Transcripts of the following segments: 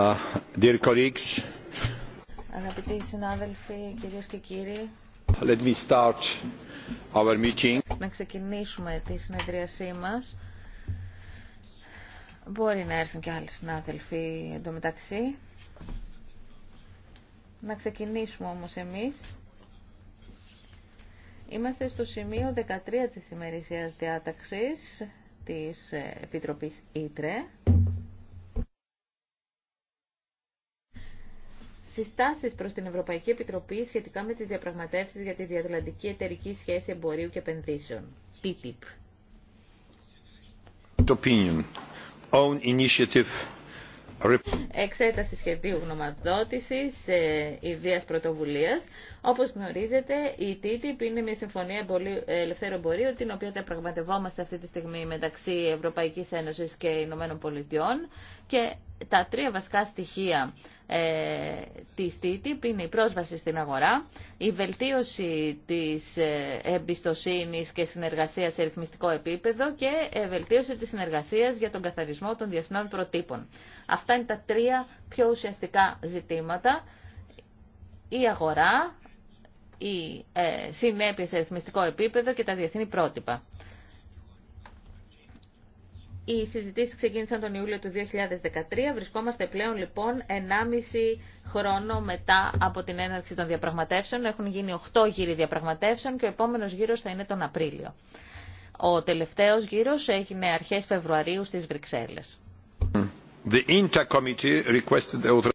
Uh, Αγαπητοί συνάδελφοι, κυρίες και κύριοι, Let me start our meeting. να ξεκινήσουμε τη συνεδρίασή μας. Μπορεί να έρθουν και άλλοι συνάδελφοι εντωμεταξύ. Να ξεκινήσουμε όμως εμείς. Είμαστε στο σημείο 13 της ημερησίας διάταξης της Επιτροπής Ήτρε. συστάσεις προς την Ευρωπαϊκή Επιτροπή σχετικά με τις διαπραγματεύσεις για τη διατλαντική εταιρική σχέση εμπορίου και επενδύσεων. TTIP. Opinion. Own initiative. Εξέταση σχεδίου γνωματοδότησης ε, ιδίας πρωτοβουλίας. Όπως γνωρίζετε, η TTIP είναι μια συμφωνία ε, ελευθέρου εμπορίου, την οποία διαπραγματευόμαστε αυτή τη στιγμή μεταξύ Ευρωπαϊκής Ένωσης και Ηνωμένων Πολιτειών. Και τα τρία βασικά στοιχεία ε, της TTIP είναι η πρόσβαση στην αγορά, η βελτίωση της ε, εμπιστοσύνης και συνεργασίας σε ρυθμιστικό επίπεδο και η ε, βελτίωση της συνεργασίας για τον καθαρισμό των διεθνών προτύπων. Αυτά είναι τα τρία πιο ουσιαστικά ζητήματα. Η αγορά, η ε, σε ρυθμιστικό επίπεδο και τα διεθνή πρότυπα. Οι συζητήσεις ξεκίνησαν τον Ιούλιο του 2013. Βρισκόμαστε πλέον λοιπόν 1,5 χρόνο μετά από την έναρξη των διαπραγματεύσεων. Έχουν γίνει 8 γύροι διαπραγματεύσεων και ο επόμενος γύρος θα είναι τον Απρίλιο. Ο τελευταίος γύρος έγινε αρχές Φεβρουαρίου στις Βρυξέλλες.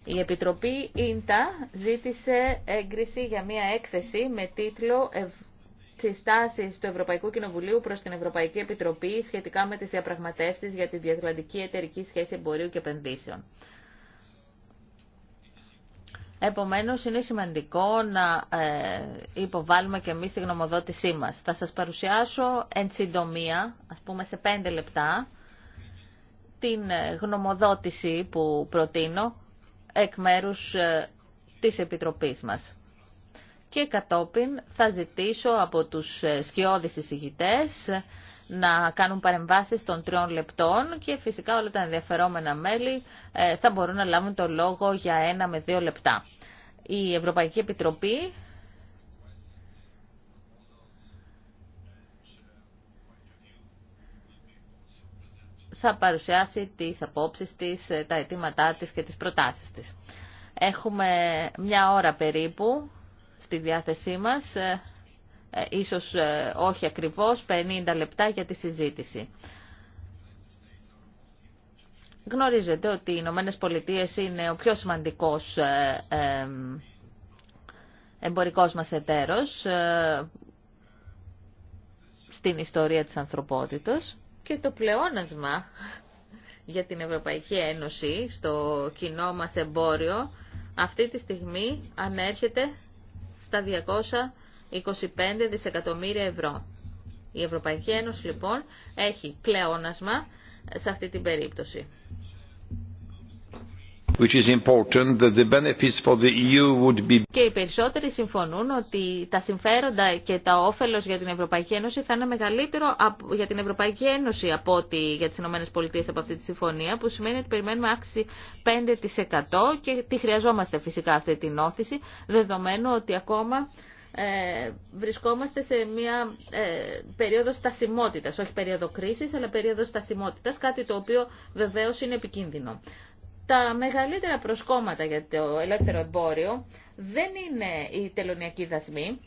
Η Επιτροπή ΙΝΤΑ ζήτησε έγκριση για μια έκθεση με τίτλο συστάσεις του Ευρωπαϊκού Κοινοβουλίου προς την Ευρωπαϊκή Επιτροπή σχετικά με τις διαπραγματεύσει για τη διατλαντική εταιρική σχέση εμπορίου και επενδύσεων. Επομένως, είναι σημαντικό να ε, υποβάλουμε και εμείς τη γνωμοδότησή μας. Θα σας παρουσιάσω εν συντομία, ας πούμε σε πέντε λεπτά, την ε, γνωμοδότηση που προτείνω εκ μέρους ε, της Επιτροπής μας και κατόπιν θα ζητήσω από τους ε, σκιώδεις εισηγητές να κάνουν παρεμβάσεις των τριών λεπτών και φυσικά όλα τα ενδιαφερόμενα μέλη ε, θα μπορούν να λάβουν το λόγο για ένα με δύο λεπτά. Η Ευρωπαϊκή Επιτροπή θα παρουσιάσει τις απόψεις της, ε, τα αιτήματά της και τις προτάσεις της. Έχουμε μια ώρα περίπου στη διάθεσή μας, ε, ε, ίσως ε, όχι ακριβώς, 50 λεπτά για τη συζήτηση. Γνωρίζετε ότι οι Ηνωμένε Πολιτείε είναι ο πιο σημαντικός εμπορικός μας εταίρος στην ιστορία της ανθρωπότητας και το πλεόνασμα για την Ευρωπαϊκή Ένωση στο κοινό μας εμπόριο αυτή τη στιγμή ανέρχεται στα 225 δισεκατομμύρια ευρώ. Η Ευρωπαϊκή Ένωση λοιπόν έχει πλεόνασμα σε αυτή την περίπτωση. Και οι περισσότεροι συμφωνούν ότι τα συμφέροντα και τα όφελος για την Ευρωπαϊκή Ένωση θα είναι μεγαλύτερο για την Ευρωπαϊκή Ένωση από ότι για τις ΗΠΑ από αυτή τη συμφωνία, που σημαίνει ότι περιμένουμε αύξηση 5% και τη χρειαζόμαστε φυσικά αυτή την όθηση, δεδομένου ότι ακόμα ε, βρισκόμαστε σε μια ε, περίοδο στασιμότητας, όχι περίοδο κρίσης, αλλά περίοδο στασιμότητας, κάτι το οποίο βεβαίως είναι επικίνδυνο τα μεγαλύτερα προσκόμματα για το ελεύθερο εμπόριο δεν είναι η τελωνιακοί δασμή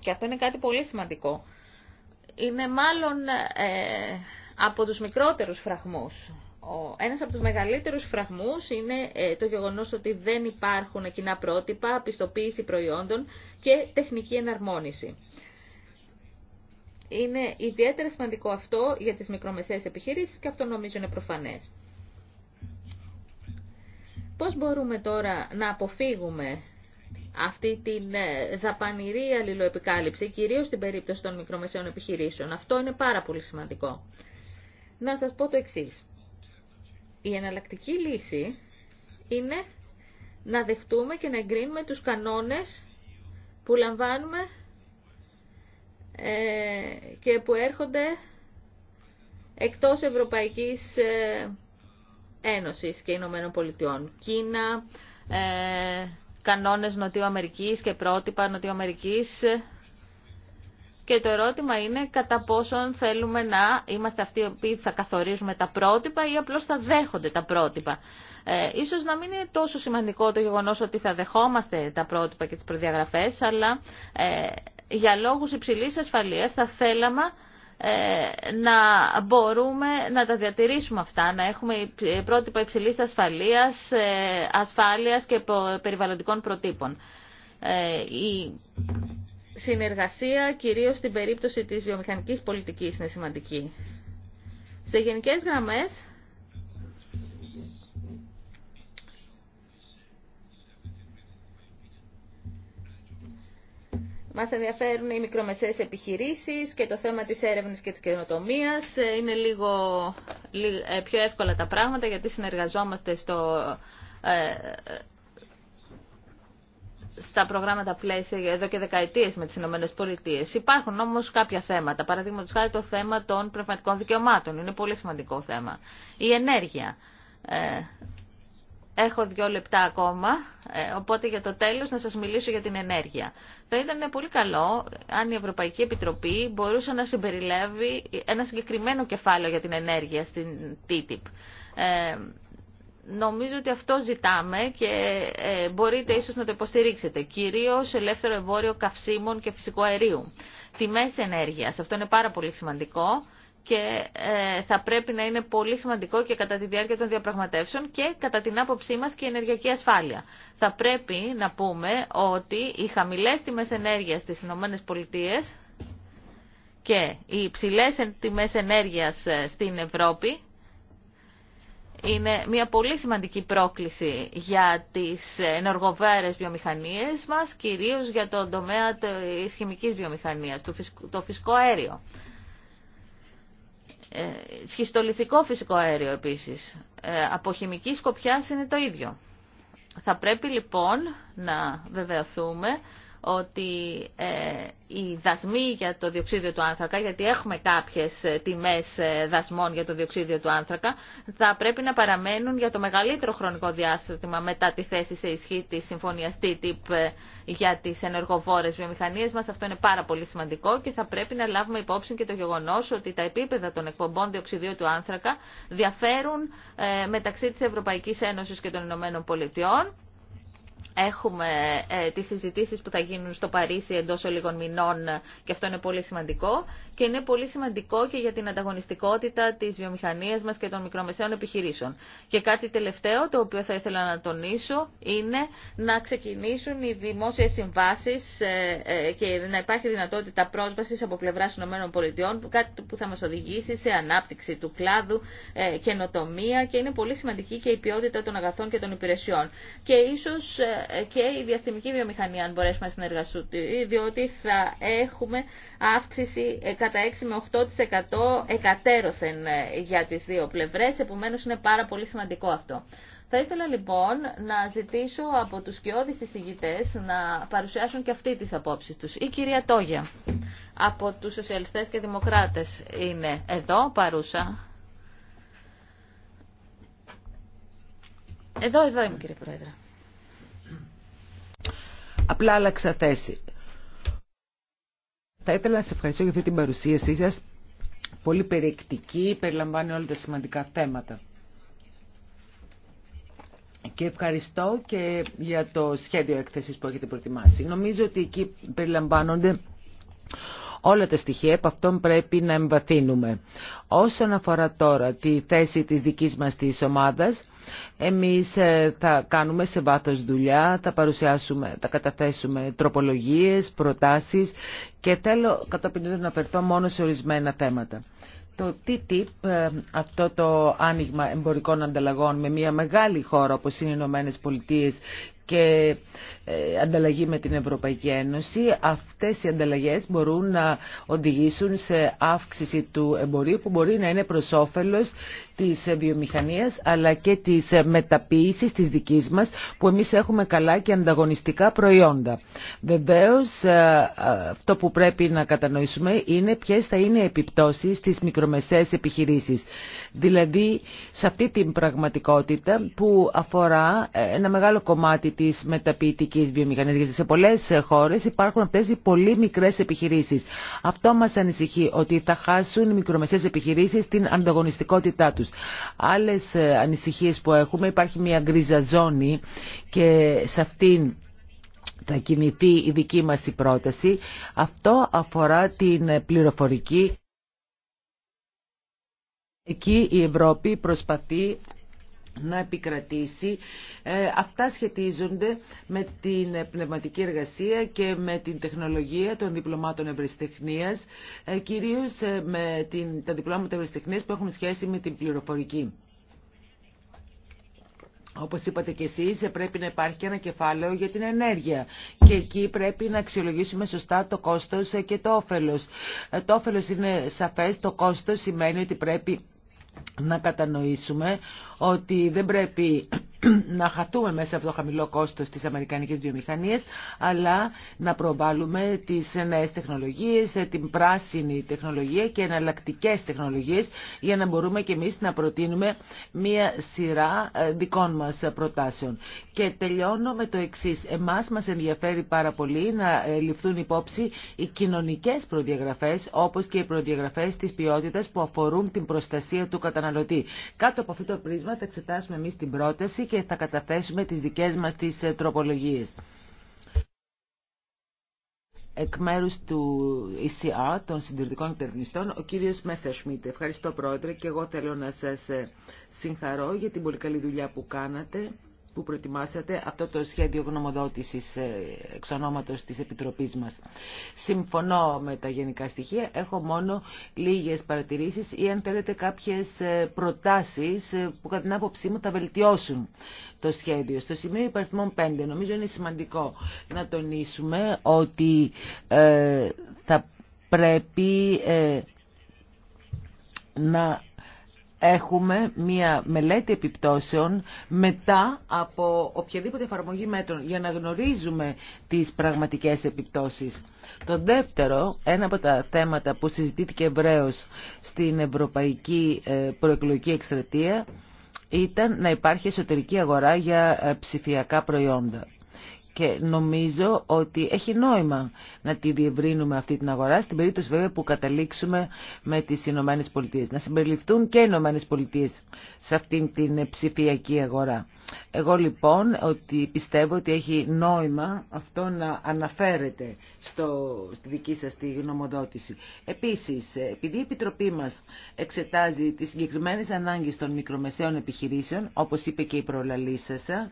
και αυτό είναι κάτι πολύ σημαντικό. Είναι μάλλον ε, από τους μικρότερους φραγμούς. Ο, ένας από τους μεγαλύτερους φραγμούς είναι ε, το γεγονός ότι δεν υπάρχουν κοινά πρότυπα, πιστοποίηση προϊόντων και τεχνική εναρμόνιση. Είναι ιδιαίτερα σημαντικό αυτό για τις μικρομεσαίες επιχείρησεις και αυτό νομίζω είναι προφανές. Πώς μπορούμε τώρα να αποφύγουμε αυτή την ε, δαπανηρή αλληλοεπικάλυψη, κυρίως στην περίπτωση των μικρομεσαίων επιχειρήσεων. Αυτό είναι πάρα πολύ σημαντικό. Να σας πω το εξής. Η εναλλακτική λύση είναι να δεχτούμε και να εγκρίνουμε τους κανόνες που λαμβάνουμε ε, και που έρχονται εκτός Ευρωπαϊκής ε, Ένωσης και Ηνωμένων Πολιτειών. Κίνα, ε, κανόνες Νοτιού Αμερικής και πρότυπα Νοτιού Αμερικής. Και το ερώτημα είναι κατά πόσον θέλουμε να είμαστε αυτοί που θα καθορίζουμε τα πρότυπα ή απλώς θα δέχονται τα πρότυπα. Ε, ίσως να μην είναι τόσο σημαντικό το γεγονός ότι θα δεχόμαστε τα πρότυπα και τις προδιαγραφές, αλλά ε, για λόγους υψηλής ασφαλείας θα θέλαμε ε, να μπορούμε να τα διατηρήσουμε αυτά, να έχουμε πρότυπα υψηλής ασφαλείας, ε, ασφάλειας και περιβαλλοντικών προτύπων. Ε, η συνεργασία, κυρίως στην περίπτωση της βιομηχανικής πολιτικής, είναι σημαντική. Σε γενικές γραμμές, Μα ενδιαφέρουν οι μικρομεσαίες επιχειρήσεις και το θέμα της έρευνα και της καινοτομίας. Ε, είναι λίγο, ε, πιο εύκολα τα πράγματα γιατί συνεργαζόμαστε στο, ε, στα προγράμματα πλαίσια εδώ και δεκαετίες με τις ΗΠΑ. Υπάρχουν όμως κάποια θέματα. Παραδείγματο χάρη το θέμα των πνευματικών δικαιωμάτων. Είναι πολύ σημαντικό θέμα. Η ενέργεια. Έχω δύο λεπτά ακόμα, ε, οπότε για το τέλος να σας μιλήσω για την ενέργεια. Θα ήταν πολύ καλό αν η Ευρωπαϊκή Επιτροπή μπορούσε να συμπεριλάβει ένα συγκεκριμένο κεφάλαιο για την ενέργεια στην TTIP. Ε, νομίζω ότι αυτό ζητάμε και ε, μπορείτε ίσως να το υποστηρίξετε. Κυρίως ελεύθερο εμπόριο καυσίμων και φυσικού αερίου. Τιμές ενέργειας, αυτό είναι πάρα πολύ σημαντικό και ε, θα πρέπει να είναι πολύ σημαντικό και κατά τη διάρκεια των διαπραγματεύσεων και κατά την άποψή μας και η ενεργειακή ασφάλεια. Θα πρέπει να πούμε ότι οι χαμηλές τιμές ενέργειας στις ΗΠΑ Πολιτείες και οι υψηλές τιμές ενέργειας ε, στην Ευρώπη είναι μια πολύ σημαντική πρόκληση για τις ενεργοβέρες βιομηχανίες μας, κυρίως για τον τομέα της χημικής βιομηχανίας, το φυσικό αέριο. Ε, σχιστολιθικό φυσικό αέριο επίσης. Ε, από χημική σκοπιά είναι το ίδιο. Θα πρέπει λοιπόν να βεβαιωθούμε ότι ε, οι δασμοί για το διοξίδιο του άνθρακα, γιατί έχουμε κάποιες ε, τιμές ε, δασμών για το διοξίδιο του άνθρακα, θα πρέπει να παραμένουν για το μεγαλύτερο χρονικό διάστημα μετά τη θέση σε ισχύ της συμφωνίας TTIP ε, για τις ενεργοβόρες βιομηχανίες μας. Αυτό είναι πάρα πολύ σημαντικό και θα πρέπει να λάβουμε υπόψη και το γεγονός ότι τα επίπεδα των εκπομπών διοξιδίου του άνθρακα διαφέρουν μεταξύ της Ευρωπαϊκής Ένωσης και των Ηνωμένων Πολιτειών Έχουμε ε, τις συζητήσεις που θα γίνουν στο Παρίσι εντός λίγων μηνών και αυτό είναι πολύ σημαντικό και είναι πολύ σημαντικό και για την ανταγωνιστικότητα της βιομηχανίας μας και των μικρομεσαίων επιχειρήσεων. Και κάτι τελευταίο το οποίο θα ήθελα να τονίσω είναι να ξεκινήσουν οι δημόσιες συμβάσεις ε, ε, και να υπάρχει δυνατότητα πρόσβασης από πλευράς ΗΠΑ, κάτι που θα μας οδηγήσει σε ανάπτυξη του κλάδου, ε, καινοτομία και είναι πολύ σημαντική και η ποιότητα των αγαθών και των υπηρεσιών. Και ίσως και η διαστημική βιομηχανία αν μπορέσουμε να συνεργαστούμε διότι θα έχουμε αύξηση ε, κατά 6 με 8% εκατέρωθεν ε, για τις δύο πλευρές, επομένως είναι πάρα πολύ σημαντικό αυτό. Θα ήθελα λοιπόν να ζητήσω από τους κοιόδης εισηγητές να παρουσιάσουν και αυτή τις απόψεις τους. Η κυρία Τόγια από τους Σοσιαλιστές και Δημοκράτες είναι εδώ παρούσα. Εδώ, εδώ είμαι κύριε Πρόεδρε. Απλά άλλαξα θέση. Θα ήθελα να σας ευχαριστώ για αυτή την παρουσίασή σας. Πολύ περιεκτική, περιλαμβάνει όλα τα σημαντικά θέματα. Και ευχαριστώ και για το σχέδιο έκθεσης που έχετε προετοιμάσει. Νομίζω ότι εκεί περιλαμβάνονται όλα τα στοιχεία, από αυτόν πρέπει να εμβαθύνουμε. Όσον αφορά τώρα τη θέση της δικής μας της ομάδας, εμείς ε, θα κάνουμε σε βάθος δουλειά, θα παρουσιάσουμε, θα καταθέσουμε τροπολογίες, προτάσεις και θέλω κατόπιν να περτώ μόνο σε ορισμένα θέματα. Το TTIP, ε, αυτό το άνοιγμα εμπορικών ανταλλαγών με μια μεγάλη χώρα όπως είναι οι Ηνωμένε Πολιτείε και ε, ανταλλαγή με την Ευρωπαϊκή Ένωση. Αυτές οι ανταλλαγές μπορούν να οδηγήσουν σε αύξηση του εμπορίου που μπορεί να είναι προς όφελος της βιομηχανίας αλλά και της μεταποίησης της δικής μας που εμείς έχουμε καλά και ανταγωνιστικά προϊόντα. Βεβαίως ε, αυτό που πρέπει να κατανοήσουμε είναι ποιες θα είναι οι επιπτώσεις στις μικρομεσαίες επιχειρήσεις. Δηλαδή σε αυτή την πραγματικότητα που αφορά ε, ένα μεγάλο κομμάτι της μεταποιητικής σε πολλέ χώρες υπάρχουν αυτέ οι πολύ μικρές επιχειρήσεις. Αυτό μας ανησυχεί, ότι θα χάσουν οι μικρομεσαίες επιχειρήσεις την ανταγωνιστικότητά τους. Άλλε ε, ανησυχίες που έχουμε, υπάρχει μια γκρίζα ζώνη και σε αυτήν θα κινηθεί η δική μας η πρόταση. Αυτό αφορά την πληροφορική. Εκεί η Ευρώπη προσπαθεί να επικρατήσει. Ε, αυτά σχετίζονται με την πνευματική εργασία και με την τεχνολογία των διπλωμάτων ευρεσιτεχνία, ε, κυρίως ε, με την, τα διπλώματα ευρεσιτεχνίας που έχουν σχέση με την πληροφορική. Όπως είπατε και εσείς, ε, πρέπει να υπάρχει ένα κεφάλαιο για την ενέργεια και εκεί πρέπει να αξιολογήσουμε σωστά το κόστος και το όφελος. Το όφελος είναι σαφές, το κόστος σημαίνει ότι πρέπει να κατανοήσουμε ότι δεν πρέπει να χατούμε μέσα από το χαμηλό κόστος της αμερικανικής βιομηχανίας, αλλά να προβάλλουμε τις νέες τεχνολογίες, την πράσινη τεχνολογία και εναλλακτικέ τεχνολογίες, για να μπορούμε και εμείς να προτείνουμε μία σειρά ε, δικών μας προτάσεων. Και τελειώνω με το εξή. Εμάς μας ενδιαφέρει πάρα πολύ να ε, ληφθούν υπόψη οι κοινωνικές προδιαγραφές, όπως και οι προδιαγραφές της ποιότητας που αφορούν την προστασία του καταναλωτή. Κάτω από αυτό το πρίσμα θα εξετάσουμε εμεί την πρόταση και θα καταθέσουμε τις δικές μας τις ε, τροπολογίες. Εκ μέρου του ECR, των συντηρητικών εκτερνιστών, ο κύριο Μέστερ Σμιτ. Ευχαριστώ, Πρόεδρε, και εγώ θέλω να σα ε, συγχαρώ για την πολύ καλή δουλειά που κάνατε που προετοιμάσατε αυτό το σχέδιο γνωμοδότησης ε, εξ ονόματος της Επιτροπής μας. Συμφωνώ με τα γενικά στοιχεία, έχω μόνο λίγες παρατηρήσεις ή αν θέλετε κάποιες ε, προτάσεις ε, που κατά την άποψή μου θα βελτιώσουν το σχέδιο. Στο σημείο υπαριθμών 5 νομίζω είναι σημαντικό να τονίσουμε ότι θα πρέπει... να έχουμε μία μελέτη επιπτώσεων μετά από οποιαδήποτε εφαρμογή μέτρων για να γνωρίζουμε τις πραγματικές επιπτώσεις. Το δεύτερο, ένα από τα θέματα που συζητήθηκε ευρέως στην Ευρωπαϊκή ε, Προεκλογική Εκστρατεία ήταν να υπάρχει εσωτερική αγορά για ε, ψηφιακά προϊόντα και νομίζω ότι έχει νόημα να τη διευρύνουμε αυτή την αγορά στην περίπτωση βέβαια που καταλήξουμε με τις Ηνωμένε Πολιτείε. Να συμπεριληφθούν και οι Ηνωμένε Πολιτείε σε αυτήν την ψηφιακή αγορά. Εγώ λοιπόν ότι πιστεύω ότι έχει νόημα αυτό να αναφέρεται στο, στη δική σας τη γνωμοδότηση. Επίσης, επειδή η Επιτροπή μας εξετάζει τις συγκεκριμένες ανάγκες των μικρομεσαίων επιχειρήσεων, όπως είπε και η προλαλήσασα,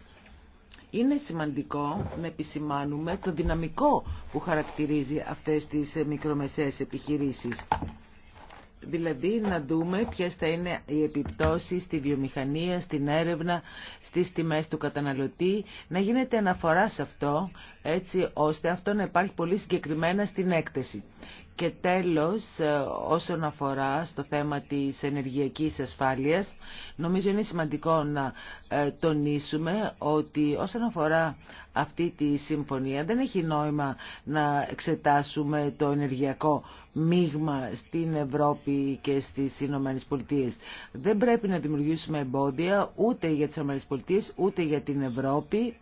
είναι σημαντικό να επισημάνουμε το δυναμικό που χαρακτηρίζει αυτές τις μικρομεσαίες επιχειρήσεις. Δηλαδή να δούμε ποιες θα είναι οι επιπτώσεις στη βιομηχανία, στην έρευνα, στις τιμές του καταναλωτή, να γίνεται αναφορά σε αυτό έτσι ώστε αυτό να υπάρχει πολύ συγκεκριμένα στην έκθεση. Και τέλος, ε, όσον αφορά στο θέμα της ενεργειακής ασφάλειας, νομίζω είναι σημαντικό να ε, τονίσουμε ότι όσον αφορά αυτή τη συμφωνία δεν έχει νόημα να εξετάσουμε το ενεργειακό μείγμα στην Ευρώπη και στις Ηνωμένες Πολιτείες. Δεν πρέπει να δημιουργήσουμε εμπόδια ούτε για τις Ηνωμένες Πολιτείες ούτε για την Ευρώπη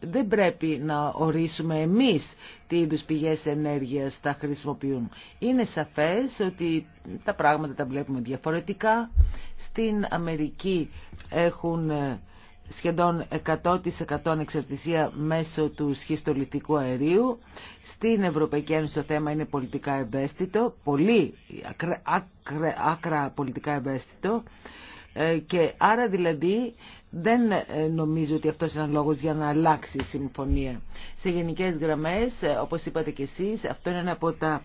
δεν πρέπει να ορίσουμε εμείς τι είδους πηγές ενέργειας θα χρησιμοποιούν. Είναι σαφές ότι τα πράγματα τα βλέπουμε διαφορετικά. Στην Αμερική έχουν ε, σχεδόν 100% εξαρτησία μέσω του σχιστολιτικού αερίου. Στην Ευρωπαϊκή Ένωση το θέμα είναι πολιτικά ευαίσθητο, πολύ άκρα, άκρα πολιτικά ευαίσθητο ε, και άρα δηλαδή δεν ε, νομίζω ότι αυτός είναι λόγος για να αλλάξει η συμφωνία. Σε γενικές γραμμές, ε, όπως είπατε και εσείς, αυτό είναι ένα από τα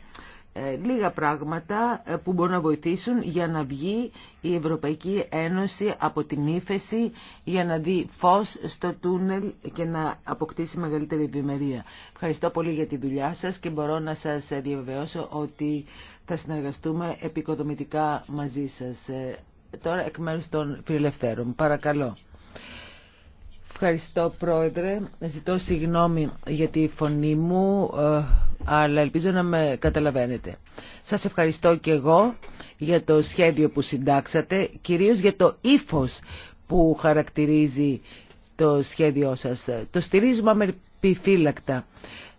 ε, λίγα πράγματα που μπορούν να βοηθήσουν για να βγει η Ευρωπαϊκή Ένωση από την ύφεση για να δει φως στο τούνελ και να αποκτήσει μεγαλύτερη ευημερία. Ευχαριστώ πολύ για τη δουλειά σας και μπορώ να σας διαβεβαιώσω ότι θα συνεργαστούμε επικοδομητικά μαζί σας. Τώρα εκ μέρους των φιλελευθέρων. Παρακαλώ. Ευχαριστώ Πρόεδρε. Ζητώ συγγνώμη για τη φωνή μου, ε, αλλά ελπίζω να με καταλαβαίνετε. Σας ευχαριστώ και εγώ για το σχέδιο που συντάξατε, κυρίως για το ύφος που χαρακτηρίζει το σχέδιό σας. Το στηρίζουμε αμερπιφύλακτα.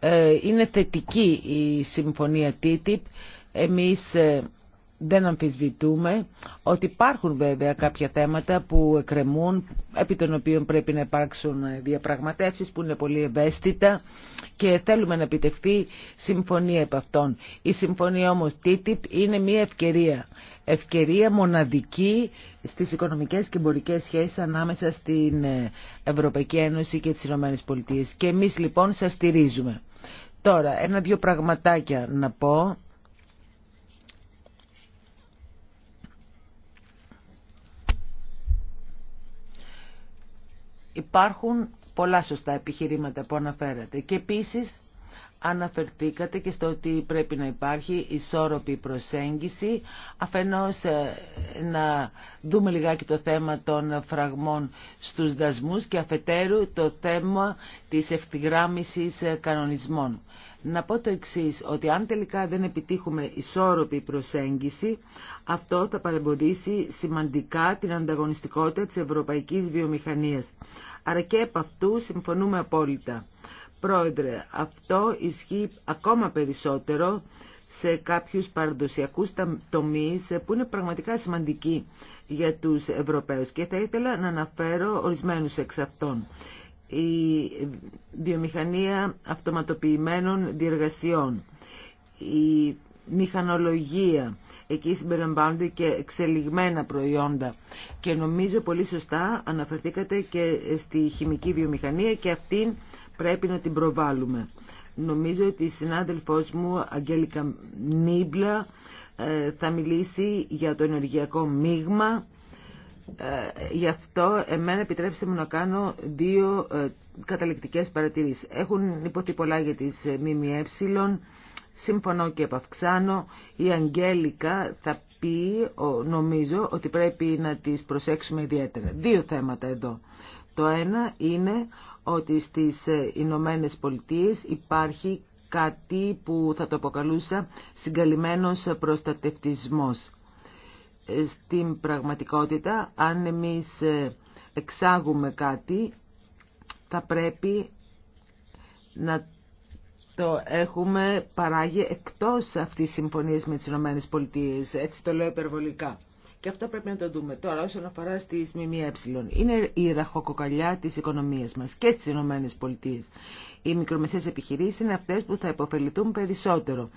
Ε, είναι θετική η συμφωνία TTIP. Εμείς ε, δεν αμφισβητούμε ότι υπάρχουν βέβαια κάποια θέματα που εκκρεμούν, επί των οποίων πρέπει να υπάρξουν διαπραγματεύσεις που είναι πολύ ευαίσθητα και θέλουμε να επιτευχθεί συμφωνία επ' αυτών. Η συμφωνία όμως TTIP είναι μια ευκαιρία. Ευκαιρία μοναδική στις οικονομικές και εμπορικές σχέσεις ανάμεσα στην Ευρωπαϊκή Ένωση και τις Ηνωμένες Πολιτείες. Και εμείς λοιπόν σας στηρίζουμε. Τώρα, ένα-δυο πραγματάκια να πω Υπάρχουν πολλά σωστά επιχειρήματα που αναφέρατε και επίσης αναφερθήκατε και στο ότι πρέπει να υπάρχει ισόρροπη προσέγγιση αφενός ε, να δούμε λιγάκι το θέμα των φραγμών στους δασμούς και αφετέρου το θέμα της ευθυγράμμισης ε, κανονισμών. Να πω το εξής, ότι αν τελικά δεν επιτύχουμε ισόρροπη προσέγγιση, αυτό θα παρεμποδίσει σημαντικά την ανταγωνιστικότητα της ευρωπαϊκής βιομηχανίας. Άρα και από αυτού συμφωνούμε απόλυτα. Πρόεδρε, αυτό ισχύει ακόμα περισσότερο σε κάποιους παραδοσιακούς τομείς που είναι πραγματικά σημαντικοί για τους Ευρωπαίους και θα ήθελα να αναφέρω ορισμένους εξ αυτών η βιομηχανία αυτοματοποιημένων διεργασιών, η μηχανολογία, εκεί συμπεριλαμβάνονται και εξελιγμένα προϊόντα. Και νομίζω πολύ σωστά αναφερθήκατε και στη χημική βιομηχανία και αυτήν πρέπει να την προβάλλουμε. Νομίζω ότι η συνάδελφός μου, Αγγέλικα Νίμπλα, ε, θα μιλήσει για το ενεργειακό μείγμα ε, γι' αυτό εμένα επιτρέψτε μου να κάνω δύο ε, καταληκτικές παρατηρήσεις. Έχουν υποθεί πολλά για τις ε, ΜΜΕ, συμφωνώ και επαυξάνω. Η Αγγέλικα θα πει, νομίζω, ότι πρέπει να τις προσέξουμε ιδιαίτερα. Δύο θέματα εδώ. Το ένα είναι ότι στις Ηνωμένε Πολιτείε υπάρχει κάτι που θα το αποκαλούσα συγκαλυμμένος προστατευτισμός στην πραγματικότητα αν εμείς ε, εξάγουμε κάτι θα πρέπει να το έχουμε παράγει εκτός αυτής της συμφωνίας με τις Ηνωμένες Πολιτείες. Έτσι το λέω υπερβολικά. Και αυτό πρέπει να το δούμε. Τώρα όσον αφορά στις ΜΜΕ, είναι η ραχοκοκαλιά της οικονομίας μας και τις Ηνωμένες Πολιτείες οι μικρομεσαίες επιχειρήσεις είναι αυτές που θα υποφεληθούν περισσότερο.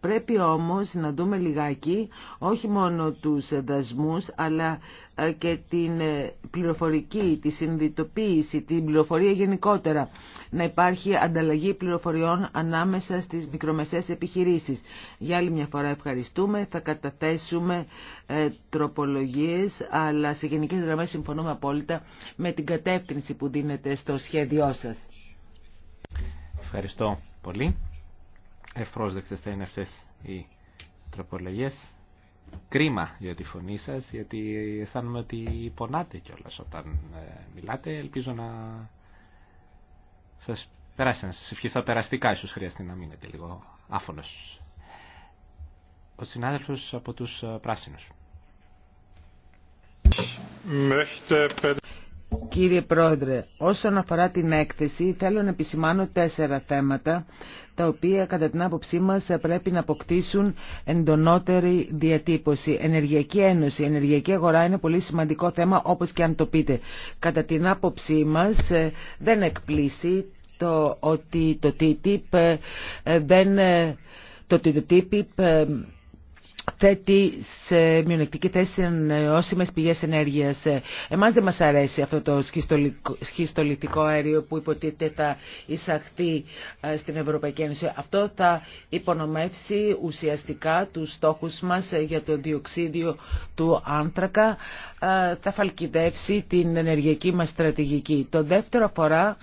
Πρέπει όμως να δούμε λιγάκι όχι μόνο τους δασμούς αλλά ε, και την ε, πληροφορική, τη συνδυτοποίηση, την πληροφορία γενικότερα. Να υπάρχει ανταλλαγή πληροφοριών ανάμεσα στις μικρομεσαίες επιχειρήσεις. Για άλλη μια φορά ευχαριστούμε, θα καταθέσουμε ε, τροπολογίες αλλά σε γενικές γραμμές συμφωνούμε απόλυτα με την κατεύθυνση που δίνεται στο σχέδιό σας. Ευχαριστώ πολύ. Ευπρόσδεκτε θα είναι αυτέ οι τροπολογίε. Κρίμα για τη φωνή σα, γιατί αισθάνομαι ότι πονάτε κιόλα όταν ε, μιλάτε. Ελπίζω να σας περάσει, να σα ευχηθώ περαστικά, ίσω χρειαστεί να μείνετε λίγο άφωνος. Ο συνάδελφο από τους ε, πράσινους. Κύριε Πρόεδρε, όσον αφορά την έκθεση, θέλω να επισημάνω τέσσερα θέματα, τα οποία κατά την άποψή μας πρέπει να αποκτήσουν εντονότερη διατύπωση. Ενεργειακή Ένωση, ενεργειακή αγορά είναι πολύ σημαντικό θέμα, όπως και αν το πείτε. Κατά την άποψή μας δεν εκπλήσει το ότι το TTIP ε, δεν... Ε, το TTIP ε, θέτει σε μειονεκτική θέση ανανεώσιμε πηγέ ενέργεια. Ε, Εμά δεν μα αρέσει αυτό το σχιστολιτικό αέριο που υποτίθεται θα εισαχθεί ε, στην Ευρωπαϊκή Ένωση. Αυτό θα υπονομεύσει ουσιαστικά του στόχου μα ε, για το διοξίδιο του άνθρακα. Θα φαλκιδεύσει την ενεργειακή μας στρατηγική. Το δεύτερο αφορά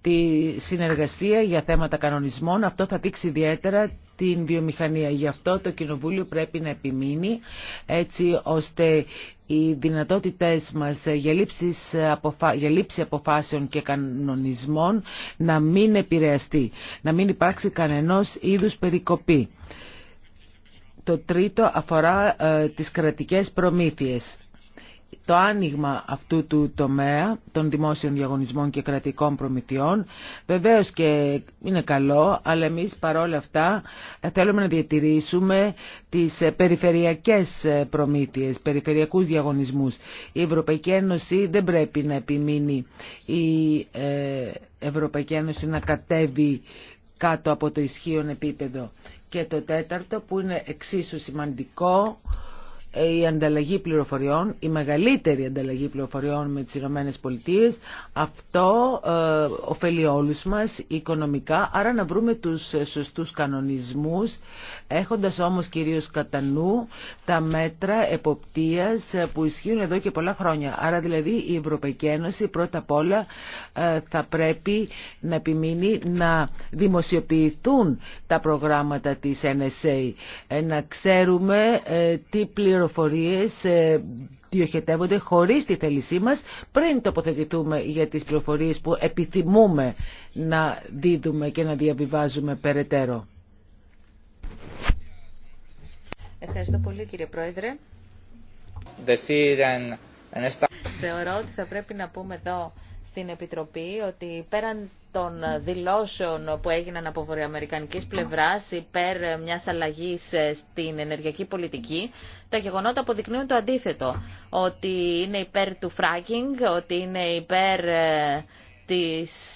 τη συνεργασία για θέματα κανονισμών. Αυτό θα δείξει ιδιαίτερα την βιομηχανία. Γι' αυτό το Κοινοβούλιο πρέπει να επιμείνει έτσι ώστε οι δυνατότητες μας για, λήψη αποφάσεων και κανονισμών να μην επηρεαστεί, να μην υπάρξει κανένας είδους περικοπή. Το τρίτο αφορά ε, τις κρατικές προμήθειες το άνοιγμα αυτού του τομέα των δημόσιων διαγωνισμών και κρατικών προμηθειών. Βεβαίως και είναι καλό, αλλά εμείς παρόλα αυτά θέλουμε να διατηρήσουμε τις ε, περιφερειακές ε, προμήθειες, περιφερειακούς διαγωνισμούς. Η Ευρωπαϊκή Ένωση δεν πρέπει να επιμείνει η ε, Ευρωπαϊκή Ένωση να κατέβει κάτω από το ισχύον επίπεδο. Και το τέταρτο που είναι εξίσου σημαντικό η ανταλλαγή πληροφοριών, η μεγαλύτερη ανταλλαγή πληροφοριών με τις Ηνωμένες Πολιτείες, αυτό ε, ωφελεί όλους μας οικονομικά, άρα να βρούμε τους ε, σωστούς κανονισμούς, έχοντας όμως κυρίως κατά νου τα μέτρα εποπτείας ε, που ισχύουν εδώ και πολλά χρόνια. Άρα δηλαδή η Ευρωπαϊκή Ένωση πρώτα απ' όλα ε, θα πρέπει να επιμείνει να δημοσιοποιηθούν τα προγράμματα της NSA, να ξέρουμε τι πληροφορίες ε, διοχετεύονται χωρίς τη θέλησή μας πριν τοποθετηθούμε για τις πληροφορίες που επιθυμούμε να δίδουμε και να διαβιβάζουμε περαιτέρω. Ευχαριστώ πολύ κύριε Πρόεδρε. Θεωρώ ότι θα πρέπει να πούμε εδώ στην Επιτροπή ότι πέραν των δηλώσεων που έγιναν από βορειοαμερικανικής πλευράς υπέρ μιας αλλαγής στην ενεργειακή πολιτική, τα γεγονότα αποδεικνύουν το αντίθετο, ότι είναι υπέρ του φράκινγκ, ότι είναι υπέρ ε,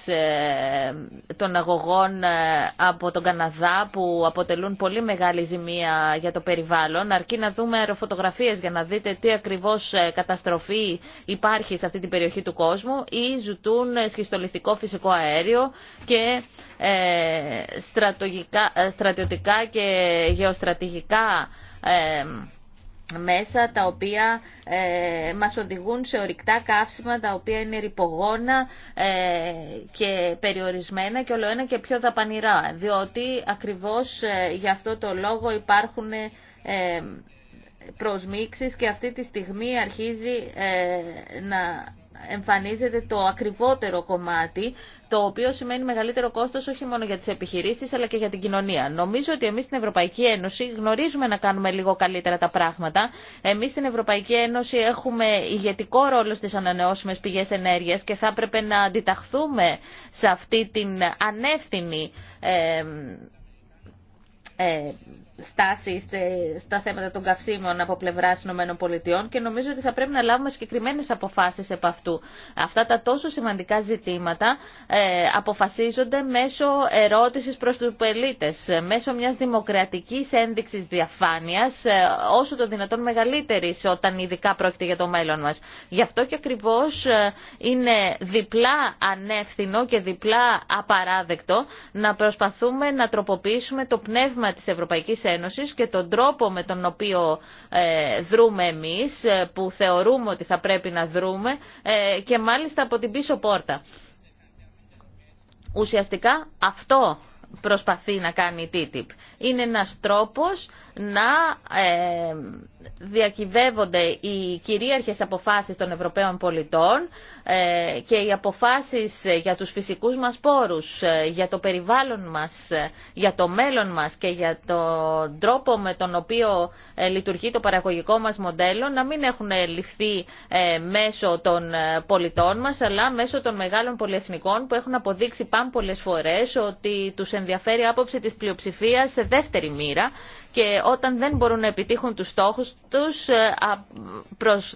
ε, των αγωγών ε, από τον Καναδά που αποτελούν πολύ μεγάλη ζημία για το περιβάλλον αρκεί να δούμε αεροφωτογραφίες για να δείτε τι ακριβώς ε, καταστροφή υπάρχει σε αυτή την περιοχή του κόσμου ή ζουτούν σχιστολιστικό φυσικό αέριο και στρατιωτικά και γεωστρατηγικά μέσα τα οποία ε, μας οδηγούν σε ορυκτά καύσιμα τα οποία είναι ρηπογόνα ε, και περιορισμένα και ολοένα και πιο δαπανηρά διότι ακριβώς ε, για αυτό το λόγο υπάρχουν ε, προσμίξεις και αυτή τη στιγμή αρχίζει ε, να εμφανίζεται το ακριβότερο κομμάτι, το οποίο σημαίνει μεγαλύτερο κόστος όχι μόνο για τις επιχειρήσεις αλλά και για την κοινωνία. Νομίζω ότι εμείς στην Ευρωπαϊκή Ένωση γνωρίζουμε να κάνουμε λίγο καλύτερα τα πράγματα. Εμείς στην Ευρωπαϊκή Ένωση έχουμε ηγετικό ρόλο στις ανανεώσιμες πηγές ενέργειας και θα έπρεπε να αντιταχθούμε σε αυτή την ανεύθυνη ε, ε, στάση στα θέματα των καυσίμων από πλευρά ΗΠΑ και νομίζω ότι θα πρέπει να λάβουμε συγκεκριμένε αποφάσει επ' αυτού. Αυτά τα τόσο σημαντικά ζητήματα ε, αποφασίζονται μέσω ερώτηση προ του πελίτε, ε, μέσω μια δημοκρατική ένδειξη διαφάνεια, ε, όσο το δυνατόν μεγαλύτερη όταν ειδικά πρόκειται για το μέλλον μα. Γι' αυτό και ακριβώ είναι διπλά ανεύθυνο και διπλά απαράδεκτο να προσπαθούμε να τροποποιήσουμε το πνεύμα της Ευρωπαϊκής Ένωσης και τον τρόπο με τον οποίο ε, δρούμε εμείς, ε, που θεωρούμε ότι θα πρέπει να δρούμε ε, και μάλιστα από την πίσω πόρτα. Ουσιαστικά αυτό προσπαθεί να κάνει η TTIP. Είναι ένας τρόπος να ε, διακυβεύονται οι κυρίαρχες αποφάσεις των Ευρωπαίων πολιτών ε, και οι αποφάσεις για τους φυσικούς μας πόρους, ε, για το περιβάλλον μας, για το μέλλον μας και για τον τρόπο με τον οποίο λειτουργεί το παραγωγικό μας μοντέλο να μην έχουν ληφθεί μέσω των πολιτών μας αλλά μέσω των μεγάλων πολυεθνικών που έχουν αποδείξει πάν φορές ότι τους ενδιαφέρει άποψη της πλειοψηφίας σε δεύτερη μοίρα και όταν δεν μπορούν να επιτύχουν τους στόχους τους ε,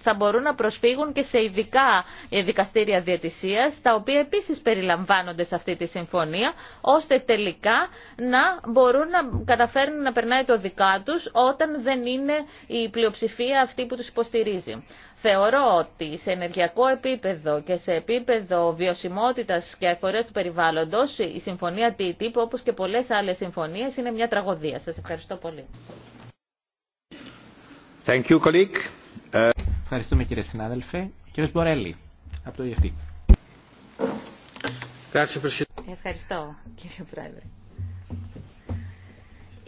θα μπορούν να προσφύγουν και σε ειδικά ε, δικαστήρια διατησίας τα οποία επίσης περιλαμβάνονται σε αυτή τη συμφωνία ώστε τελικά να μπορούν να καταφέρουν να περνάει το δικά τους όταν δεν είναι η πλειοψηφία αυτή που τους υποστηρίζει. Θεωρώ ότι σε ενεργειακό επίπεδο και σε επίπεδο βιωσιμότητας και αφορέ του περιβάλλοντος η συμφωνία TTIP όπως και πολλές άλλες συμφωνίες είναι μια τραγωδία. Σας ευχαριστώ πολύ. Ευχαριστούμε κύριε συνάδελφε. Κύριο Μπορέλη, από το EFT. Ευχαριστώ κύριε Πρόεδρε.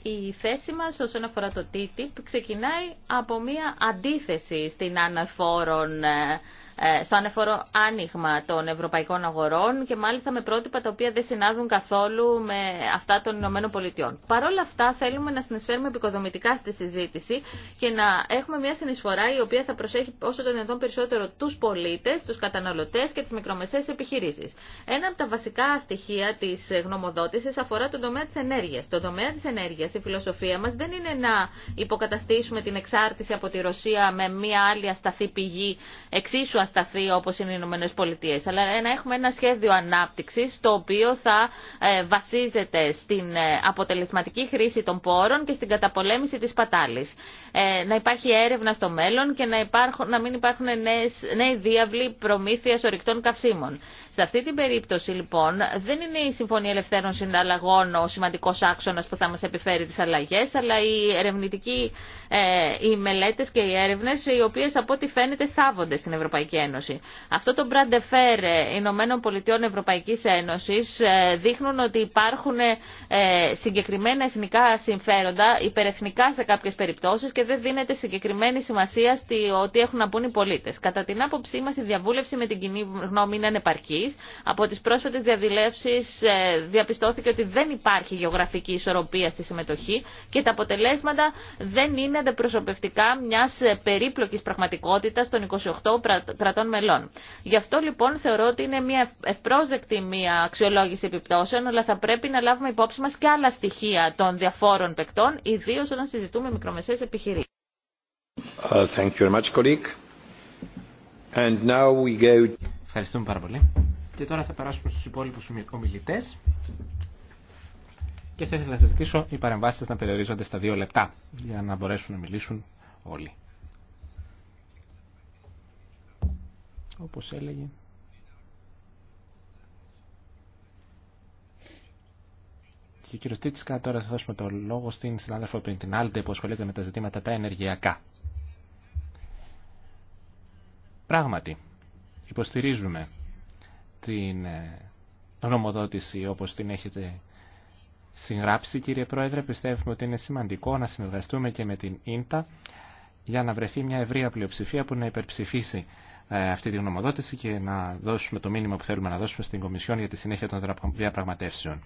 Η θέση μας όσον αφορά το TTIP ξεκινάει από μια αντίθεση στην αναφόρον ε, ε, στο ανεφορό άνοιγμα των ευρωπαϊκών αγορών και μάλιστα με πρότυπα τα οποία δεν συνάδουν καθόλου με αυτά των Ηνωμένων Πολιτειών. Παρ' όλα αυτά θέλουμε να συνεισφέρουμε επικοδομητικά στη συζήτηση και να έχουμε μια συνεισφορά η οποία θα προσέχει όσο το δυνατόν περισσότερο του πολίτε, του καταναλωτέ και τι μικρομεσαίε επιχειρήσει. Ένα από τα βασικά στοιχεία τη γνωμοδότηση αφορά τον τομέα τη ενέργεια. Το τομέα τη ενέργεια η φιλοσοφία μα δεν είναι να υποκαταστήσουμε την εξάρτηση από τη Ρωσία με μια άλλη ασταθή πηγή εξίσου σταθεί όπως είναι οι Ηνωμένε Πολιτείε, αλλά να έχουμε ένα σχέδιο ανάπτυξης το οποίο θα ε, βασίζεται στην ε, αποτελεσματική χρήση των πόρων και στην καταπολέμηση της πατάλης. Ε, να υπάρχει έρευνα στο μέλλον και να, υπάρχουν, να μην υπάρχουν νέες, νέοι διάβλοι προμήθειας ορυκτών καυσίμων. Σε αυτή την περίπτωση λοιπόν δεν είναι η Συμφωνία Ελευθέρων Συνταλλαγών ο σημαντικός άξονας που θα μας επιφέρει τις αλλαγές, αλλά η ερευνητική ε, οι μελέτες και οι έρευνες οι οποίες από ό,τι φαίνεται θάβονται στην Ευρωπαϊκή Ένωση. Αυτό το brand fair ε, Ηνωμένων Πολιτειών Ευρωπαϊκής Ένωσης ε, δείχνουν ότι υπάρχουν συγκεκριμένα εθνικά συμφέροντα, υπερεθνικά σε κάποιες περιπτώσεις και δεν δίνεται συγκεκριμένη σημασία στη ότι έχουν να πούν οι πολίτες. Κατά την άποψή μας η διαβούλευση με την κοινή γνώμη είναι ανεπαρκής. Από τις πρόσφατες διαδηλεύσεις διαπιστώθηκε ότι δεν υπάρχει γεωγραφική ισορροπία στη συμμετοχή και τα αποτελέσματα δεν είναι προσωπευτικά μιας ε, περίπλοκης πραγματικότητας των 28 κρατών μελών. Γι' αυτό λοιπόν θεωρώ ότι είναι μια ευπρόσδεκτη μια αξιολόγηση επιπτώσεων, αλλά θα πρέπει να λάβουμε υπόψη μας και άλλα στοιχεία των διαφόρων παικτών, ιδίω όταν συζητούμε μικρομεσαίες επιχειρήσεις. Uh, And now we go... Ευχαριστούμε πάρα πολύ. Και τώρα θα περάσουμε στους υπόλοιπους ομιλητές και θα ήθελα να σας ζητήσω οι παρεμβάσει να περιορίζονται στα δύο λεπτά για να μπορέσουν να μιλήσουν όλοι. Όπως έλεγε... Και ο κύριο Τίτσικα τώρα θα δώσουμε το λόγο στην συνάδελφο πριν την Άλντε που ασχολείται με τα ζητήματα τα ενεργειακά. Πράγματι, υποστηρίζουμε την ε, νομοδότηση όπως την έχετε συγγράψει, κύριε Πρόεδρε. Πιστεύουμε ότι είναι σημαντικό να συνεργαστούμε και με την ΙΝΤΑ για να βρεθεί μια ευρεία πλειοψηφία που να υπερψηφίσει ε, αυτή τη γνωμοδότηση και να δώσουμε το μήνυμα που θέλουμε να δώσουμε στην Κομισιόν για τη συνέχεια των διαπραγματεύσεων.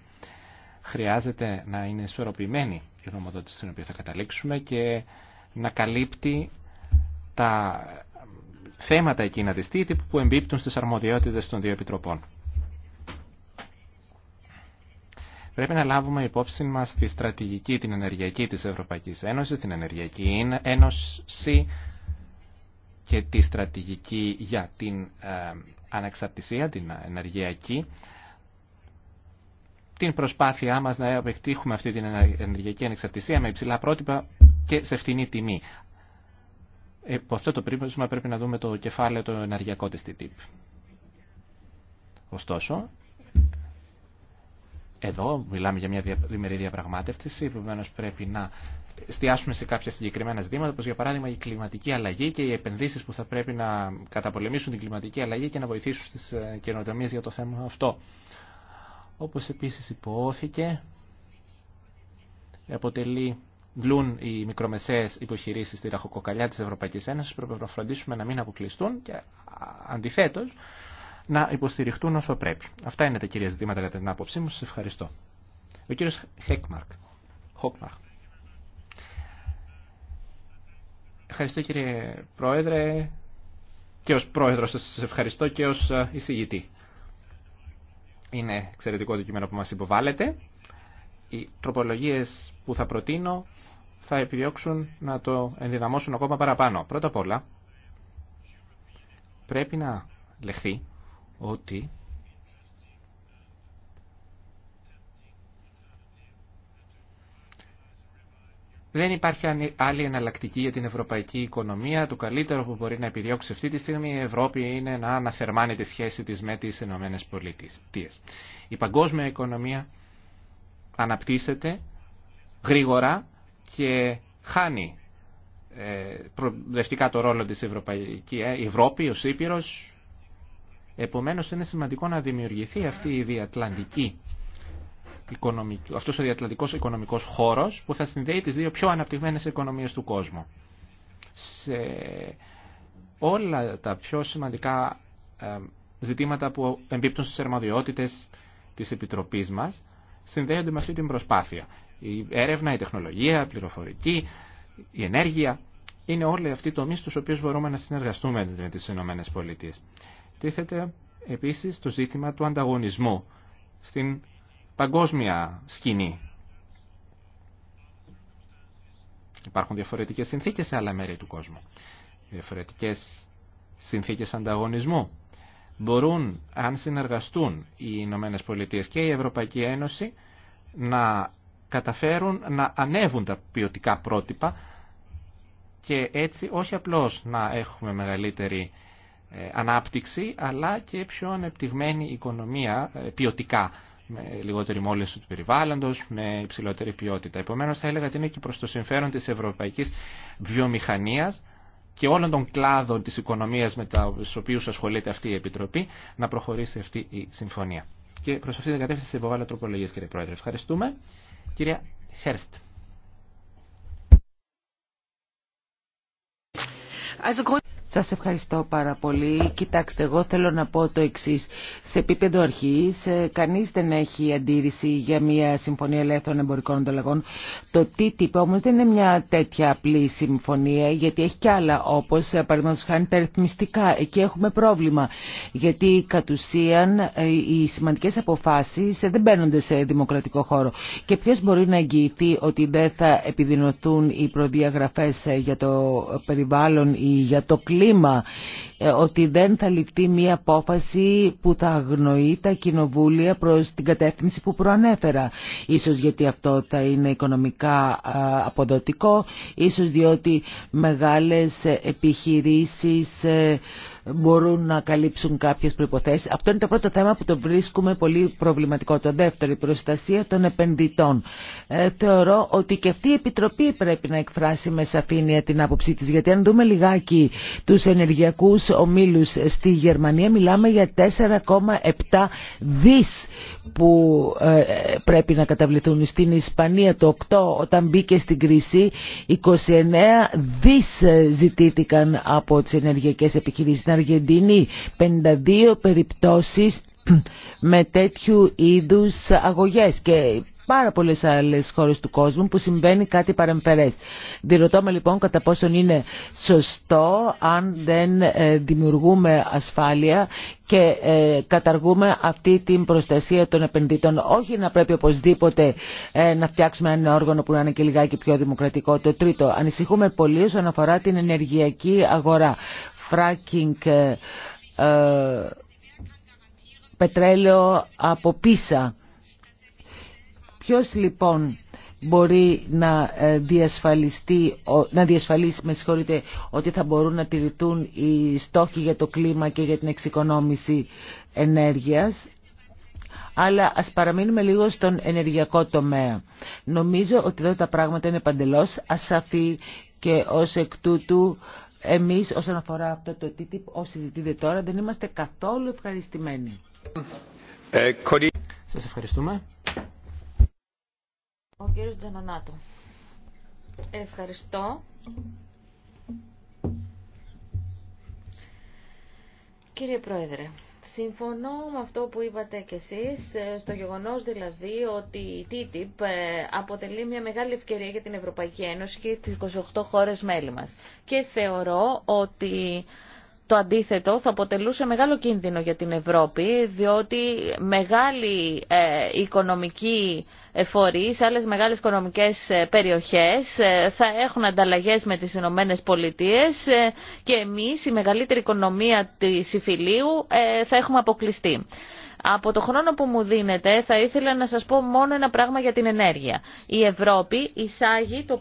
Χρειάζεται να είναι ισορροπημένη η γνωμοδότηση στην οποία θα καταλήξουμε και να καλύπτει τα θέματα εκείνα της που εμπίπτουν στις αρμοδιότητες των δύο επιτροπών. Πρέπει να λάβουμε υπόψη μας τη στρατηγική, την ενεργειακή της Ευρωπαϊκής Ένωσης, την ενεργειακή ένωση και τη στρατηγική για την ε, ανεξαρτησία, την ενεργειακή, την προσπάθειά μας να επιτύχουμε αυτή την ενεργειακή ανεξαρτησία με υψηλά πρότυπα και σε φθηνή τιμή. Από αυτό το πρίσμα πρέπει να δούμε το κεφάλαιο το ενεργειακό της TTIP. Ωστόσο, εδώ μιλάμε για μια διμερή διαπραγμάτευση, επομένω πρέπει να εστιάσουμε σε κάποια συγκεκριμένα ζητήματα, όπω για παράδειγμα η κλιματική αλλαγή και οι επενδύσει που θα πρέπει να καταπολεμήσουν την κλιματική αλλαγή και να βοηθήσουν τι ε, καινοτομίε για το θέμα αυτό. Όπω επίση υπόθηκε, αποτελεί γλούν οι μικρομεσαίε υποχειρήσει στη ραχοκοκαλιά τη Ευρωπαϊκή Ένωση. Πρέπει να φροντίσουμε να μην αποκλειστούν και αντιθέτω να υποστηριχτούν όσο πρέπει. Αυτά είναι τα κυρία ζητήματα κατά την άποψή μου. Σα ευχαριστώ. Ο κύριος Χέκμαρκ. Χόκμαρκ. Ευχαριστώ κύριε Πρόεδρε και ως Πρόεδρος σας ευχαριστώ και ως ε, εισηγητή. Είναι εξαιρετικό το κείμενο που μας υποβάλλεται. Οι τροπολογίες που θα προτείνω θα επιδιώξουν να το ενδυναμώσουν ακόμα παραπάνω. Πρώτα απ' όλα πρέπει να λεχθεί ότι Δεν υπάρχει άλλη εναλλακτική για την ευρωπαϊκή οικονομία. Το καλύτερο που μπορεί να επιδιώξει αυτή τη στιγμή η Ευρώπη είναι να αναθερμάνει τη σχέση της με τις Ηνωμένες Η παγκόσμια οικονομία αναπτύσσεται γρήγορα και χάνει ε, προοδευτικά το ρόλο της Ευρωπαϊκή ε, Ευρώπη ως Ήπειρος Επομένως είναι σημαντικό να δημιουργηθεί αυτή η διατλαντική αυτός ο διατλαντικός οικονομικός χώρος που θα συνδέει τις δύο πιο αναπτυγμένες οικονομίες του κόσμου. Σε όλα τα πιο σημαντικά ε, ζητήματα που εμπίπτουν στις αρμοδιότητες της Επιτροπής μας συνδέονται με αυτή την προσπάθεια. Η έρευνα, η τεχνολογία, η πληροφορική, η ενέργεια είναι όλοι αυτοί οι τομείς στους οποίους μπορούμε να συνεργαστούμε με τις ΗΠΑ τίθεται επίσης το ζήτημα του ανταγωνισμού στην παγκόσμια σκηνή. Υπάρχουν διαφορετικές συνθήκες σε άλλα μέρη του κόσμου. Διαφορετικές συνθήκες ανταγωνισμού. Μπορούν, αν συνεργαστούν οι Ηνωμένε Πολιτείε και η Ευρωπαϊκή Ένωση, να καταφέρουν να ανέβουν τα ποιοτικά πρότυπα και έτσι όχι απλώς να έχουμε μεγαλύτερη ε, ανάπτυξη αλλά και πιο ανεπτυγμένη οικονομία ε, ποιοτικά με λιγότερη μόλυνση του περιβάλλοντος, με υψηλότερη ποιότητα. Επομένω, θα έλεγα ότι είναι και προ το συμφέρον της ευρωπαϊκής βιομηχανίας και όλων των κλάδων τη οικονομία με του οποίου ασχολείται αυτή η Επιτροπή να προχωρήσει αυτή η συμφωνία. Και προς αυτή την κατεύθυνση υποβάλλω τροπολογίες, κύριε Πρόεδρε. Ευχαριστούμε. Κυρία Χέρστ. Σας ευχαριστώ πάρα πολύ. Κοιτάξτε, εγώ θέλω να πω το εξής. Σε επίπεδο αρχής, ε, κανείς δεν έχει αντίρρηση για μια συμφωνία ελεύθερων εμπορικών ανταλλαγών. Το TTIP όμως δεν είναι μια τέτοια απλή συμφωνία, γιατί έχει κι άλλα, όπως ε, παραδείγματος χάνει τα ρυθμιστικά. Εκεί έχουμε πρόβλημα, γιατί κατ' ουσίαν ε, οι σημαντικές αποφάσεις δεν μπαίνονται σε δημοκρατικό χώρο. Και ποιο μπορεί να εγγυηθεί ότι δεν θα επιδεινωθούν οι προδιαγραφές για το περιβάλλον ή για το κλίμα διλήμμα ε, ότι δεν θα ληφθεί μία απόφαση που θα αγνοεί τα κοινοβούλια προς την κατεύθυνση που προανέφερα. Ίσως γιατί αυτό θα είναι οικονομικά αποδοτικό, ίσως διότι μεγάλες ε, επιχειρήσεις ε, μπορούν να καλύψουν κάποιες προϋποθέσεις. Αυτό είναι το πρώτο θέμα που το βρίσκουμε πολύ προβληματικό. Το δεύτερο, η προστασία των επενδυτών. Ε, θεωρώ ότι και αυτή η Επιτροπή πρέπει να εκφράσει με σαφήνεια την άποψή της. Γιατί αν δούμε λιγάκι τους ενεργειακούς ομίλους στη Γερμανία, μιλάμε για 4,7 δις που ε, πρέπει να καταβληθούν. Στην Ισπανία το 8 όταν μπήκε στην κρίση 29 δις ε, ζητήθηκαν από τις ενεργειακές επιχειρήσεις Αργεντινή. 52 περιπτώσεις με τέτοιου είδους αγωγές και πάρα πολλές άλλες χώρες του κόσμου που συμβαίνει κάτι παρεμφερές. Διρωτώμε λοιπόν κατά πόσον είναι σωστό αν δεν ε, δημιουργούμε ασφάλεια και ε, καταργούμε αυτή την προστασία των επενδυτών. Όχι να πρέπει οπωσδήποτε ε, να φτιάξουμε ένα όργανο που να είναι και λιγάκι πιο δημοκρατικό. Το τρίτο, ανησυχούμε πολύ όσον αφορά την ενεργειακή αγορά φράκινγκ, ε, ε, πετρέλαιο από πίσα. Ποιος λοιπόν μπορεί να ε, διασφαλιστεί, να διασφαλίσει με ότι θα μπορούν να τηρηθούν οι στόχοι για το κλίμα και για την εξοικονόμηση ενέργειας. Αλλά ας παραμείνουμε λίγο στον ενεργειακό τομέα. Νομίζω ότι εδώ τα πράγματα είναι παντελώς ασαφή και ως εκ τούτου εμείς όσον αφορά αυτό το TTIP όσοι συζητείτε τώρα δεν είμαστε καθόλου ευχαριστημένοι. Ε, Σας ευχαριστούμε. Ο κύριος Τζανανάτο. Ευχαριστώ. Κύριε Πρόεδρε, Συμφωνώ με αυτό που είπατε κι εσείς, ε, στο γεγονός δηλαδή ότι η TTIP ε, αποτελεί μια μεγάλη ευκαιρία για την Ευρωπαϊκή Ένωση και τις 28 χώρες μέλη μας. Και θεωρώ ότι το αντίθετο θα αποτελούσε μεγάλο κίνδυνο για την Ευρώπη, διότι μεγάλοι ε, οικονομικοί ε, φορείς, άλλες μεγάλες οικονομικές ε, περιοχές θα έχουν ανταλλαγές με τις Ηνωμένε Πολιτείε, και εμείς, η μεγαλύτερη οικονομία της Ιφιλίου, θα έχουμε αποκλειστεί. Από το χρόνο που μου δίνετε θα ήθελα να σας πω μόνο ένα πράγμα για την ενέργεια. Η Ευρώπη εισάγει το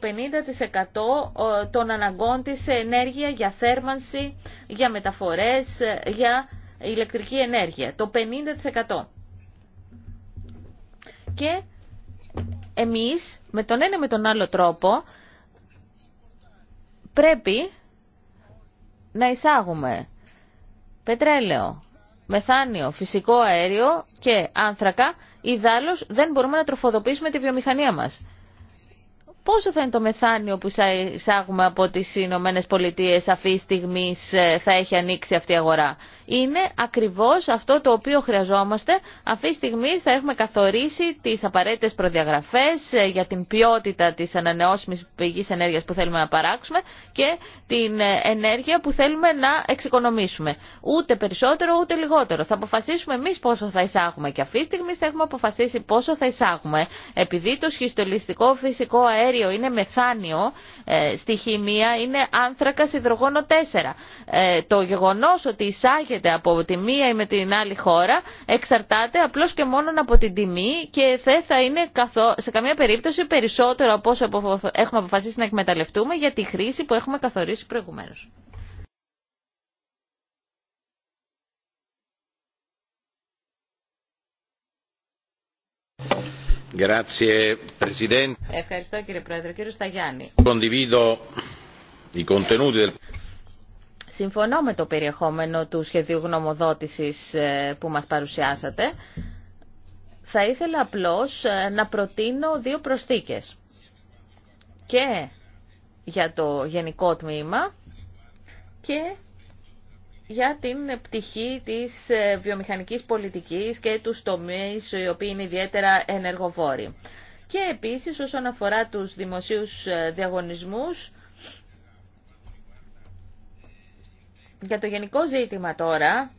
50% των αναγκών της σε ενέργεια για θέρμανση, για μεταφορές, για ηλεκτρική ενέργεια. Το 50%. Και εμείς με τον ένα με τον άλλο τρόπο πρέπει να εισάγουμε πετρέλαιο, μεθάνιο, φυσικό αέριο και άνθρακα, ιδάλως δεν μπορούμε να τροφοδοτήσουμε τη βιομηχανία μας. Πόσο θα είναι το μεθάνιο που εισάγουμε από τις Ηνωμένε Πολιτείε αυτή τη στιγμή θα έχει ανοίξει αυτή η αγορά. Είναι ακριβώς αυτό το οποίο χρειαζόμαστε. Αυτή τη στιγμή θα έχουμε καθορίσει τις απαραίτητες προδιαγραφές ε, για την ποιότητα της ανανεώσιμης πηγής ενέργειας που θέλουμε να παράξουμε και την ε, ενέργεια που θέλουμε να εξοικονομήσουμε. Ούτε περισσότερο ούτε λιγότερο. Θα αποφασίσουμε εμείς πόσο θα εισάγουμε και αυτή τη στιγμή θα έχουμε αποφασίσει πόσο θα εισάγουμε. Επειδή το σχιστολιστικό φυσικό αέριο είναι μεθάνιο ε, στη χημεία, είναι άνθρακα υδρογόνο 4. Ε, το γεγονός ότι εισάγεται από τη μία ή με την άλλη χώρα εξαρτάται απλώς και μόνο από την τιμή και δεν θα είναι σε καμία περίπτωση περισσότερο από όσο έχουμε αποφασίσει να εκμεταλλευτούμε για τη χρήση που έχουμε καθορίσει προηγουμένως. Ευχαριστώ κύριε Πρόεδρε. Κύριο Σταγιάννη. Συμφωνώ με το περιεχόμενο του σχεδίου γνωμοδότησης ε, που μας παρουσιάσατε. Θα ήθελα απλώς ε, να προτείνω δύο προσθήκες. Και για το γενικό τμήμα και για την πτυχή της ε, βιομηχανικής πολιτικής και του τομείς οι οποίοι είναι ιδιαίτερα ενεργοβόροι. Και επίσης όσον αφορά τους δημοσίους ε, διαγωνισμούς, για το γενικό ζήτημα τώρα,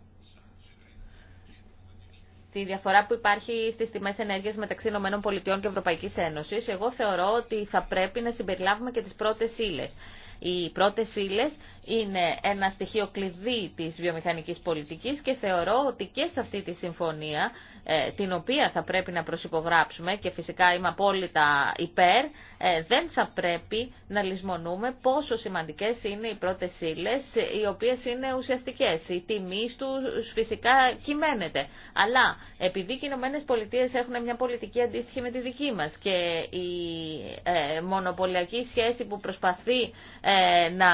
τη διαφορά που υπάρχει στις τιμές ενέργειας μεταξύ ΗΠΑ και Ευρωπαϊκής εγώ θεωρώ ότι θα πρέπει να συμπεριλάβουμε και τις πρώτες ύλες. Οι πρώτες ύλε είναι ένα στοιχείο κλειδί της βιομηχανικής πολιτικής και θεωρώ ότι και σε αυτή τη συμφωνία, ε, την οποία θα πρέπει να προσυπογράψουμε και φυσικά είμαι απόλυτα υπέρ, ε, δεν θα πρέπει να λησμονούμε πόσο σημαντικές είναι οι πρώτες ύλε, οι οποίες είναι ουσιαστικές. Η τιμή του φυσικά κυμαίνεται. Αλλά επειδή οι Ηνωμένε Πολιτείε έχουν μια πολιτική αντίστοιχη με τη δική μας και η ε, μονοπωλιακή σχέση που προσπαθεί ε, να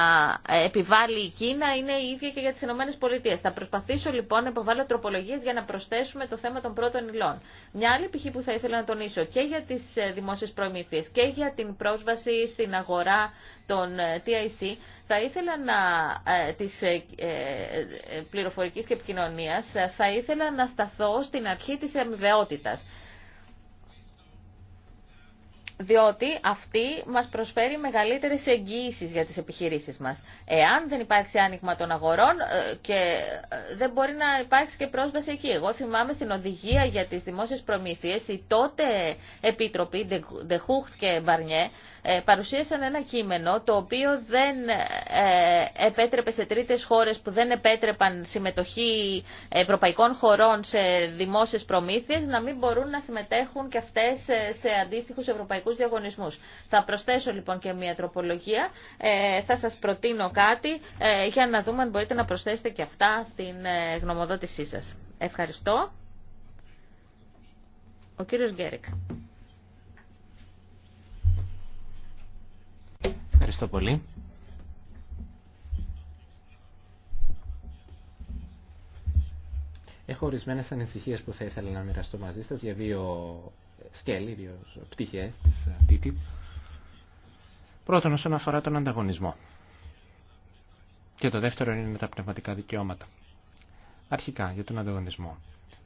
επιβάλλει η Κίνα είναι η ίδια και για τις ΗΠΑ. Πολιτείες. Θα προσπαθήσω λοιπόν να υποβάλω τροπολογίες για να προσθέσουμε το θέμα των πρώτων υλών. Μια άλλη πηχή που θα ήθελα να τονίσω και για τις ε, δημόσιες προμήθειε και για την πρόσβαση στην αγορά των ε, TIC θα ήθελα να, της πληροφορικής και επικοινωνίας θα ήθελα να σταθώ στην αρχή της αμοιβαιότητας διότι αυτή μας προσφέρει μεγαλύτερες εγγύησεις για τις επιχειρήσεις μας. Εάν δεν υπάρξει άνοιγμα των αγορών ε, και ε, δεν μπορεί να υπάρξει και πρόσβαση εκεί. Εγώ θυμάμαι στην οδηγία για τις δημόσιες προμήθειες οι τότε επίτροποι Ντεχούχτ και Μπαρνιέ ε, παρουσίασαν ένα κείμενο το οποίο δεν ε, επέτρεπε σε τρίτες χώρες που δεν επέτρεπαν συμμετοχή ευρωπαϊκών χωρών σε δημόσιες προμήθειες να μην μπορούν να συμμετέχουν και αυτές ε, σε αντίστοιχους ευρωπαϊκούς διαγωνισμούς. Θα προσθέσω λοιπόν και μια τροπολογία, θα σας προτείνω κάτι για να δούμε αν μπορείτε να προσθέσετε και αυτά στην γνωμοδότησή σας. Ευχαριστώ. Ο κύριος Γκέρικ. Ευχαριστώ πολύ. Έχω ορισμένε ανησυχίε που θα ήθελα να μοιραστώ μαζί σα για δύο σκέλη, δύο πτυχέ τη ε, TTIP. Πρώτον, όσον αφορά τον ανταγωνισμό. Και το δεύτερο είναι τα πνευματικά δικαιώματα. Αρχικά, για τον ανταγωνισμό.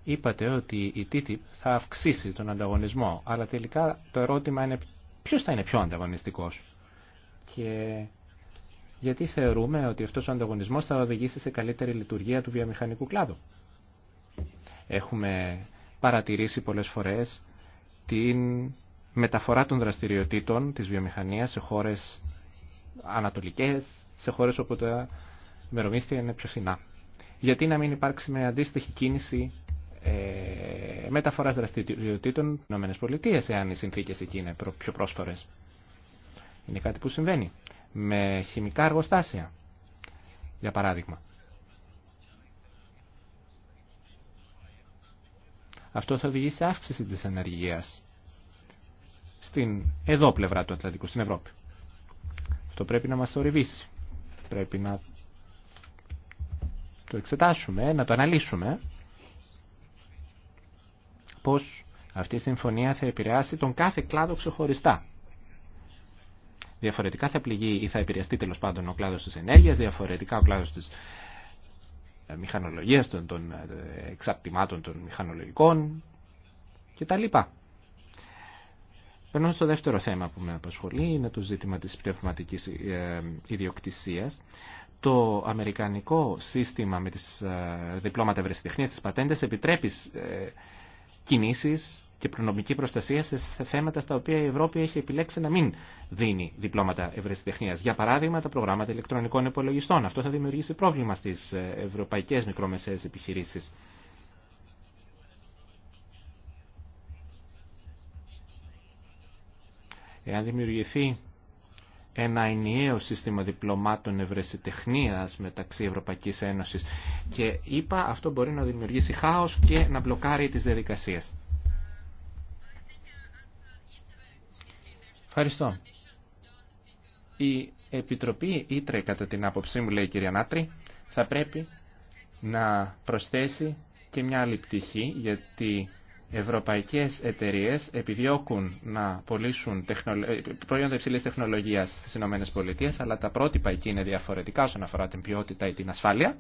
Είπατε ότι η TTIP θα αυξήσει τον ανταγωνισμό, αλλά τελικά το ερώτημα είναι ποιο θα είναι πιο ανταγωνιστικό και γιατί θεωρούμε ότι αυτός ο ανταγωνισμός θα οδηγήσει σε καλύτερη λειτουργία του βιομηχανικού κλάδου. Έχουμε παρατηρήσει πολλές φορές την μεταφορά των δραστηριοτήτων της βιομηχανίας σε χώρες ανατολικές, σε χώρες όπου τα μερομίσθια είναι πιο φθηνά. Γιατί να μην υπάρξει με αντίστοιχη κίνηση ε, μεταφοράς δραστηριοτήτων στις ΗΠΑ, εάν οι συνθήκες εκεί είναι πιο πρόσφορες. Είναι κάτι που συμβαίνει με χημικά εργοστάσια, για παράδειγμα. Αυτό θα οδηγήσει σε αύξηση της ενεργείας στην εδώ πλευρά του Ατλαντικού, στην Ευρώπη. Αυτό πρέπει να μας θορυβήσει. Πρέπει να το εξετάσουμε, να το αναλύσουμε πώς αυτή η συμφωνία θα επηρεάσει τον κάθε κλάδο ξεχωριστά. Διαφορετικά θα πληγεί ή θα επηρεαστεί τέλο πάντων ο κλάδο τη ενέργεια, διαφορετικά ο κλάδο τη ε, μηχανολογία, των, των ε, εξαρτημάτων των μηχανολογικών κτλ. Περνώ στο δεύτερο θέμα που με απασχολεί, είναι το ζήτημα της πνευματικής ε, ιδιοκτησίας. Το αμερικανικό σύστημα με τις διπλώματα ευρεσιτεχνίας, τις πατέντες, επιτρέπει κινήσεις και προνομική προστασία σε θέματα στα οποία η Ευρώπη έχει επιλέξει να μην δίνει διπλώματα ευρεσιτεχνία. Για παράδειγμα, τα προγράμματα ηλεκτρονικών υπολογιστών. Αυτό θα δημιουργήσει πρόβλημα στι ε, ευρωπαϊκέ μικρομεσαίε επιχειρήσει. Εάν δημιουργηθεί ένα ενιαίο σύστημα διπλωμάτων ευρεσιτεχνίας μεταξύ Ευρωπαϊκής Ένωσης και είπα αυτό μπορεί να δημιουργήσει χάος και να μπλοκάρει τις διαδικασίες. Ευχαριστώ. Η Επιτροπή Ήτρε, κατά την άποψή μου, λέει η κυρία Νάτρη, θα πρέπει να προσθέσει και μια άλλη πτυχή, γιατί ευρωπαϊκές εταιρείες επιδιώκουν να πωλήσουν ε, προϊόντα υψηλής τεχνολογίας στις ΗΠΑ, αλλά τα πρότυπα εκεί είναι διαφορετικά όσον αφορά την ποιότητα ή την ασφάλεια.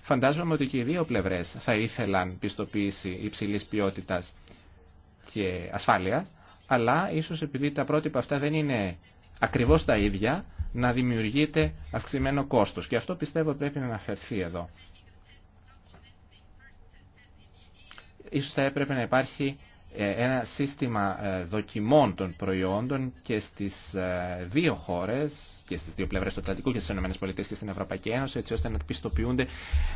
Φαντάζομαι ότι και οι δύο πλευρές θα ήθελαν πιστοποίηση υψηλής ποιότητας και ασφάλειας αλλά ίσως επειδή τα πρότυπα αυτά δεν είναι ακριβώς τα ίδια, να δημιουργείται αυξημένο κόστος. Και αυτό πιστεύω πρέπει να αναφερθεί εδώ. Ίσως θα έπρεπε να υπάρχει ε, ένα σύστημα ε, δοκιμών των προϊόντων και στις ε, δύο χώρες, και στις δύο πλευρές του Ατλαντικού και στις ΗΠΑ και στην Ευρωπαϊκή Ένωση, έτσι ώστε να πιστοποιούνται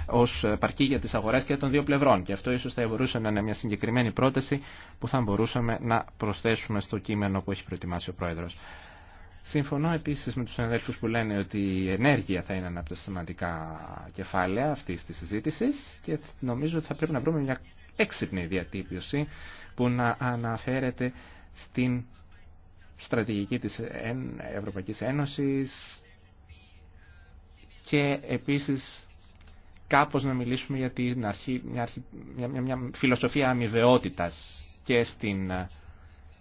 ως παρκή για τις αγορές και των δύο πλευρών. Και αυτό ίσως θα μπορούσε να είναι μια συγκεκριμένη πρόταση που θα μπορούσαμε να προσθέσουμε στο κείμενο που έχει προετοιμάσει ο Πρόεδρος. Συμφωνώ επίσης με τους συναδέλφους που λένε ότι η ενέργεια θα είναι ένα από τα σημαντικά κεφάλαια αυτή τη συζήτηση και νομίζω ότι θα πρέπει να βρούμε μια έξυπνη διατύπωση που να αναφέρεται στην στρατηγική της Ευρωπαϊκής Ένωσης και επίσης κάπως να μιλήσουμε για την αρχή, μια, φιλοσοφία αμοιβαιότητα και στην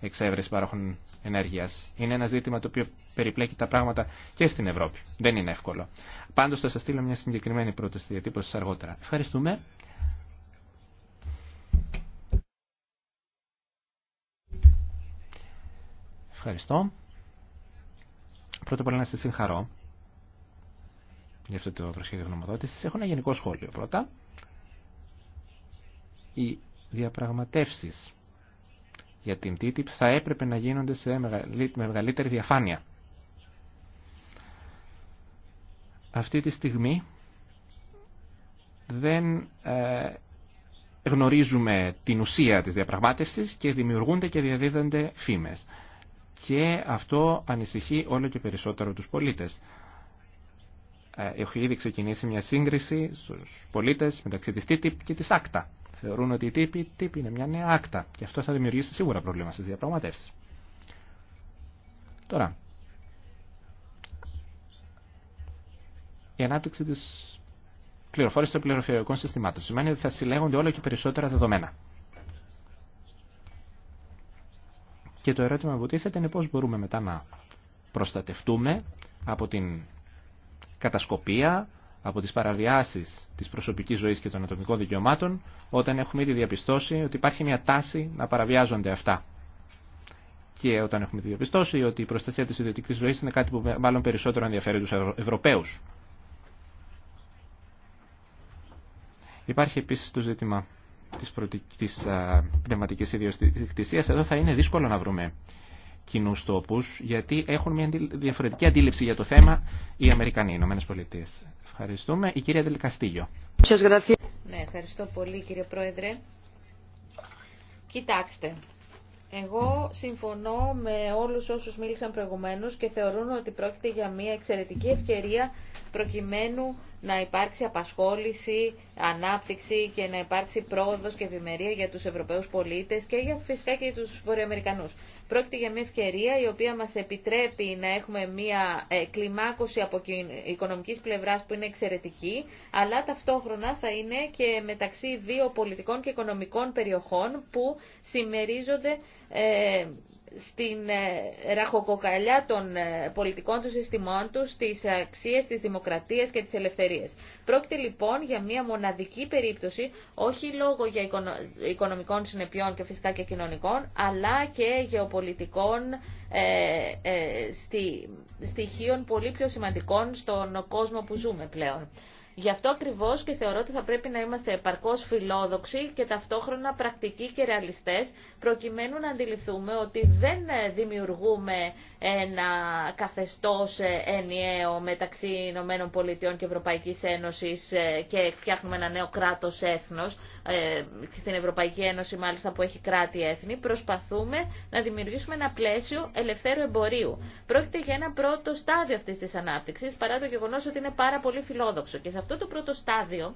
εξέβρεση παρόχων ενέργειας. Είναι ένα ζήτημα το οποίο περιπλέκει τα πράγματα και στην Ευρώπη. Δεν είναι εύκολο. Πάντως θα σας στείλω μια συγκεκριμένη πρόταση διατύπωση αργότερα. Ευχαριστούμε. Ευχαριστώ. Πρώτα απ' όλα να σας συγχαρώ για αυτό το προσχέδιο γνωμοδότηση. Έχω ένα γενικό σχόλιο πρώτα. Οι διαπραγματεύσει για την TTIP θα έπρεπε να γίνονται σε μεγαλύτερη διαφάνεια. Αυτή τη στιγμή δεν ε, γνωρίζουμε την ουσία της διαπραγμάτευσης και δημιουργούνται και διαδίδονται φήμες και αυτό ανησυχεί όλο και περισσότερο τους πολίτες. Ε, έχει ήδη ξεκινήσει μια σύγκριση στους πολίτες μεταξύ της TTIP και της ACTA. Θεωρούν ότι η TTIP, είναι μια νέα ACTA και αυτό θα δημιουργήσει σίγουρα προβλήματα στις διαπραγματεύσεις. Τώρα, η ανάπτυξη της πληροφόρησης των πληροφοριακών συστημάτων σημαίνει ότι θα συλλέγονται όλο και περισσότερα δεδομένα. Και το ερώτημα που τίθεται είναι πώς μπορούμε μετά να προστατευτούμε από την κατασκοπία, από τις παραβιάσεις της προσωπικής ζωής και των ατομικών δικαιωμάτων, όταν έχουμε ήδη διαπιστώσει ότι υπάρχει μια τάση να παραβιάζονται αυτά. Και όταν έχουμε διαπιστώσει ότι η προστασία της ιδιωτικής ζωής είναι κάτι που μάλλον περισσότερο ενδιαφέρει τους Ευρωπαίους. Υπάρχει επίσης το ζήτημα της, της πνευματικής ιδιοκτησίας, εδώ θα είναι δύσκολο να βρούμε κοινού τόπου, γιατί έχουν μια διαφορετική αντίληψη για το θέμα οι Αμερικανοί, οι Ηνωμένε Πολιτείε. Ευχαριστούμε. Η κυρία Δελκαστήγιο. Ναι, ευχαριστώ πολύ κύριε Πρόεδρε. Κοιτάξτε, εγώ συμφωνώ με όλους όσους μίλησαν προηγουμένως και θεωρούν ότι πρόκειται για μια εξαιρετική ευκαιρία προκειμένου να υπάρξει απασχόληση, ανάπτυξη και να υπάρξει πρόοδος και ευημερία για τους Ευρωπαίους πολίτες και για, φυσικά και για τους Βορειοαμερικανούς. Πρόκειται για μια ευκαιρία η οποία μας επιτρέπει να έχουμε μια ε, κλιμάκωση από οικονομικής πλευράς που είναι εξαιρετική, αλλά ταυτόχρονα θα είναι και μεταξύ δύο πολιτικών και οικονομικών περιοχών που συμμερίζονται ε, στην ε, ραχοκοκαλιά των ε, πολιτικών του συστημών τους, στις αξίες της δημοκρατίας και της ελευθερίας. Πρόκειται λοιπόν για μια μοναδική περίπτωση, όχι λόγω για οικονομικών συνεπειών και φυσικά και κοινωνικών, αλλά και γεωπολιτικών ε, ε, στοιχείων πολύ πιο σημαντικών στον κόσμο που ζούμε πλέον. Γι' αυτό ακριβώ και θεωρώ ότι θα πρέπει να είμαστε επαρκώ φιλόδοξοι και ταυτόχρονα πρακτικοί και ρεαλιστέ, προκειμένου να αντιληφθούμε ότι δεν ε, δημιουργούμε ένα καθεστώ ε, ενιαίο μεταξύ ΗΠΑ και Ευρωπαϊκή Ένωση ε, και φτιάχνουμε ένα νέο κράτο έθνο. Ε, στην Ευρωπαϊκή Ένωση μάλιστα που έχει κράτη έθνη, προσπαθούμε να δημιουργήσουμε ένα πλαίσιο ελευθέρου εμπορίου. Πρόκειται για ένα πρώτο στάδιο αυτής της ανάπτυξης, παρά το γεγονός ότι είναι πάρα πολύ φιλόδοξο. Και σε αυτό το πρώτο στάδιο,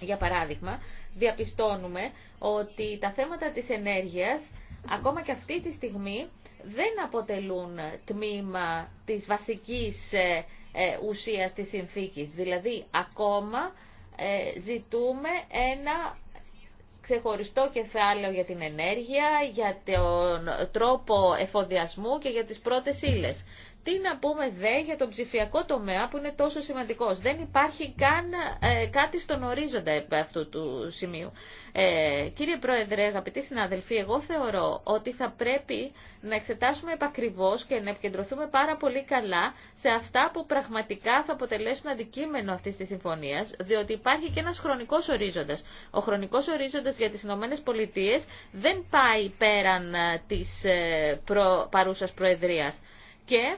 για παράδειγμα, διαπιστώνουμε ότι τα θέματα της ενέργειας, ακόμα και αυτή τη στιγμή, δεν αποτελούν τμήμα της βασικής ε, ε, ουσίας της συνθήκης. Δηλαδή, ακόμα ζητούμε ένα ξεχωριστό κεφάλαιο για την ενέργεια, για τον τρόπο εφοδιασμού και για τις πρώτες ύλες. Τι να πούμε δε για τον ψηφιακό τομέα που είναι τόσο σημαντικός. Δεν υπάρχει καν ε, κάτι στον ορίζοντα αυτού του σημείου. Ε, κύριε Πρόεδρε, αγαπητοί συνάδελφοι, εγώ θεωρώ ότι θα πρέπει να εξετάσουμε επακριβώς και να επικεντρωθούμε πάρα πολύ καλά σε αυτά που πραγματικά θα αποτελέσουν αντικείμενο αυτής της συμφωνίας, διότι υπάρχει και ένας χρονικός ορίζοντας. Ο χρονικός ορίζοντας για τις Ηνωμένες Πολιτείες δεν πάει πέραν ε, της ε, προ... παρούσας Και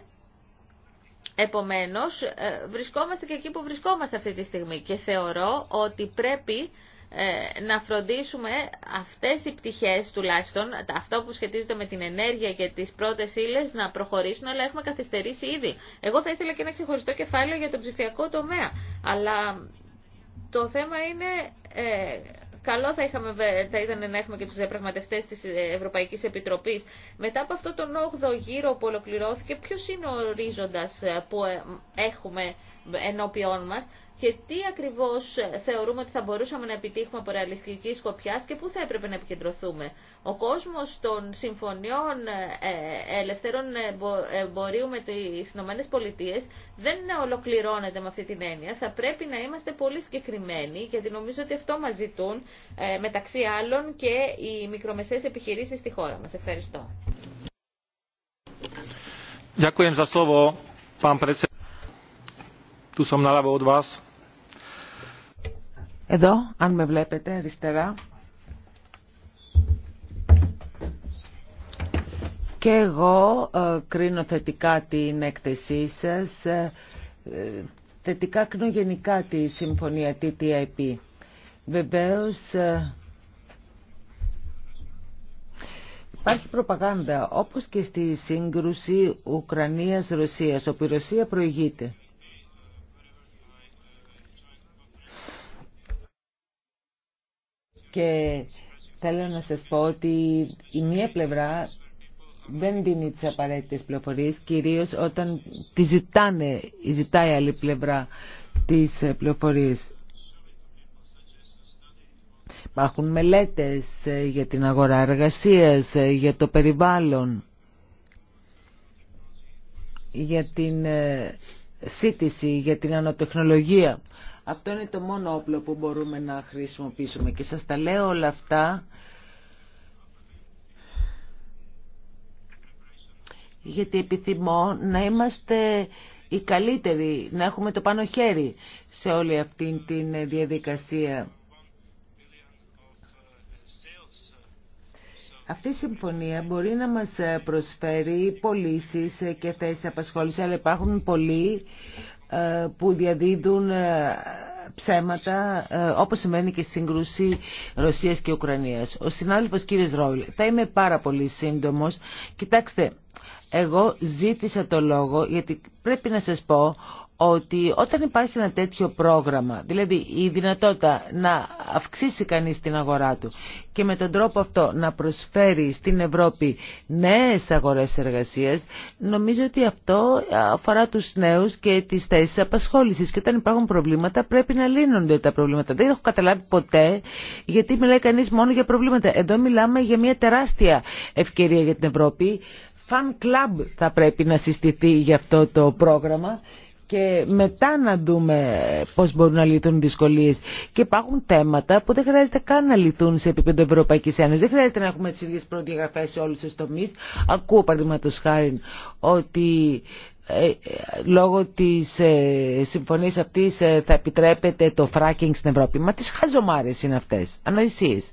Επομένως, ε, βρισκόμαστε και εκεί που βρισκόμαστε αυτή τη στιγμή και θεωρώ ότι πρέπει ε, να φροντίσουμε αυτές οι πτυχές τουλάχιστον, αυτό που σχετίζεται με την ενέργεια και τις πρώτες ύλε να προχωρήσουν, αλλά έχουμε καθυστερήσει ήδη. Εγώ θα ήθελα και ένα ξεχωριστό κεφάλαιο για τον ψηφιακό τομέα, αλλά το θέμα είναι ε, Καλό θα, είχαμε, θα ήταν να έχουμε και τους διαπραγματευτέ της Ευρωπαϊκής Επιτροπής. Μετά από αυτό τον 8ο γύρο που ολοκληρώθηκε, ποιος είναι ο ορίζοντας που ε, έχουμε ενώπιόν μας και τι ακριβώς ε, θεωρούμε ότι θα μπορούσαμε να επιτύχουμε από ρεαλιστική σκοπιά και πού θα έπρεπε να επικεντρωθούμε. Ο κόσμος των συμφωνιών ε, ε, ελευθερών εμπορίου με τις ΗΠΑ δεν ολοκληρώνεται με αυτή την έννοια. Θα πρέπει να είμαστε πολύ συγκεκριμένοι γιατί νομίζω ότι αυτό μας ζητούν μεταξύ άλλων και οι μικρομεσαίες επιχειρήσεις στη χώρα μας. Ευχαριστώ. Ďakujem za som od vás. Εδώ, αν με βλέπετε αριστερά, και εγώ ε, κρίνω θετικά την έκθεσή σας, ε, ε, θετικά κρίνω γενικά τη συμφωνία TTIP. Βεβαίως, Υπάρχει προπαγάνδα, όπως και στη σύγκρουση Ουκρανίας-Ρωσίας, όπου η Ρωσία προηγείται. Και θέλω να σας πω ότι η μία πλευρά δεν δίνει τις απαραίτητες πληροφορίες, κυρίως όταν τη ζητάνε, ζητάει άλλη πλευρά τις πληροφορίες. Υπάρχουν μελέτες ε, για την αγορά εργασίας, ε, για το περιβάλλον, για την ε, σύντηση, για την ανοτεχνολογία. Αυτό είναι το μόνο όπλο που μπορούμε να χρησιμοποιήσουμε. Και σας τα λέω όλα αυτά γιατί επιθυμώ να είμαστε οι καλύτεροι, να έχουμε το πάνω χέρι σε όλη αυτή τη διαδικασία. Αυτή η συμφωνία μπορεί να μας προσφέρει πωλήσει και θέσεις απασχόληση, αλλά υπάρχουν πολλοί ε, που διαδίδουν ε, ψέματα, ε, όπως σημαίνει και η σύγκρουση Ρωσίας και Ουκρανίας. Ο συνάδελφος κύριος Ρόιλ, θα είμαι πάρα πολύ σύντομος. Κοιτάξτε, εγώ ζήτησα το λόγο γιατί πρέπει να σας πω ότι όταν υπάρχει ένα τέτοιο πρόγραμμα, δηλαδή η δυνατότητα να αυξήσει κανείς την αγορά του και με τον τρόπο αυτό να προσφέρει στην Ευρώπη νέες αγορές εργασίας, νομίζω ότι αυτό αφορά τους νέους και τις θέσεις απασχόλησης και όταν υπάρχουν προβλήματα πρέπει να λύνονται τα προβλήματα. Δεν έχω καταλάβει ποτέ γιατί μιλάει κανείς μόνο για προβλήματα. Εδώ μιλάμε για μια τεράστια ευκαιρία για την Ευρώπη. Φαν κλαμπ θα πρέπει να συστηθεί για αυτό το πρόγραμμα και μετά να δούμε πώς μπορούν να λυθούν οι δυσκολίες. Και υπάρχουν θέματα που δεν χρειάζεται καν να λυθούν σε επίπεδο Ευρωπαϊκής Ένωσης. Δεν χρειάζεται να έχουμε τις ίδιες προδιαγραφές σε όλους τους τομείς. Ακούω παραδείγματος χάρη ότι ε, λόγω της ε, συμφωνίας αυτής ε, θα επιτρέπεται το φράκινγκ στην Ευρώπη. Μα τις χαζομάρες είναι αυτές, Αναλυσίες.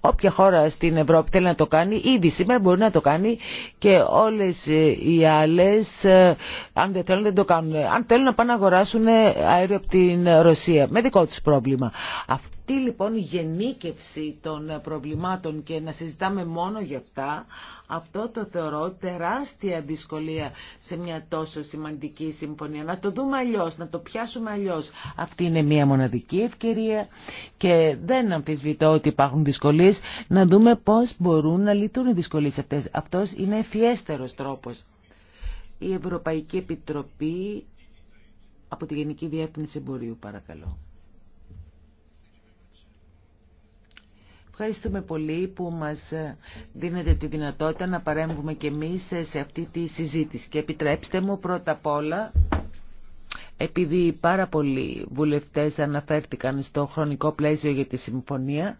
Όποια χώρα στην Ευρώπη θέλει να το κάνει, ήδη σήμερα μπορεί να το κάνει και όλες ε, οι άλλες, ε, αν δεν θέλουν δεν το κάνουν. Αν θέλουν να πάνε να αγοράσουν ε, αέριο από την Ρωσία, με δικό τους πρόβλημα. Αυτή λοιπόν η γενίκευση των προβλημάτων και να συζητάμε μόνο για αυτά, αυτό το θεωρώ τεράστια δυσκολία σε μια τόσο σημαντική συμφωνία. Να το δούμε αλλιώς, να το πιάσουμε αλλιώς. Αυτή είναι μια μοναδική ευκαιρία και δεν αμφισβητώ ότι υπάρχουν δυσκολίες δυσκολίες, να δούμε πώς μπορούν να λυθούν οι δυσκολίες αυτές. Αυτός είναι ευφιέστερος τρόπος. Η Ευρωπαϊκή Επιτροπή από τη Γενική Διεύθυνση Εμπορίου, παρακαλώ. Ευχαριστούμε πολύ που μας δίνετε τη δυνατότητα να παρέμβουμε και εμείς σε αυτή τη συζήτηση. Και επιτρέψτε μου πρώτα απ' όλα επειδή πάρα πολλοί βουλευτές αναφέρθηκαν στο χρονικό πλαίσιο για τη συμφωνία,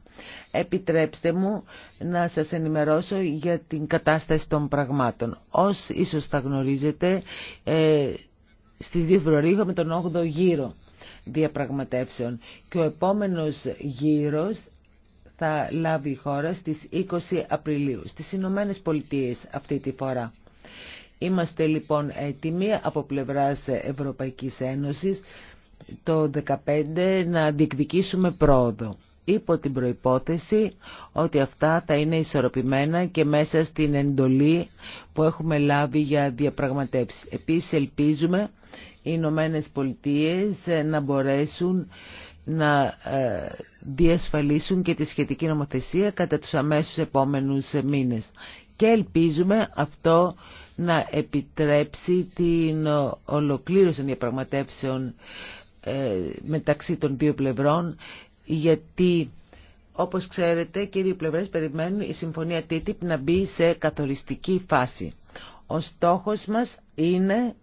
επιτρέψτε μου να σας ενημερώσω για την κατάσταση των πραγμάτων. Ως ίσως θα γνωρίζετε, ε, στις 2 Φεβρουαρίου με τον 8ο γύρο διαπραγματεύσεων και ο επόμενος γύρος θα λάβει η χώρα στις 20 Απριλίου, στις Ηνωμένε Πολιτείες αυτή τη φορά. Είμαστε λοιπόν έτοιμοι από πλευράς Ευρωπαϊκής Ένωσης το 2015 να διεκδικήσουμε πρόοδο υπό την προϋπόθεση ότι αυτά θα είναι ισορροπημένα και μέσα στην εντολή που έχουμε λάβει για διαπραγματεύσεις. Επίσης ελπίζουμε οι Ηνωμένε Πολιτείε να μπορέσουν να ε, διασφαλίσουν και τη σχετική νομοθεσία κατά τους αμέσους επόμενους μήνες. Και ελπίζουμε αυτό να επιτρέψει την ολοκλήρωση των διαπραγματεύσεων ε, μεταξύ των δύο πλευρών γιατί όπως ξέρετε και οι δύο πλευρές περιμένουν η συμφωνία TTIP να μπει σε καθοριστική φάση. Ο στόχος μας είναι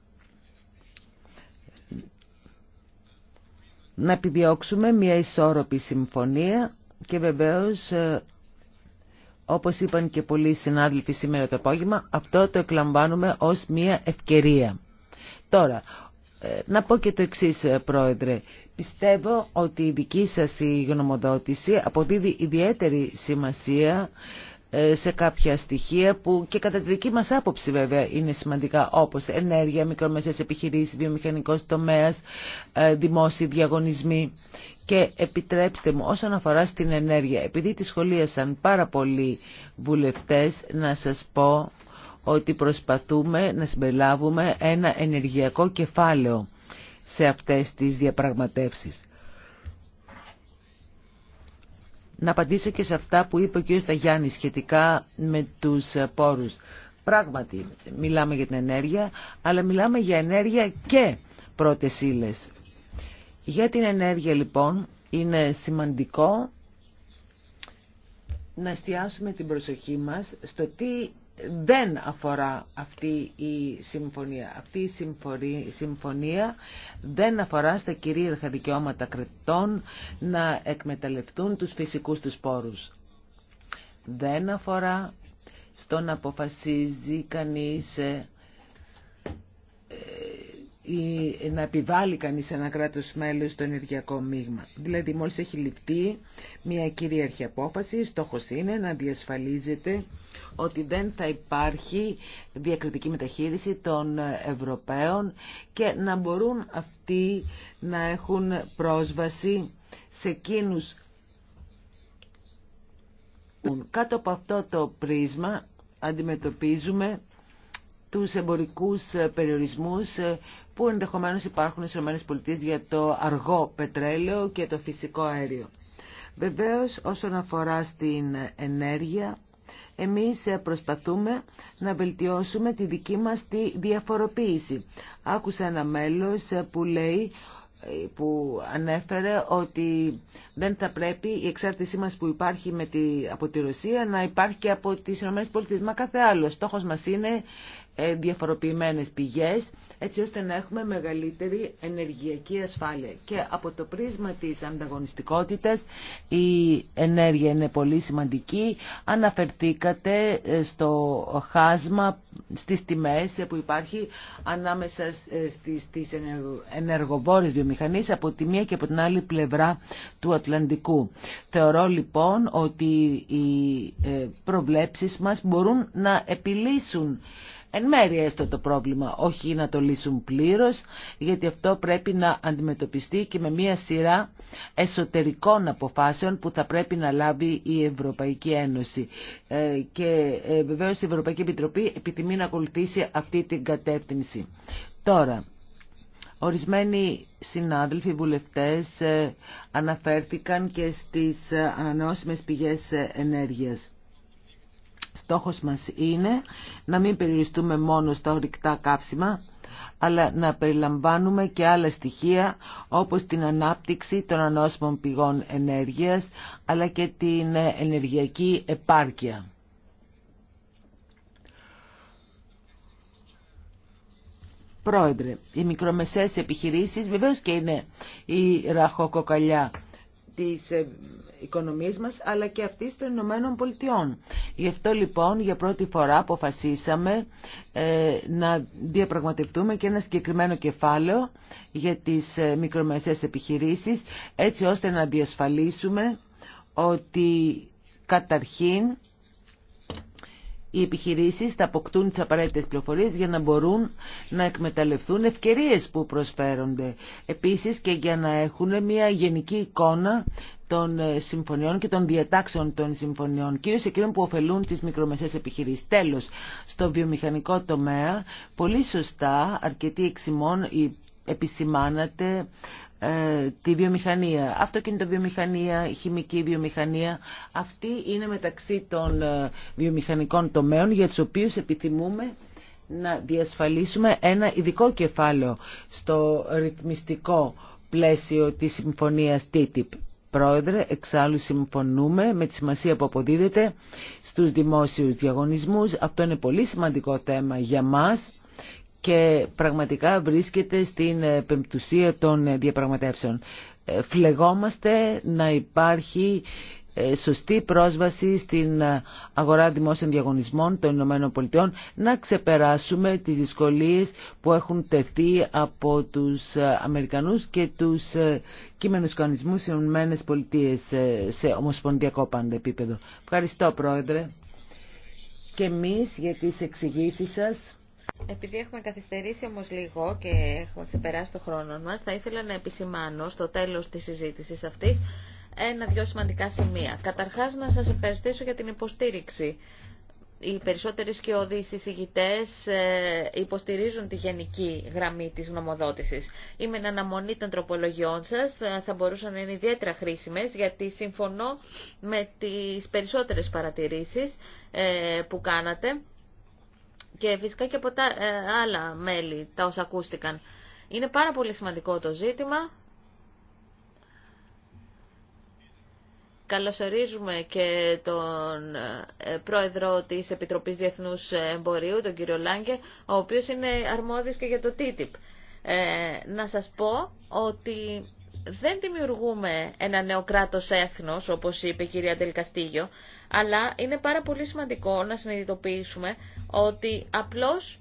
να επιδιώξουμε μια ισόρροπη συμφωνία και βεβαίως ε, όπως είπαν και πολλοί συνάδελφοι σήμερα το απόγευμα, αυτό το εκλαμβάνουμε ως μια ευκαιρία. Τώρα, ε, να πω και το εξής, ε, Πρόεδρε. Πιστεύω ότι η δική σας η γνωμοδότηση αποδίδει ιδιαίτερη σημασία ε, σε κάποια στοιχεία που και κατά τη δική μας άποψη βέβαια είναι σημαντικά όπως ενέργεια, μικρομεσαίες επιχειρήσεις, βιομηχανικός τομέας, δημόσιοι διαγωνισμοί και επιτρέψτε μου όσον αφορά στην ενέργεια, επειδή τη σχολίασαν πάρα πολλοί βουλευτές, να σας πω ότι προσπαθούμε να συμπεριλάβουμε ένα ενεργειακό κεφάλαιο σε αυτές τις διαπραγματεύσεις. Να απαντήσω και σε αυτά που είπε ο κ. Σταγιάννη σχετικά με τους πόρους. Πράγματι, μιλάμε για την ενέργεια, αλλά μιλάμε για ενέργεια και πρώτες ύλες. Για την ενέργεια λοιπόν είναι σημαντικό να εστιάσουμε την προσοχή μας στο τι δεν αφορά αυτή η συμφωνία. Αυτή η συμφωνία δεν αφορά στα κυρίαρχα δικαιώματα κρετών να εκμεταλλευτούν τους φυσικούς τους πόρους. Δεν αφορά στο να αποφασίζει κανείς ε, ή να επιβάλλει κανεί ένα κράτο μέλο στο ενεργειακό μείγμα. Δηλαδή μόλις έχει ληφθεί μια κυρίαρχη απόφαση, στόχος είναι να διασφαλίζεται ότι δεν θα υπάρχει διακριτική μεταχείριση των Ευρωπαίων και να μπορούν αυτοί να έχουν πρόσβαση σε εκείνους κάτω από αυτό το πρίσμα αντιμετωπίζουμε τους εμπορικούς περιορισμούς που ενδεχομένως υπάρχουν στις ΗΠΑ για το αργό πετρέλαιο και το φυσικό αέριο. Βεβαίως όσον αφορά στην ενέργεια, εμείς προσπαθούμε να βελτιώσουμε τη δική μας τη διαφοροποίηση. Άκουσα ένα μέλος που λέει που ανέφερε ότι δεν θα πρέπει η εξάρτησή μας που υπάρχει με τη, από τη Ρωσία να υπάρχει και από τις ΗΠΑ. Μα κάθε άλλο. Στόχος μας είναι ε, διαφοροποιημένες πηγές έτσι ώστε να έχουμε μεγαλύτερη ενεργειακή ασφάλεια. Και από το πρίσμα της ανταγωνιστικότητας η ενέργεια είναι πολύ σημαντική. Αναφερθήκατε ε, στο χάσμα στις τιμές που υπάρχει ανάμεσα ε, στις ενεργοβόρες βιομηχανίες από τη μία και από την άλλη πλευρά του Ατλαντικού. Θεωρώ λοιπόν ότι οι προβλέψεις μας μπορούν να επιλύσουν εν μέρει έστω το πρόβλημα, όχι να το λύσουν πλήρως, γιατί αυτό πρέπει να αντιμετωπιστεί και με μία σειρά εσωτερικών αποφάσεων που θα πρέπει να λάβει η Ευρωπαϊκή Ένωση. Ε, και ε, βεβαίως η Ευρωπαϊκή Επιτροπή επιθυμεί να ακολουθήσει αυτή την κατεύθυνση. Τώρα, Ορισμένοι συνάδελφοι βουλευτές ε, αναφέρθηκαν και στις ανανεώσιμες πηγές ενέργειας. Στόχος μας είναι να μην περιοριστούμε μόνο στα ορυκτά κάψιμα, αλλά να περιλαμβάνουμε και άλλα στοιχεία όπως την ανάπτυξη των ανώσιμων πηγών ενέργειας, αλλά και την ενεργειακή επάρκεια. Πρόεδρε, οι μικρομεσαίες επιχειρήσεις βεβαίως και είναι η ραχοκοκαλιά της ε, οικονομίας μας αλλά και αυτής των Ηνωμένων Πολιτειών. Γι' αυτό λοιπόν για πρώτη φορά αποφασίσαμε ε, να διαπραγματευτούμε και ένα συγκεκριμένο κεφάλαιο για τις ε, μικρομεσαίες επιχειρήσεις έτσι ώστε να διασφαλίσουμε ότι καταρχήν οι επιχειρήσεις θα αποκτούν τις απαραίτητες πληροφορίες για να μπορούν να εκμεταλλευτούν ευκαιρίες που προσφέρονται. Επίσης και για να έχουν μια γενική εικόνα των ε, συμφωνιών και των διατάξεων των συμφωνιών, κυρίως εκείνων που ωφελούν τις μικρομεσαίες επιχειρήσεις. Τέλος, στο βιομηχανικό τομέα, πολύ σωστά, αρκετοί εξημών επισημάνατε ε, τη βιομηχανία, αυτοκινητοβιομηχανία, χημική βιομηχανία. Αυτή είναι μεταξύ των ε, βιομηχανικών τομέων για τους οποίους επιθυμούμε να διασφαλίσουμε ένα ειδικό κεφάλαιο στο ρυθμιστικό πλαίσιο της συμφωνίας TTIP. Πρόεδρε, εξάλλου συμφωνούμε με τη σημασία που αποδίδεται στους δημόσιους διαγωνισμούς. Αυτό είναι πολύ σημαντικό θέμα για μας και πραγματικά βρίσκεται στην ε, πεμπτουσία των ε, διαπραγματεύσεων. Ε, φλεγόμαστε να υπάρχει σωστή πρόσβαση στην αγορά δημόσιων διαγωνισμών των Ηνωμένων να ξεπεράσουμε τις δυσκολίες που έχουν τεθεί από τους Αμερικανούς και τους κείμενους κανονισμούς στις Ηνωμένες Πολιτείες σε ομοσπονδιακό πάντα επίπεδο. Ευχαριστώ Πρόεδρε και εμείς για τις εξηγήσεις σας. Επειδή έχουμε καθυστερήσει όμως λίγο και έχουμε ξεπεράσει το χρόνο μας, θα ήθελα να επισημάνω στο τέλος της συζήτησης αυτής ένα-δυο σημαντικά σημεία. Καταρχάς να σας ευχαριστήσω για την υποστήριξη. Οι περισσότεροι σκιώδεις συζητητές ε, υποστηρίζουν τη γενική γραμμή της γνωμοδότησης. Είμαι εν αναμονή των τροπολογιών σας, θα μπορούσαν να είναι ιδιαίτερα χρήσιμες, γιατί συμφωνώ με τις περισσότερες παρατηρήσεις ε, που κάνατε και φυσικά και από τα ε, άλλα μέλη τα όσα ακούστηκαν. Είναι πάρα πολύ σημαντικό το ζήτημα. Καλωσορίζουμε και τον ε, πρόεδρο της Επιτροπής Διεθνούς Εμπορίου, τον κύριο Λάγκε, ο οποίος είναι αρμόδιος και για το TTIP. Ε, να σας πω ότι δεν δημιουργούμε ένα νέο κράτος έθνος, όπως είπε η κυρία αλλά είναι πάρα πολύ σημαντικό να συνειδητοποιήσουμε ότι απλώς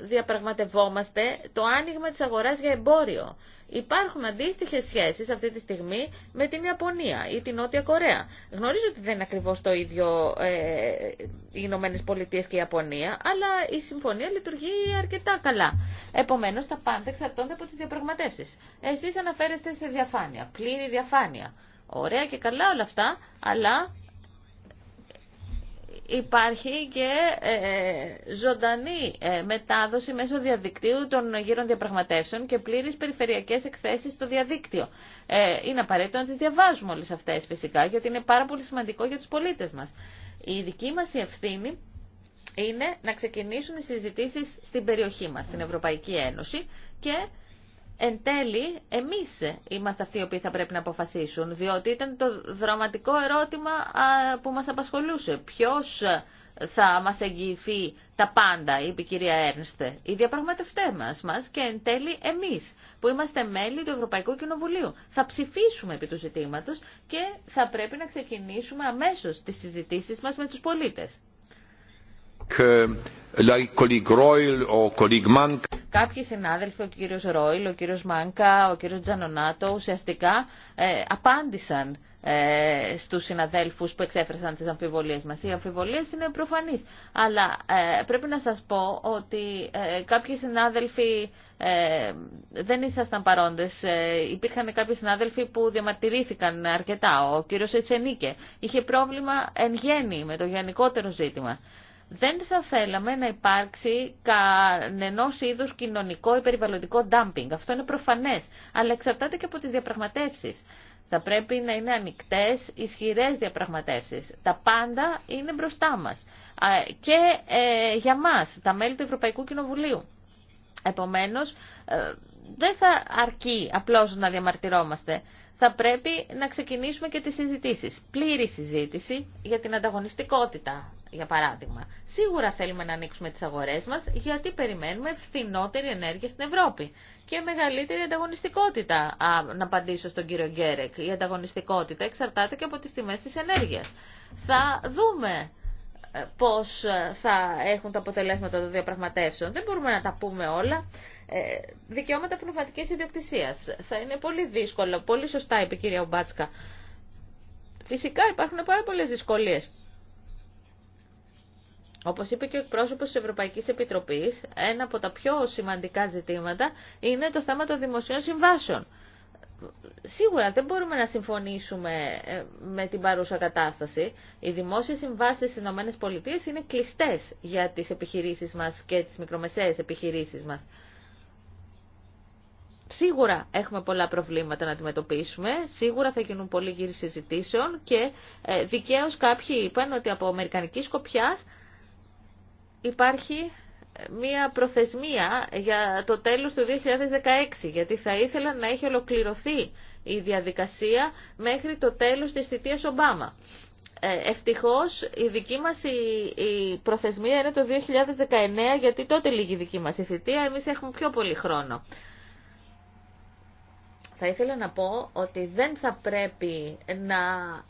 διαπραγματευόμαστε το άνοιγμα της αγοράς για εμπόριο. Υπάρχουν αντίστοιχε σχέσει αυτή τη στιγμή με την Ιαπωνία ή την Νότια Κορέα. Γνωρίζω ότι δεν είναι ακριβώ το ίδιο ε, οι Ηνωμένε Πολιτείε και η Ιαπωνία, αλλά η συμφωνία λειτουργεί αρκετά καλά. Επομένω, τα πάντα εξαρτώνται από τι διαπραγματεύσει. Εσεί αναφέρεστε σε διαφάνεια, πλήρη διαφάνεια. Ωραία και καλά όλα αυτά, αλλά υπάρχει και ε, ε, ζωντανή ε, μετάδοση μέσω διαδικτύου των γύρων διαπραγματεύσεων και πλήρης περιφερειακές εκθέσεις στο διαδίκτυο. Είναι απαραίτητο να τις διαβάζουμε όλες αυτές φυσικά γιατί είναι πάρα πολύ σημαντικό για τους πολίτες μας. Η δική μας ευθύνη είναι να ξεκινήσουν οι συζητήσεις στην περιοχή μας, στην Ευρωπαϊκή Ένωση και εν τέλει εμείς είμαστε αυτοί οι οποίοι θα πρέπει να αποφασίσουν, διότι ήταν το δραματικό ερώτημα που μας απασχολούσε. Ποιος ε, θα μας εγγυηθεί τα πάντα, είπε η κυρία Έρνστε, οι διαπραγματευτέ μας, μας και εν τέλει εμείς που είμαστε μέλη του Ευρωπαϊκού Κοινοβουλίου. Θα ψηφίσουμε επί του ζητήματος και θα πρέπει να ξεκινήσουμε αμέσως τις συζητήσεις μας με τους πολίτες. Κάποιοι συνάδελφοι, ο κύριο Ρόιλ, ο κύριο Μάνκα, ο κύριο Τζανονάτο, ουσιαστικά ε, απάντησαν ε, στους συναδέλφους που εξέφρασαν τι αμφιβολίε μα. Οι αμφιβολίε είναι προφανεί. αλλά ε, πρέπει να σα πω ότι ε, κάποιοι συνάδελφοι ε, δεν ήσασταν παρόντες. Ε, υπήρχαν κάποιοι συνάδελφοι που διαμαρτυρήθηκαν αρκετά. Ο κύριο Ετσενίκε είχε πρόβλημα εν γέννη με το γενικότερο ζήτημα δεν θα θέλαμε να υπάρξει κανενό είδους κοινωνικό ή περιβαλλοντικό dumping. Αυτό είναι προφανές, αλλά εξαρτάται και από τις διαπραγματεύσεις. Θα πρέπει να είναι ανοιχτέ, ισχυρέ διαπραγματεύσει. Τα πάντα είναι μπροστά μα. Και ε, για μα, τα μέλη του Ευρωπαϊκού Κοινοβουλίου. Επομένω, ε, δεν θα αρκεί απλώ να διαμαρτυρόμαστε θα πρέπει να ξεκινήσουμε και τις συζητήσεις. Πλήρη συζήτηση για την ανταγωνιστικότητα, για παράδειγμα. Σίγουρα θέλουμε να ανοίξουμε τις αγορές μας, γιατί περιμένουμε φθηνότερη ενέργεια στην Ευρώπη και μεγαλύτερη ανταγωνιστικότητα. Α, να απαντήσω στον κύριο Γκέρεκ, η ανταγωνιστικότητα εξαρτάται και από τις τιμές της ενέργειας. Θα δούμε πώς ε, θα έχουν τα αποτελέσματα των διαπραγματεύσεων. Δεν μπορούμε να τα πούμε όλα. Ε, δικαιώματα πνευματικής ιδιοκτησίας. Θα είναι πολύ δύσκολο. Πολύ σωστά είπε η κυρία Ομπάτσκα. Φυσικά υπάρχουν πάρα πολλές δυσκολίες. Όπως είπε και ο εκπρόσωπος της Ευρωπαϊκής Επιτροπής, ένα από τα πιο σημαντικά ζητήματα είναι το θέμα των δημοσίων συμβάσεων σίγουρα δεν μπορούμε να συμφωνήσουμε ε, με την παρούσα κατάσταση. Οι δημόσιες συμβάσεις στις ΗΠΑ είναι κλειστές για τις επιχειρήσεις μας και τις μικρομεσαίες επιχειρήσεις μας. Σίγουρα έχουμε πολλά προβλήματα να αντιμετωπίσουμε, σίγουρα θα γίνουν πολλοί γύροι συζητήσεων και ε, δικαίως κάποιοι είπαν ότι από αμερικανική σκοπιά υπάρχει μία προθεσμία για το τέλος του 2016, γιατί θα ήθελα να έχει ολοκληρωθεί η διαδικασία μέχρι το τέλος της θητείας Ομπάμα. Ε, ευτυχώς η δική μας η προθεσμία είναι το 2019, γιατί τότε λίγη η δική μας η θητεία, εμείς έχουμε πιο πολύ χρόνο. Θα ήθελα να πω ότι δεν θα πρέπει να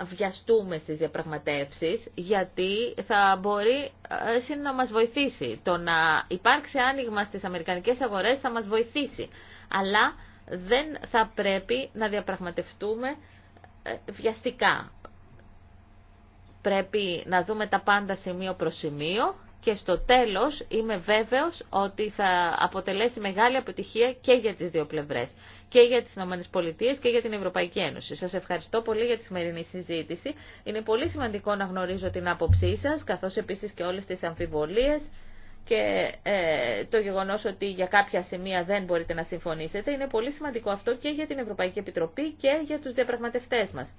βιαστούμε στις διαπραγματεύσεις γιατί θα μπορεί ε, να μας βοηθήσει. Το να υπάρξει άνοιγμα στις αμερικανικές αγορές θα μας βοηθήσει. Αλλά δεν θα πρέπει να διαπραγματευτούμε ε, βιαστικά. Πρέπει να δούμε τα πάντα σημείο προς σημείο και στο τέλος είμαι βέβαιος ότι θα αποτελέσει μεγάλη επιτυχία και για τις δύο πλευρές, και για τις ΗΠΑ και για την Ευρωπαϊκή Ένωση. Σας ευχαριστώ πολύ για τη σημερινή συζήτηση. Είναι πολύ σημαντικό να γνωρίζω την άποψή σας, καθώς επίσης και όλες τις αμφιβολίες και ε, το γεγονός ότι για κάποια σημεία δεν μπορείτε να συμφωνήσετε. Είναι πολύ σημαντικό αυτό και για την Ευρωπαϊκή Επιτροπή και για τους διαπραγματευτές μας.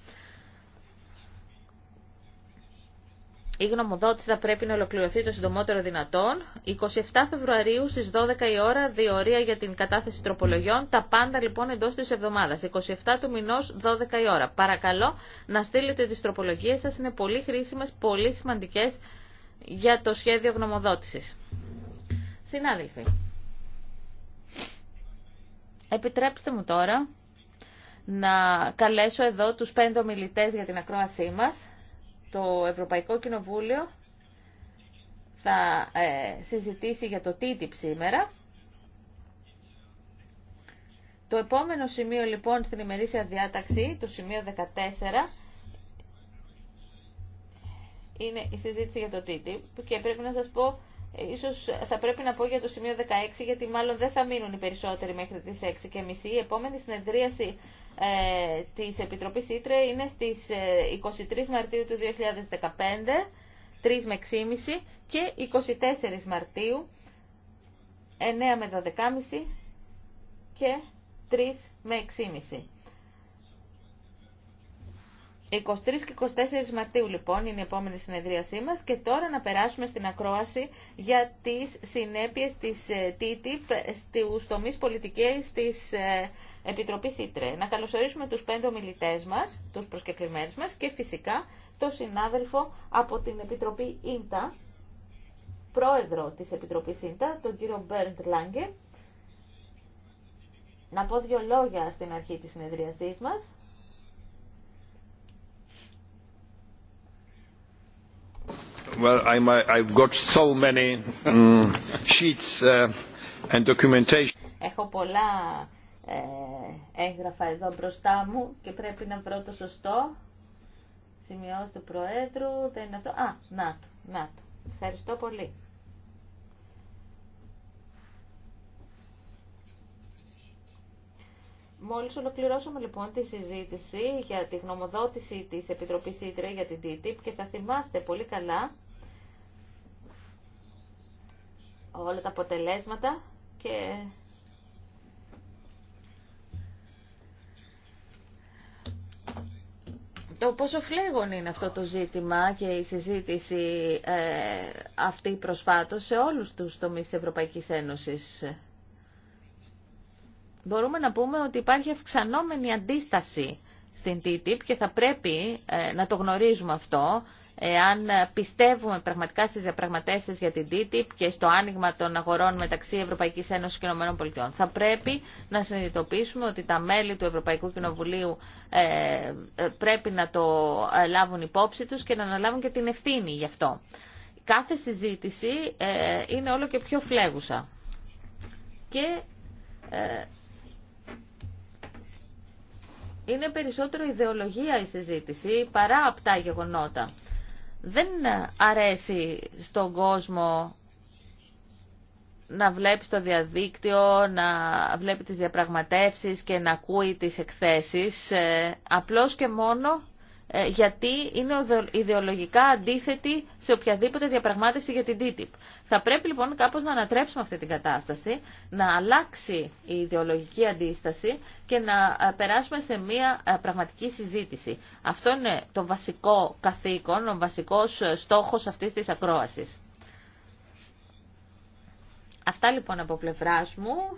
Η γνωμοδότηση θα πρέπει να ολοκληρωθεί το συντομότερο δυνατόν. 27 Φεβρουαρίου στις 12 η ώρα, διορία για την κατάθεση τροπολογιών. Τα πάντα λοιπόν εντός της εβδομάδας. 27 του μηνός, 12 η ώρα. Παρακαλώ να στείλετε τις τροπολογίες σας. Είναι πολύ χρήσιμες, πολύ σημαντικές για το σχέδιο γνωμοδότησης. Συνάδελφοι, επιτρέψτε μου τώρα να καλέσω εδώ τους πέντε ομιλητές για την ακρόασή μας το Ευρωπαϊκό Κοινοβούλιο θα ε, συζητήσει για το TTIP σήμερα. Το επόμενο σημείο λοιπόν στην ημερήσια διάταξη, το σημείο 14, είναι η συζήτηση για το TTIP και πρέπει να σας πω Ίσως θα πρέπει να πω για το σημείο 16, γιατί μάλλον δεν θα μείνουν οι περισσότεροι μέχρι τις 6.30. Η επόμενη συνεδρίαση ε, της Επιτροπής Ήτρε είναι στις 23 ε, Μαρτίου του 2015, 3 με 6.30 και 24 Μαρτίου, 9 με 12.30 και 3 με 6.30. 23 και 24 Μαρτίου λοιπόν είναι η επόμενη συνεδρίασή μας και τώρα να περάσουμε στην ακρόαση για τις συνέπειες της ε, TTIP στους τομείς πολιτικές της ε, Επιτροπής ΙΤΡΕ. Να καλωσορίσουμε τους πέντε ομιλητές μας, τους προσκεκλημένους μας και φυσικά τον συνάδελφο από την Επιτροπή ΙΝΤΑ, πρόεδρο της Επιτροπής ΙΝΤΑ, τον κύριο Μπέρντ Λάγκε. Να πω δύο λόγια στην αρχή της συνεδρίασής μας Well, I've got so many mm, sheets uh, and documentation. Έχω πολλά ε, έγγραφα εδώ μπροστά μου και πρέπει να βρω το σωστό. Σημειώσει του Προέδρου, δεν είναι αυτό. Α, να το, να το. Ευχαριστώ πολύ. Μόλις ολοκληρώσαμε λοιπόν τη συζήτηση για τη γνωμοδότηση της Επιτροπής Ήτρε για την TTIP και θα θυμάστε πολύ καλά όλα τα αποτελέσματα και το πόσο φλέγον είναι αυτό το ζήτημα και η συζήτηση ε, αυτή προσφάτως σε όλους τους τομείς της Ευρωπαϊκής Ένωσης μπορούμε να πούμε ότι υπάρχει αυξανόμενη αντίσταση στην TTIP και θα πρέπει ε, να το γνωρίζουμε αυτό εάν πιστεύουμε πραγματικά στις διαπραγματεύσεις για την TTIP και στο άνοιγμα των αγορών μεταξύ Ευρωπαϊκής Ένωσης και ΗΠΑ. Θα πρέπει να συνειδητοποιήσουμε ότι τα μέλη του Ευρωπαϊκού Κοινοβουλίου ε, ε, πρέπει να το λάβουν υπόψη τους και να αναλάβουν και την ευθύνη γι' αυτό. Κάθε συζήτηση είναι όλο και πιο φλέγουσα. Και είναι περισσότερο ιδεολογία η συζήτηση παρά απτά γεγονότα. Δεν αρέσει στον κόσμο να βλέπει το διαδίκτυο, να βλέπει τις διαπραγματεύσεις και να ακούει τις εκθέσεις, ε, απλώς και μόνο ε, γιατί είναι ιδεολογικά αντίθετη σε οποιαδήποτε διαπραγμάτευση για την TTIP. Θα πρέπει λοιπόν κάπως να ανατρέψουμε αυτή την κατάσταση, να αλλάξει η ιδεολογική αντίσταση και να ε, περάσουμε σε μια ε, πραγματική συζήτηση. Αυτό είναι το βασικό καθήκον, ο βασικό στόχος αυτής της ακρόασης. Αυτά λοιπόν από πλευρά μου,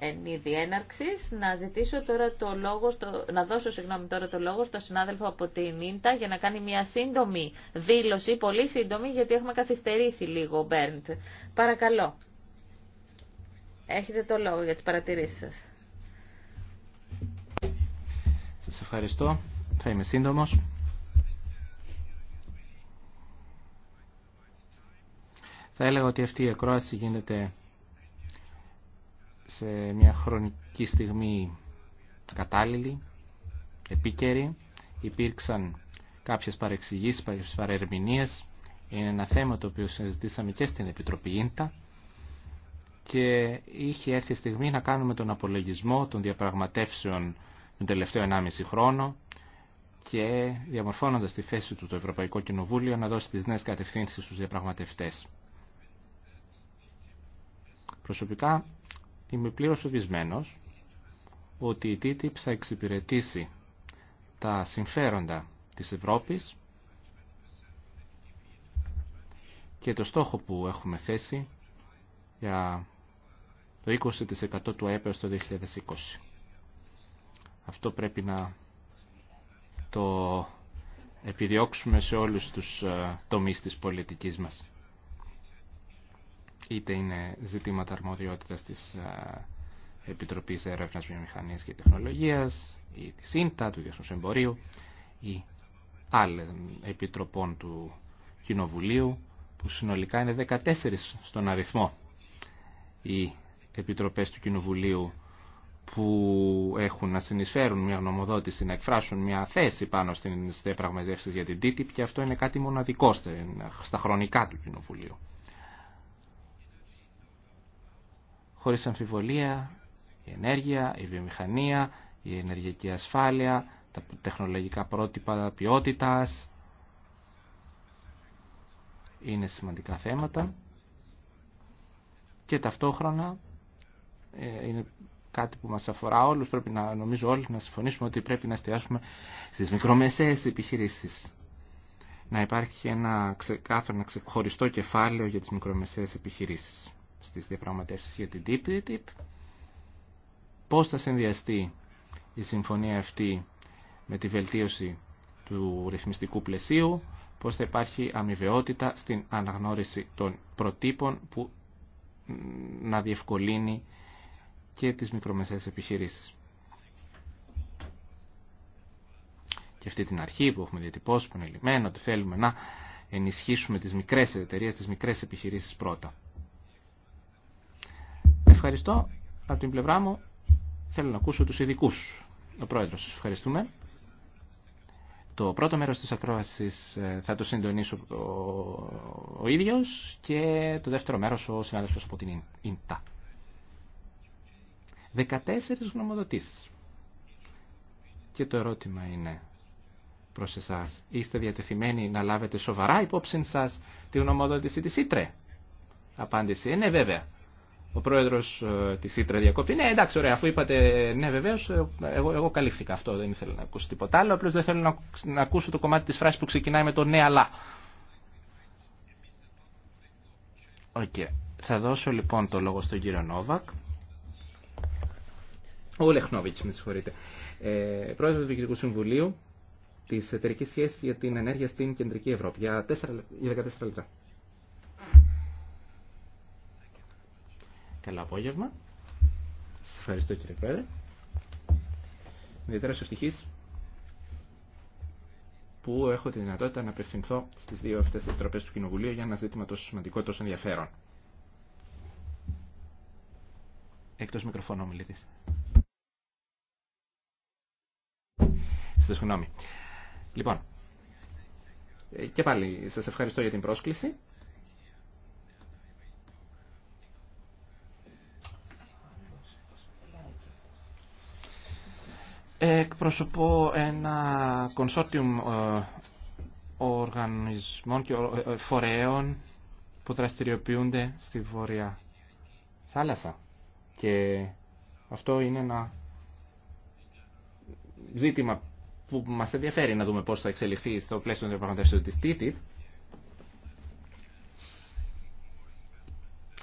ε, εν είδη έναρξης, να ζητήσω τώρα το λόγο, να δώσω συγγνώμη τώρα το λόγο στον συνάδελφο από την Ίντα για να κάνει μια σύντομη δήλωση, πολύ σύντομη γιατί έχουμε καθυστερήσει λίγο, Μπέρντ. Παρακαλώ. Έχετε το λόγο για τι παρατηρήσει σας. Σα ευχαριστώ. Θα είμαι σύντομο. Θα έλεγα ότι αυτή η ακρόαση γίνεται σε μια χρονική στιγμή κατάλληλη, επίκαιρη. Υπήρξαν κάποιες παρεξηγήσεις, παρερμηνίες. Είναι ένα θέμα το οποίο συζητήσαμε και στην Επιτροπή Ίντα και είχε έρθει η στιγμή να κάνουμε τον απολογισμό των διαπραγματεύσεων τον τελευταίο 1,5 χρόνο και διαμορφώνοντας τη θέση του το Ευρωπαϊκό Κοινοβούλιο να δώσει τις νέες κατευθύνσεις στους διαπραγματευτές. Προσωπικά είμαι πλήρως φοβισμένος ότι η TTIP θα εξυπηρετήσει τα συμφέροντα της Ευρώπης και το στόχο που έχουμε θέσει για το 20% του ΑΕΠ στο 2020. Αυτό πρέπει να το επιδιώξουμε σε όλους τους ε, τομείς της πολιτικής μας είτε είναι ζητήματα αρμοδιότητας της ε, Επιτροπής Έρευνας Βιομηχανίας και Τεχνολογίας ή της ΣΥΝΤΑ, του Διεθνούς Εμπορίου ή άλλων επιτροπών του Κοινοβουλίου που συνολικά είναι 14 στον αριθμό οι επιτροπές του Κοινοβουλίου που έχουν να συνεισφέρουν μια γνωμοδότηση, να εκφράσουν μια θέση πάνω στις διαπραγματεύσεις για την TTIP και αυτό είναι κάτι μοναδικό στα χρονικά του Κοινοβουλίου. Χωρίς αμφιβολία, η ενέργεια, η βιομηχανία, η ενεργειακή ασφάλεια, τα τεχνολογικά πρότυπα ποιότητας, είναι σημαντικά θέματα και ταυτόχρονα ε, είναι κάτι που μας αφορά όλους, πρέπει να νομίζω όλοι να συμφωνήσουμε ότι πρέπει να εστιάσουμε στις μικρομεσαίες επιχειρήσεις. Να υπάρχει ένα ξεκάθαρο, ένα ξεχωριστό κεφάλαιο για τις μικρομεσαίες επιχειρήσεις στις διαπραγματεύσεις για την TTIP, πώς θα συνδυαστεί η συμφωνία αυτή με τη βελτίωση του ρυθμιστικού πλαισίου, πώς θα υπάρχει αμοιβαιότητα στην αναγνώριση των προτύπων που να διευκολύνει και τις μικρομεσαίες επιχειρήσεις. Και αυτή την αρχή που έχουμε διατυπώσει, που είναι ότι θέλουμε να ενισχύσουμε τις μικρές εταιρείες, τις μικρές επιχειρήσεις πρώτα ευχαριστώ. Από την πλευρά μου θέλω να ακούσω τους ειδικού. Ο Πρόεδρος, ευχαριστούμε. Το πρώτο μέρος της ακρόασης ε, θα το συντονίσω ο, ίδιος και το δεύτερο μέρος ο συνάδελφος από την ΙΝΤΑ. 14 γνωμοδοτήσεις. Και το ερώτημα είναι προς εσάς. Είστε διατεθειμένοι να λάβετε σοβαρά υπόψη σας τη γνωμοδότηση της ΙΤΡΕ. Απάντηση είναι βέβαια. Ο πρόεδρο ε, τη Ήτρα διακόπτει. Ναι, εντάξει, ωραία, αφού είπατε ναι, βεβαίω, ε, εγώ, εγώ καλύφθηκα αυτό. Δεν ήθελα να ακούσω τίποτα άλλο. Απλώ δεν θέλω να, ακούσω το κομμάτι τη φράση που ξεκινάει με το ναι, αλλά. Οκ. Okay. Θα δώσω λοιπόν το λόγο στον κύριο Νόβακ. Ο Λεχνόβιτ, με συγχωρείτε. Ε, πρόεδρο του Διοικητικού Συμβουλίου τη Εταιρική Σχέση για την Ενέργεια στην Κεντρική Ευρώπη. 4, για 14 λεπτά. Καλό απόγευμα. Σας ευχαριστώ κύριε Πρόεδρε. Ιδιαίτερα ευτυχής που έχω τη δυνατότητα να απευθυνθώ στις δύο αυτές τις του Κοινοβουλίου για ένα ζήτημα τόσο σημαντικό, τόσο ενδιαφέρον. Εκτός μικροφώνου μιλήτη. Σα συγγνώμη. Λοιπόν, και πάλι σας ευχαριστώ για την πρόσκληση. Εκπροσωπώ ένα κονσόρτιουμ ε, οργανισμών και ε, ε, φορέων που δραστηριοποιούνται στη Βόρεια Θάλασσα. Και αυτό είναι ένα ζήτημα που μας ενδιαφέρει να δούμε πώς θα εξελιχθεί στο πλαίσιο των διαπραγματεύσεων της TTIP.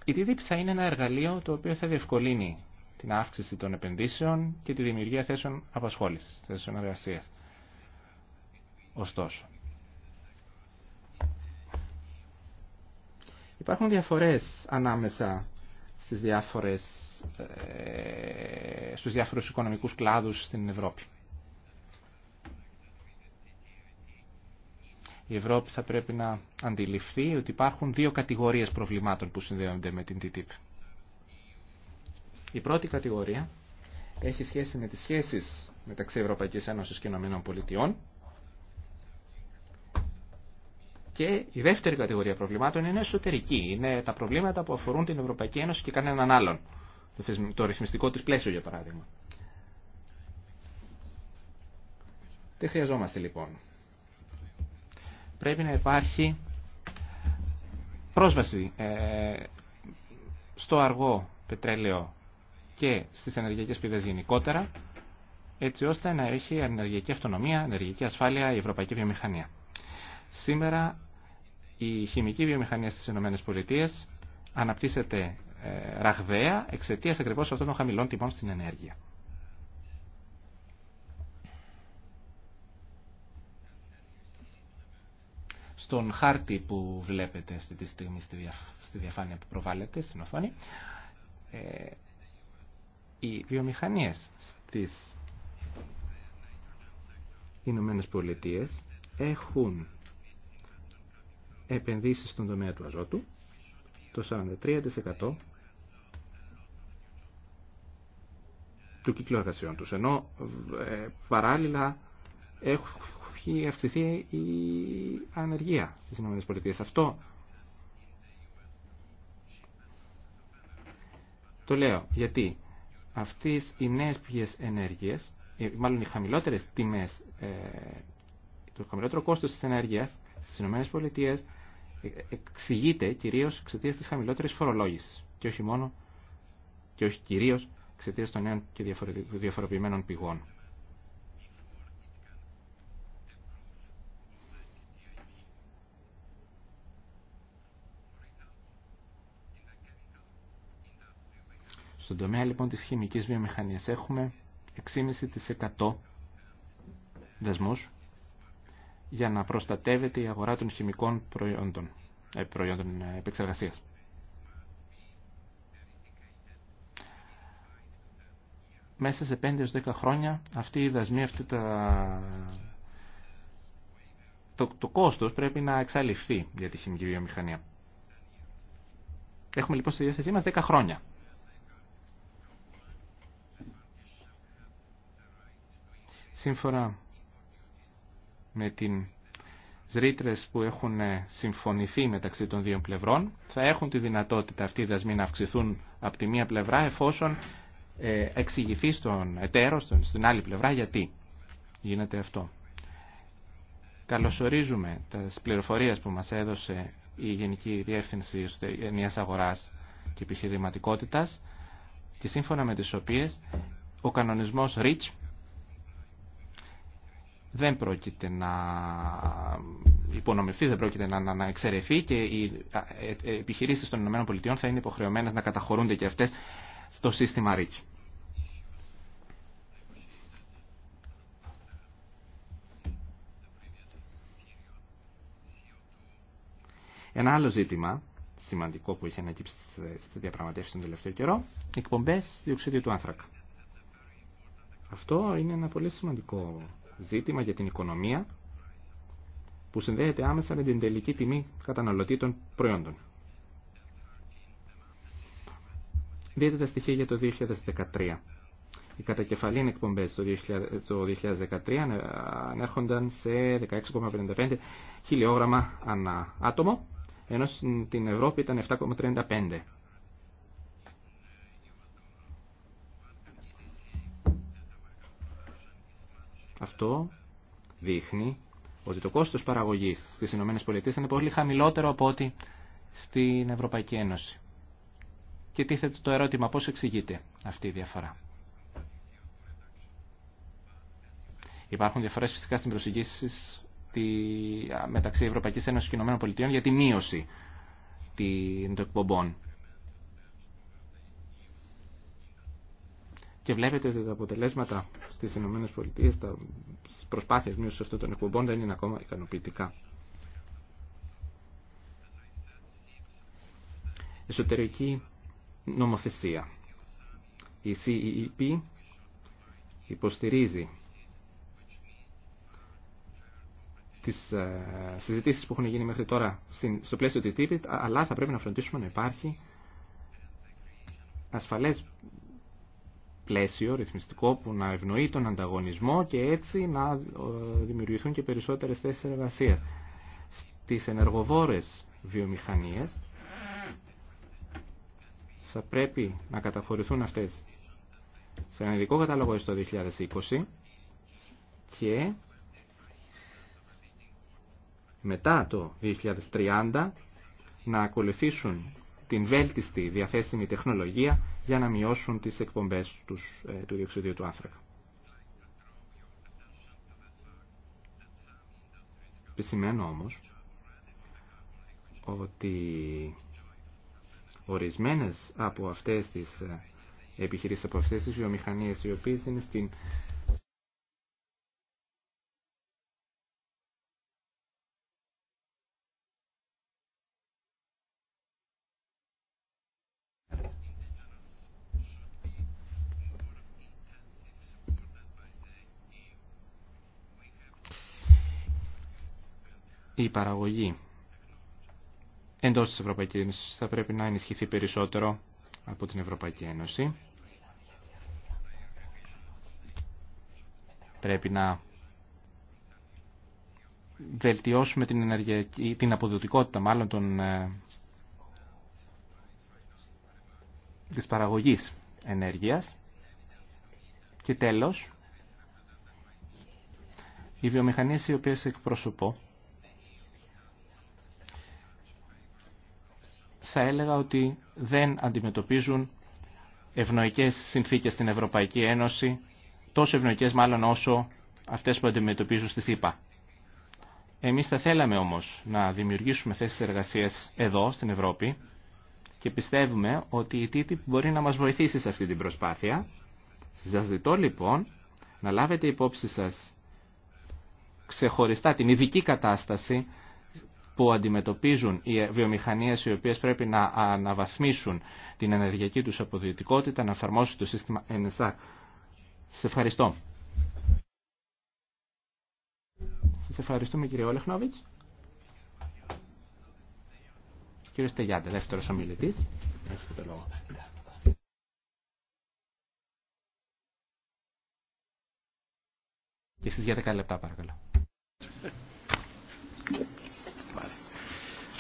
Η TTIP θα είναι ένα εργαλείο το οποίο θα διευκολύνει την αύξηση των επενδύσεων και τη δημιουργία θέσεων απασχόλησης, θέσεων εργασία. Ωστόσο, υπάρχουν διαφορές ανάμεσα στις διάφορες, ε, στους διάφορους οικονομικούς κλάδους στην Ευρώπη. Η Ευρώπη θα πρέπει να αντιληφθεί ότι υπάρχουν δύο κατηγορίες προβλημάτων που συνδέονται με την TTIP. Η πρώτη κατηγορία έχει σχέση με τις σχέσεις μεταξύ Ευρωπαϊκής Ένωσης και Ηνωμένων Πολιτειών και η δεύτερη κατηγορία προβλημάτων είναι εσωτερική. Είναι τα προβλήματα που αφορούν την Ευρωπαϊκή Ένωση και κανέναν άλλον. Το ρυθμιστικό της πλαίσιο, για παράδειγμα. Τι χρειαζόμαστε λοιπόν. Πρέπει να υπάρχει πρόσβαση ε, στο αργό πετρέλαιο και στις ενεργειακές πηγές γενικότερα, έτσι ώστε να έχει ενεργειακή αυτονομία, ενεργειακή ασφάλεια η ευρωπαϊκή βιομηχανία. Σήμερα η χημική βιομηχανία στις ΗΠΑ αναπτύσσεται ε, ραγδαία εξαιτία ακριβώ αυτών των χαμηλών τιμών στην ενέργεια. Στον χάρτη που βλέπετε αυτή τη στιγμή στη, διαφάνεια που προβάλλεται στην οθόνη, ε, οι βιομηχανίες στις Ηνωμένε Πολιτείε έχουν επενδύσει στον τομέα του αζότου το 43% του κύκλου εργασιών τους, ενώ ε, παράλληλα έχει αυξηθεί η ανεργία στις ΗΠΑ. Αυτό το λέω γιατί αυτές οι νέες πηγές ενέργειας, ε, μάλλον οι χαμηλότερες τιμές, ε, το χαμηλότερο κόστος της ενέργειας στις ΗΠΑ ε, εξηγείται κυρίως εξαιτία της χαμηλότερης φορολόγησης και όχι μόνο και όχι κυρίως εξαιτία των νέων και διαφοροποιημένων πηγών. Στον τομέα λοιπόν της χημικής βιομηχανίας έχουμε 6,5% δεσμούς για να προστατεύεται η αγορά των χημικών προϊόντων, ε, προϊόντων ε, επεξεργασίας. Μέσα σε 5-10 χρόνια αυτή η δασμή, αυτή το, το κόστος πρέπει να εξαλειφθεί για τη χημική βιομηχανία. Έχουμε λοιπόν στη διάθεσή μας 10 χρόνια Σύμφωνα με την ρήτρε που έχουν συμφωνηθεί μεταξύ των δύο πλευρών θα έχουν τη δυνατότητα αυτοί οι δασμοί να αυξηθούν από τη μία πλευρά εφόσον ε, εξηγηθεί στον εταίρο, στον, στην άλλη πλευρά γιατί γίνεται αυτό. Καλωσορίζουμε τι πληροφορίε που μας έδωσε η Γενική Διεύθυνση Ενία Αγοράς και επιχειρηματικότητα, και σύμφωνα με τι οποίε ο κανονισμός REACH δεν πρόκειται να υπονομευθεί, δεν πρόκειται να, να, εξαιρεθεί και οι ε, ε, επιχειρήσεις των ΗΠΑ θα είναι υποχρεωμένες να καταχωρούνται και αυτές στο σύστημα REACH. Ένα άλλο ζήτημα σημαντικό που είχε ανακύψει στη διαπραγματεύση τον τελευταίο καιρό, εκπομπές διοξιδίου του άνθρακα. Αυτό είναι ένα πολύ σημαντικό ζήτημα για την οικονομία που συνδέεται άμεσα με την τελική τιμή καταναλωτή των προϊόντων. Δείτε τα στοιχεία για το 2013. Οι κατακεφαλήν εκπομπές το 2013 ανέρχονταν σε 16,55 χιλιόγραμμα ανά άτομο, ενώ στην Ευρώπη ήταν 7,35. Αυτό δείχνει ότι το κόστος παραγωγής στις ΗΠΑ είναι πολύ χαμηλότερο από ό,τι στην Ευρωπαϊκή Ένωση. Και τίθεται το ερώτημα πώς εξηγείται αυτή η διαφορά. Υπάρχουν διαφορές φυσικά στην προσεγγίση μεταξύ Ευρωπαϊκής Ένωσης και ΗΠΑ για τη μείωση των εκπομπών. Και βλέπετε ότι τα αποτελέσματα στις Ηνωμένες Πολιτείες τα προσπάθειες μείωσης αυτών των εκπομπών δεν είναι ακόμα ικανοποιητικά. Εσωτερική νομοθεσία. Η CEP e υποστηρίζει τις ε, συζητήσεις που έχουν γίνει μέχρι τώρα στο πλαίσιο του TTIP, αλλά θα πρέπει να φροντίσουμε να υπάρχει ασφαλές πλαίσιο ρυθμιστικό που να ευνοεί τον ανταγωνισμό και έτσι να ε, δημιουργηθούν και περισσότερες θέσεις εργασίας. Στις ενεργοβόρες βιομηχανίες θα πρέπει να καταφορηθούν αυτές σε ένα ειδικό κατάλογο έως το 2020 και μετά το 2030 να ακολουθήσουν την βέλτιστη διαθέσιμη τεχνολογία για να μειώσουν τις εκπομπές τους, ε, του διοξιδίου του άνθρακα. Επισημαίνω όμως ότι ορισμένες από αυτές τις ε, επιχειρήσεις, από αυτές τις βιομηχανίες οι οποίες είναι στην η παραγωγή εντός της Ευρωπαϊκής Ένωσης θα πρέπει να ενισχυθεί περισσότερο από την Ευρωπαϊκή Ένωση. Πρέπει να βελτιώσουμε την, ενεργειακή, την αποδοτικότητα μάλλον των, ε, της παραγωγής ενέργειας. Και τέλος, οι βιομηχανίες οι οποίες εκπροσωπώ θα έλεγα ότι δεν αντιμετωπίζουν ευνοϊκές συνθήκες στην Ευρωπαϊκή Ένωση, τόσο ευνοϊκές μάλλον όσο αυτές που αντιμετωπίζουν στη ΣΥΠΑ. Εμείς θα θέλαμε όμως να δημιουργήσουμε θέσεις εργασίας εδώ, στην Ευρώπη, και πιστεύουμε ότι η TTIP μπορεί να μας βοηθήσει σε αυτή την προσπάθεια. Σας ζητώ λοιπόν να λάβετε υπόψη σας ξεχωριστά την ειδική κατάσταση που αντιμετωπίζουν οι βιομηχανίες οι οποίες πρέπει να αναβαθμίσουν την ενεργειακή τους αποδοτικότητα να εφαρμόσουν το σύστημα NSA. Σας ευχαριστώ. Σας ευχαριστούμε κύριε Όλεχνόβιτς. Κύριε Στεγιάντε, δεύτερος ομιλητής. Έχετε λόγο. Και εσείς για 10 λεπτά παρακαλώ.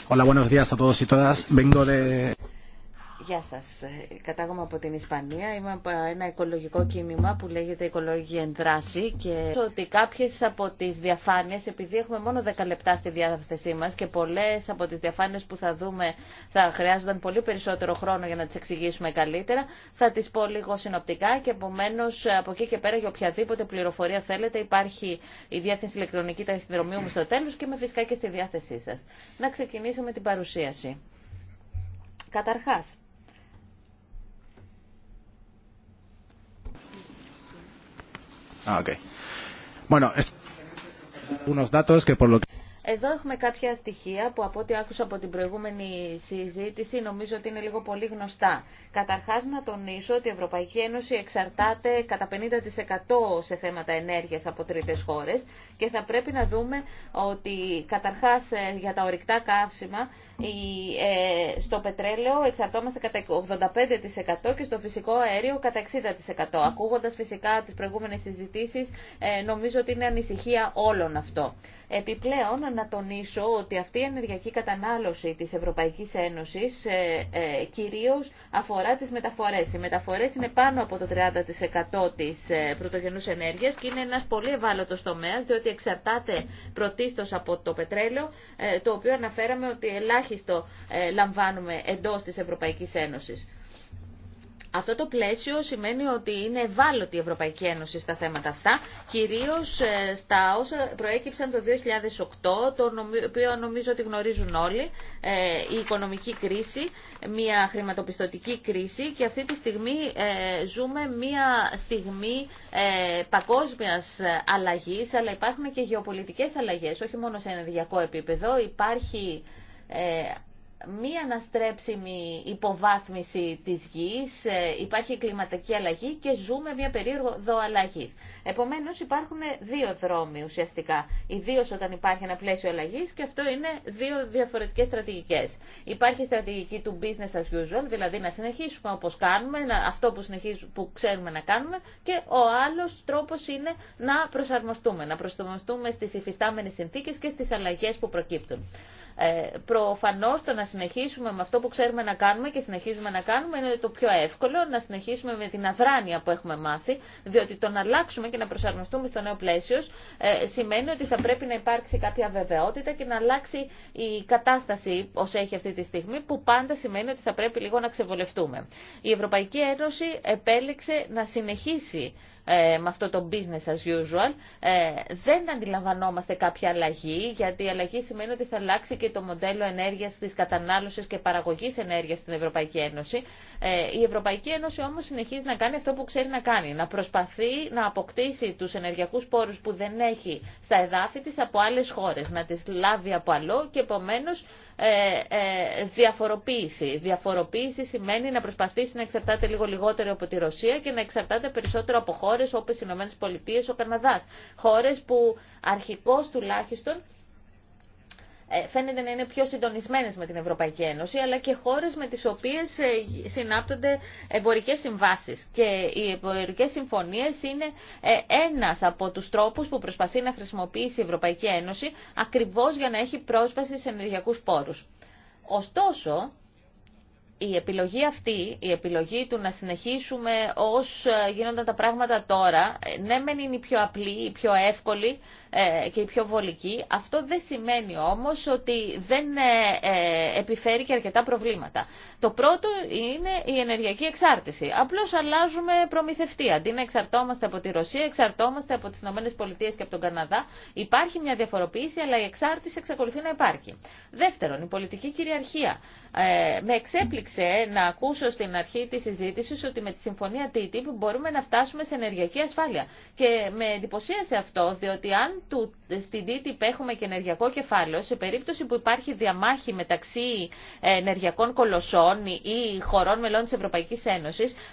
Hola, buenos días a todos y todas. Vengo de Γεια σα. Κατάγομαι από την Ισπανία. Είμαι από ένα οικολογικό κίνημα που λέγεται Οικολόγια εν δράση και ότι κάποιες από τι διαφάνειες, επειδή έχουμε μόνο 10 λεπτά στη διάθεσή μα και πολλέ από τι διαφάνειες που θα δούμε θα χρειάζονταν πολύ περισσότερο χρόνο για να τι εξηγήσουμε καλύτερα, θα τι πω λίγο συνοπτικά και επομένω από εκεί και πέρα για οποιαδήποτε πληροφορία θέλετε υπάρχει η διεύθυνση ηλεκτρονική ταχυδρομείου μου στο τέλο και με φυσικά και στη διάθεσή σα. Να ξεκινήσω με την παρουσίαση. Καταρχάς, Εδώ έχουμε κάποια στοιχεία που από ό,τι άκουσα από την προηγούμενη συζήτηση νομίζω ότι είναι λίγο πολύ γνωστά. Καταρχάς να τονίσω ότι η Ευρωπαϊκή Ένωση εξαρτάται κατά 50% σε θέματα ενέργειας από τρίτες χώρες και θα πρέπει να δούμε ότι καταρχάς ε, για τα ορυκτά καύσιμα ε, στο πετρέλαιο εξαρτώμαστε κατά 85% και στο φυσικό αέριο κατά 60%. Ακούγοντας φυσικά τις προηγούμενες συζητήσεις ε, νομίζω ότι είναι ανησυχία όλων αυτό. Επιπλέον να τονίσω ότι αυτή η ενεργειακή κατανάλωση της Ευρωπαϊκής Ένωσης ε, κυρίως αφορά τις μεταφορές. Οι μεταφορές είναι πάνω από το 30% της πρωτογενούς ενέργειας και είναι ένας πολύ ευάλωτος τομέας διότι εξαρτάται πρωτίστως από το πετρέλαιο το οποίο αναφέραμε ότι ελάχιστα ελάχιστο ε, λαμβάνουμε εντός της Ευρωπαϊκής Ένωσης. Αυτό το πλαίσιο σημαίνει ότι είναι ευάλωτη η Ευρωπαϊκή Ένωση στα θέματα αυτά, κυρίως ε, στα όσα προέκυψαν το 2008, το οποίο νομίζω ότι γνωρίζουν όλοι, ε, η οικονομική κρίση, μια χρηματοπιστωτική κρίση και αυτή τη στιγμή ζούμε μια στιγμή παγκόσμιας αλλαγής, αλλά υπάρχουν και γεωπολιτικές αλλαγές, όχι μόνο σε ενεργειακό επίπεδο, υπάρχει ε, μη αναστρέψιμη υποβάθμιση της γης, ε, υπάρχει κλιματική αλλαγή και ζούμε μια περίοδο αλλαγής. Επομένως υπάρχουν δύο δρόμοι ουσιαστικά, ιδίω όταν υπάρχει ένα πλαίσιο αλλαγής και αυτό είναι δύο διαφορετικές στρατηγικές. Υπάρχει η στρατηγική του business as usual, δηλαδή να συνεχίσουμε όπως κάνουμε, αυτό που, συνεχίζουμε, που ξέρουμε να κάνουμε και ο άλλος τρόπος είναι να προσαρμοστούμε, να προσαρμοστούμε στις υφιστάμενες συνθήκες και στις αλλαγές που προκύπτουν. Ε, προφανώς το να συνεχίσουμε με αυτό που ξέρουμε να κάνουμε και συνεχίζουμε να κάνουμε είναι το πιο εύκολο, να συνεχίσουμε με την αδράνεια που έχουμε μάθει, διότι το να αλλάξουμε και να προσαρμοστούμε στο νέο πλαίσιο ε, σημαίνει ότι θα πρέπει να υπάρξει κάποια βεβαιότητα και να αλλάξει η κατάσταση όσο έχει αυτή τη στιγμή, που πάντα σημαίνει ότι θα πρέπει λίγο να ξεβολευτούμε. Η Ευρωπαϊκή Ένωση επέλεξε να συνεχίσει ε, με αυτό το business as usual, ε, δεν αντιλαμβανόμαστε κάποια αλλαγή, γιατί η αλλαγή σημαίνει ότι θα αλλάξει και το μοντέλο ενέργειας της κατανάλωσης και παραγωγής ενέργειας στην Ευρωπαϊκή Ένωση. Ε, η Ευρωπαϊκή Ένωση όμως συνεχίζει να κάνει αυτό που ξέρει να κάνει, να προσπαθεί να αποκτήσει τους ενεργειακούς πόρους που δεν έχει στα εδάφη της από άλλες χώρες, να τις λάβει από αλλό και επομένως ε, ε, διαφοροποίηση. Διαφοροποίηση σημαίνει να προσπαθήσει να εξαρτάται λίγο λιγότερο από τη Ρωσία και να εξαρτάται περισσότερο από χώρες όπως οι ΗΠΑ ο Καναδάς. Χώρες που αρχικώς τουλάχιστον ε, φαίνεται να είναι πιο συντονισμένες με την Ευρωπαϊκή Ένωση, αλλά και χώρες με τις οποίες ε, συνάπτονται εμπορικές συμβάσεις. Και οι εμπορικές συμφωνίες είναι ε, ένας από τους τρόπους που προσπαθεί να χρησιμοποιήσει η Ευρωπαϊκή Ένωση ακριβώς για να έχει πρόσβαση σε ενεργειακούς πόρους. Ωστόσο, η επιλογή αυτή, η επιλογή του να συνεχίσουμε ως ε, γίνονται τα πράγματα τώρα, ε, ναι μεν είναι η πιο απλή, η πιο εύκολη ε, και η πιο βολική, αυτό δεν σημαίνει όμως ότι δεν επιφέρει και αρκετά προβλήματα. Το πρώτο είναι η ενεργειακή εξάρτηση. Απλώς αλλάζουμε προμηθευτή. Αντί να εξαρτώμαστε από τη Ρωσία, εξαρτώμαστε από τις ΗΠΑ και από τον Καναδά. Υπάρχει μια διαφοροποίηση, αλλά η εξάρτηση εξακολουθεί να υπάρχει. Δεύτερον, η πολιτική κυριαρχία. με έδειξε να ακούσω στην αρχή τη συζήτηση ότι με τη συμφωνία TTIP μπορούμε να φτάσουμε σε ενεργειακή ασφάλεια. Και με εντυπωσίασε αυτό, διότι αν του, στην TTIP έχουμε και ενεργειακό κεφάλαιο, σε περίπτωση που υπάρχει διαμάχη μεταξύ ε, ενεργειακών κολοσσών ή χωρών μελών της Ευρωπαϊκής Ένωσης,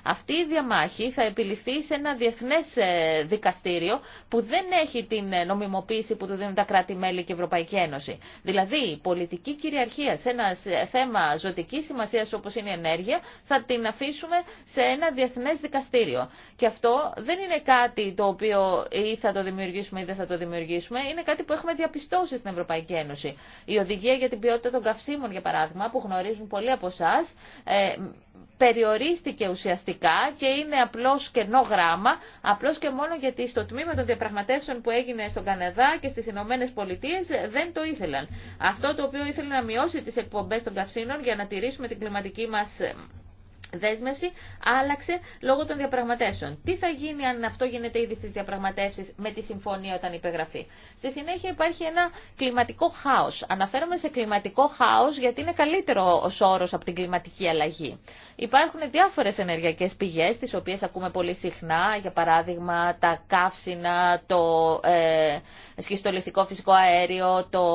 αυτή η χωρων μελων τη ευρωπαικη ενωση αυτη η διαμαχη θα επιληθεί σε ένα διεθνέ ε, δικαστήριο που δεν έχει την ε, νομιμοποίηση που του δίνουν τα κράτη-μέλη και η Ευρωπαϊκή Ένωση. Δηλαδή, πολιτική κυριαρχία σε ένα θέμα ζωτική σημασία όπω είναι η ενέργεια, θα την αφήσουμε σε ένα διεθνέ δικαστήριο. Και αυτό δεν είναι κάτι το οποίο ή θα το δημιουργήσουμε ή δεν θα το δημιουργήσουμε, είναι κάτι που έχουμε διαπιστώσει στην Ευρωπαϊκή Ένωση. Η οδηγία για την ποιότητα των καυσίμων, για παράδειγμα, που γνωρίζουν πολλοί από εσά, ε, περιορίστηκε ουσιαστικά και είναι απλώς κενό γράμμα, απλώς και μόνο γιατί στο τμήμα των διαπραγματεύσεων που έγινε στον Καναδά και στις Ηνωμένε Πολιτείε δεν το ήθελαν. Αυτό το οποίο ήθελε να μειώσει τις εκπομπές των καυσίμων για να τηρήσουμε την κλιματική μας δέσμευση άλλαξε λόγω των διαπραγματεύσεων. Τι θα γίνει αν αυτό γίνεται ήδη στις διαπραγματεύσεις με τη συμφωνία όταν υπεγραφεί. Στη συνέχεια υπάρχει ένα κλιματικό χάος. Αναφέρομαι σε κλιματικό χάος γιατί είναι καλύτερο ως όρος από την κλιματική αλλαγή. Υπάρχουν διάφορες ενεργειακές πηγές τις οποίες ακούμε πολύ συχνά, για παράδειγμα τα καύσινα, το ε, φυσικό αέριο, το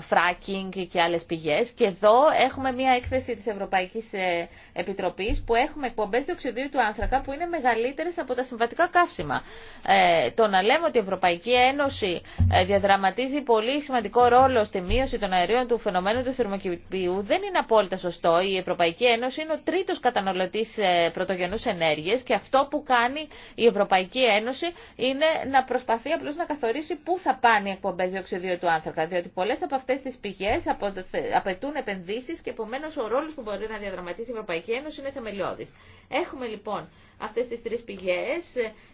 φράκινγκ και άλλες πηγές. Και εδώ έχουμε μια έκθεση της Ευρωπαϊκής ε, Επιτροπής που έχουμε εκπομπέ διοξιδίου του άνθρακα που είναι μεγαλύτερε από τα συμβατικά καύσιμα. Ε, το να λέμε ότι η Ευρωπαϊκή Ένωση ε, διαδραματίζει πολύ σημαντικό ρόλο στη μείωση των αερίων του φαινομένου του θερμοκηπίου δεν είναι απόλυτα σωστό. Η Ευρωπαϊκή Ένωση είναι ο τρίτο καταναλωτή ε, πρωτογενού ενέργεια και αυτό που κάνει η Ευρωπαϊκή Ένωση είναι να προσπαθεί απλώ να καθορίσει πού θα πάνε οι εκπομπέ διοξιδίου του άνθρακα. Διότι πολλέ από αυτέ τι πηγέ απαιτούν επενδύσει και επομένω ο ρόλο που μπορεί να διαδραματίσει η Ευρωπαϊκή Ένωση είναι Έχουμε λοιπόν αυτές τις τρεις πηγές.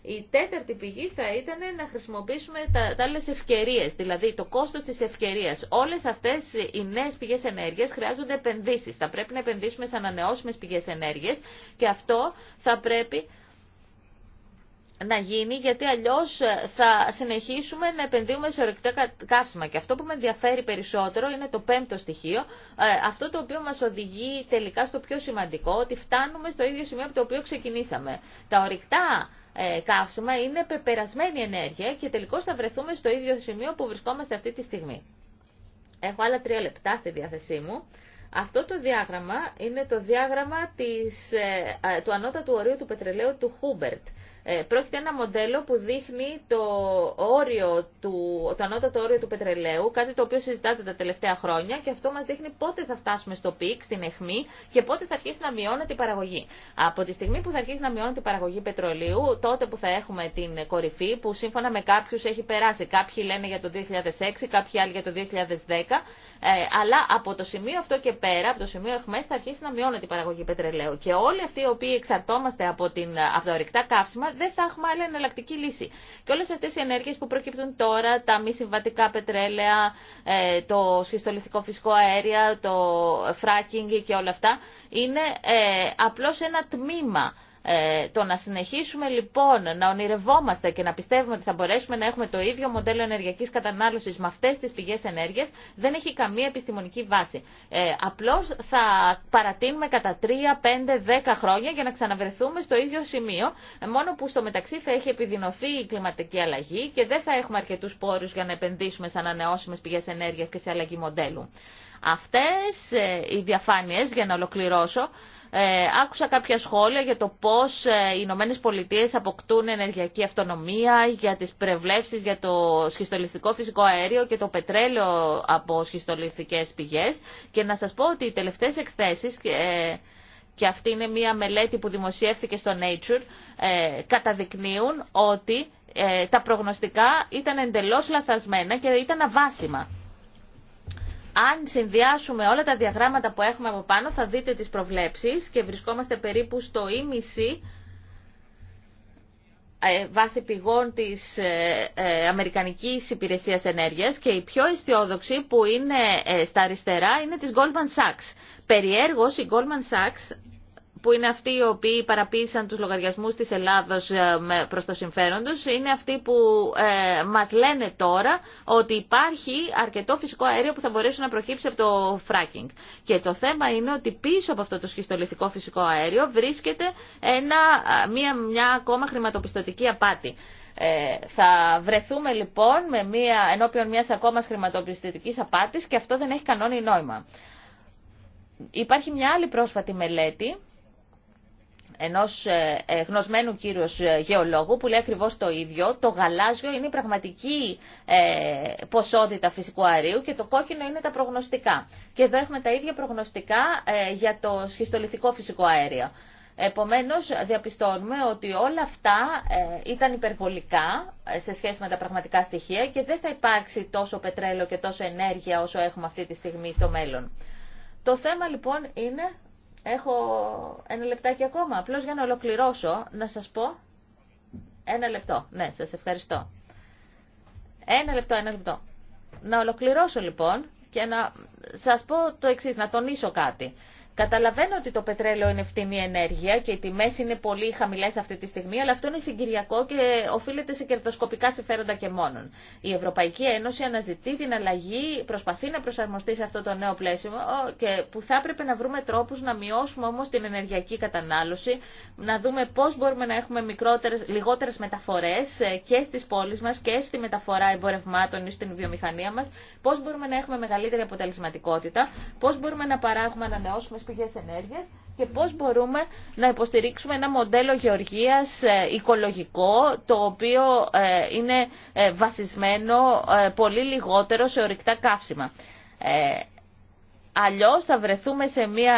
Η τέταρτη πηγή θα ήταν να χρησιμοποιήσουμε τα, τα άλλες ευκαιρίες, δηλαδή το κόστος τη ευκαιρία. Όλες αυτές οι νέες πηγές ενέργειας χρειάζονται επενδύσεις. Θα πρέπει να επενδύσουμε σε ανανεώσιμες πηγές ενέργειας και αυτό θα πρέπει να γίνει, γιατί αλλιώς ε, θα συνεχίσουμε να επενδύουμε σε ορεκτικά καύσιμα. Και αυτό που με ενδιαφέρει περισσότερο είναι το πέμπτο στοιχείο, ε, αυτό το οποίο μας οδηγεί τελικά στο πιο σημαντικό, ότι φτάνουμε στο ίδιο σημείο από το οποίο ξεκινήσαμε. Τα ορεικτά ε, καύσιμα είναι πεπερασμένη ενέργεια και τελικώς θα βρεθούμε στο ίδιο σημείο που βρισκόμαστε αυτή τη στιγμή. Έχω άλλα τρία λεπτά στη διάθεσή μου. Αυτό το διάγραμμα είναι το διάγραμμα της, του ανώτατου ορίου του πετρελαίου του Χούμπερτ. Ε, πρόκειται ένα μοντέλο που δείχνει το, όριο του, το ανώτατο όριο του πετρελαίου, κάτι το οποίο συζητάτε τα τελευταία χρόνια και αυτό μας δείχνει πότε θα φτάσουμε στο πικ, στην αιχμή και πότε θα αρχίσει να μειώνεται η παραγωγή. Από τη στιγμή που θα αρχίσει να μειώνεται η παραγωγή πετρελαίου, τότε που θα έχουμε την κορυφή που σύμφωνα με κάποιους έχει περάσει. Κάποιοι λένε για το 2006, κάποιοι άλλοι για το 2010 ε, αλλά από το σημείο αυτό και πέρα, από το σημείο εχμέ, θα αρχίσει να μειώνεται η παραγωγή πετρελαίου. Και όλοι αυτοί οι οποίοι εξαρτώμαστε από, την, ε, από τα καύσιμα δεν θα έχουμε άλλη εναλλακτική λύση. Και όλες αυτές οι ενέργειες που προκύπτουν τώρα, τα μη συμβατικά πετρέλαια, ε, το σχιστολιστικό φυσικό αέριο, το φράκινγκ και όλα αυτά, είναι απλώ ένα τμήμα ε, το να συνεχίσουμε λοιπόν να ονειρευόμαστε και να πιστεύουμε ότι θα μπορέσουμε να έχουμε το ίδιο μοντέλο ενεργειακής κατανάλωσης με αυτές τις πηγές ενέργειας δεν έχει καμία επιστημονική βάση. Ε, απλώς θα παρατείνουμε κατά 3, 5, 10 χρόνια για να ξαναβρεθούμε στο ίδιο σημείο ε, μόνο που στο μεταξύ θα έχει επιδεινωθεί η κλιματική αλλαγή και δεν θα έχουμε αρκετούς πόρους για να επενδύσουμε σε ανανεώσιμες πηγές ενέργειας και σε αλλαγή μοντέλου. Αυτές ε, οι διαφάνειες, για να ολοκληρώσω, ε, άκουσα κάποια σχόλια για το πώς ε, οι Ηνωμένε Πολιτείες αποκτούν ενεργειακή αυτονομία, για τις πρεβλέψεις για το σχιστολιστικό φυσικό αέριο και το πετρέλαιο από σχιστολιστικές πηγές. Και να σας πω ότι οι τελευταίες εκθέσεις ε, και αυτή είναι μία μελέτη που δημοσιεύθηκε στο Nature, καταδεικνύουν ότι τα προγνωστικά ήταν εντελώς λαθασμένα και ήταν αβάσιμα. Αν συνδυάσουμε όλα τα διαγράμματα που έχουμε από πάνω θα δείτε τις προβλέψεις και βρισκόμαστε περίπου στο ίμιση ε, βάσει πηγών της ε, ε, Αμερικανικής Υπηρεσίας Ενέργειας και η πιο αισιόδοξη που είναι στα αριστερά είναι της Goldman Sachs. Περιέργως η Goldman Sachs που είναι αυτοί οι οποίοι παραποίησαν τους λογαριασμούς της Ελλάδος ε, προς το συμφέρον τους, είναι αυτοί που ε, μας λένε τώρα ότι υπάρχει αρκετό φυσικό αέριο που θα μπορέσει να προκύψει από το φράκινγκ. Και το θέμα είναι ότι πίσω από αυτό το σχιστολιθικό φυσικό αέριο βρίσκεται ένα, μια, μια ακόμα χρηματοπιστωτική απάτη. Ε, θα βρεθούμε λοιπόν με μια, ενώπιον μιας ακόμα χρηματοπιστωτικής απάτης και αυτό δεν έχει κανόνι νόημα. Υπάρχει μια άλλη πρόσφατη μελέτη ενός ε, ε, γνωσμένου κύριος ε, γεωλόγου που λέει ακριβώς το ίδιο, το γαλάζιο είναι η πραγματική ποσότητα φυσικού αερίου και το κόκκινο είναι τα προγνωστικά. Και εδώ έχουμε τα ίδια προγνωστικά για το σχιστολιθικό φυσικό αέριο. Επομένως, διαπιστώνουμε ότι όλα αυτά ήταν υπερβολικά σε σχέση με τα πραγματικά στοιχεία και δεν θα υπάρξει τόσο πετρέλαιο και τόσο ενέργεια όσο έχουμε αυτή τη στιγμή στο μέλλον. Το θέμα λοιπόν είναι Έχω ένα λεπτάκι ακόμα, απλώς για να ολοκληρώσω, να σας πω. Ένα λεπτό, ναι, σας ευχαριστώ. Ένα λεπτό, ένα λεπτό. Να ολοκληρώσω λοιπόν και να σας πω το εξή, να τονίσω κάτι. Καταλαβαίνω ότι το πετρέλαιο είναι φτηνή ενέργεια και οι τιμέ είναι πολύ χαμηλέ αυτή τη στιγμή, αλλά αυτό είναι συγκυριακό και οφείλεται σε κερδοσκοπικά συμφέροντα και μόνον. Η Ευρωπαϊκή Ένωση αναζητεί την αλλαγή, προσπαθεί να προσαρμοστεί σε αυτό το νέο πλαίσιο και που θα έπρεπε να βρούμε τρόπου να μειώσουμε όμω την ενεργειακή κατανάλωση, να δούμε πώ μπορούμε να έχουμε λιγότερε μεταφορέ ε, και στι πόλει μα και στη μεταφορά εμπορευμάτων ή στην βιομηχανία μα, πώ μπορούμε να έχουμε μεγαλύτερη αποτελεσματικότητα, πώ μπορούμε να παράγουμε ανανεώσουμε πηγές ενέργειας και πώς μπορούμε να υποστηρίξουμε ένα μοντέλο γεωργίας ε, οικολογικό, το οποίο ε, είναι ε, βασισμένο πολύ λιγότερο σε ορυκτά καύσιμα. Αλλιώς θα βρεθούμε σε μια,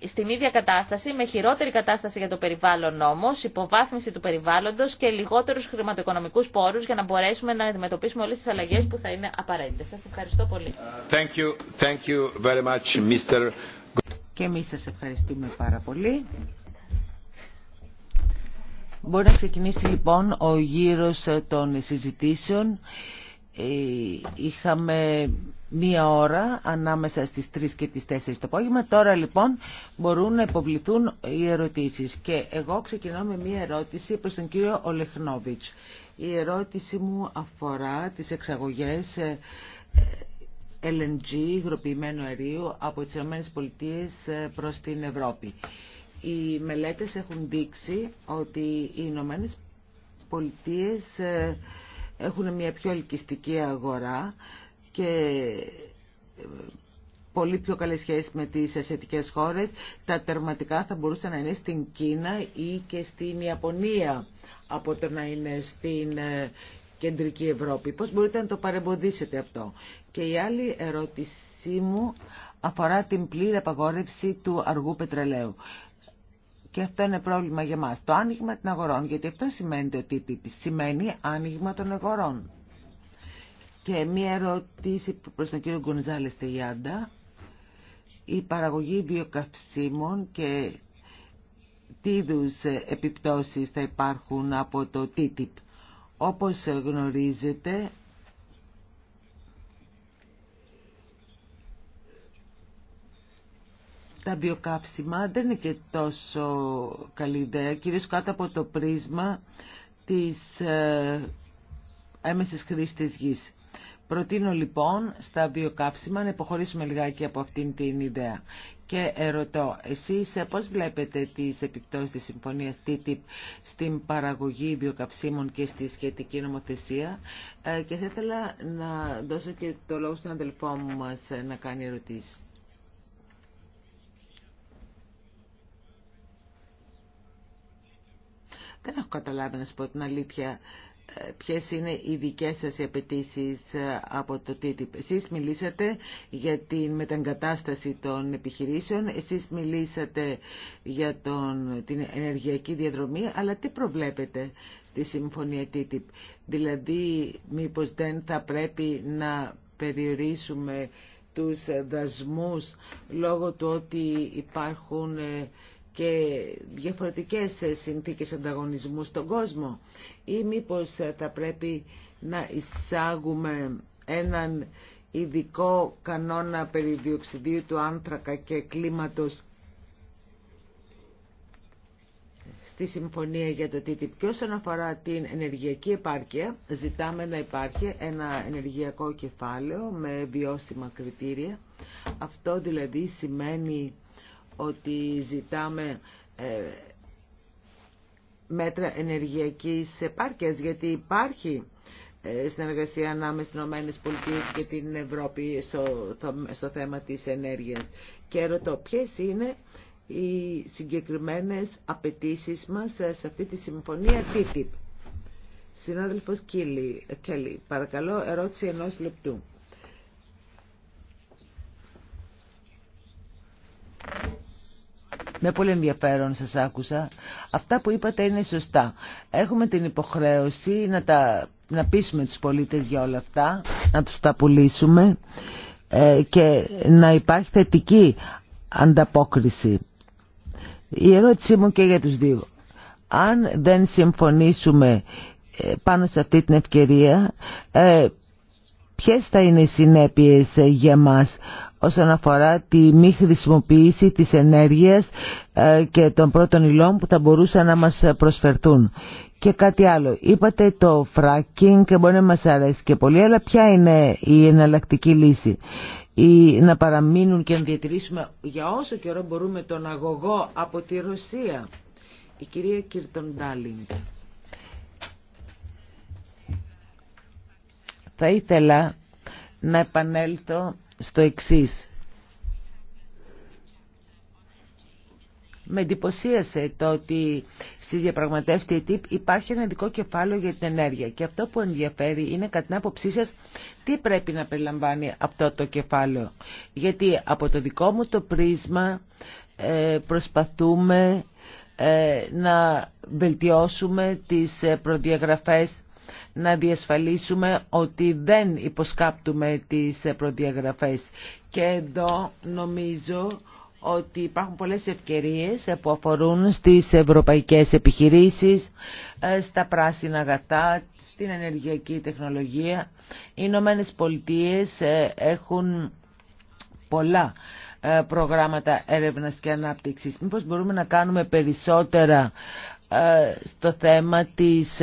ε, στην ίδια κατάσταση, με χειρότερη κατάσταση για το περιβάλλον όμως, υποβάθμιση του περιβάλλοντος και λιγότερους χρηματοοικονομικούς πόρους για να μπορέσουμε να αντιμετωπίσουμε όλες τις αλλαγές που θα είναι απαραίτητες. Σας ευχαριστώ πολύ. Thank you. Thank you very much, Mr. Και εμείς σας ευχαριστούμε πάρα πολύ. Μπορεί να ξεκινήσει λοιπόν ο γύρος των συζητήσεων. Ε, είχαμε μία ώρα ανάμεσα στις 3 και τις 4 το απόγευμα. Τώρα λοιπόν μπορούν να υποβληθούν οι ερωτήσεις και εγώ ξεκινώ με μία ερώτηση προς τον κύριο Ολεχνόβιτς. Η ερώτηση μου αφορά τις εξαγωγές LNG, ε, υγροποιημένου αερίου, από τις ΗΠΑ ε, προς την Ευρώπη. Οι μελέτες έχουν δείξει ότι οι ΗΠΑ ε, έχουν μια πιο ελκυστική αγορά και ε, πολύ πιο καλές με τις ασιατικές χώρες. Τα τερματικά θα μπορούσαν να είναι στην Κίνα ή και στην Ιαπωνία από το να είναι στην ε, κεντρική Ευρώπη. Πώς μπορείτε να το παρεμποδίσετε αυτό. Και η άλλη ερώτησή μου αφορά την πλήρη απαγόρευση του αργού πετρελαίου. Και αυτό είναι πρόβλημα για μας. Το άνοιγμα των αγορών, γιατί αυτό σημαίνει το σημαίνει άνοιγμα των αγορών. Και μία ερώτηση προς τον κύριο Γκονζάλες Τεγιάντα. Η παραγωγή βιοκαυσίμων και τι είδου επιπτώσεις θα υπάρχουν από το TTIP. Όπως γνωρίζετε, τα βιοκαύσιμα δεν είναι και τόσο καλή ιδέα, κυρίως κάτω από το πρίσμα της ε, έμεσης χρήσης της γης. Προτείνω λοιπόν στα βιοκαύσιμα να υποχωρήσουμε λιγάκι από αυτήν την ιδέα. Και ερωτώ, εσείς ε, πώς βλέπετε τις επιπτώσεις της συμφωνίας TTIP στην παραγωγή βιοκαυσίμων και στη σχετική νομοθεσία ε, και θα ήθελα να δώσω και το λόγο στον αδελφό μου μας ε, να κάνει ερωτήσεις. Δεν έχω καταλάβει να σου πω την αλήθεια ποιες είναι οι δικές σας απαιτήσει ε, από το TTIP. Εσείς μιλήσατε για την μεταγκατάσταση των επιχειρήσεων, εσείς μιλήσατε για τον, την ενεργειακή διαδρομή, αλλά τι προβλέπετε στη συμφωνία TTIP. Δηλαδή, μήπως δεν θα πρέπει να περιορίσουμε τους δασμούς λόγω του ότι υπάρχουν ε, και διαφορετικές ε, συνθήκες ανταγωνισμού στον κόσμο ή μήπως ε, θα πρέπει να εισάγουμε έναν ειδικό κανόνα περί διοξιδίου του άνθρακα και κλίματος στη συμφωνία για το TTIP. Και όσον αφορά την ενεργειακή επάρκεια, ζητάμε να υπάρχει ένα ενεργειακό κεφάλαιο με βιώσιμα κριτήρια. Αυτό δηλαδή σημαίνει ότι ζητάμε ε, μέτρα ενεργειακής επάρκειας, γιατί υπάρχει ε, συνεργασία ανάμεσα στις Ηνωμένες Πολιτείες και την Ευρώπη στο, στο θέμα της ενέργειας. Και ρωτώ ποιες είναι οι συγκεκριμένες απαιτήσει μας σε αυτή τη συμφωνία TTIP. Συνάδελφος ε, Κέλλη, παρακαλώ ερώτηση ενός λεπτού. Με πολύ ενδιαφέρον σας άκουσα. Αυτά που είπατε είναι σωστά. Έχουμε την υποχρέωση να, τα, να πείσουμε τους πολίτες για όλα αυτά, να τους τα πουλήσουμε ε, και να υπάρχει θετική ανταπόκριση. Η ερώτησή μου και για τους δύο. Αν δεν συμφωνήσουμε ε, πάνω σε αυτή την ευκαιρία ε, ποιες θα είναι οι συνέπειες ε, για μας όσον αφορά τη μη χρησιμοποίηση της ενέργειας ε, και των πρώτων υλών που θα μπορούσαν να μας προσφερθούν. Και κάτι άλλο. Είπατε το fracking και μπορεί να μας αρέσει και πολύ, αλλά ποια είναι η εναλλακτική λύση. Ή να παραμείνουν και να διατηρήσουμε για όσο καιρό μπορούμε τον αγωγό από τη Ρωσία. Η κυρία Κίρτον Θα ήθελα να επανέλθω στο εξής. Με εντυπωσίασε το ότι στι διαπραγματεύσει ΤΥΠ υπάρχει ένα ειδικό κεφάλαιο για την ενέργεια. Και αυτό που ενδιαφέρει είναι κατά την άποψή σα τι πρέπει να περιλαμβάνει αυτό το κεφάλαιο. Γιατί από το δικό μου το πρίσμα ε, προσπαθούμε ε, να βελτιώσουμε τις ε, προδιαγραφές να διασφαλίσουμε ότι δεν υποσκάπτουμε τις προδιαγραφές. Και εδώ νομίζω ότι υπάρχουν πολλές ευκαιρίες που αφορούν στις ευρωπαϊκές επιχειρήσεις, ε, στα πράσινα αγατά, στην ενεργειακή τεχνολογία. Οι Ηνωμένε Πολιτείε ε, έχουν πολλά ε, προγράμματα έρευνας και ανάπτυξης. Μήπως μπορούμε να κάνουμε περισσότερα στο θέμα της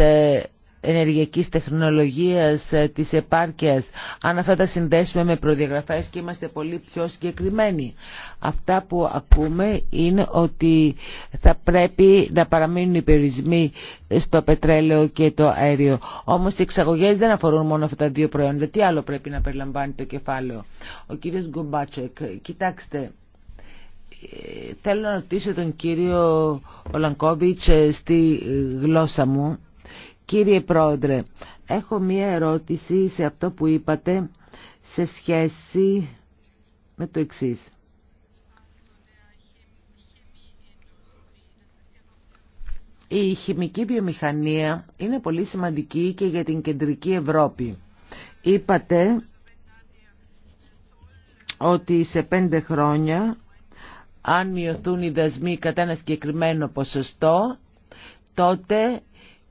ενεργειακής τεχνολογίας, ε, της επάρκειας, αν αυτά τα συνδέσουμε με προδιαγραφές και είμαστε πολύ πιο συγκεκριμένοι. Αυτά που ακούμε είναι ότι θα πρέπει να παραμείνουν οι περιορισμοί στο πετρέλαιο και το αέριο. Όμως οι εξαγωγές δεν αφορούν μόνο αυτά τα δύο προϊόντα. Τι άλλο πρέπει να περιλαμβάνει το κεφάλαιο. Ο κύριος Γκουμπάτσεκ, κοιτάξτε, ε, θέλω να ρωτήσω τον κύριο Ολανκόβιτς ε, στη γλώσσα μου Κύριε Πρόεδρε, έχω μία ερώτηση σε αυτό που είπατε σε σχέση με το εξής. Η χημική βιομηχανία είναι πολύ σημαντική και για την κεντρική Ευρώπη. Είπατε ότι σε πέντε χρόνια αν μειωθούν οι δασμοί κατά ένα συγκεκριμένο ποσοστό τότε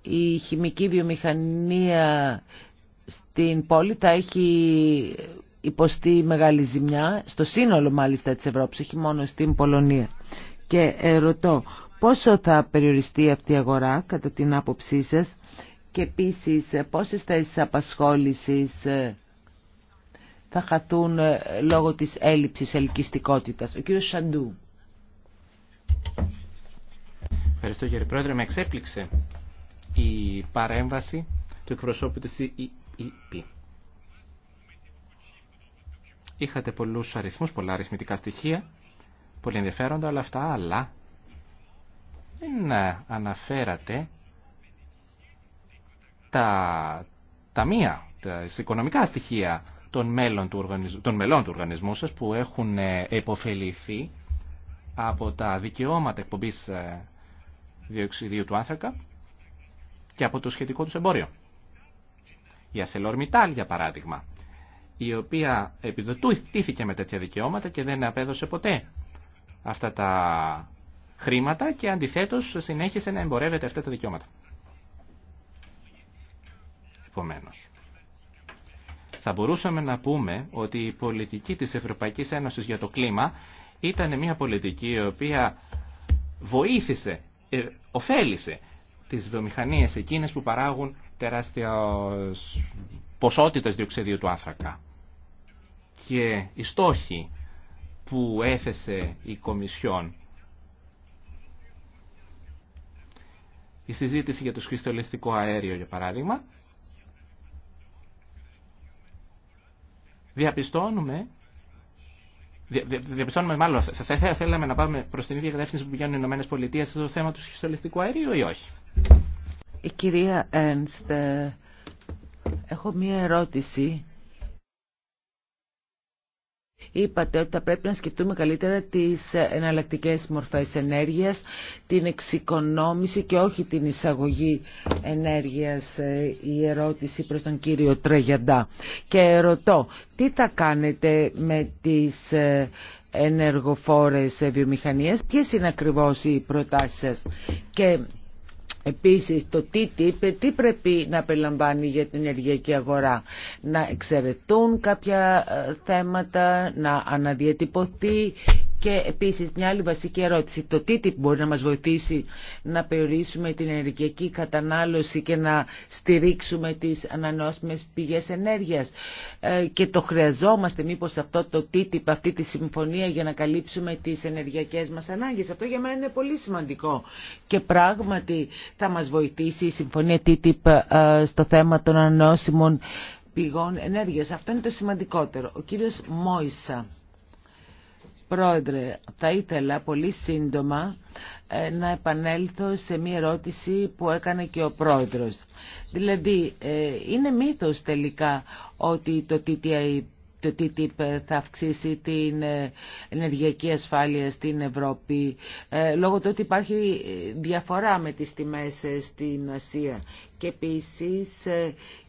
η χημική βιομηχανία στην πόλη θα έχει υποστεί μεγάλη ζημιά, στο σύνολο μάλιστα της Ευρώπης, όχι μόνο στην Πολωνία. Και ε, ρωτώ, πόσο θα περιοριστεί αυτή η αγορά κατά την άποψή σας και επίσης ε, πόσες θέσεις απασχόλησης ε, θα χαθούν λόγω της έλλειψης ελκυστικότητας. Ο κύριος Σαντού. Ευχαριστώ κύριε Πρόεδρε, με εξέπληξε η παρέμβαση του εκπροσώπου της EEP. Είχατε πολλούς αριθμούς, πολλά αριθμητικά στοιχεία, πολύ ενδιαφέροντα όλα αυτά, αλλά δεν ε, αναφέρατε τα μία, τα οικονομικά στοιχεία των, μέλων του οργανισμού, του σας που έχουν ε, επωφεληθεί από τα δικαιώματα εκπομπής ε, διοξιδίου του άνθρακα και από το σχετικό του εμπόριο. Η ArcelorMittal, για παράδειγμα, η οποία επιδοτούθηκε με τέτοια δικαιώματα και δεν απέδωσε ποτέ αυτά τα χρήματα και αντιθέτως συνέχισε να εμπορεύεται αυτά τα δικαιώματα. Επομένως, θα μπορούσαμε να πούμε ότι η πολιτική της Ευρωπαϊκής Ένωσης για το κλίμα ήταν μια πολιτική η οποία βοήθησε, ε, τις βιομηχανίες εκείνες που παράγουν τεράστια ποσότητες διοξιδίου του άνθρακα. Και οι στόχοι που έθεσε η Κομισιόν η συζήτηση για το σχιστολιστικό αέριο για παράδειγμα διαπιστώνουμε διαπιστώνουμε μάλλον, θα θέλαμε να πάμε προ την ίδια κατεύθυνση που πηγαίνουν οι Ηνωμένε Πολιτείε στο θέμα του σχιστολιστικού αερίου ή όχι. Η κυρία Ένστ, ενστε εχω μία ερώτηση είπατε ότι θα πρέπει να σκεφτούμε καλύτερα τις εναλλακτικές μορφές ενέργειας, την εξοικονόμηση και όχι την εισαγωγή ενέργειας, ε, η ερώτηση προς τον κύριο Τρεγιαντά. Και ρωτώ, τι θα κάνετε με τις ε, ενεργοφόρες βιομηχανίες, ποιες είναι ακριβώς οι προτάσεις σας. Επίσης το τι τι πρέπει να απελαμβάνει για την ενεργειακή αγορά. Να εξαιρετούν κάποια ε, θέματα, να αναδιατυπωθεί και επίσης μια άλλη βασική ερώτηση, το TTIP μπορεί να μας βοηθήσει να περιορίσουμε την ενεργειακή κατανάλωση και να στηρίξουμε τις ανανεώσιμες πηγές ενέργειας. Ε, και το χρειαζόμαστε μήπως αυτό το TTIP, αυτή τη συμφωνία για να καλύψουμε τις ενεργειακές μας ανάγκες. Αυτό για μένα είναι πολύ σημαντικό και πράγματι θα μας βοηθήσει η συμφωνία TTIP ε, στο θέμα των ανανεώσιμων πηγών ενέργειας. Αυτό είναι το σημαντικότερο. Ο κύριος Μόησα. Πρόεδρε, θα ήθελα πολύ σύντομα ε, να επανέλθω σε μία ερώτηση που έκανε και ο πρόεδρος. Δηλαδή, ε, είναι μύθος τελικά ότι το TTIP το θα αυξήσει την ε, ενεργειακή ασφάλεια στην Ευρώπη λόγω του ότι υπάρχει διαφορά με τις τιμές στην Ασία και επίσης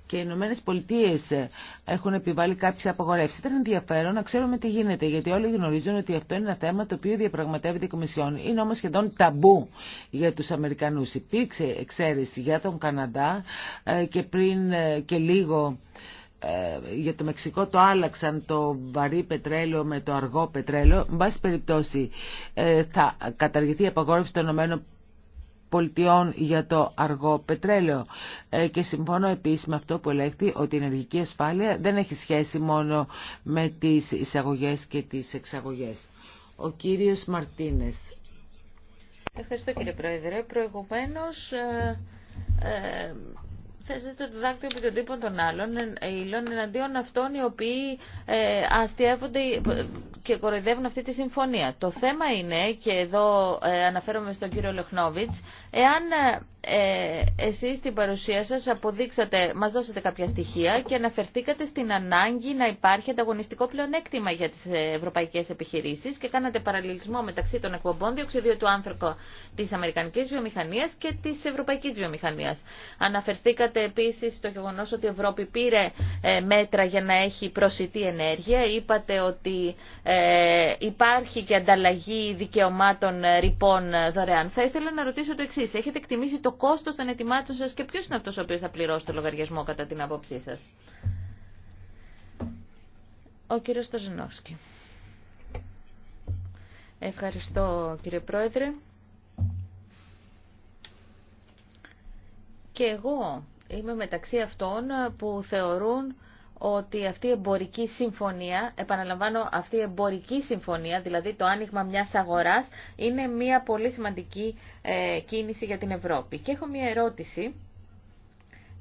και οι Ηνωμένε Πολιτείε ε, έχουν επιβάλει κάποιε απαγορεύσει. Ήταν ενδιαφέρον να ξέρουμε τι γίνεται, γιατί όλοι γνωρίζουν ότι αυτό είναι ένα θέμα το οποίο διαπραγματεύεται η Κομισιόν. Είναι όμω σχεδόν ταμπού για του Αμερικανού. Υπήρξε εξαίρεση για τον Καναδά ε, και πριν ε, και λίγο για το Μεξικό το άλλαξαν το βαρύ πετρέλαιο με το αργό πετρέλαιο. Με πάση περιπτώσει θα καταργηθεί η απαγόρευση των Πολιτειών για το αργό πετρέλαιο. Ε, και συμφωνώ επίσης με αυτό που ελέγχει ότι η ενεργική ασφάλεια δεν έχει σχέση μόνο με τις εισαγωγές και τις εξαγωγές. Ο κύριος Μαρτίνες. Ευχαριστώ κύριε Πρόεδρε. Προηγουμένως... Ε, ε, θέσετε το δάκτυλο επί των τύπων των άλλων ύλων εναντίον αυτών οι οποίοι ε, και κοροϊδεύουν αυτή τη συμφωνία. Το θέμα είναι, και εδώ ε, αναφέρομαι στον κύριο Λεχνόβιτς, Εάν ε, ε, εσείς στην παρουσία σας αποδείξατε, μας δώσατε κάποια στοιχεία και αναφερθήκατε στην ανάγκη να υπάρχει ανταγωνιστικό πλεονέκτημα για τις ε, ευρωπαϊκές επιχειρήσεις και κάνατε παραλληλισμό μεταξύ των εκπομπών διοξιδίου του άνθρωπου της αμερικανικής βιομηχανίας και της ευρωπαϊκής βιομηχανίας. Αναφερθήκατε επίσης στο γεγονός ότι η Ευρώπη πήρε ε, μέτρα για να έχει προσιτή ενέργεια. Είπατε ότι υπάρχει και ανταλλαγή δικαιωμάτων ρηπών δωρεάν. Θα ήθελα να ρωτήσω το εξή εσείς, έχετε εκτιμήσει το κόστος των ετοιμάτων σας και ποιος είναι αυτός ο οποίος θα πληρώσει το λογαριασμό κατά την άποψή σας. Ο κύριος Στοζενόφσκι. Ευχαριστώ κύριε Πρόεδρε. Και εγώ είμαι μεταξύ αυτών που θεωρούν ότι αυτή η εμπορική συμφωνία, επαναλαμβάνω αυτή η εμπορική συμφωνία, δηλαδή το άνοιγμα μιας αγοράς, είναι μια πολύ σημαντική ε, κίνηση για την Ευρώπη. Και έχω μια ερώτηση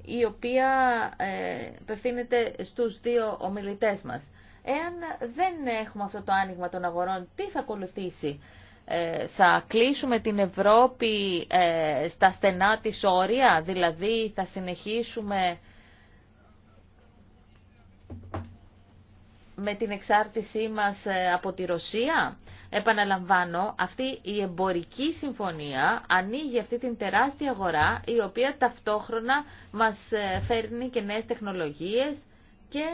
η οποία ε, απευθύνεται στους δύο ομιλητές μας. Εάν δεν έχουμε αυτό το άνοιγμα των αγορών, τι θα ακολουθήσει. Ε, θα κλείσουμε την Ευρώπη ε, στα στενά της όρια, δηλαδή θα συνεχίσουμε με την εξάρτησή μας ε, από τη Ρωσία. Επαναλαμβάνω, αυτή η εμπορική συμφωνία ανοίγει αυτή την τεράστια αγορά η οποία ταυτόχρονα μας ε, φέρνει και νέες τεχνολογίες και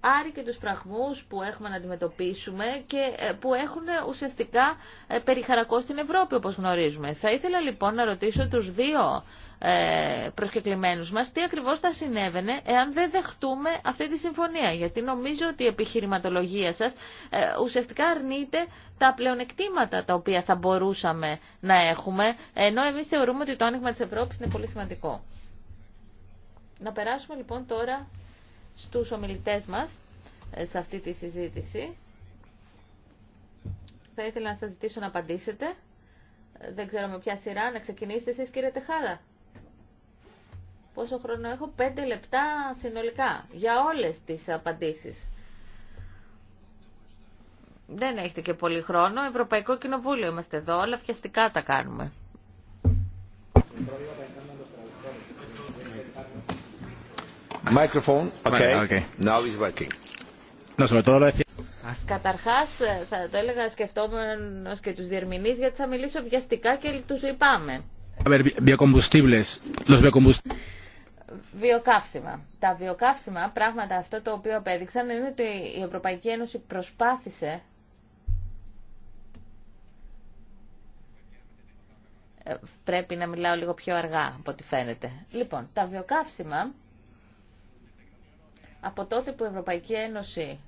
άρει και τους πραγμούς που έχουμε να αντιμετωπίσουμε και ε, που έχουν ουσιαστικά περιχαρακώσει την Ευρώπη όπως γνωρίζουμε. Θα ήθελα λοιπόν να ρωτήσω τους δύο ε, προσκεκλημένους μας τι ακριβώς θα συνέβαινε εάν δεν δεχτούμε αυτή τη συμφωνία. Γιατί νομίζω ότι η επιχειρηματολογία σας ε, ουσιαστικά αρνείται τα πλεονεκτήματα τα οποία θα μπορούσαμε να έχουμε, ενώ εμείς θεωρούμε ότι το άνοιγμα της Ευρώπης είναι πολύ σημαντικό. Να περάσουμε λοιπόν τώρα στους ομιλητές μας ε, σε αυτή τη συζήτηση. Θα ήθελα να σας ζητήσω να απαντήσετε. Δεν ξέρω με ποια σειρά. Να ξεκινήσετε εσείς κύριε Τεχάδα. Πόσο χρόνο έχω, πέντε λεπτά συνολικά για όλες τις απαντήσεις. Δεν έχετε και πολύ χρόνο. Ευρωπαϊκό Κοινοβούλιο είμαστε εδώ. Όλα βιαστικά τα κάνουμε. Microphone. Okay. Now is working. Καταρχάς, θα το έλεγα σκεφτόμενος και τους διερμηνείς, γιατί θα μιλήσω βιαστικά και τους λυπάμαι. Βιοκαύσιμα. Τα βιοκαύσιμα, πράγματα αυτό το οποίο απέδειξαν, είναι ότι η Ευρωπαϊκή Ένωση προσπάθησε ε, πρέπει να μιλάω λίγο πιο αργά από ό,τι φαίνεται. Λοιπόν, τα βιοκαύσιμα, από τότε που η Ευρωπαϊκή Ένωση,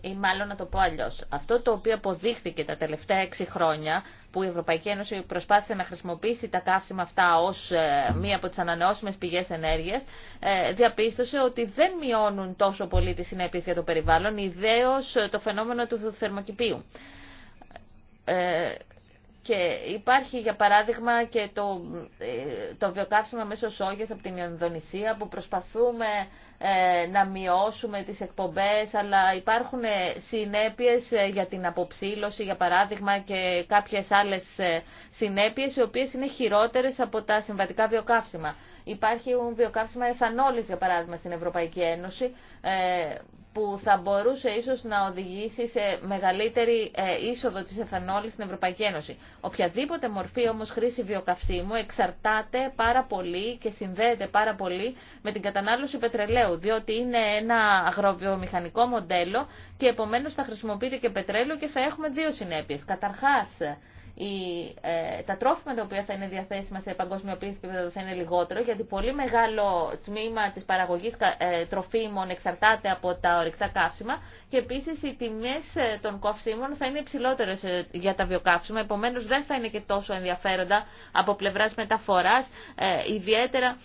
ή μάλλον να το πω αλλιώς, αυτό το οποίο αποδείχθηκε τα τελευταία έξι χρόνια, που η Ευρωπαϊκή Ένωση προσπάθησε να χρησιμοποιήσει τα καύσιμα αυτά ως ε, μία από τις ανανεώσιμες πηγές ενέργειας, ε, διαπίστωσε ότι δεν μειώνουν τόσο πολύ τις συνέπειες για το περιβάλλον, ιδέως ε, το φαινόμενο του θερμοκηπίου. Και υπάρχει για παράδειγμα και το, ε, το βιοκαύσιμα μέσω σόγιας από την Ινδονησία που προσπαθούμε ε, να μειώσουμε τις εκπομπές αλλά υπάρχουν ε, συνέπειες για την αποψήλωση για παράδειγμα και κάποιες άλλες συνέπειες οι οποίες είναι χειρότερες από τα συμβατικά βιοκάψιμα. Υπάρχει βιοκαύσιμα εθανόλης, για παράδειγμα, στην Ευρωπαϊκή Ένωση, ε, που θα μπορούσε ίσως να οδηγήσει σε μεγαλύτερη ε, είσοδο της εθανόλης στην Ευρωπαϊκή Ένωση. Οποιαδήποτε μορφή όμως χρήση βιοκαυσίμου εξαρτάται πάρα πολύ και συνδέεται πάρα πολύ με την κατανάλωση πετρελαίου, διότι είναι ένα αγροβιομηχανικό μοντέλο και επομένως θα χρησιμοποιείται και πετρέλαιο και θα έχουμε δύο συνέπειες. Καταρχάς, η, ε, τα τρόφιμα τα οποία θα είναι διαθέσιμα σε παγκόσμιο επίπεδο θα είναι λιγότερο, γιατί πολύ μεγάλο τμήμα της παραγωγής ε, τροφίμων εξαρτάται από τα ορυκτά καύσιμα και επίσης οι τιμές ε, των καυσίμων θα είναι υψηλότερες ε, για τα βιοκαύσιμα, επομένως δεν θα είναι και τόσο ενδιαφέροντα από πλευράς μεταφοράς, ε, ιδιαίτερα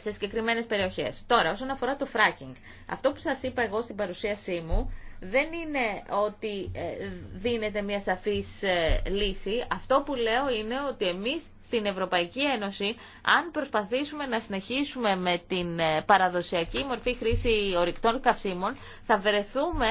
σε συγκεκριμένες περιοχές. Τώρα, όσον αφορά το fracking, αυτό που σας είπα εγώ στην παρουσίασή μου δεν είναι ότι ε, δίνεται μια σαφής ε, λύση. Αυτό που λέω είναι ότι εμείς στην Ευρωπαϊκή Ένωση, αν προσπαθήσουμε να συνεχίσουμε με την ε, παραδοσιακή μορφή χρήση ορυκτών καυσίμων, θα βρεθούμε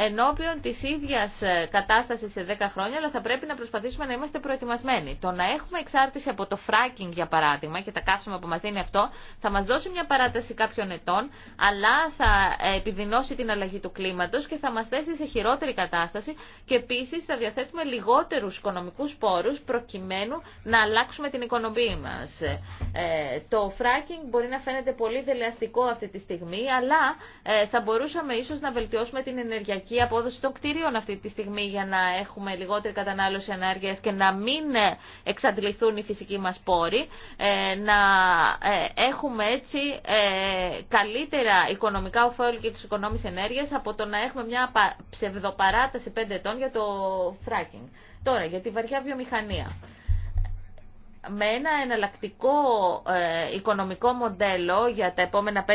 ενώπιον της ίδιας ε, κατάστασης σε 10 χρόνια, αλλά θα πρέπει να προσπαθήσουμε να είμαστε προετοιμασμένοι. Το να έχουμε εξάρτηση από το φράκινγκ, για παράδειγμα, και τα κάψιμα που μας δίνει αυτό, θα μας δώσει μια παράταση κάποιων ετών, αλλά θα ε, επιδεινώσει την αλλαγή του κλίματος και θα μας θέσει σε χειρότερη κατάσταση και επίσης θα διαθέτουμε λιγότερους οικονομικούς πόρους προκειμένου να αλλάξουμε την οικονομία μας. Ε, το φράκινγκ μπορεί να φαίνεται πολύ δελεαστικό αυτή τη στιγμή, αλλά θα μπορούσαμε ίσως να βελτιώσουμε την ενεργειακή η απόδοση των κτηρίων αυτή τη στιγμή για να έχουμε λιγότερη κατανάλωση ενέργειας και να μην εξαντληθούν οι φυσικοί μας πόροι, ε, να ε, έχουμε έτσι ε, καλύτερα οικονομικά ωφέλη και εξοικονόμηση ενέργειας από το να έχουμε μια ψευδοπαράταση 5 ετών για το φράκινγκ. Τώρα, για τη βαριά βιομηχανία με ένα εναλλακτικό ε, οικονομικό μοντέλο για τα επόμενα 5-10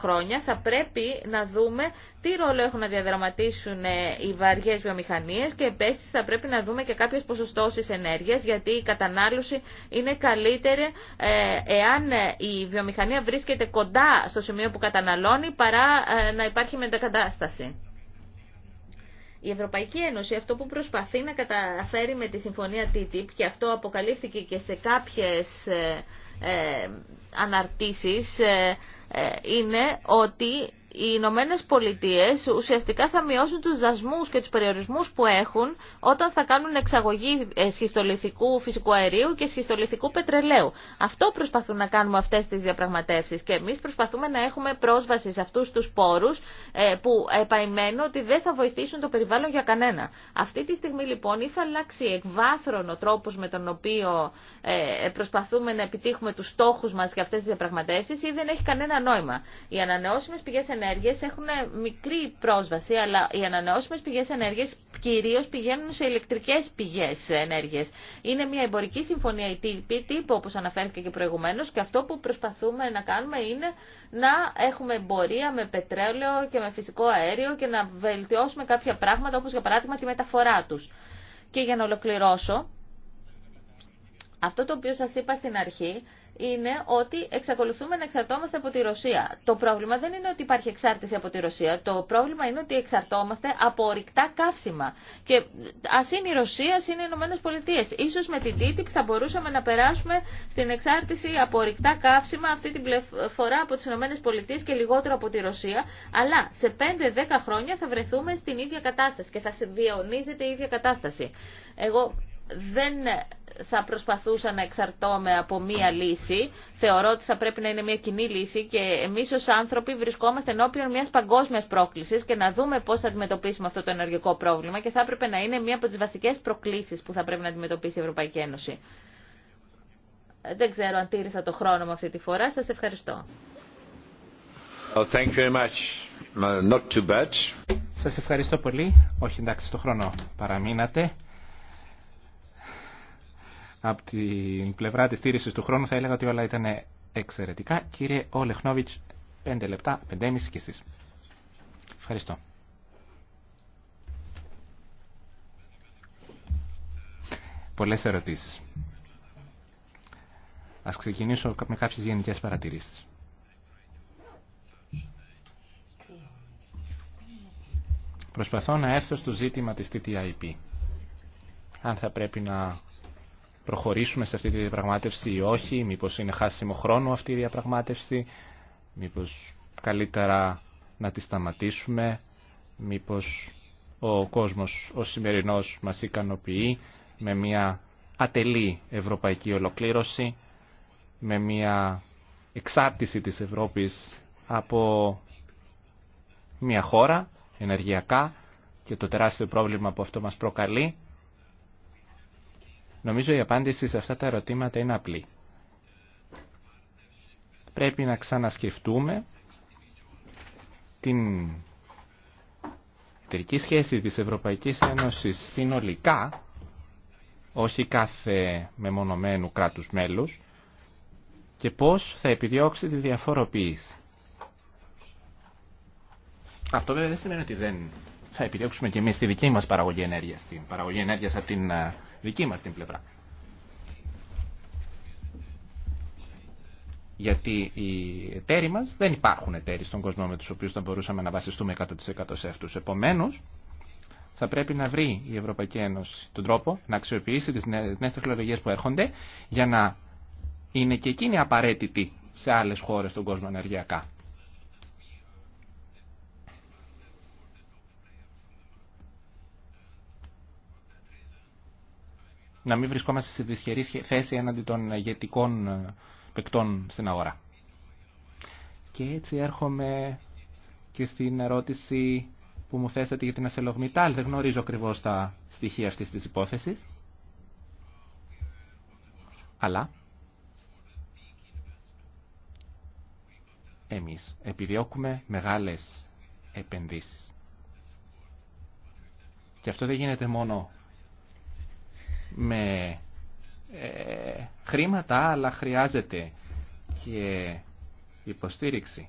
χρόνια θα πρέπει να δούμε τι ρόλο έχουν να διαδραματίσουν ε, οι βαριές βιομηχανίες και επίσης θα πρέπει να δούμε και κάποιες ποσοστώσεις ενέργειας γιατί η κατανάλωση είναι καλύτερη ε, εάν η βιομηχανία βρίσκεται κοντά στο σημείο που καταναλώνει παρά να υπάρχει μετακατάσταση. Η Ευρωπαϊκή Ένωση αυτό που προσπαθεί να καταφέρει με τη συμφωνία TTIP και αυτό αποκαλύφθηκε και σε κάποιες ε, ε, αναρτήσεις ε, είναι ότι οι Ηνωμένε Πολιτείε ουσιαστικά θα μειώσουν τους δασμούς και τους περιορισμούς που έχουν όταν θα κάνουν εξαγωγή ε, σχιστολιθικού φυσικού αερίου και σχιστολιθικού πετρελαίου. Αυτό προσπαθούν να κάνουμε αυτές τις διαπραγματεύσεις και εμείς προσπαθούμε να έχουμε πρόσβαση σε αυτούς τους πόρους ε, που επαημένω ότι δεν θα βοηθήσουν το περιβάλλον για κανένα. Αυτή τη στιγμή λοιπόν ή θα αλλάξει εκβάθρον ο τρόπος με τον οποίο ε, προσπαθούμε να επιτύχουμε τους στόχους μας για αυτές τις διαπραγματεύσεις ή δεν έχει κανένα νόημα. Οι ανανεώσιμες πηγές ενέργεια ενέργεια έχουν μικρή πρόσβαση, αλλά οι ανανεώσιμες πηγές ενέργειας κυρίως πηγαίνουν σε ηλεκτρικές πηγές ενέργειας. Είναι μια εμπορική συμφωνία η τύπη, τύπο όπως αναφέρθηκε και προηγουμένως και αυτό που προσπαθούμε να κάνουμε είναι να έχουμε εμπορία με πετρέλαιο και με φυσικό αέριο και να βελτιώσουμε κάποια πράγματα όπω για παράδειγμα τη μεταφορά του. Και για να ολοκληρώσω, αυτό το οποίο σα είπα στην αρχή είναι ότι εξακολουθούμε να εξαρτώμαστε από τη Ρωσία. Το πρόβλημα δεν είναι ότι υπάρχει εξάρτηση από τη Ρωσία. Το πρόβλημα είναι ότι εξαρτώμαστε από ορυκτά καύσιμα. Και α είναι η Ρωσία, α είναι οι Ηνωμένε Πολιτείε. σω με την TTIP θα μπορούσαμε να περάσουμε στην εξάρτηση από ορυκτά καύσιμα αυτή την φορά από τι Ηνωμένε Πολιτείε και λιγότερο από τη Ρωσία. Αλλά σε 5-10 χρόνια θα βρεθούμε στην ίδια κατάσταση και θα διαονίζεται η ίδια κατάσταση. Εγώ δεν θα προσπαθούσα να εξαρτώμαι από μία λύση. Θεωρώ ότι θα πρέπει να είναι μία κοινή λύση και εμεί ω άνθρωποι βρισκόμαστε ενώπιον μια παγκόσμια και εμει ω ανθρωποι βρισκομαστε ενωπιον μίας παγκοσμια πρόκλησης και να δούμε πώς θα αντιμετωπίσουμε αυτό το ενεργειακό πρόβλημα και θα έπρεπε να είναι μία από τις βασικές προκλήσεις που θα πρέπει να αντιμετωπίσει η Ευρωπαϊκή Ένωση. Δεν ξέρω αν τήρησα το χρόνο μου αυτή τη φορά. Σας ευχαριστώ. Oh, Σας ευχαριστώ πολύ. Όχι εντάξει, το χρόνο παραμείνατε. Από την πλευρά της στήρησης του χρόνου θα έλεγα ότι όλα ήταν εξαιρετικά. Κύριε Ολεχνόβιτς, 5 λεπτά, 5,5 και εσείς. Ευχαριστώ. Πολλές ερωτήσεις. Ας ξεκινήσω με κάποιες γενικές παρατηρήσεις. Προσπαθώ να έρθω στο ζήτημα της TTIP. Αν θα πρέπει να προχωρήσουμε σε αυτή τη διαπραγμάτευση ή όχι, μήπως είναι χάσιμο χρόνο αυτή η διαπραγμάτευση, μήπως καλύτερα να τη σταματήσουμε, μήπως ο κόσμος ο σημερινός μας ικανοποιεί με μια ατελή ευρωπαϊκή ολοκλήρωση, με μια εξάρτηση της Ευρώπης από μια χώρα ενεργειακά και το τεράστιο πρόβλημα που αυτό μας προκαλεί Νομίζω η απάντηση σε αυτά τα ερωτήματα είναι απλή. Πρέπει να ξανασκεφτούμε την εταιρική σχέση της Ευρωπαϊκής Ένωσης συνολικά, όχι κάθε μεμονωμένου κράτους μέλους, και πώς θα επιδιώξει τη διαφοροποίηση. Αυτό βέβαια δεν σημαίνει ότι δεν θα επιδιώξουμε και εμείς τη δική μας παραγωγή ενέργειας, την παραγωγή ενέργειας από την δική μας την πλευρά. Γιατί οι εταίροι μας δεν υπάρχουν εταίροι στον κόσμο με τους οποίους θα μπορούσαμε να βασιστούμε 100% σε αυτούς. Επομένως, θα πρέπει να βρει η Ευρωπαϊκή Ένωση τον τρόπο να αξιοποιήσει τις νέες τεχνολογίες που έρχονται για να είναι και εκείνη απαραίτητη σε άλλες χώρες στον κόσμο ενεργειακά. να μην βρισκόμαστε σε δυσχερή θέση έναντι των ηγετικών ε, παικτών στην αγορά. Και έτσι έρχομαι και στην ερώτηση που μου θέσατε για την ασελογμητάλ. Δεν γνωρίζω ακριβώ τα στοιχεία αυτής της υπόθεσης. Αλλά εμείς επιδιώκουμε μεγάλες επενδύσεις. Και αυτό δεν γίνεται μόνο με ε, χρήματα, αλλά χρειάζεται και υποστήριξη.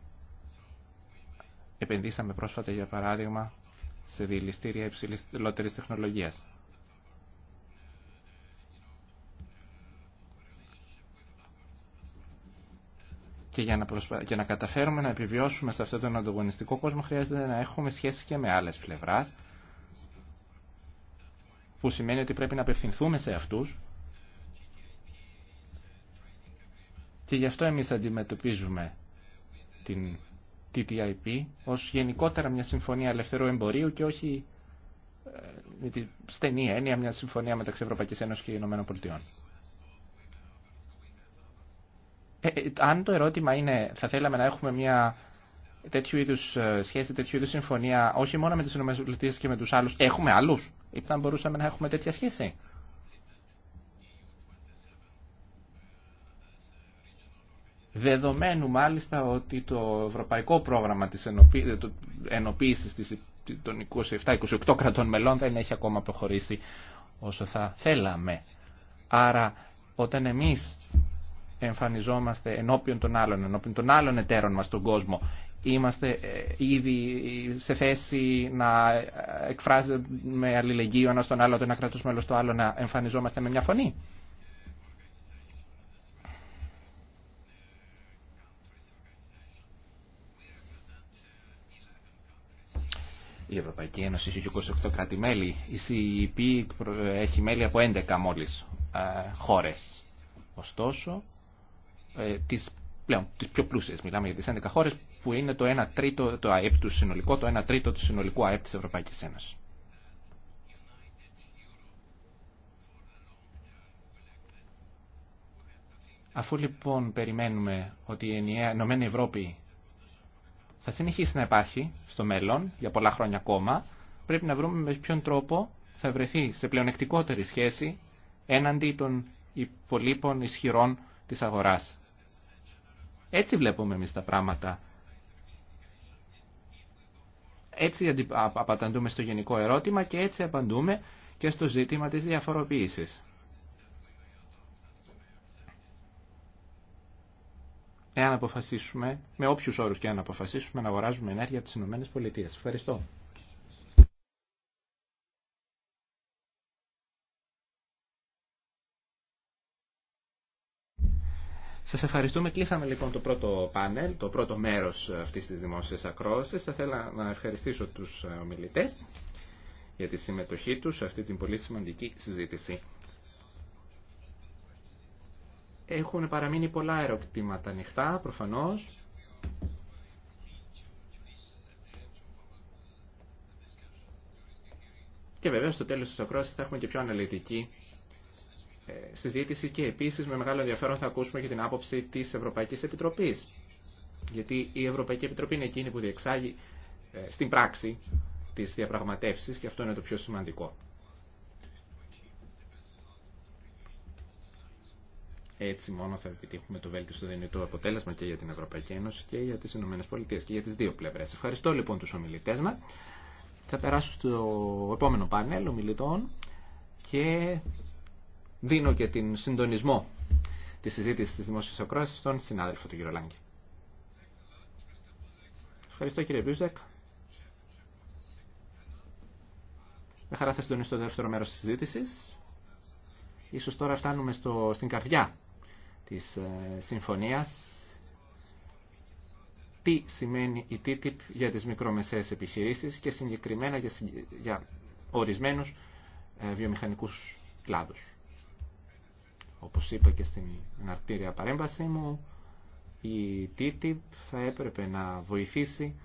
Επενδύσαμε πρόσφατα, για παράδειγμα, σε διελιστήρια υψηλότερης τεχνολογίας. Και για να, για να καταφέρουμε να επιβιώσουμε σε αυτόν τον ανταγωνιστικό κόσμο χρειάζεται να έχουμε σχέση και με άλλες πλευράς που σημαίνει ότι πρέπει να απευθυνθούμε σε αυτούς και γι' αυτό εμείς αντιμετωπίζουμε την TTIP ως γενικότερα μια συμφωνία ελευθερού εμπορίου και όχι ε, με τη στενή έννοια μια συμφωνία μεταξύ Ευρωπαϊκής Ένωσης και Ηνωμένων Πολιτειών. Ε, ε, αν το ερώτημα είναι θα θέλαμε να έχουμε μια τέτοιου είδους σχέση, τέτοιου είδους συμφωνία όχι μόνο με τις ΗΠΑ και με τους άλλους, έχουμε άλλους. Ή θα μπορούσαμε να έχουμε τέτοια σχέση. Δεδομένου μάλιστα ότι το ευρωπαϊκό πρόγραμμα της ε, ενοποίησης των 27-28 κρατών μελών δεν έχει ακόμα προχωρήσει όσο θα θέλαμε. Άρα όταν εμείς εμφανιζόμαστε ενώπιον των άλλων, ενώπιον των άλλων εταίρων μας στον κόσμο είμαστε ε, ήδη σε θέση να εκφράζουμε με αλληλεγγύη ο ένας τον άλλο, το ένα κρατούς μέλος το άλλο, να εμφανιζόμαστε με μια φωνή. Η Ευρωπαϊκή Ένωση έχει 28 κράτη-μέλη. Η ΣΥΠΗ e έχει μέλη από 11 μόλις ε, χώρες. Ωστόσο, ε, τις, πλέον, τις πιο πλούσιες, μιλάμε για τις 11 χώρες που είναι το 1 τρίτο το ΑΕΠ του συνολικό, το 1 τρίτο του συνολικού ΑΕΠ της Ευρωπαϊκής Ένωσης. Αφού λοιπόν περιμένουμε ότι η Ενωμένη ΕΕ Ευρώπη θα συνεχίσει να υπάρχει στο μέλλον για πολλά χρόνια ακόμα, πρέπει να βρούμε με ποιον τρόπο θα βρεθεί σε πλεονεκτικότερη σχέση έναντι των υπολείπων ισχυρών της αγοράς. Έτσι βλέπουμε εμείς τα πράγματα έτσι απαντούμε στο γενικό ερώτημα και έτσι απαντούμε και στο ζήτημα της διαφοροποίησης. Εάν αποφασίσουμε, με όποιους όρους και αν αποφασίσουμε, να αγοράζουμε ενέργεια από τις ΗΠΑ. Ευχαριστώ. Σα ευχαριστούμε. Κλείσαμε λοιπόν το πρώτο πάνελ, το πρώτο μέρος αυτής της δημόσιας ακρόασης. Θα ήθελα να ευχαριστήσω τους ε, ομιλητέ για τη συμμετοχή τους σε αυτή την πολύ σημαντική συζήτηση. Έχουν παραμείνει πολλά ερωτήματα ανοιχτά, προφανώς. Και βέβαια στο τέλος της ακρόασης θα έχουμε και πιο αναλυτική ε, συζήτηση και επίσης με μεγάλο ενδιαφέρον θα ακούσουμε και την άποψη της Ευρωπαϊκής Επιτροπής. Γιατί η Ευρωπαϊκή Επιτροπή είναι εκείνη που διεξάγει ε, στην πράξη τις διαπραγματεύσεις και αυτό είναι το πιο σημαντικό. Έτσι μόνο θα επιτύχουμε το βέλτιστο δυνητό αποτέλεσμα και για την Ευρωπαϊκή Ένωση και για τις Ηνωμένες Πολιτείες και για τις δύο πλευρές. Ευχαριστώ λοιπόν τους ομιλητές μας. Θα περάσω στο επόμενο πάνελ ομιλητών και δίνω και την συντονισμό της συζήτηση της Δημόσιας στον συνάδελφο του κύριο Λάγκη. Ευχαριστώ κύριε Μπιουζεκ. Με χαρά θα συντονίσω το δεύτερο μέρος της συζήτησης. Ίσως τώρα φτάνουμε στο, στην καρδιά της ε, συμφωνίας. Τι σημαίνει η TTIP για τις μικρομεσαίες επιχειρήσεις και συγκεκριμένα για, για ορισμένους ε, βιομηχανικούς κλάδους. Όπως είπα και στην αρτήρια παρέμβασή μου, η TTIP θα έπρεπε να βοηθήσει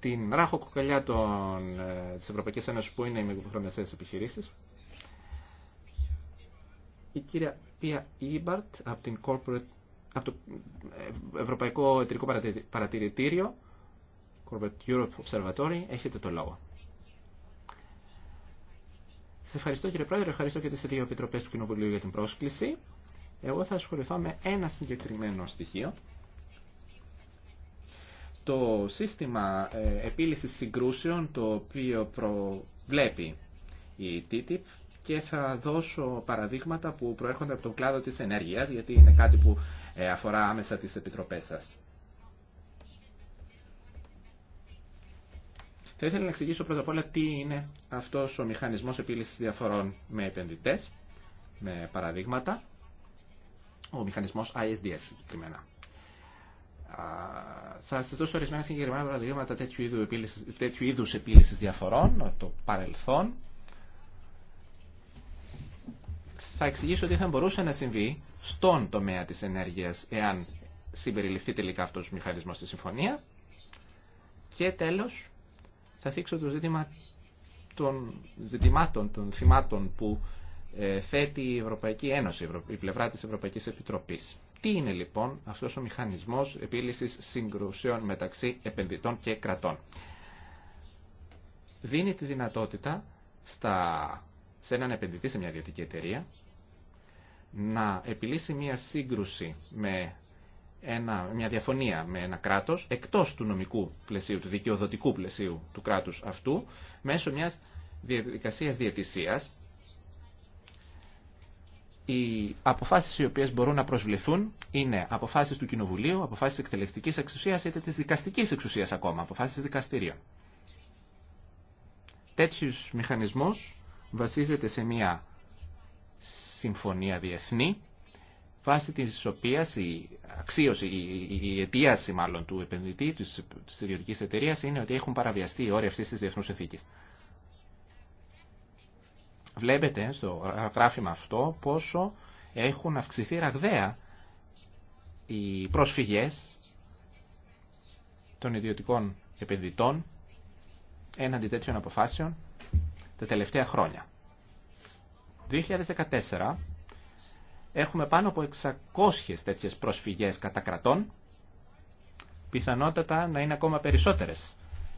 την ράχο κοκαλιά των, ε, της Ευρωπαϊκής Ένωσης που είναι οι μικρομεσαίες επιχειρήσεις. Η κυρία Πία Ιμπαρτ από, από το ε, Ευρωπαϊκό Εταιρικό Παρατηρητήριο Corporate Europe Observatory έχετε το λόγο. Σα ευχαριστώ κύριε Πρόεδρε, ευχαριστώ και τι δύο επιτροπέ του Κοινοβουλίου για την πρόσκληση. Εγώ θα ασχοληθώ με ένα συγκεκριμένο στοιχείο. Το σύστημα ε, επίλυσης συγκρούσεων το οποίο προβλέπει η TTIP και θα δώσω παραδείγματα που προέρχονται από τον κλάδο της ενέργειας γιατί είναι κάτι που ε, αφορά άμεσα τις επιτροπές σας. Θα ήθελα να εξηγήσω πρώτα απ' όλα τι είναι αυτός ο μηχανισμός επίλυσης διαφορών με επενδυτές, με παραδείγματα, ο μηχανισμός ISDS συγκεκριμένα. Θα σα δώσω ορισμένα συγκεκριμένα παραδείγματα τέτοιου είδου επίλυσης, είδους επίλυσης διαφορών, το παρελθόν. Θα εξηγήσω τι θα μπορούσε να συμβεί στον τομέα της ενέργειας εάν συμπεριληφθεί τελικά αυτός ο μηχανισμός στη συμφωνία. Και τέλος, θα θίξω το ζήτημα των ζητημάτων, των θυμάτων που ε, θέτει η Ευρωπαϊκή Ένωση, η πλευρά της Ευρωπαϊκής Επιτροπής. Τι είναι λοιπόν αυτός ο μηχανισμός επίλυσης συγκρουσιών μεταξύ επενδυτών και κρατών. Δίνει τη δυνατότητα στα, σε έναν επενδυτή σε μια ιδιωτική εταιρεία να επιλύσει μια σύγκρουση με ένα, μια διαφωνία με ένα κράτος εκτός του νομικού πλαισίου, του δικαιοδοτικού πλαισίου του κράτους αυτού μέσω μιας διαδικασίας διαιτησία, οι αποφάσεις οι οποίες μπορούν να προσβληθούν είναι αποφάσεις του Κοινοβουλίου, αποφάσεις εκτελεστική εξουσία είτε της δικαστικής εξουσία ακόμα, αποφάσεις δικαστηρίων. Τέτοιου μηχανισμού βασίζεται σε μια συμφωνία διεθνή βάσει τη οποία η αξίωση, η αιτίαση μάλλον του επενδυτή, της ιδιωτική εταιρεία είναι ότι έχουν παραβιαστεί οι όροι αυτή τη διεθνούς συνθήκη. Βλέπετε στο γράφημα αυτό πόσο έχουν αυξηθεί ραγδαία οι προσφυγές των ιδιωτικών επενδυτών έναντι τέτοιων αποφάσεων τα τελευταία χρόνια. 2014 Έχουμε πάνω από 600 τέτοιες προσφυγές κατά κρατών, πιθανότατα να είναι ακόμα περισσότερες.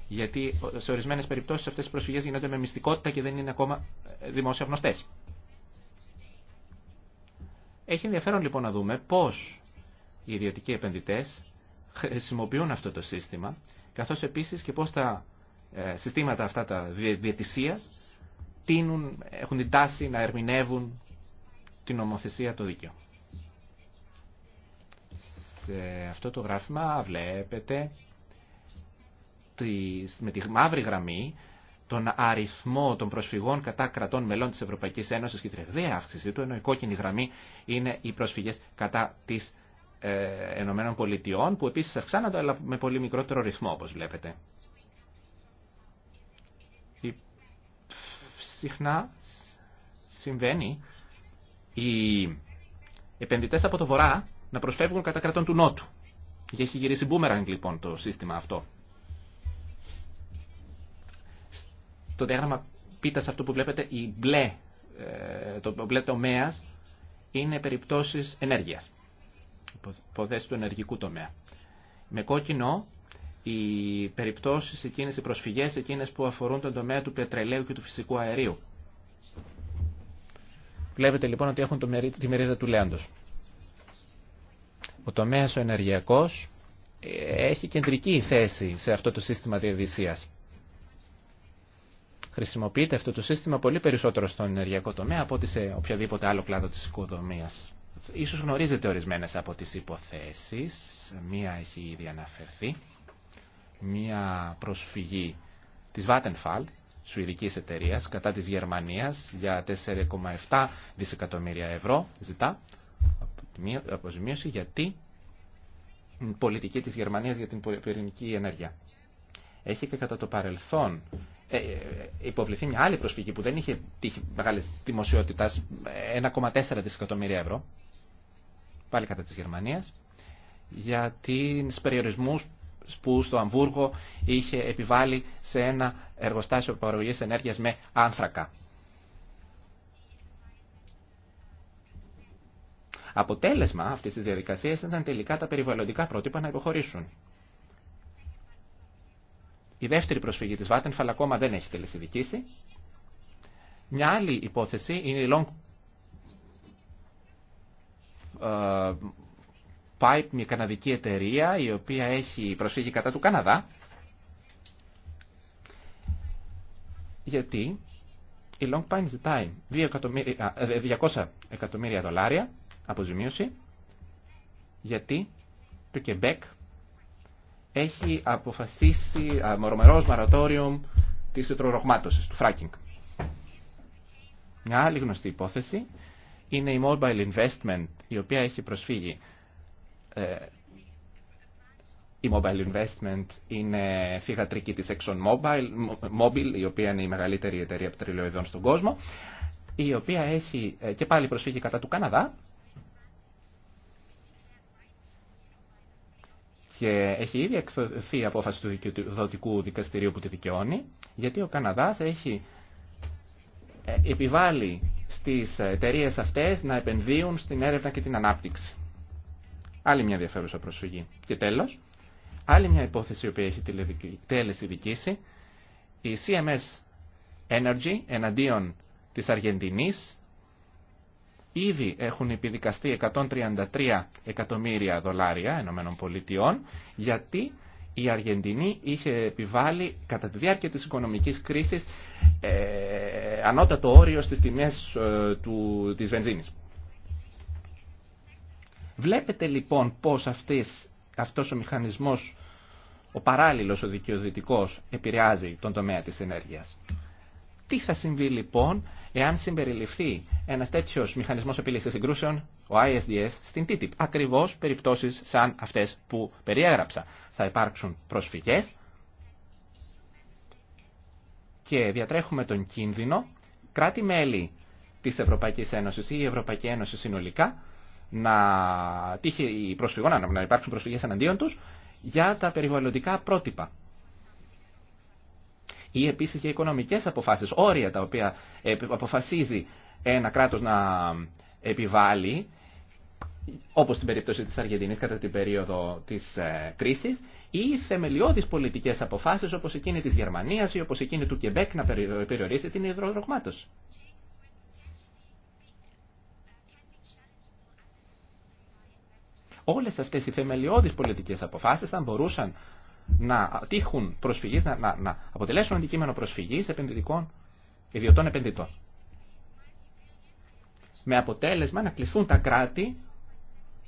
Γιατί σε ορισμένες περιπτώσεις αυτές οι προσφυγές γίνονται με μυστικότητα και δεν είναι ακόμα ε, δημόσια γνωστές. Έχει ενδιαφέρον λοιπόν να δούμε πώς οι ιδιωτικοί επενδυτές χρησιμοποιούν αυτό το σύστημα, καθώς επίσης και πώς τα ε, συστήματα αυτά τα διαιτησίας έχουν την τάση να ερμηνεύουν την ομοθεσία το δίκαιο. Σε αυτό το γράφημα βλέπετε με τη μαύρη γραμμή τον αριθμό των προσφυγών κατά κρατών μελών της Ευρωπαϊκής Ένωσης και τρεβαία αύξηση του, ενώ η κόκκινη γραμμή είναι οι προσφυγές κατά της ε, Ενωμένων Πολιτειών, που επίσης αυξάνονται, αλλά με πολύ μικρότερο ρυθμό, όπως βλέπετε. Συχνά συμβαίνει οι επενδυτέ από το βορρά να προσφεύγουν κατά κρατών του νότου. Και έχει γυρίσει μπούμερανγκ λοιπόν το σύστημα αυτό. Το διάγραμμα πίτας αυτό που βλέπετε, η μπλε, ε, το μπλε τομέα είναι περιπτώσεις ενέργειας. Ποδές του ενεργικού τομέα. Με κόκκινο οι περιπτώσεις εκείνες, οι προσφυγές εκείνες που αφορούν τον τομέα του πετρελαίου και του φυσικού αερίου. Βλέπετε λοιπόν ότι έχουν τη μερίδα του Λέαντος. Ο τομέας ο ενεργειακός ε, έχει κεντρική θέση σε αυτό το σύστημα διαδυσίας. Χρησιμοποιείται αυτό το σύστημα πολύ περισσότερο στον ενεργειακό τομέα από ότι σε οποιαδήποτε άλλο κλάδο της οικοδομίας. Ίσως γνωρίζετε ορισμένες από τις υποθέσεις. Μία έχει ήδη αναφερθεί. Μία προσφυγή της Vattenfall Σουηδική εταιρεία, κατά της Γερμανίας για 4,7 δισεκατομμύρια ευρώ ζητά αποζημίωση γιατί την πολιτική της Γερμανίας για την πυρηνική ενέργεια. Έχει και κατά το παρελθόν ε, ε, υποβληθεί μια άλλη προσφυγή που δεν είχε τύχει μεγάλη δημοσιότητα 1,4 δισεκατομμύρια ευρώ πάλι κατά της Γερμανίας για τι περιορισμού που στο Αμβούργο είχε επιβάλει σε ένα εργοστάσιο παραγωγής ενέργειας με άνθρακα. Αποτέλεσμα αυτής της διαδικασίας ήταν τελικά τα περιβαλλοντικά πρότυπα να υποχωρήσουν. Η δεύτερη προσφυγή της Βάτενφαλ ακόμα δεν έχει τελεσιδικήσει. Μια άλλη υπόθεση είναι η Long ε, Pipe, μια καναδική εταιρεία η οποία έχει προσφύγει κατά του Καναδά γιατί η Long Pine ζητάει 200 ε, εκατομμύρια δολάρια αποζημίωση γιατί το Quebec έχει αποφασίσει μορομερός μαρατόριο της υδρορογμάτωσης, του fracking. Μια άλλη γνωστή υπόθεση είναι η Mobile Investment, η οποία έχει προσφύγει ε, η Mobile Investment είναι φυγατρική της Exxon Mobile, η οποία είναι η μεγαλύτερη εταιρεία πετρελαιοειδών στον κόσμο, η οποία έχει ε, και πάλι προσφύγει κατά του Καναδά και έχει ήδη εκδοθεί η απόφαση του δικαιοδοτικού δικαστηρίου που τη δικαιώνει, γιατί ο Καναδάς έχει ε, επιβάλλει στις εταιρείε αυτές να επενδύουν στην έρευνα και την ανάπτυξη. Άλλη μια ενδιαφέρουσα προσφυγή. Και τέλος, άλλη μια υπόθεση η οποία έχει τέλεση δικήσει, η CMS Energy εναντίον της Αργεντινής, ήδη έχουν επιδικαστεί 133 εκατομμύρια δολάρια Ενωμένων Πολιτειών, γιατί η Αργεντινή είχε επιβάλει κατά τη διάρκεια της οικονομικής κρίσης ε, ε, ε ανώτατο όριο στις τιμές ε, του, της βενζίνης. Βλέπετε λοιπόν πώς αυτής αυτός ο μηχανισμός, ο παράλληλος, ο δικαιοδυτικός, επηρεάζει τον τομέα της ενέργειας. Τι θα συμβεί λοιπόν εάν συμπεριληφθεί ένας τέτοιος μηχανισμός επιλήξης συγκρούσεων, ο ISDS, στην TTIP. Ακριβώς περιπτώσεις σαν αυτές που περιέγραψα. Θα υπάρξουν προσφυγές και διατρέχουμε τον κίνδυνο κράτη-μέλη της Ευρωπαϊκής Ένωσης ή η Ευρωπαϊκή Ένωση συνολικά να τύχει η να υπάρξουν προσφυγές εναντίον τους για τα περιβαλλοντικά πρότυπα. Ή επιση για οικονομικές αποφάσεις, όρια τα οποία ε, αποφασίζει ένα κράτος να επιβάλλει, όπως στην περίπτωση της Αργεντινής κατά την περίοδο της ε, κρίσης, ή θεμελιώδεις πολιτικές αποφάσεις όπως εκείνη της Γερμανίας ή όπως εκείνη του Κεμπέκ να ε, περιορίσει την υδρογραμμάτωση. όλες αυτές οι θεμελιώδεις πολιτικές αποφάσεις θα μπορούσαν να τύχουν να, να, να αποτελέσουν αντικείμενο προσφυγής επενδυτικών ιδιωτών επενδυτών. Με αποτέλεσμα να κληθούν τα κράτη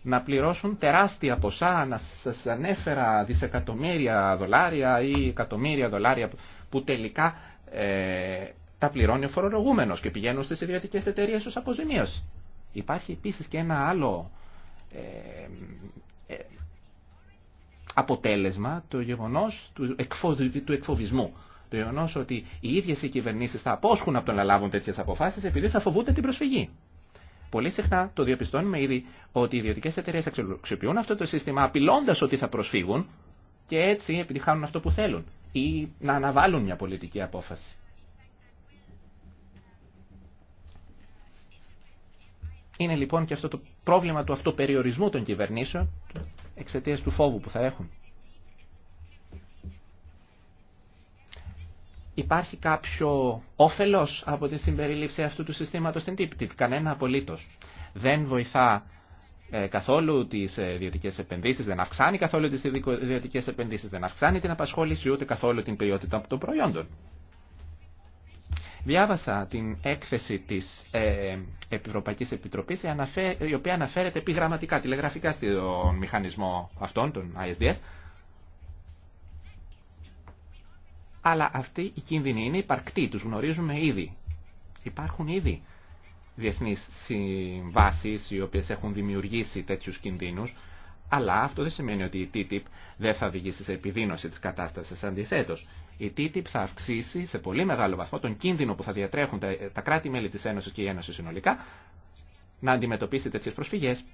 να πληρώσουν τεράστια ποσά, να σα ανέφερα δισεκατομμύρια δολάρια ή εκατομμύρια δολάρια που τελικά ε, τα πληρώνει ο φορολογούμενος και πηγαίνουν στις ιδιωτικές εταιρείες ως αποζημίωση. Υπάρχει επίσης και ένα άλλο ε, ε, αποτέλεσμα το γεγονός του, του εκφοβισμού. Το γεγονός ότι οι ίδιες οι κυβερνήσεις θα απόσχουν από το να λάβουν τέτοιε αποφάσει επειδή θα φοβούνται την προσφυγή. Πολύ συχνά το διαπιστώνουμε ήδη ότι οι ιδιωτικέ εταιρείε αξιοποιούν αυτό το σύστημα απειλώντα ότι θα προσφύγουν και έτσι επιτυχάνουν αυτό που θέλουν ή να αναβάλουν μια πολιτική απόφαση. Είναι λοιπόν και αυτό το πρόβλημα του αυτοπεριορισμού των κυβερνήσεων εξαιτία του φόβου που θα έχουν. Υπάρχει κάποιο όφελος από τη συμπεριλήψη αυτού του συστήματος στην τύπτη. Κανένα απολύτως. Δεν βοηθά ε, καθόλου τι ε, ιδιωτικέ επενδύσεις, δεν αυξάνει καθόλου τις ιδιωτικέ επενδύσεις, δεν αυξάνει την απασχόληση ούτε καθόλου την ποιότητα των προϊόντων. Διάβασα την έκθεση της ε, Ευρωπαϊκής Επιτροπής, η οποία αναφέρεται επιγραμματικά, τηλεγραφικά στον μηχανισμό αυτόν, τον ISDS, αλλά αυτή η κίνδυνη είναι υπαρκτή, τους γνωρίζουμε ήδη. Υπάρχουν ήδη διεθνείς συμβάσεις οι οποίες έχουν δημιουργήσει τέτοιους κινδύνους, αλλά αυτό δεν σημαίνει ότι η TTIP δεν θα οδηγήσει σε επιδείνωση της κατάστασης αντιθέτως. Η TTIP θα αυξήσει σε πολύ μεγάλο βαθμό τον κίνδυνο που θα διατρέχουν τα κράτη-μέλη της Ένωσης και η Ένωση συνολικά να αντιμετωπίσει τέτοιες προσφυγές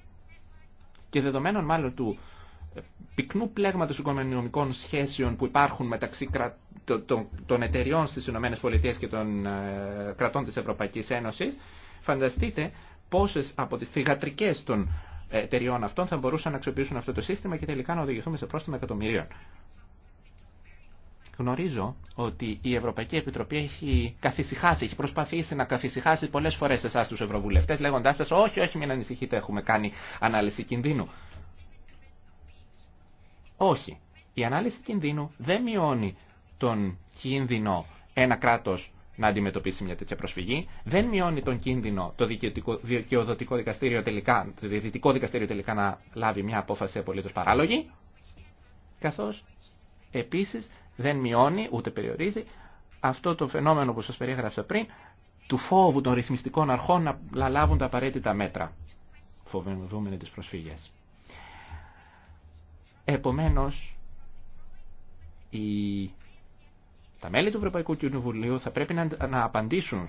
και δεδομένων μάλλον του ε, πυκνού πλέγματος οικονομικών σχέσεων που υπάρχουν μεταξύ των εταιριών στις ΗΠΑ και των ε, κρατών της Ευρωπαϊκής Ένωσης, φανταστείτε πόσες από τις θηγατρικές των ε, εταιριών αυτών θα μπορούσαν να αξιοποιήσουν αυτό το σύστημα και τελικά να οδηγηθούμε σε πρόστιμα εκατομμυρίων. Γνωρίζω ότι η Ευρωπαϊκή Επιτροπή έχει καθησυχάσει, έχει προσπαθήσει να καθησυχάσει πολλέ φορέ εσά του Ευρωβουλευτέ, λέγοντά σα: Όχι, όχι, μην ανησυχείτε, έχουμε κάνει ανάλυση κινδύνου. Όχι. Η ανάλυση κινδύνου δεν μειώνει τον κίνδυνο ένα κράτο να αντιμετωπίσει μια τέτοια προσφυγή. Δεν μειώνει τον κίνδυνο το δικαιοδοτικό δικαστήριο τελικά, το διαιτητικό δικαστήριο τελικά να λάβει μια απόφαση απολύτω παράλογη. Καθώ επίση δεν μειώνει ούτε περιορίζει αυτό το φαινόμενο που σας περιέγραψα πριν του φόβου των ρυθμιστικών αρχών να λάβουν τα απαραίτητα μέτρα φοβευόμενοι τις προσφύγες. Επομένως, οι... τα μέλη του Ευρωπαϊκού Κοινοβουλίου θα πρέπει να, να απαντήσουν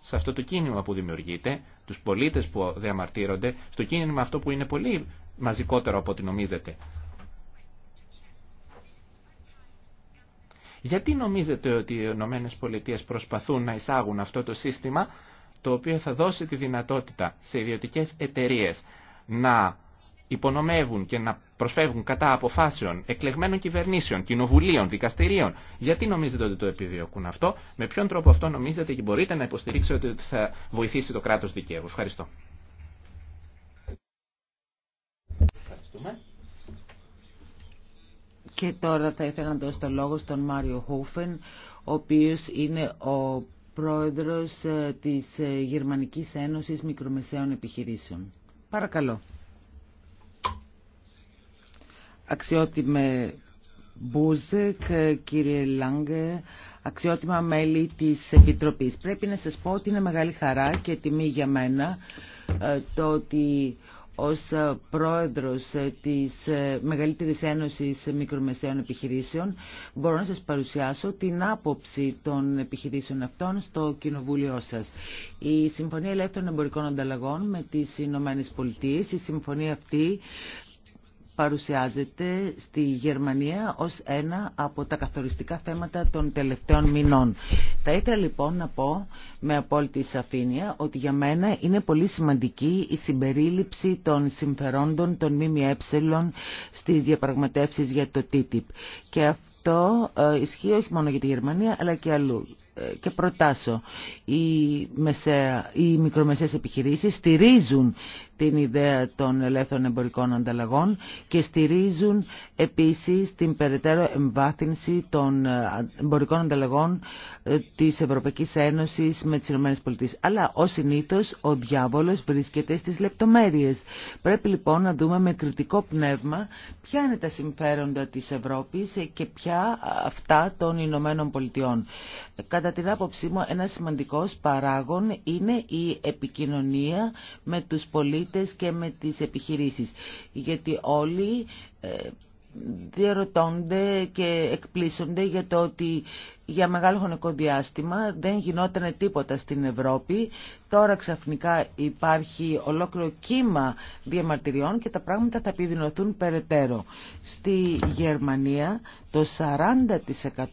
σε αυτό το κίνημα που δημιουργείται, τους πολίτες που διαμαρτύρονται, στο κίνημα αυτό που είναι πολύ μαζικότερο από ό,τι νομίζετε. Γιατί νομίζετε ότι οι Ηνωμένε Πολιτείες προσπαθούν να εισάγουν αυτό το σύστημα το οποίο θα δώσει τη δυνατότητα σε ιδιωτικές εταιρείες να υπονομεύουν και να προσφεύγουν κατά αποφάσεων εκλεγμένων κυβερνήσεων, κοινοβουλίων, δικαστηρίων. Γιατί νομίζετε ότι το επιδιώκουν αυτό, με ποιον τρόπο αυτό νομίζετε και μπορείτε να υποστηρίξετε ότι θα βοηθήσει το κράτος δικαίου. Ευχαριστώ. Ευχαριστούμε. Και τώρα θα ήθελα να δώσω το λόγο στον Μάριο Χούφεν, ο οποίος είναι ο πρόεδρος ε, της ε, Γερμανικής Ένωσης Μικρομεσαίων Επιχειρήσεων. Παρακαλώ. Αξιότιμε Μπούζεκ, ε, κύριε Λάγκε, αξιότιμα μέλη της Επιτροπής. Πρέπει να σας πω ότι είναι μεγάλη χαρά και τιμή για μένα το ότι ως ε, πρόεδρος ε, της ε, Μεγαλύτερης Ένωσης Μικρομεσαίων Επιχειρήσεων μπορώ να σας παρουσιάσω την άποψη των επιχειρήσεων αυτών στο κοινοβούλιο σας. Η Συμφωνία Ελεύθερων Εμπορικών Ανταλλαγών με τις Ηνωμένες Πολιτείες, η συμφωνία αυτή παρουσιάζεται στη Γερμανία ως ένα από τα καθοριστικά θέματα των τελευταίων μηνών. Θα ήθελα λοιπόν να πω με απόλυτη σαφήνεια ότι για μένα είναι πολύ σημαντική η συμπερίληψη των συμφερόντων των ΜΜΕ στις διαπραγματεύσεις για το TTIP. Και αυτό ε, ισχύει όχι μόνο για τη Γερμανία αλλά και αλλού ε, και προτάσω οι, μεσαία, οι μικρομεσαίες επιχειρήσεις στηρίζουν την ιδέα των ελεύθερων εμπορικών ανταλλαγών και στηρίζουν επίσης την περαιτέρω εμβάθυνση των ε, εμπορικών ανταλλαγών ε, της Ευρωπαϊκής Ένωσης με τις ΗΠΑ. Αλλά ως συνήθως ο διάβολος βρίσκεται στις λεπτομέρειες. Πρέπει λοιπόν να δούμε με κριτικό πνεύμα ποια είναι τα συμφέροντα της Ευρώπης και ποια αυτά των Ηνωμένων Πολιτειών. Κατά την άποψή μου ένα σημαντικός παράγον είναι η επικοινωνία με τους πολίτες πολίτες και με τις επιχειρήσεις. Γιατί όλοι ε, διαρωτώνται και εκπλήσονται για το ότι για μεγάλο χρονικό διάστημα δεν γινόταν τίποτα στην Ευρώπη. Τώρα ξαφνικά υπάρχει ολόκληρο κύμα διαμαρτυριών και τα πράγματα θα επιδεινωθούν περαιτέρω. Στη Γερμανία το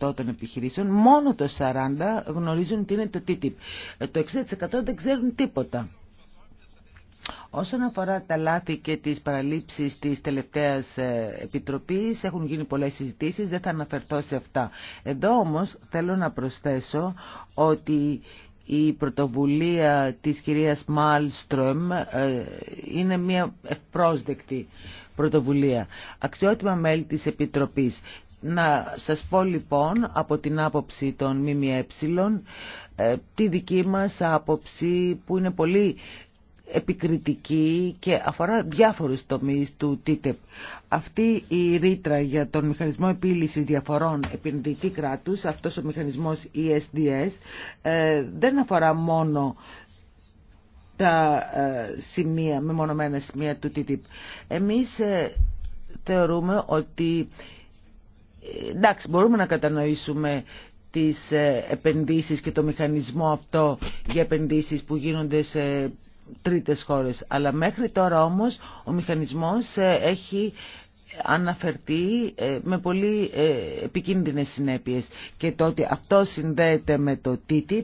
40% των επιχειρήσεων, μόνο το 40% γνωρίζουν τι είναι το TTIP. Ε, το 60% δεν ξέρουν τίποτα. Όσον αφορά τα λάθη και τις παραλήψεις της τελευταίας ε, επιτροπής, έχουν γίνει πολλές συζητήσεις, δεν θα αναφερθώ σε αυτά. Εδώ όμως θέλω να προσθέσω ότι η πρωτοβουλία της κυρίας Μάλστρομ ε, είναι μια ευπρόσδεκτη πρωτοβουλία. Αξιότιμα μέλη της Επιτροπής. Να σας πω λοιπόν από την άποψη των ΜΜΕ ε, τη δική μας άποψη που είναι πολύ επικριτική και αφορά διάφορους τομείς του TTIP. Αυτή η ρήτρα για τον μηχανισμό επίλυσης διαφορών επενδυτή κράτους, αυτός ο μηχανισμός ESDS, ε, δεν αφορά μόνο τα ε, σημεία, μεμονωμένα σημεία του TTIP. Εμείς ε, θεωρούμε ότι εντάξει μπορούμε να κατανοήσουμε τις επενδύσεις και το μηχανισμό αυτό για επενδύσεις που γίνονται σε τρίτες χώρες. Αλλά μέχρι τώρα όμως ο μηχανισμός ε, έχει αναφερθεί ε, με πολύ ε, επικίνδυνες συνέπειες και το ότι αυτό συνδέεται με το TTIP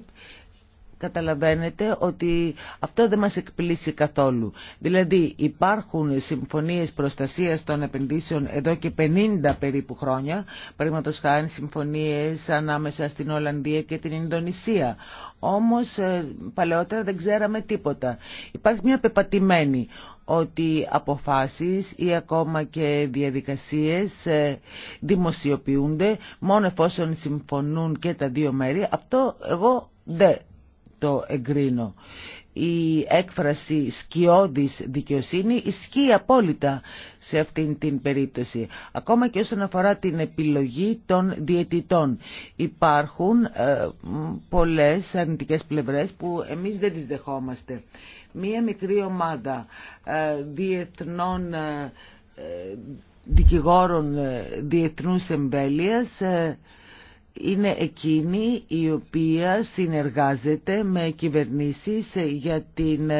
καταλαβαίνετε ότι αυτό δεν μας εκπλήσει καθόλου. Δηλαδή υπάρχουν συμφωνίες προστασίας των επενδύσεων εδώ και 50 περίπου χρόνια, παραδείγματος χάρη συμφωνίες ανάμεσα στην Ολλανδία και την Ινδονησία. Όμως ε, παλαιότερα δεν ξέραμε τίποτα. Υπάρχει μια πεπατημένη ότι αποφάσεις ή ακόμα και διαδικασίες ε, δημοσιοποιούνται μόνο εφόσον συμφωνούν και τα δύο μέρη. Αυτό εγώ δεν το εγκρίνω. Η έκφραση σκιώδης δικαιοσύνη ισχύει απόλυτα σε αυτήν την περίπτωση. Ακόμα και όσον αφορά την επιλογή των διαιτητών. Υπάρχουν ε, πολλές αρνητικές πλευρές που εμείς δεν τις δεχόμαστε. Μία μικρή ομάδα ε, διεθνών ε, ε, δικηγόρων ε, διεθνούς εμβέλειας είναι εκείνη η οποία συνεργάζεται με κυβερνήσεις για την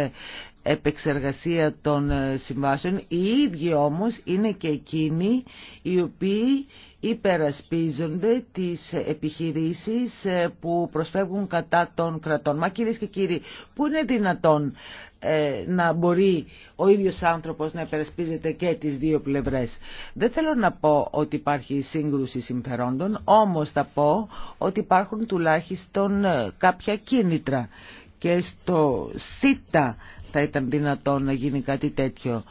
επεξεργασία των συμβάσεων. Οι ίδιοι όμως είναι και εκείνοι οι οποίοι υπερασπίζονται τις επιχειρήσεις που προσφεύγουν κατά των κρατών. Μα κυρίες και κύριοι, πού είναι δυνατόν ε, να μπορεί ο ίδιος άνθρωπος να υπερασπίζεται και τις δύο πλευρές. Δεν θέλω να πω ότι υπάρχει σύγκρουση συμφερόντων, όμως θα πω ότι υπάρχουν τουλάχιστον ε, κάποια κίνητρα και στο ΣΥΤΑ θα ήταν δυνατόν να γίνει κάτι τέτοιο.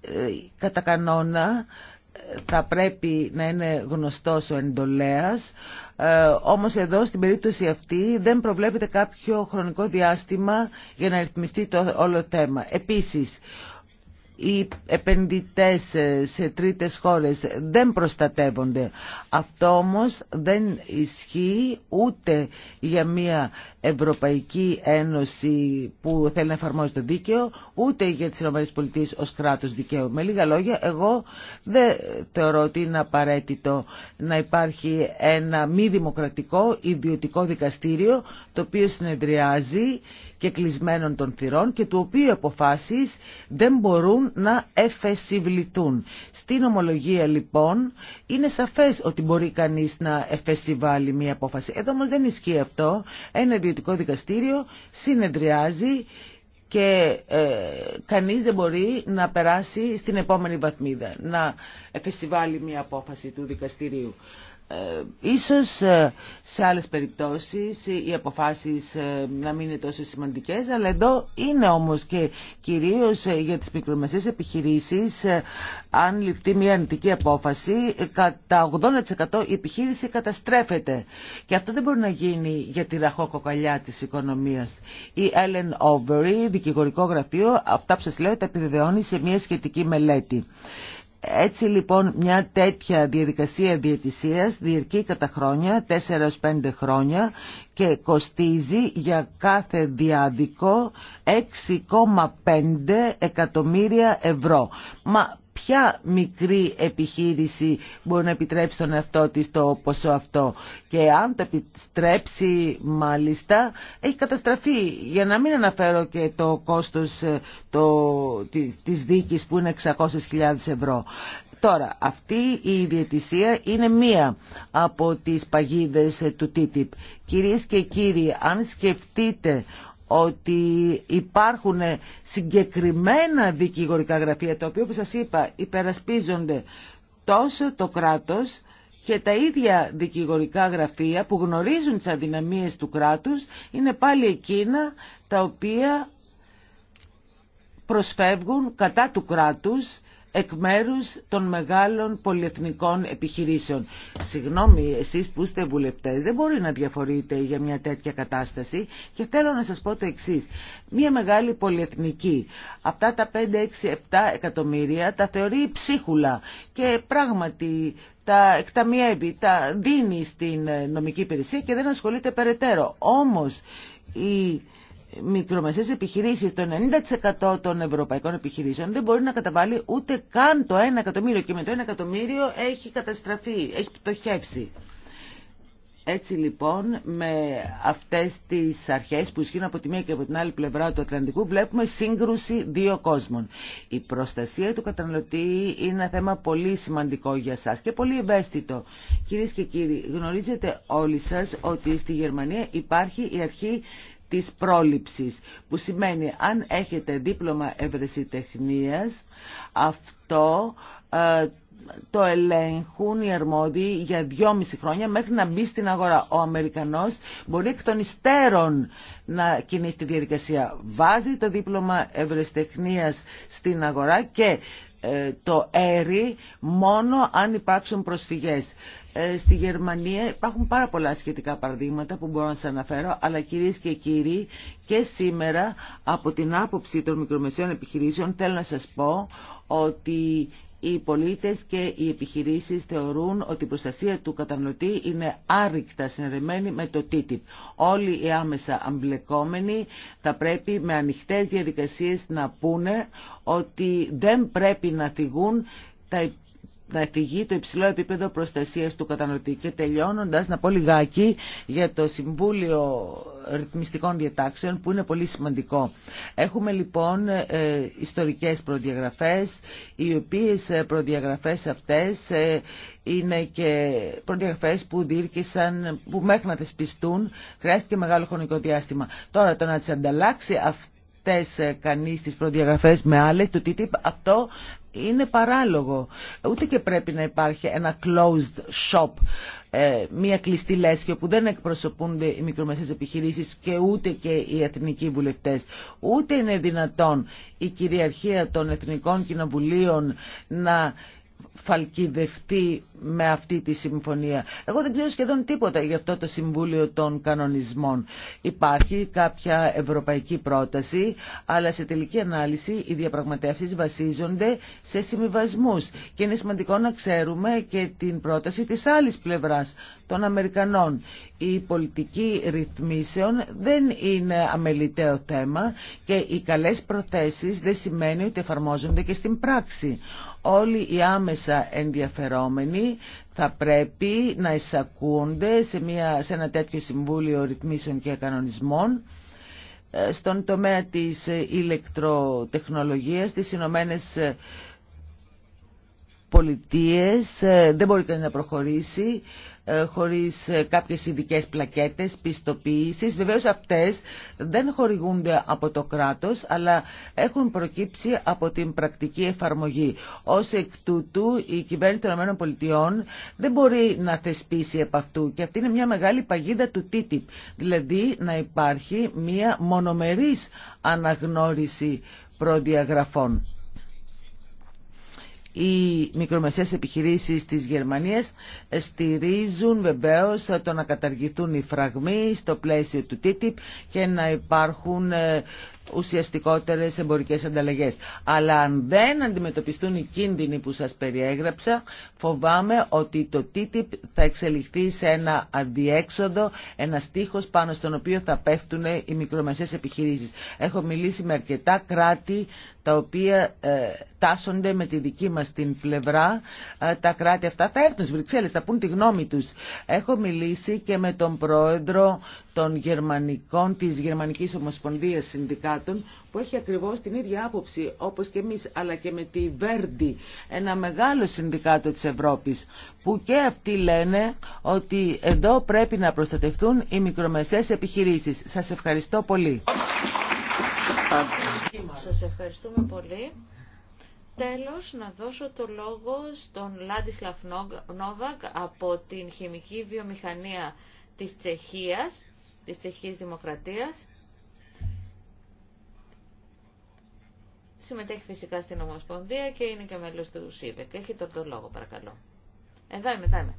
Ε, κατά κανόνα θα πρέπει να είναι γνωστός ο εντολέας, ε, όμως εδώ στην περίπτωση αυτή δεν προβλέπεται κάποιο χρονικό διάστημα για να ρυθμιστεί το όλο θέμα. Επίσης, οι επενδυτές σε τρίτες χώρες δεν προστατεύονται. Αυτό όμως δεν ισχύει ούτε για μια Ευρωπαϊκή Ένωση που θέλει να εφαρμόζει το δίκαιο, ούτε για τις ΗΠΑ ως κράτος δικαίου. Με λίγα λόγια, εγώ δεν θεωρώ ότι είναι απαραίτητο να υπάρχει ένα μη δημοκρατικό ιδιωτικό δικαστήριο το οποίο συνεδριάζει και κλεισμένων των θυρών και του οποίου αποφάσεις δεν μπορούν να εφεσιβληθούν. Στην ομολογία λοιπόν είναι σαφές ότι μπορεί κανείς να εφεσιβάλει μία απόφαση. Εδώ όμως δεν ισχύει αυτό. Ένα ιδιωτικό δικαστήριο συνεδριάζει και ε, κανείς δεν μπορεί να περάσει στην επόμενη βαθμίδα, να εφεσιβάλει μία απόφαση του δικαστηρίου. Ε, ίσως ε, σε άλλες περιπτώσεις οι αποφάσεις ε, να μην είναι τόσο σημαντικές αλλά εδώ είναι όμως και κυρίως για τις μικρομεσαίες επιχειρήσεις αν ληφθεί μια αρνητική απόφαση κατά 80% η επιχείρηση καταστρέφεται και αυτό δεν μπορεί να γίνει για τη ραχοκοκαλιά της οικονομίας. Η Ellen Overy, δικηγορικό γραφείο, αυτά που σας λέω τα επιβεβαιώνει σε μια σχετική μελέτη. Έτσι λοιπόν μια τέτοια διαδικασία διατησίας διαρκεί κατά χρόνια, 4-5 χρόνια και κοστίζει για κάθε διάδικο 6,5 εκατομμύρια ευρώ. Μα ποια μικρή επιχείρηση μπορεί να επιτρέψει τον εαυτό της το ποσό αυτό και αν το επιτρέψει μάλιστα έχει καταστραφεί για να μην αναφέρω και το κόστος ε, το, της, δίκης που είναι 600.000 ευρώ. Τώρα, αυτή η ιδιαιτησία είναι μία από τις παγίδες ε, του TTIP. Κυρίες και κύριοι, αν σκεφτείτε ότι υπάρχουν συγκεκριμένα δικηγορικά γραφεία τα οποία όπως σας είπα υπερασπίζονται τόσο το κράτος και τα ίδια δικηγορικά γραφεία που γνωρίζουν τις αδυναμίες του κράτους είναι πάλι εκείνα τα οποία προσφεύγουν κατά του κράτους εκ μέρους των μεγάλων πολυεθνικών επιχειρήσεων. Συγγνώμη, εσείς που είστε βουλευτές δεν μπορεί να διαφορείτε για μια τέτοια κατάσταση και θέλω να σας πω το εξής. Μια μεγάλη πολυεθνική, αυτά τα 5, 6, 7 εκατομμύρια τα θεωρεί ψίχουλα και πράγματι τα εκταμιεύει, τα δίνει στην νομική υπηρεσία και δεν ασχολείται περαιτέρω. Όμως η μικρομεσαίες επιχειρήσεις, το 90% των ευρωπαϊκών επιχειρήσεων δεν μπορεί να καταβάλει ούτε καν το 1 εκατομμύριο και με το 1 εκατομμύριο έχει καταστραφεί, έχει πτωχεύσει. Έτσι λοιπόν με αυτές τις αρχές που ισχύουν από τη μία και από την άλλη πλευρά του Ατλαντικού βλέπουμε σύγκρουση δύο κόσμων. Η προστασία του καταναλωτή είναι ένα θέμα πολύ σημαντικό για σας και πολύ ευαίσθητο. Κυρίες και κύριοι γνωρίζετε όλοι σας ότι στη Γερμανία υπάρχει η αρχή της πρόληψης που σημαίνει αν έχετε δίπλωμα ευρεσιτεχνίας αυτό ε, το ελέγχουν οι αρμόδιοι για δυόμιση χρόνια μέχρι να μπει στην αγορά. Ο Αμερικανός μπορεί εκ των υστέρων να κινήσει τη διαδικασία. Βάζει το δίπλωμα ευρεσιτεχνίας στην αγορά και ε, το έρι μόνο αν υπάρξουν προσφυγές. Ε, στη Γερμανία υπάρχουν πάρα πολλά σχετικά παραδείγματα που μπορώ να σας αναφέρω, αλλά κυρίες και κύριοι και σήμερα από την άποψη των μικρομεσαίων επιχειρήσεων θέλω να σας πω ότι οι πολίτες και οι επιχειρήσεις θεωρούν ότι η προστασία του καταναλωτή είναι άρρηκτα συνδεμένη με το TTIP. Όλοι οι άμεσα αμπλεκόμενοι θα πρέπει με ανοιχτές διαδικασίες να πούνε ότι δεν πρέπει να θυγούν τα να φυγεί το υψηλό επίπεδο προστασίας του κατανοητή Και τελειώνοντας να πω λιγάκι για το Συμβούλιο Ρυθμιστικών Διατάξεων που είναι πολύ σημαντικό. Έχουμε λοιπόν ε, ιστορικές προδιαγραφές, οι οποίες ε, προδιαγραφές αυτές ε, είναι και προδιαγραφές που δίρκησαν, που μέχρι να θεσπιστούν χρειάστηκε μεγάλο χρονικό διάστημα. Τώρα το να τις ανταλλάξει αυτέ αυτές ε, κανείς τις προδιαγραφές με άλλες, το TTIP, αυτό είναι παράλογο. Ούτε και πρέπει να υπάρχει ένα closed shop, ε, μια κλειστή λέσχη όπου δεν εκπροσωπούνται οι μικρομεσαίες επιχειρήσεις και ούτε και οι εθνικοί βουλευτές. Ούτε είναι δυνατόν η κυριαρχία των εθνικών κοινοβουλίων να φαλκιδευτεί με αυτή τη συμφωνία. Εγώ δεν ξέρω σχεδόν τίποτα για αυτό το Συμβούλιο των Κανονισμών. Υπάρχει κάποια ευρωπαϊκή πρόταση, αλλά σε τελική ανάλυση οι διαπραγματεύσεις βασίζονται σε συμβιβασμού. Και είναι σημαντικό να ξέρουμε και την πρόταση της άλλης πλευράς των Αμερικανών. Η πολιτική ρυθμίσεων δεν είναι αμεληταίο θέμα και οι καλές προθέσεις δεν σημαίνει ότι εφαρμόζονται και στην πράξη όλοι οι άμεσα ενδιαφερόμενοι θα πρέπει να εισακούνται σε, μια, σε ένα τέτοιο Συμβούλιο Ρυθμίσεων και Κανονισμών ε, στον τομέα της ε, ηλεκτροτεχνολογίας, της Ηνωμένε ε, Πολιτείες. Δεν μπορεί κανείς να προχωρήσει ε, χωρίς ε, κάποιες ειδικέ πλακέτες, πιστοποιήσεις. Βεβαίως αυτές δεν χορηγούνται από το κράτος, αλλά έχουν προκύψει από την πρακτική εφαρμογή. Ως εκ τούτου η κυβέρνηση των ΗΠΑ δεν μπορεί να θεσπίσει επ' αυτού και αυτή είναι μια μεγάλη παγίδα του TTIP, δηλαδή να υπάρχει μια μονομερής αναγνώριση προδιαγραφών οι μικρομεσαίες επιχειρήσεις της Γερμανίας στηρίζουν βεβαίως το να καταργηθούν οι φραγμοί στο πλαίσιο του TTIP και να υπάρχουν ε, ουσιαστικότερες εμπορικές ανταλλαγές. Αλλά αν δεν αντιμετωπιστούν οι κίνδυνοι που σας περιέγραψα, φοβάμαι ότι το TTIP θα εξελιχθεί σε ένα αντιέξοδο, ένα στίχος πάνω στον οποίο θα πέφτουν οι μικρομεσαίες επιχειρήσεις. Έχω μιλήσει με αρκετά κράτη τα οποία ε, τάσσονται με τη δική μας την πλευρά. Ε, τα κράτη αυτά θα έρθουν στις Βρυξέλλες, θα πούν τη γνώμη τους. Έχω μιλήσει και με τον πρόεδρο των γερμανικών, της Γερμανικής Ομοσπονδίας Συνδικάτων που έχει ακριβώς την ίδια άποψη όπως και εμείς αλλά και με τη Βέρντι, ένα μεγάλο συνδικάτο της Ευρώπης που και αυτοί λένε ότι εδώ πρέπει να προστατευτούν οι μικρομεσαίες επιχειρήσεις. Σας ευχαριστώ πολύ. Σας ευχαριστούμε πολύ. Τέλος, να δώσω το λόγο στον Λάντισλαφ Νόβακ από την χημική βιομηχανία της Τσεχίας της Τσεχικής Δημοκρατίας. Συμμετέχει φυσικά στην Ομοσπονδία και είναι και μέλος του ΣΥΒΕΚ. Έχει τον, λόγο παρακαλώ. Εδώ είμαι, εδώ είμαι.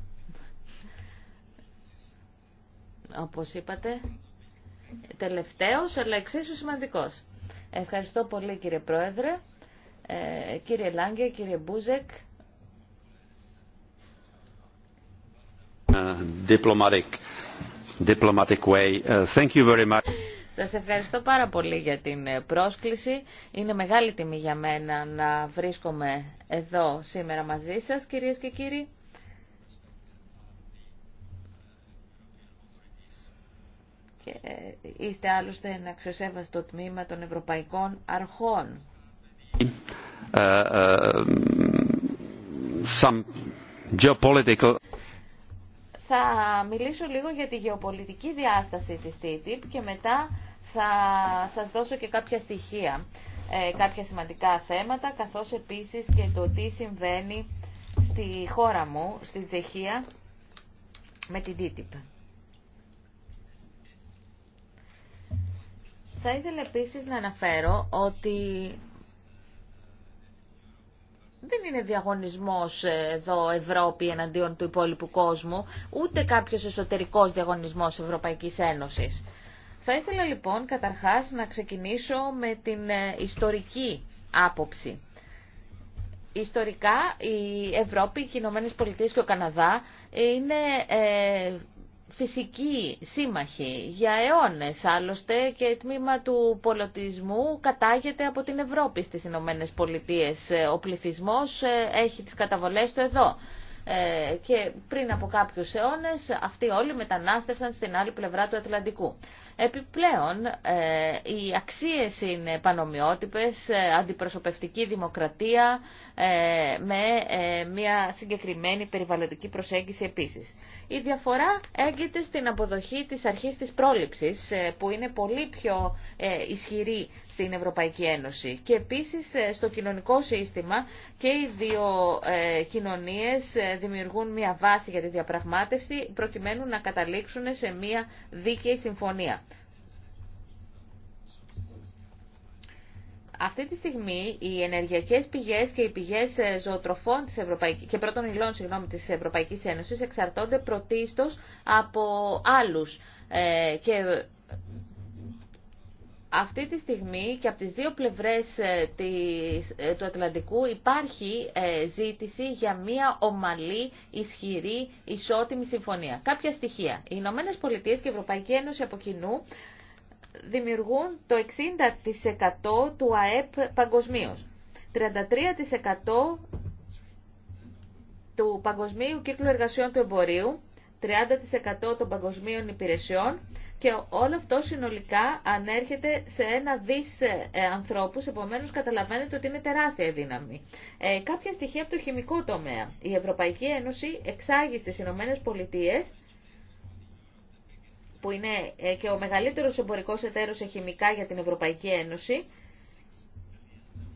Όπως είπατε, τελευταίος αλλά εξίσου σημαντικός. Ευχαριστώ πολύ κύριε Πρόεδρε, ε, κύριε Λάγκε, κύριε Μπούζεκ. Diplomatic ε, diplomatic uh, Σας ευχαριστώ πάρα πολύ για την ε, πρόσκληση. Είναι μεγάλη τιμή για μένα να βρίσκομαι εδώ σήμερα μαζί σας, κυρίες και κύριοι. Και ε, είστε άλλωστε ένα αξιοσέβαστο τμήμα των Ευρωπαϊκών Αρχών. Uh, uh, some geopolitical... Θα μιλήσω λίγο για τη γεωπολιτική διάσταση της TTIP και μετά θα σας δώσω και κάποια στοιχεία, ε, κάποια σημαντικά θέματα, καθώς επίσης και το τι συμβαίνει στη χώρα μου, στην Τσεχία, με την TTIP. Θα ήθελα επίσης να αναφέρω ότι δεν είναι διαγωνισμός ε, εδώ Ευρώπη εναντίον του υπόλοιπου κόσμου, ούτε κάποιος εσωτερικός διαγωνισμός Ευρωπαϊκής Ένωσης. Θα ήθελα λοιπόν καταρχάς να ξεκινήσω με την ε, ιστορική άποψη. Ιστορικά η Ευρώπη, οι Ηνωμένε Πολιτείε και ο Καναδά είναι ε, φυσικοί σύμμαχοι για αιώνες άλλωστε και τμήμα του πολιτισμού κατάγεται από την Ευρώπη στις Ηνωμένε Πολιτείες. Ε, ο πληθυσμός ε, έχει τις καταβολές του εδώ. Ε, και πριν από κάποιους αιώνες αυτοί όλοι μετανάστευσαν στην άλλη πλευρά του Ατλαντικού. Επιπλέον, ε, οι αξίες είναι πανομοιότυπες, ε, αντιπροσωπευτική δημοκρατία ε, με μια συγκεκριμένη περιβαλλοντική προσέγγιση επίσης. Η διαφορά έγκυται στην αποδοχή της αρχής της πρόληψης που είναι πολύ πιο ισχυρή στην Ευρωπαϊκή Ένωση και επίσης στο κοινωνικό σύστημα και οι δύο κοινωνίες δημιουργούν μια βάση για τη διαπραγμάτευση προκειμένου να καταλήξουν σε μια δίκαιη συμφωνία. αυτή τη στιγμή οι ενεργειακές πηγές και οι πηγές ε, ζωοτροφών της και πρώτων υλών τη της Ευρωπαϊκής Ένωσης εξαρτώνται πρωτίστως από άλλους. Ε, και αυτή τη στιγμή και από τις δύο πλευρές ε, του Ατλαντικού υπάρχει ζήτηση για μια ομαλή, ισχυρή, ισότιμη συμφωνία. Κάποια στοιχεία. Οι Ηνωμένε Πολιτείες και η Ευρωπαϊκή Ένωση από κοινού δημιουργούν το 60% του ΑΕΠ παγκοσμίω. 33% του παγκοσμίου κύκλου εργασιών του εμπορίου, 30% των παγκοσμίων υπηρεσιών και όλο αυτό συνολικά ανέρχεται σε ένα δις ε, ανθρώπους, επομένως καταλαβαίνετε ότι είναι τεράστια δύναμη. Ε, κάποια στοιχεία από το χημικό τομέα. Η Ευρωπαϊκή Ένωση εξάγει στις Ηνωμένες Πολιτείες που είναι ε, και ο μεγαλύτερος εμπορικός εταίρος σε χημικά για την Ευρωπαϊκή Ένωση,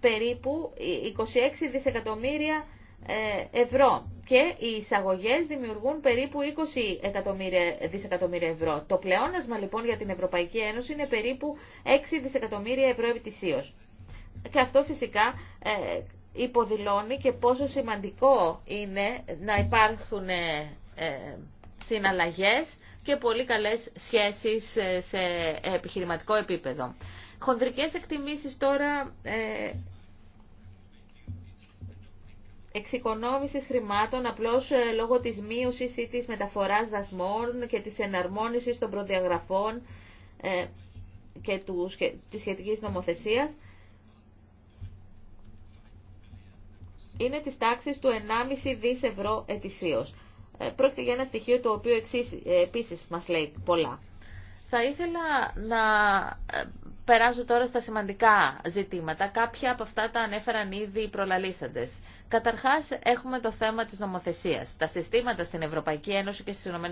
περίπου 26 δισεκατομμύρια ε, ευρώ και οι εισαγωγές δημιουργούν περίπου 20 εκατομμύρια, δισεκατομμύρια ευρώ. Το πλεόνασμα λοιπόν για την Ευρωπαϊκή Ένωση είναι περίπου 6 δισεκατομμύρια ευρώ επιτησίως. Και αυτό φυσικά ε, υποδηλώνει και πόσο σημαντικό είναι να υπάρχουν συναλλαγές και πολύ καλές σχέσεις ε, σε επιχειρηματικό επίπεδο. Χονδρικές εκτιμήσεις τώρα ε, εξοικονόμησης χρημάτων απλώς ε, λόγω της μείωσης ή της μεταφοράς δασμών και της εναρμόνισης των προδιαγραφών ε, και του, της σχετικής νομοθεσίας είναι της τάξης του 1,5 δις ευρώ ετησίως. Ε, πρόκειται για ένα στοιχείο το οποίο εξής, ε, επίσης μας λέει πολλά. Θα ήθελα να ε, περάσω τώρα στα σημαντικά ζητήματα. Κάποια από αυτά τα ανέφεραν ήδη οι προλαλήσαντες. Καταρχάς, έχουμε το θέμα της νομοθεσίας. Τα συστήματα στην Ευρωπαϊκή Ένωση και στις ΗΠΑ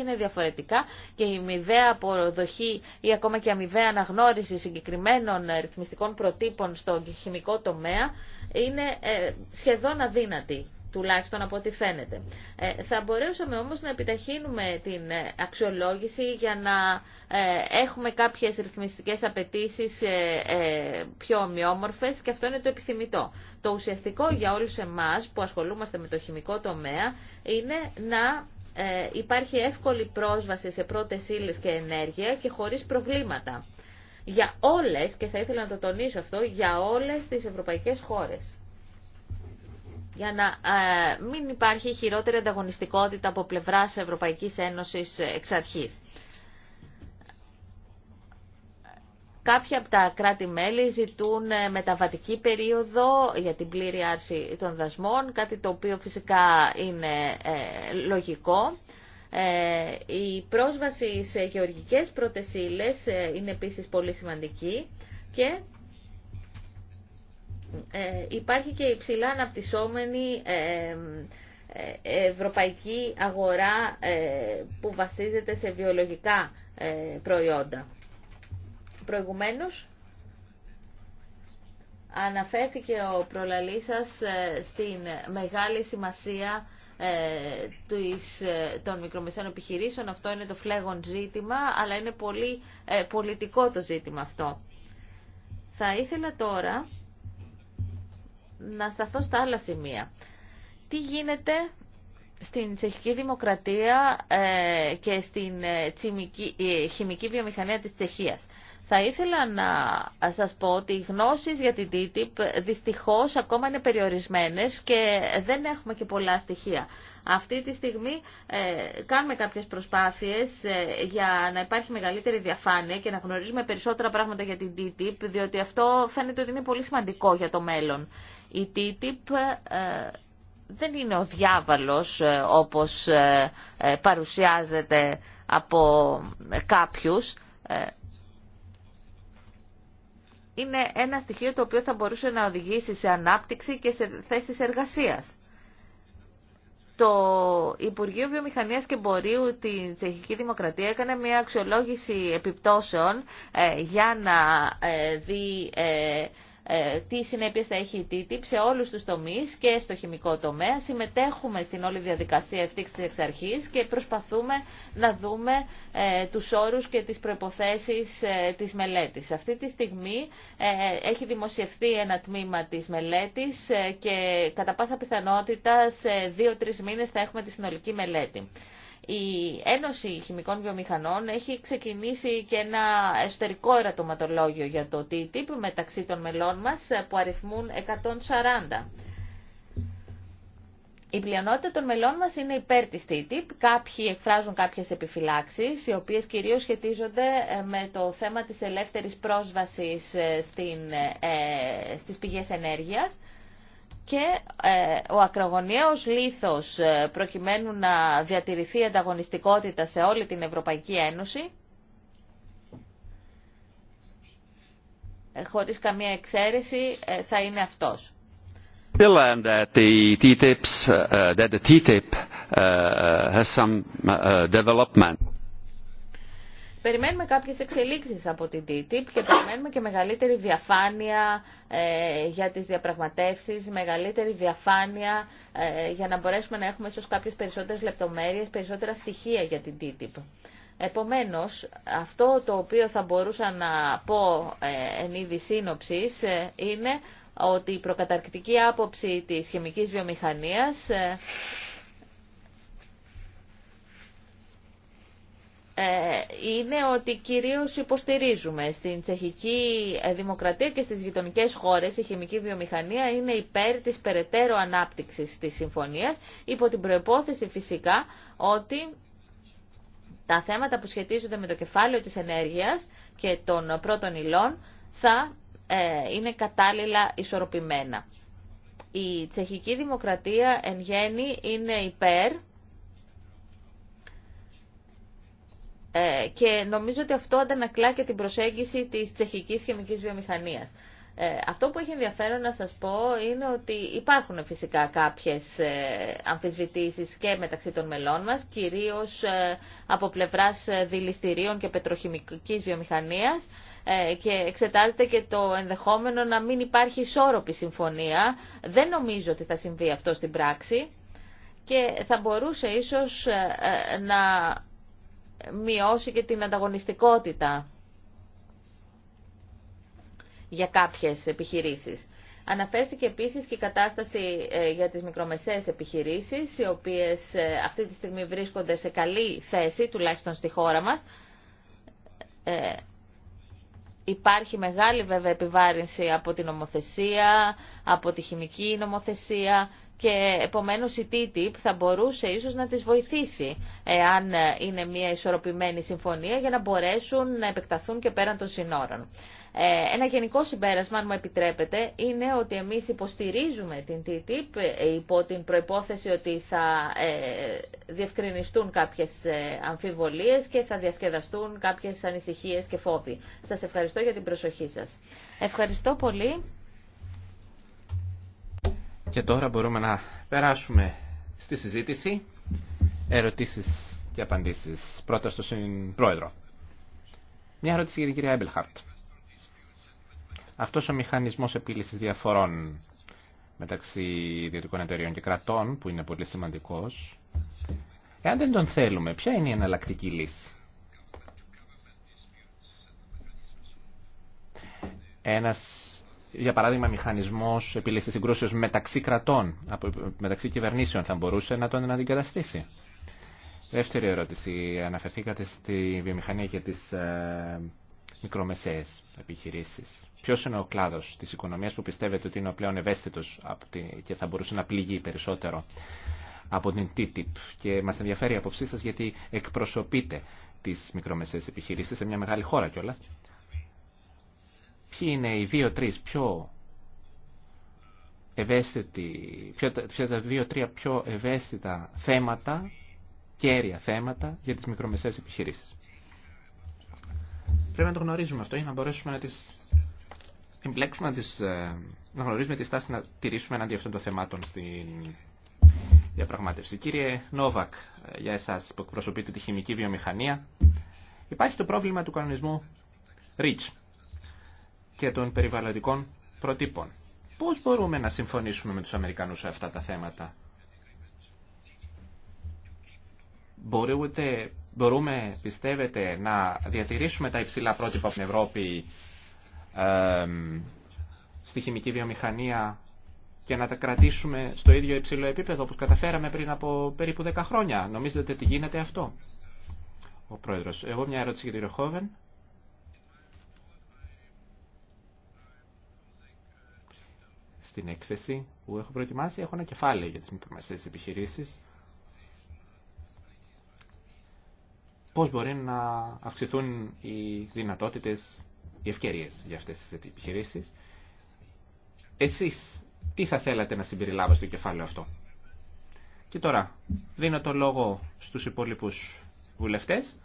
είναι διαφορετικά και η μηδέα αποδοχή ή ακόμα και η αμοιβαία αναγνώριση συγκεκριμένων ρυθμιστικών προτύπων στον χημικό τομέα είναι σχεδόν αδύνατη τουλάχιστον από ό,τι φαίνεται. Ε, θα μπορέσουμε όμως να επιταχύνουμε την ε, αξιολόγηση για να ε, έχουμε κάποιες ρυθμιστικές απαιτήσεις πιο ομοιόμορφες και αυτό είναι το επιθυμητό. Το ουσιαστικό για όλους εμάς που ασχολούμαστε με το χημικό τομέα είναι να υπάρχει εύκολη πρόσβαση σε πρώτες ύλε και ενέργεια και χωρίς προβλήματα. Για όλες, και θα ήθελα να το τονίσω αυτό, για όλες τις ευρωπαϊκές χώρες για να ε, μην υπάρχει χειρότερη ανταγωνιστικότητα από πλευράς Ευρωπαϊκής Ένωσης ε, εξ αρχής. Κάποια από τα κράτη-μέλη ζητούν ε, μεταβατική περίοδο για την πλήρη άρση των δασμών, κάτι το οποίο φυσικά είναι λογικό. η πρόσβαση σε γεωργικές πρωτεσίλες είναι επίσης πολύ σημαντική και ε, υπάρχει και η ψηλά αναπτυσσόμενη ε, ε, ευρωπαϊκή αγορά ε, που βασίζεται σε βιολογικά ε, προϊόντα. Προηγουμένως, αναφέρθηκε ο προλαλής σας στην μεγάλη σημασία των μικρομεσαίων επιχειρήσεων. Αυτό είναι το φλέγον ζήτημα, αλλά είναι πολύ πολιτικό το ζήτημα αυτό. Θα ήθελα τώρα να σταθώ στα άλλα σημεία. Τι γίνεται στην τσεχική δημοκρατία ε, και στην ε, ε, χημική βιομηχανία της Τσεχίας. Θα ήθελα να σας πω ότι οι γνώσεις για την TTIP δυστυχώς ακόμα είναι περιορισμένες και δεν έχουμε και πολλά στοιχεία. Αυτή τη στιγμή κάνουμε κάποιες προσπάθειες για να υπάρχει μεγαλύτερη διαφάνεια και να γνωρίζουμε περισσότερα πράγματα για την TTIP, διότι αυτό φαίνεται ότι είναι πολύ σημαντικό για το μέλλον. Η TTIP ε, δεν είναι ο διάβαλος ε, όπως ε, παρουσιάζεται από κάποιους. Είναι ένα στοιχείο το οποίο θα μπορούσε να οδηγήσει σε ανάπτυξη και σε θέσεις εργασίας. Το Υπουργείο Βιομηχανίας και Εμπορίου τη Τσεχική Δημοκρατία έκανε μια αξιολόγηση επιπτώσεων για να δει ε, τι συνέπειε θα έχει η TTIP σε όλους του τομεί και στο χημικό τομέα. Συμμετέχουμε στην όλη διαδικασία αυτής της εξ και προσπαθούμε να δούμε ε, τους όρου και τις προϋποθέσεις ε, της μελέτης. Αυτή τη στιγμή έχει δημοσιευθεί ένα τμήμα της μελέτης και κατά πάσα πιθανότητα σε δυο τρει μήνε θα έχουμε τη συνολική μελέτη. Η Ένωση Χημικών Βιομηχανών έχει ξεκινήσει και ένα εσωτερικό ερατοματολόγιο για το TTIP μεταξύ των μελών μας που αριθμούν 140. Η πλειονότητα των μελών μας είναι υπέρ της TTIP. Κάποιοι εκφράζουν κάποιες επιφυλάξεις, οι οποίες κυρίως σχετίζονται ε, με το θέμα της ελεύθερης πρόσβασης ε, στην, ε, στις πηγές ενέργειας και ε, ο ακρογωνιαίος λίθος ε, προκειμένου να διατηρηθεί η ανταγωνιστικότητα σε όλη την Ευρωπαϊκή Ένωση ε, χωρίς καμία εξαίρεση θα είναι αυτός. Περιμένουμε κάποιες εξελίξεις από την TTIP και περιμένουμε και μεγαλύτερη διαφάνεια ε, για τις διαπραγματεύσεις, μεγαλύτερη διαφάνεια ε, για να μπορέσουμε να έχουμε ίσως κάποιες περισσότερες λεπτομέρειες, περισσότερα στοιχεία για την TTIP. Επομένως, αυτό το οποίο θα μπορούσα να πω ε, εν είδη σύνοψης είναι ότι η προκαταρκτική άποψη της χημικής βιομηχανίας Ε, είναι ότι κυρίως υποστηρίζουμε στην τσεχική ε, δημοκρατία και στις γειτονικές χώρες η χημική βιομηχανία είναι υπέρ της περαιτέρω ανάπτυξης της συμφωνίας υπό την προϋπόθεση φυσικά ότι τα θέματα που σχετίζονται με το κεφάλαιο της ενέργειας και των πρώτων υλών θα ε, είναι κατάλληλα ισορροπημένα. Η τσεχική δημοκρατία εν γέννη είναι υπέρ Ε, και νομίζω ότι αυτό αντανακλά και την προσέγγιση της τσεχικής χημικής βιομηχανίας. Ε, αυτό που έχει ενδιαφέρον να σας πω είναι ότι υπάρχουν φυσικά κάποιες ε, αμφισβητήσεις και μεταξύ των μελών μας, κυρίως ε, από πλευράς δηληστηρίων και πετροχημικής βιομηχανίας και εξετάζεται και το ενδεχόμενο να μην υπάρχει ισόρροπη συμφωνία. Δεν νομίζω ότι θα συμβεί αυτό στην πράξη και θα μπορούσε ίσως να μειώσει και την ανταγωνιστικότητα για κάποιες επιχειρήσεις. Αναφέρθηκε επίσης και η κατάσταση ε, για τις μικρομεσαίες επιχειρήσεις, οι οποίες ε, αυτή τη στιγμή βρίσκονται σε καλή θέση, τουλάχιστον στη χώρα μας. Ε, υπάρχει μεγάλη βέβαια επιβάρυνση από την νομοθεσία, από τη χημική νομοθεσία, και επομένως η TTIP θα μπορούσε ίσως να τις βοηθήσει εάν είναι μια ισορροπημένη συμφωνία για να μπορέσουν να επεκταθούν και πέραν των συνόρων. Ε, ένα γενικό συμπέρασμα, αν μου επιτρέπετε, είναι ότι εμείς υποστηρίζουμε την TTIP υπό την προϋπόθεση ότι θα ε, διευκρινιστούν κάποιες ε, αμφιβολίες και θα διασκεδαστούν κάποιες ανησυχίες και φόβοι. Σας ευχαριστώ για την προσοχή σας. Ευχαριστώ πολύ. Και τώρα μπορούμε να περάσουμε στη συζήτηση. Ερωτήσεις και απαντήσεις. Πρώτα στον Πρόεδρο. Μια ερώτηση για την κυρία Έμπελχαρτ. Αυτός ο μηχανισμός επίλυσης διαφορών μεταξύ ιδιωτικών εταιρείων και κρατών, που είναι πολύ σημαντικός, εάν δεν τον θέλουμε, ποια είναι η εναλλακτική λύση. Ένας για παράδειγμα, μηχανισμό επίλυση συγκρούσεω μεταξύ κρατών, μεταξύ κυβερνήσεων, θα μπορούσε να τον αντικαταστήσει. Δεύτερη ερώτηση. Αναφερθήκατε στη βιομηχανία και τι ε, μικρομεσαίε επιχειρήσει. Ποιο είναι ο κλάδο τη οικονομία που πιστεύετε ότι είναι ο πλέον ευαίσθητο και θα μπορούσε να πληγεί περισσότερο από την TTIP. Και μα ενδιαφέρει η απόψη σα γιατί εκπροσωπείτε τι μικρομεσαίε επιχειρήσει σε μια μεγάλη χώρα κιόλα ποιοι είναι οι δυο τρει πιο ευαίσθητοι, τα τρια πιο ευαίσθητα θέματα, κέρια θέματα για τι μικρομεσαίε επιχειρήσει. Πρέπει να το γνωρίζουμε αυτό για να μπορέσουμε να εμπλέξουμε, να, τις, ε, να γνωρίζουμε τη στάση να τηρήσουμε εναντί αυτών των θεμάτων στην διαπραγμάτευση. Κύριε Νόβακ, ε, για εσά που εκπροσωπείτε τη χημική βιομηχανία, υπάρχει το πρόβλημα του κανονισμού REACH και των περιβαλλοντικών προτύπων. Πώς μπορούμε να συμφωνήσουμε με τους Αμερικανούς σε αυτά τα θέματα. μπορούμε, πιστεύετε, να διατηρήσουμε τα υψηλά πρότυπα από την Ευρώπη στη χημική βιομηχανία και να τα κρατήσουμε στο ίδιο υψηλό επίπεδο όπως καταφέραμε πριν από περίπου 10 χρόνια. Νομίζετε ότι γίνεται αυτό. Ο Πρόεδρος. Εγώ μια ερώτηση για τον κύριο στην έκθεση που έχω προετοιμάσει έχω ένα κεφάλαιο για τις μικρομεσαίες επιχειρήσεις. Πώς μπορεί να αυξηθούν οι δυνατότητες, οι ευκαιρίες για αυτές τις επιχειρήσεις. Εσείς τι θα θέλατε να συμπεριλάβω στο κεφάλαιο αυτό. Και τώρα δίνω το λόγο στους υπόλοιπους βουλευτές.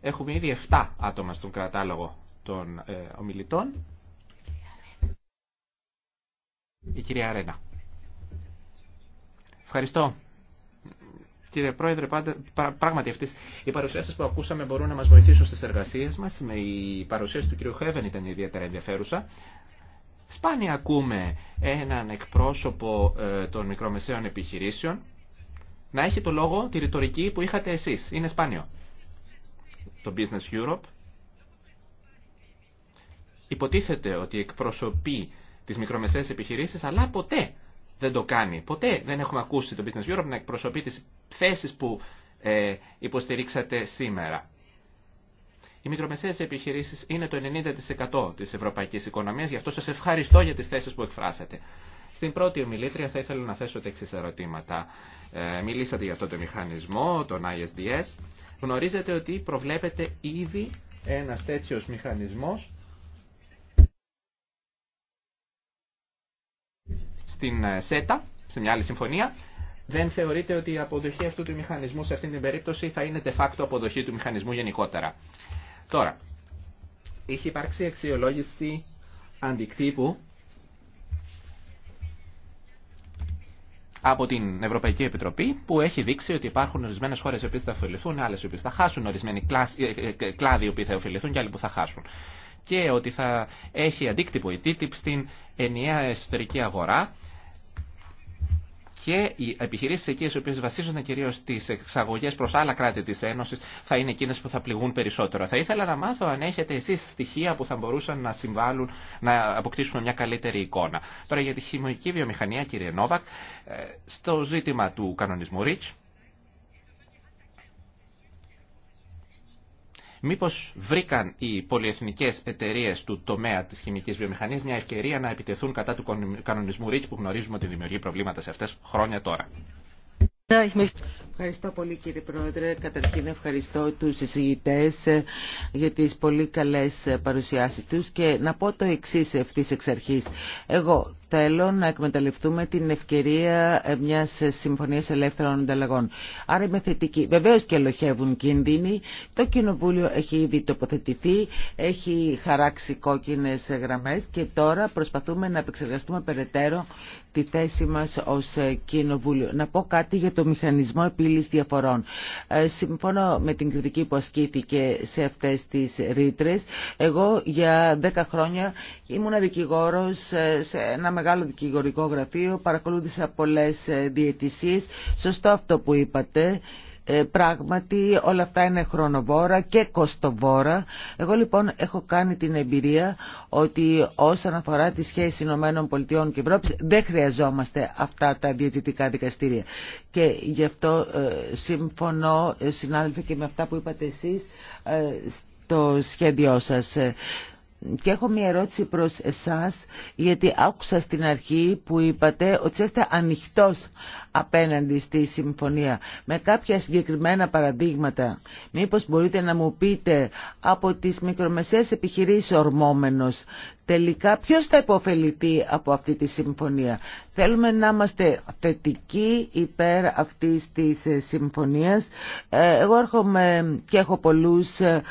Έχουμε ήδη 7 άτομα στον κατάλογο των ε, ομιλητών. Η κυρία Ρένα. Ευχαριστώ. Κύριε Πρόεδρε, πάντα, πράγματι αυτές οι παρουσιάσεις που ακούσαμε μπορούν να μας βοηθήσουν στις εργασίες μας. Με η παρουσίαση του κύριου Χέβεν ήταν ιδιαίτερα ενδιαφέρουσα. Σπάνια ακούμε έναν εκπρόσωπο ε, των μικρομεσαίων επιχειρήσεων να έχει το λόγο τη ρητορική που είχατε εσείς. Είναι σπάνιο. Το Business Europe υποτίθεται ότι εκπροσωπεί τις μικρομεσαίες επιχειρήσεις, αλλά ποτέ δεν το κάνει. Ποτέ δεν έχουμε ακούσει το Business Europe να εκπροσωπεί τις θέσεις που ε, υποστηρίξατε σήμερα. Οι μικρομεσαίες επιχειρήσεις είναι το 90% της ευρωπαϊκής οικονομία, γι' αυτό σας ευχαριστώ για τις θέσεις που εκφράσατε. Στην πρώτη ομιλήτρια θα ήθελα να θέσω τα ερωτήματα. Ε, μιλήσατε για αυτό το μηχανισμό, τον ISDS. Γνωρίζετε ότι προβλέπεται ήδη ένα τέτοιο μηχανισμός στην ε, ΣΕΤΑ, σε μια άλλη συμφωνία, δεν θεωρείται ότι η αποδοχή αυτού του μηχανισμού σε αυτή την περίπτωση θα είναι de facto αποδοχή του μηχανισμού γενικότερα. Τώρα, έχει υπάρξει αξιολόγηση αντικτύπου από την Ευρωπαϊκή Επιτροπή που έχει δείξει ότι υπάρχουν ορισμένε χώρε οι οποίε θα ωφεληθούν, άλλε οι οποίε θα χάσουν, ορισμένοι ε, ε, κλάδοι οι οποίοι θα ωφεληθούν και άλλοι που θα χάσουν. Και ότι θα έχει αντίκτυπο η TTIP στην ενιαία εσωτερική αγορά και οι επιχειρήσει εκεί οι οποίε βασίζονται κυρίως στις εξαγωγέ προς άλλα κράτη της Ένωσης θα είναι εκείνε που θα πληγούν περισσότερο. Θα ήθελα να μάθω αν έχετε εσεί στοιχεία που θα μπορούσαν να συμβάλλουν να αποκτήσουμε μια καλύτερη εικόνα. Τώρα για τη χημική βιομηχανία κύριε Νόβακ, ε, στο ζήτημα του κανονισμού REACH Μήπως βρήκαν οι πολυεθνικές εταιρείες του τομέα της χημικής βιομηχανίας μια ευκαιρία να επιτεθούν κατά του κανονισμού REACH που γνωρίζουμε ότι δημιουργεί προβλήματα σε αυτές χρόνια τώρα. Ευχαριστώ πολύ κύριε Πρόεδρε. Καταρχήν ευχαριστώ τους συζητητές ε, για τις πολύ καλές ε, παρουσιάσεις τους και να πω το εξής ευθύς εξ αρχής. Εγώ θέλω να εκμεταλλευτούμε την ευκαιρία ε, μιας συμφωνίας ελεύθερων ανταλλαγών. Άρα είμαι θετική. Βεβαίως και ελοχεύουν κίνδυνοι. Το Κοινοβούλιο έχει ήδη τοποθετηθεί, έχει χαράξει κόκκινες γραμμές και τώρα προσπαθούμε να επεξεργαστούμε περαιτέρω τη θέση μας ως Κοινοβούλιο. Να πω κάτι για το μηχανισμό επίλυσης διαφορών. Ε, συμφωνώ με την κριτική που ασκήθηκε σε αυτές τις ρήτρε. Εγώ για 10 χρόνια ήμουν δικηγόρος ε, σε ένα μεγάλο δικηγορικό γραφείο, παρακολούθησα πολλές ε, διαιτησίες. Σωστό αυτό που είπατε. Ε, πράγματι όλα αυτά είναι χρονοβόρα και κοστοβόρα. Εγώ λοιπόν έχω κάνει την εμπειρία ότι όσον αφορά τη σχέση Ηνωμένων Πολιτειών και Ευρώπης δεν χρειαζόμαστε αυτά τα διαιτητικά δικαστήρια. Και γι' αυτό ε, συμφωνώ ε, συνάδελφοι και με αυτά που είπατε εσείς στο σχέδιό σας και έχω μια ερώτηση προς εσάς γιατί άκουσα στην αρχή που είπατε ότι είστε ανοιχτός απέναντι στη συμφωνία με κάποια συγκεκριμένα παραδείγματα μήπως μπορείτε να μου πείτε από τις μικρομεσαίες επιχειρήσεις ορμόμενος τελικά ποιος θα υποφεληθεί από αυτή τη συμφωνία. Θέλουμε να είμαστε θετικοί υπέρ αυτής της ε, συμφωνίας. Ε, εγώ έρχομαι και έχω πολλούς ε,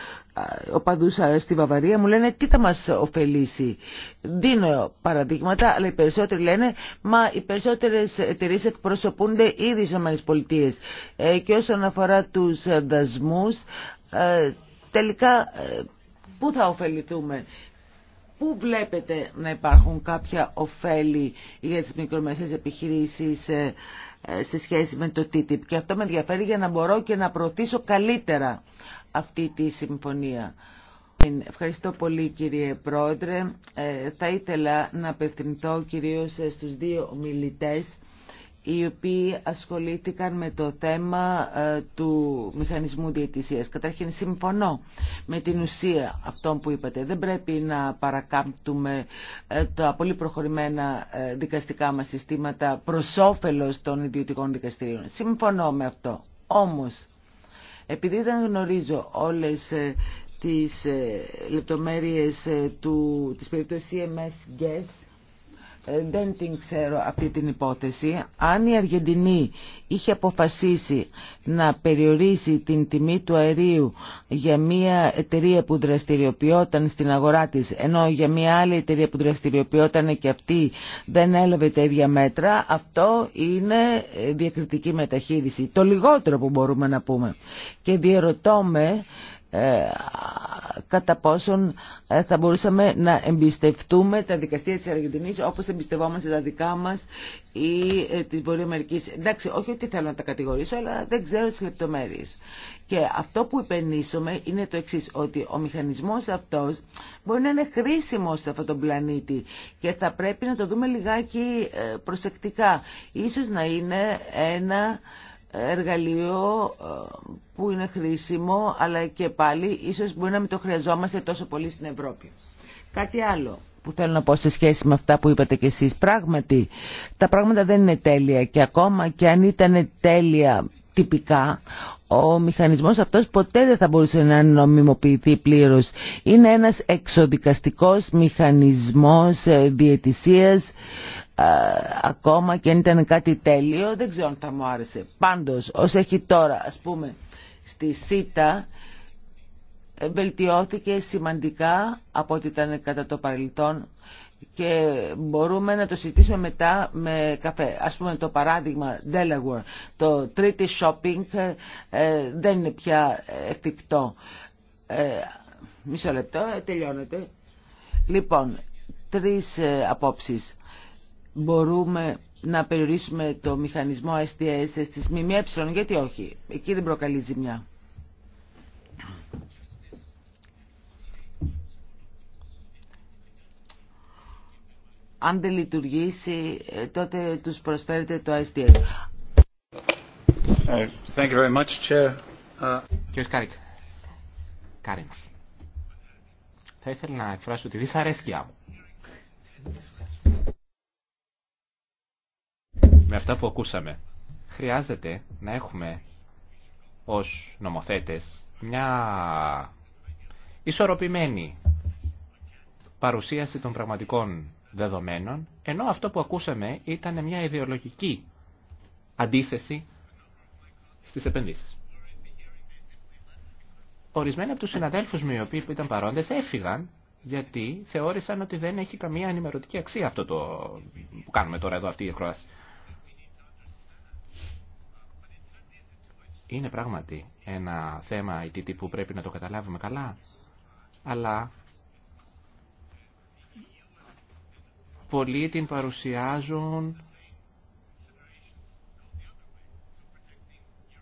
οπαδούς στη Βαβαρία μου λένε τι θα μας ωφελήσει. Δίνω παραδείγματα, αλλά οι περισσότεροι λένε μα οι περισσότερες εταιρείε εκπροσωπούνται ήδη στις Πολιτείες. Και όσον αφορά τους δασμούς, τελικά πού θα ωφεληθούμε. Πού βλέπετε να υπάρχουν κάποια ωφέλη για τις μικρομεσαίες επιχειρήσεις ε, ε, σε σχέση με το TTIP και αυτό με ενδιαφέρει για να μπορώ και να προωθήσω καλύτερα αυτή τη συμφωνία. Ευχαριστώ πολύ κύριε Πρόεδρε. Ε, θα ήθελα να απευθυνθώ κυρίως στους δύο ομιλητές οι οποίοι ασχολήθηκαν με το θέμα ε, του μηχανισμού διαιτησίας. Καταρχήν συμφωνώ με την ουσία αυτών που είπατε. Δεν πρέπει να παρακάμπτουμε ε, τα πολύ προχωρημένα ε, δικαστικά μας συστήματα προς όφελος των ιδιωτικών δικαστηρίων. Συμφωνώ με αυτό. Όμως, επειδή δεν γνωρίζω όλες τις λεπτομέρειες του, της περιπτώσης CMS-GES, ε, δεν την ξέρω αυτή την υπόθεση. Αν η Αργεντινή είχε αποφασίσει να περιορίσει την τιμή του αερίου για μια εταιρεία που δραστηριοποιόταν στην αγορά της, ενώ για μια άλλη εταιρεία που δραστηριοποιόταν και αυτή δεν έλαβε τα ίδια μέτρα, αυτό είναι ε, διακριτική μεταχείριση. Το λιγότερο που μπορούμε να πούμε. Και διερωτώ με ε, κατά πόσον ε, θα μπορούσαμε να εμπιστευτούμε τα δικαστήρια της Αργεντινής όπως εμπιστευόμαστε τα δικά μας ή ε, της Βορειοαμερικής. Εντάξει, όχι ότι θέλω να τα κατηγορήσω, αλλά δεν ξέρω τις λεπτομέρειες. Και αυτό που υπενήσουμε είναι το εξής, ότι ο μηχανισμός αυτός μπορεί να είναι χρήσιμος σε αυτόν τον πλανήτη και θα πρέπει να το δούμε λιγάκι προσεκτικά. Ίσως να είναι ένα εργαλείο ε, που είναι χρήσιμο, αλλά και πάλι ίσως μπορεί να μην το χρειαζόμαστε τόσο πολύ στην Ευρώπη. Κάτι άλλο που θέλω να πω σε σχέση με αυτά που είπατε κι εσείς. Πράγματι, τα πράγματα δεν είναι τέλεια και ακόμα και αν ήταν τέλεια τυπικά, ο μηχανισμός αυτός ποτέ δεν θα μπορούσε να νομιμοποιηθεί πλήρως. Είναι ένας εξοδικαστικός μηχανισμός ε, διαιτησίας ε, ακόμα και αν ήταν κάτι τέλειο δεν ξέρω αν θα μου άρεσε. Πάντως όσο έχει τώρα ας πούμε στη ΣΥΤΑ ε, βελτιώθηκε σημαντικά από ό,τι ήταν κατά το παρελθόν και μπορούμε να το συζητήσουμε μετά με καφέ. Ας πούμε το παράδειγμα Delaware, το τρίτη shopping ε, δεν είναι πια εφικτό. Ε, μισό λεπτό, τελειώνεται. Λοιπόν, τρεις απόψεις μπορούμε να περιορίσουμε το μηχανισμό STS στις ΜΜΕ, γιατί όχι, εκεί δεν προκαλεί ζημιά. Αν δεν λειτουργήσει, ε, τότε τους προσφέρετε το STS. Ε, thank you very much, Chair. Ε, Κύριε Σκάρικ, Κάρινς, θα ήθελα να εκφράσω τη δυσαρέσκειά μου με αυτά που ακούσαμε. Χρειάζεται να έχουμε ως νομοθέτες μια ισορροπημένη παρουσίαση των πραγματικών δεδομένων, ενώ αυτό που ακούσαμε ήταν μια ιδεολογική αντίθεση στις επενδύσεις. Ορισμένοι από τους συναδέλφους μου οι οποίοι ήταν παρόντες έφυγαν γιατί θεώρησαν ότι δεν έχει καμία ενημερωτική αξία αυτό το που κάνουμε τώρα εδώ αυτή η εκρόαση. είναι πράγματι ένα θέμα ITT που πρέπει να το καταλάβουμε καλά, αλλά πολλοί την παρουσιάζουν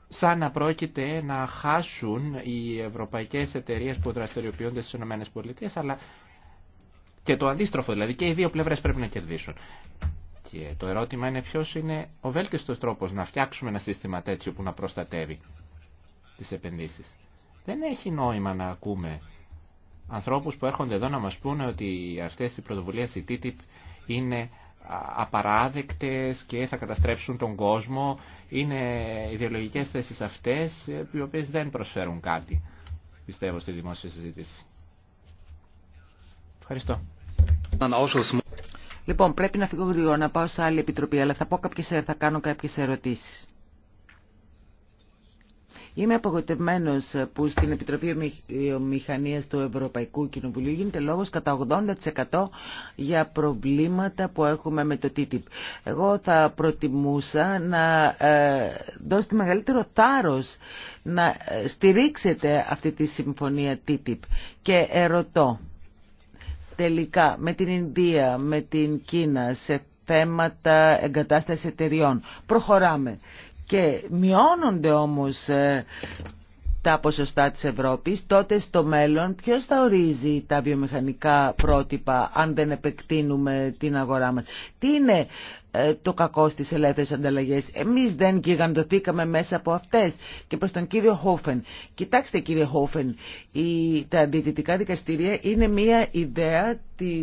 σαν να πρόκειται να χάσουν οι ευρωπαϊκές εταιρείες που δραστηριοποιούνται στις ΗΠΑ, αλλά και το αντίστροφο, δηλαδή και οι δύο πλευρές πρέπει να κερδίσουν. Και το ερώτημα είναι ποιο είναι ο βέλτιστο τρόπος να φτιάξουμε ένα σύστημα τέτοιο που να προστατεύει τις επενδύσει. Δεν έχει νόημα να ακούμε ανθρώπους που έρχονται εδώ να μας πούνε ότι αυτές οι πρωτοβουλίες, η TTIP, είναι απαράδεκτες και θα καταστρέψουν τον κόσμο. Είναι ιδεολογικές θέσεις αυτές, οι οποίες δεν προσφέρουν κάτι, πιστεύω, στη δημόσια συζήτηση. Ευχαριστώ. Λοιπόν, πρέπει να φύγω γρήγορα να πάω σε άλλη επιτροπή, αλλά θα, πω κάποιες, θα κάνω κάποιες ερωτήσεις. Είμαι απογοητευμένος που στην Επιτροπή Μηχανίας του Ευρωπαϊκού Κοινοβουλίου γίνεται λόγος κατά 80% για προβλήματα που έχουμε με το TTIP. Εγώ θα προτιμούσα να ε, δώσετε μεγαλύτερο θάρρος να ε, στηρίξετε αυτή τη συμφωνία TTIP και ερωτώ τελικά με την Ινδία, με την Κίνα σε θέματα εγκατάστασης εταιριών. Προχωράμε. Και μειώνονται όμως ε, τα ποσοστά της Ευρώπης, τότε στο μέλλον ποιος θα ορίζει τα βιομηχανικά πρότυπα αν δεν επεκτείνουμε την αγορά μας. Τι είναι ε, το κακό στις ελεύθερες ανταλλαγές. Εμείς δεν γιγαντωθήκαμε μέσα από αυτές. Και προς τον κύριο Χόφεν. Κοιτάξτε κύριε Χόφεν, η, τα διαιτητικά δικαστήρια είναι μια ιδέα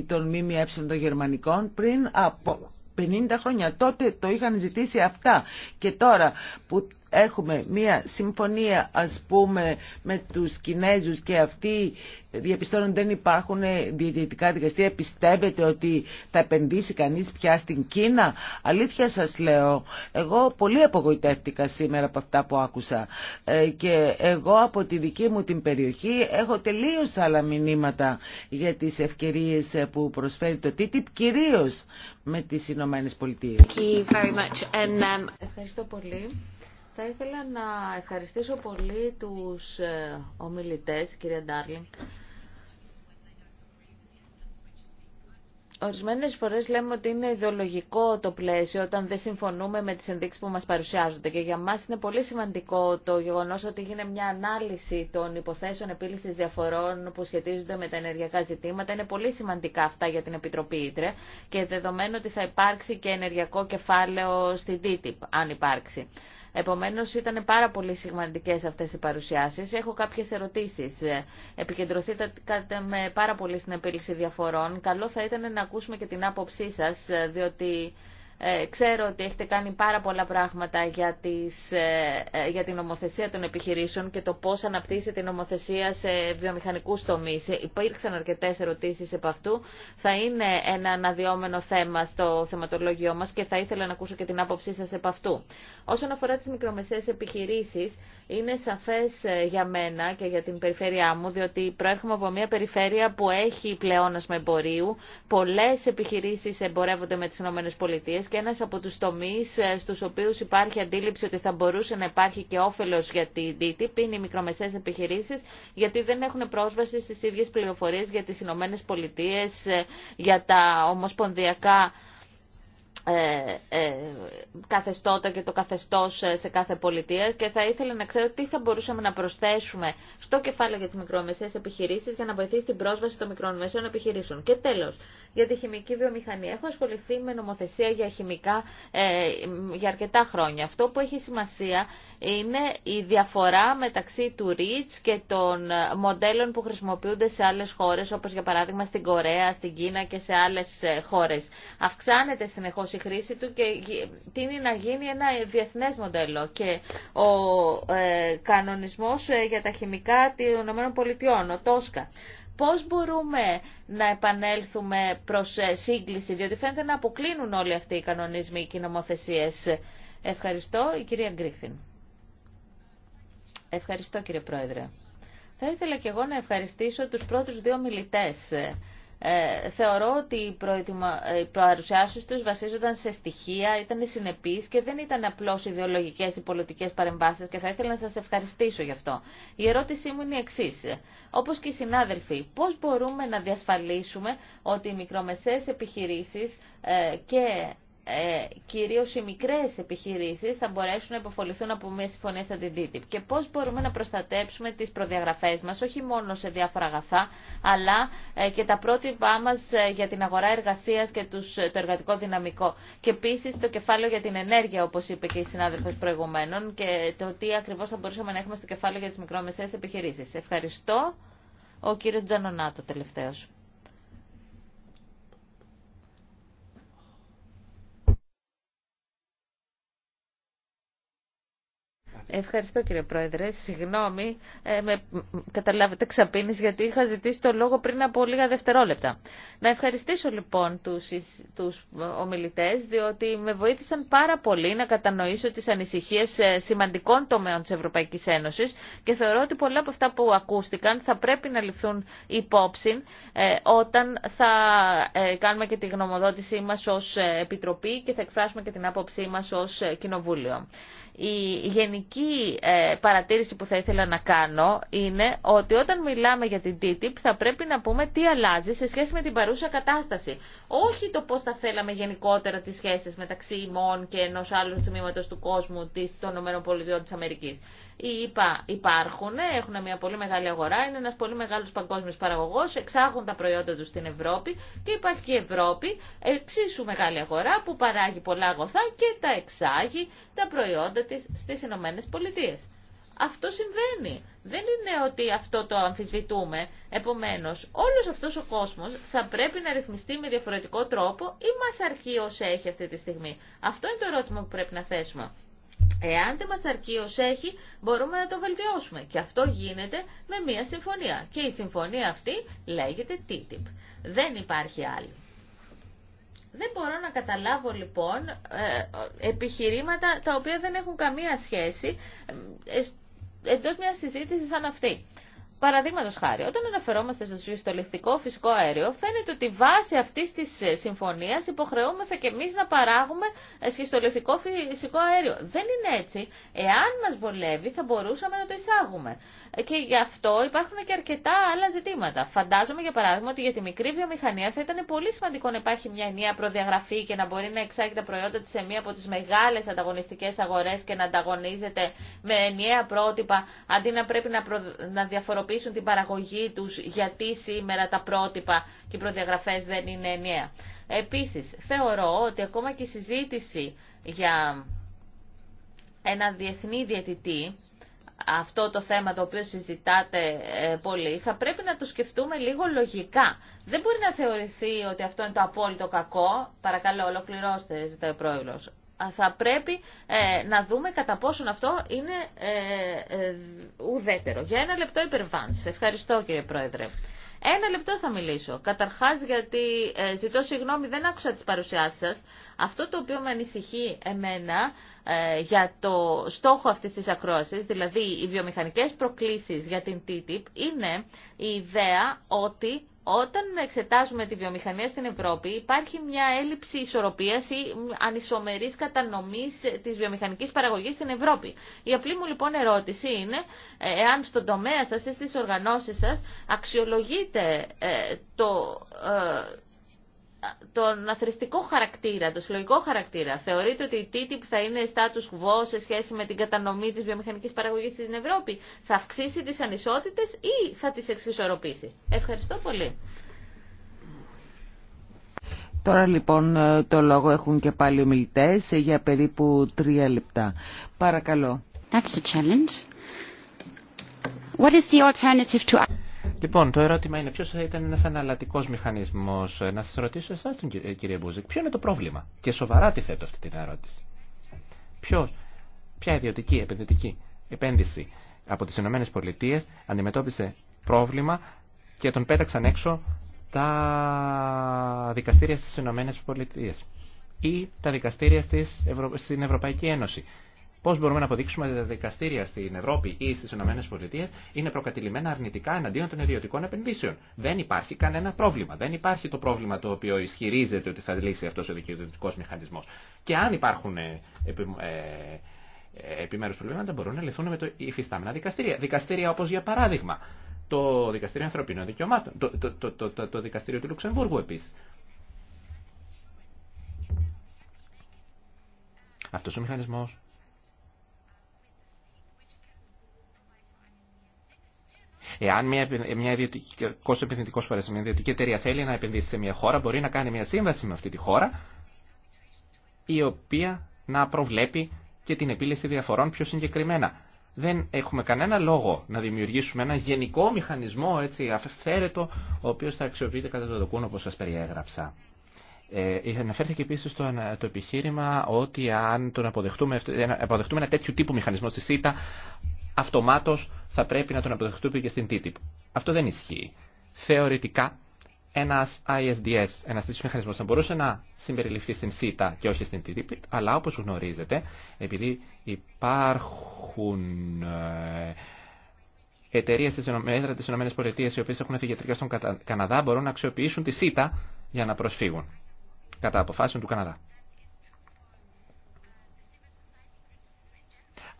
των ΜΜΕ των γερμανικών πριν από 50 χρόνια. Τότε το είχαν ζητήσει αυτά. Και τώρα που έχουμε μία συμφωνία ας πούμε με τους Κινέζους και αυτοί διαπιστώνουν δεν υπάρχουν διαιτητικά δικαστήρια πιστεύετε ότι θα επενδύσει κανείς πια στην Κίνα αλήθεια σας λέω εγώ πολύ απογοητεύτηκα σήμερα από αυτά που άκουσα ε, και εγώ από τη δική μου την περιοχή έχω τελείως άλλα μηνύματα για τις ευκαιρίες που προσφέρει το TTIP κυρίως με τις Ηνωμένες Πολιτείες um, Ευχαριστώ πολύ θα ήθελα να ευχαριστήσω πολύ τους ε, ομιλητές, κυρία Ντάρλινγκ. Ορισμένες φορές λέμε ότι είναι ιδεολογικό το πλαίσιο όταν δεν συμφωνούμε με τις ενδείξεις που μας παρουσιάζονται και για μας είναι πολύ σημαντικό το γεγονός ότι γίνεται μια ανάλυση των υποθέσεων επίλυσης διαφορών που σχετίζονται με τα ενεργειακά ζητήματα. Είναι πολύ σημαντικά αυτά για την Επιτροπή Ήτρε και δεδομένου ότι θα υπάρξει και ενεργειακό κεφάλαιο στη TTIP αν υπάρξει. Επομένως ήταν πάρα πολύ σημαντικέ αυτές οι παρουσιάσεις. Έχω κάποιες ερωτήσεις. Ε, επικεντρωθείτε με πάρα πολύ στην επίλυση διαφορών. Καλό θα ήταν να ακούσουμε και την άποψή σας, ε, διότι ε, ξέρω ότι έχετε κάνει πάρα πολλά πράγματα για, τις, ε, ε, για την νομοθεσία των επιχειρήσεων και το πώς αναπτύσσεται την νομοθεσία σε βιομηχανικούς τομείς. Υπήρξαν αρκετές ερωτήσεις επ' αυτού. Θα είναι ένα αναδυόμενο θέμα στο θεματολόγιο μας και θα ήθελα να ακούσω και την άποψή σας επ' αυτού. Όσον αφορά τις μικρομεσαίες επιχειρήσεις, είναι σαφές για μένα και για την περιφέρειά μου, διότι προέρχομαι από μια περιφέρεια που έχει πλεόνασμα εμπορίου, πολλές επιχειρήσεις εμπορεύονται με τις ΗΠΑ και ένας από τους τομείς ε, στους οποίους υπάρχει αντίληψη ότι θα μπορούσε να υπάρχει και όφελος για την DTIP είναι οι μικρομεσαίες επιχειρήσεις γιατί δεν έχουν πρόσβαση στις ίδιες πληροφορίες για τις Ηνωμένε Πολιτείες, ε, για τα ομοσπονδιακά ε, ε, καθεστώτα και το καθεστώς ε, σε κάθε πολιτεία και θα ήθελα να ξέρω τι θα μπορούσαμε να προσθέσουμε στο κεφάλαιο για τις μικρομεσαίες επιχειρήσεις για να βοηθήσει την πρόσβαση των μικρομεσαίων επιχειρήσεων. Και τέλος, για τη χημική βιομηχανία. Έχω ασχοληθεί με νομοθεσία για χημικά για αρκετά χρόνια. Αυτό που έχει σημασία είναι η διαφορά μεταξύ του REACH και των μοντέλων που χρησιμοποιούνται σε άλλες χώρες, όπως για παράδειγμα στην Κορέα, στην Κίνα και σε άλλες χώρες. Αυξάνεται συνεχώ όμως η χρήση του και τίνει να γίνει ένα διεθνές μοντέλο και ο ε, κανονισμός ε, για τα χημικά των ΗΠΑ, ο Τόσκα. Πώς μπορούμε να επανέλθουμε προς ε, σύγκληση, διότι φαίνεται να αποκλίνουν όλοι αυτοί οι κανονισμοί και οι νομοθεσίες. Ευχαριστώ, η κυρία Γκρίφιν. Ευχαριστώ, κύριε Πρόεδρε. Θα ήθελα και εγώ να ευχαριστήσω τους πρώτους δύο μιλητές ε, ε, θεωρώ ότι οι, προετοιμα... προαρουσιάσεις τους βασίζονταν σε στοιχεία, ήταν συνεπείς και δεν ήταν απλώς ιδεολογικές ή πολιτικές παρεμβάσεις και θα ήθελα να σας ευχαριστήσω γι' αυτό. Η ερώτησή μου είναι η εξής. Όπως και οι συνάδελφοι, πώς μπορούμε να διασφαλίσουμε ότι οι μικρομεσαίες επιχειρήσεις ε, και ε, κυρίως οι μικρές επιχειρήσεις θα μπορέσουν να υποφοληθούν από μια συμφωνία σαν την DTIP και πώς μπορούμε να προστατέψουμε τις προδιαγραφές μας όχι μόνο σε διάφορα αγαθά αλλά ε, και τα πρότυπά μας ε, για την αγορά εργασίας και τους, ε, το εργατικό δυναμικό και επίσης το κεφάλαιο για την ενέργεια όπως είπε και η συνάδελφος προηγουμένων και το τι ακριβώς θα μπορούσαμε να έχουμε στο κεφάλαιο για τις μικρομεσαίες επιχειρήσεις. Ευχαριστώ. Ο κύριος Τζανονάτο τελευταίος. Ευχαριστώ κύριε Πρόεδρε. Συγγνώμη, ε, με καταλάβετε ξαπίνεις γιατί είχα ζητήσει το λόγο πριν από λίγα δευτερόλεπτα. Να ευχαριστήσω λοιπόν τους, τους ομιλητές διότι με βοήθησαν πάρα πολύ να κατανοήσω τις ανησυχίες ε, σημαντικών τομέων της Ευρωπαϊκής Ένωσης και θεωρώ ότι πολλά από αυτά που ακούστηκαν θα πρέπει να ληφθούν υπόψη ε, όταν θα κάνουμε και τη γνωμοδότησή μας ως Επιτροπή και θα εκφράσουμε και την άποψή μας ως Κοινοβούλιο. Η γενική ε, παρατήρηση που θα ήθελα να κάνω είναι ότι όταν μιλάμε για την TTIP θα πρέπει να πούμε τι αλλάζει σε σχέση με την παρούσα κατάσταση. Όχι το πώς θα θέλαμε γενικότερα τις σχέσεις μεταξύ ημών και ενός άλλου τμήματος του κόσμου των ΗΠΑ. Οι ΙΠΑ υπάρχουν, έχουν μια πολύ μεγάλη αγορά, είναι ένας πολύ μεγάλος παγκόσμιος παραγωγός, εξάγουν τα προϊόντα τους στην Ευρώπη και υπάρχει και η Ευρώπη, εξίσου μεγάλη αγορά που παράγει πολλά αγωθά και τα εξάγει τα προϊόντα της στις Ηνωμένες Πολιτείες. Αυτό συμβαίνει. Δεν είναι ότι αυτό το αμφισβητούμε. Επομένως, όλος αυτός ο κόσμος θα πρέπει να ρυθμιστεί με διαφορετικό τρόπο ή μας αρχεί όσο έχει αυτή τη στιγμή. Αυτό είναι το ερώτημα που πρέπει να θέσουμε. Εάν δεν μας αρκεί ως έχει, μπορούμε να το βελτιώσουμε. Και αυτό γίνεται με μία συμφωνία. Και η συμφωνία αυτή λέγεται TTIP. Δεν υπάρχει άλλη. Δεν μπορώ να καταλάβω λοιπόν ε, επιχειρήματα τα οποία δεν έχουν καμία σχέση ε, ε, εντός μιας συζήτησης σαν αυτή. Παραδείγματο χάρη, όταν αναφερόμαστε στο συστολιστικό φυσικό αέριο, φαίνεται ότι βάσει αυτή τη ε, συμφωνία υποχρεούμεθα και εμεί να παράγουμε ε, συστολιστικό φυσικό αέριο. Δεν είναι έτσι. Εάν μα βολεύει, θα μπορούσαμε να το εισάγουμε. Ε, και γι' αυτό υπάρχουν και αρκετά άλλα ζητήματα. Φαντάζομαι, για παράδειγμα, ότι για τη μικρή βιομηχανία θα ήταν πολύ σημαντικό να υπάρχει μια ενιαία προδιαγραφή και να μπορεί να εξάγει τα προϊόντα τη σε μία από τι μεγάλε ανταγωνιστικέ αγορέ και να ανταγωνίζεται με ενιαία πρότυπα αντί να πρέπει να, προ... να διαφοροποιήσει διαφοροποιήσουν την παραγωγή τους γιατί σήμερα τα πρότυπα και οι προδιαγραφές δεν είναι ενιαία. Επίσης, θεωρώ ότι ακόμα και η συζήτηση για ένα διεθνή διαιτητή, αυτό το θέμα το οποίο συζητάτε ε, πολύ, θα πρέπει να το σκεφτούμε λίγο λογικά. Δεν μπορεί να θεωρηθεί ότι αυτό είναι το απόλυτο κακό. Παρακαλώ, ολοκληρώστε, ζητάει ο πρόεδρος θα πρέπει ε, να δούμε κατά πόσον αυτό είναι ε, ε, ουδέτερο. Για ένα λεπτό υπερβάνς. Ευχαριστώ κύριε Πρόεδρε. Ένα λεπτό θα μιλήσω. Καταρχάς γιατί ε, ζητώ συγγνώμη δεν άκουσα τις παρουσιάσεις σας. Αυτό το οποίο με ανησυχεί εμένα για το στόχο αυτής της ακρόασης, δηλαδή οι βιομηχανικές προκλήσεις για την TTIP, είναι η ιδέα ότι όταν εξετάζουμε τη βιομηχανία στην Ευρώπη υπάρχει μια έλλειψη ισορροπίας ή ανισομερής κατανομής της βιομηχανικής παραγωγής στην Ευρώπη. Η απλή μου λοιπόν ερώτηση είναι ε, εάν στον τομέα σας ή στις οργανώσεις σας αξιολογείτε το ε, τον αθρηστικό χαρακτήρα, τον συλλογικό χαρακτήρα. Θεωρείτε ότι η TTIP θα είναι status quo σε σχέση με την κατανομή της βιομηχανικής παραγωγής στην Ευρώπη. Θα αυξήσει τις ανισότητες ή θα τις εξισορροπήσει. Ευχαριστώ πολύ. Τώρα λοιπόν το λόγο έχουν και πάλι ομιλητέ για περίπου τρία λεπτά. Παρακαλώ. That's a challenge. What is the alternative to... Λοιπόν, το ερώτημα είναι ποιο θα ήταν ένα αναλλατικό μηχανισμό. Να σα ρωτήσω εσά, κύριε Μπούζικ, ποιο είναι το πρόβλημα. Και σοβαρά τη θέτω αυτή την ερώτηση. Ποιο, ποια ιδιωτική επενδυτική επένδυση από τι ΗΠΑ αντιμετώπισε πρόβλημα και τον πέταξαν έξω τα δικαστήρια στις ΗΠΑ ή τα δικαστήρια στην Ευρωπαϊκή Ένωση. Πώ μπορούμε να αποδείξουμε ότι τα δικαστήρια στην Ευρώπη ή στι ΗΠΑ είναι προκατηλημένα αρνητικά εναντίον των ιδιωτικών επενδύσεων. Δεν υπάρχει κανένα πρόβλημα. Δεν υπάρχει το πρόβλημα το οποίο ισχυρίζεται ότι θα λύσει αυτό ο δικαιοδοτικό μηχανισμό. Και αν υπάρχουν ε, ε, ε, επιμέρου προβλήματα μπορούν να λυθούν με το υφιστάμενα δικαστήρια. Δικαστήρια όπω για παράδειγμα το Δικαστήριο Ανθρωπίνων Δικαιωμάτων, το, το, το, το, το Δικαστήριο του Λουξεμβούργου επίση. Αυτός ο μηχανισμός Εάν μια, μια ιδιωτική, επενδυτικός μια ιδιωτική εταιρεία θέλει να επενδύσει σε μια χώρα, μπορεί να κάνει μια σύμβαση με αυτή τη χώρα, η οποία να προβλέπει και την επίλυση διαφορών πιο συγκεκριμένα. Δεν έχουμε κανένα λόγο να δημιουργήσουμε ένα γενικό μηχανισμό έτσι, αυθαίρετο, ο οποίος θα αξιοποιείται κατά το δοκούν όπως σας περιέγραψα. Ε, αναφέρθηκε επίση το, το επιχείρημα ότι αν τον αποδεχτούμε, αποδεχτούμε ένα τέτοιο τύπο μηχανισμό στη ΣΥΤΑ, αυτομάτως θα πρέπει να τον αποδεχτούμε και στην TTIP. Αυτό δεν ισχύει. Θεωρητικά, ένας ISDS, ένας τέτοιος μηχανισμός, θα μπορούσε να συμπεριληφθεί στην ΣΥΤΑ και όχι στην TTIP, αλλά όπως γνωρίζετε, επειδή υπάρχουν εταιρείε τη ΕΕ, τη ΗΠΑ, οι οποίε έχουν αφηγετρικά στον Καναδά, μπορούν να αξιοποιήσουν τη ΣΥΤΑ για να προσφύγουν. Κατά αποφάσεων του Καναδά.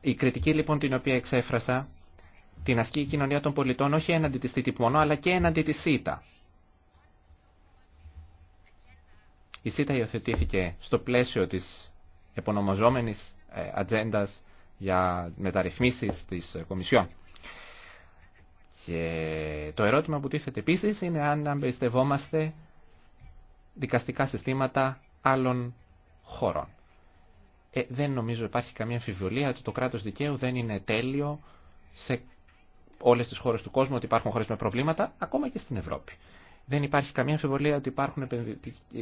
Η κριτική λοιπόν την οποία εξέφρασα την ασκεί η κοινωνία των πολιτών όχι έναντι της αλλά και έναντι της ΣΥΤΑ. Η ΣΥΤΑ υιοθετήθηκε στο πλαίσιο της επωνομαζόμενης ε, ατζέντα για μεταρρυθμίσεις της ε, Κομισιόν. Και το ερώτημα που τίθεται επίσης είναι αν εμπεριστευόμαστε δικαστικά συστήματα άλλων χωρών. Ε, δεν νομίζω υπάρχει καμία αμφιβολία ότι το κράτος δικαίου δεν είναι τέλειο σε όλες τις χώρες του κόσμου, ότι υπάρχουν χώρες με προβλήματα, ακόμα και στην Ευρώπη. Δεν υπάρχει καμία αμφιβολία ότι υπάρχουν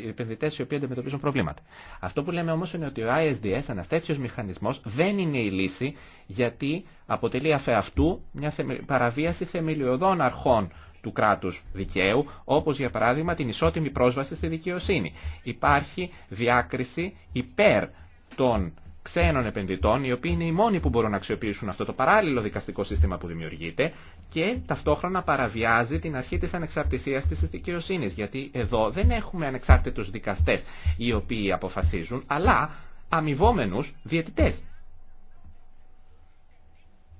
επενδυτέ οι οποίοι αντιμετωπίζουν προβλήματα. Αυτό που λέμε όμω είναι ότι ο ISDS, ένα τέτοιο μηχανισμό, δεν είναι η λύση γιατί αποτελεί αφεαυτού μια παραβίαση θεμελιωδών αρχών του κράτου δικαίου, όπω για παράδειγμα την ισότιμη πρόσβαση στη δικαιοσύνη. Υπάρχει διάκριση υπέρ των ξένων επενδυτών, οι οποίοι είναι οι μόνοι που μπορούν να αξιοποιήσουν αυτό το παράλληλο δικαστικό σύστημα που δημιουργείται και ταυτόχρονα παραβιάζει την αρχή της ανεξαρτησίας της δικαιοσύνης, γιατί εδώ δεν έχουμε ανεξάρτητους δικαστές οι οποίοι αποφασίζουν, αλλά αμοιβόμενους διαιτητές.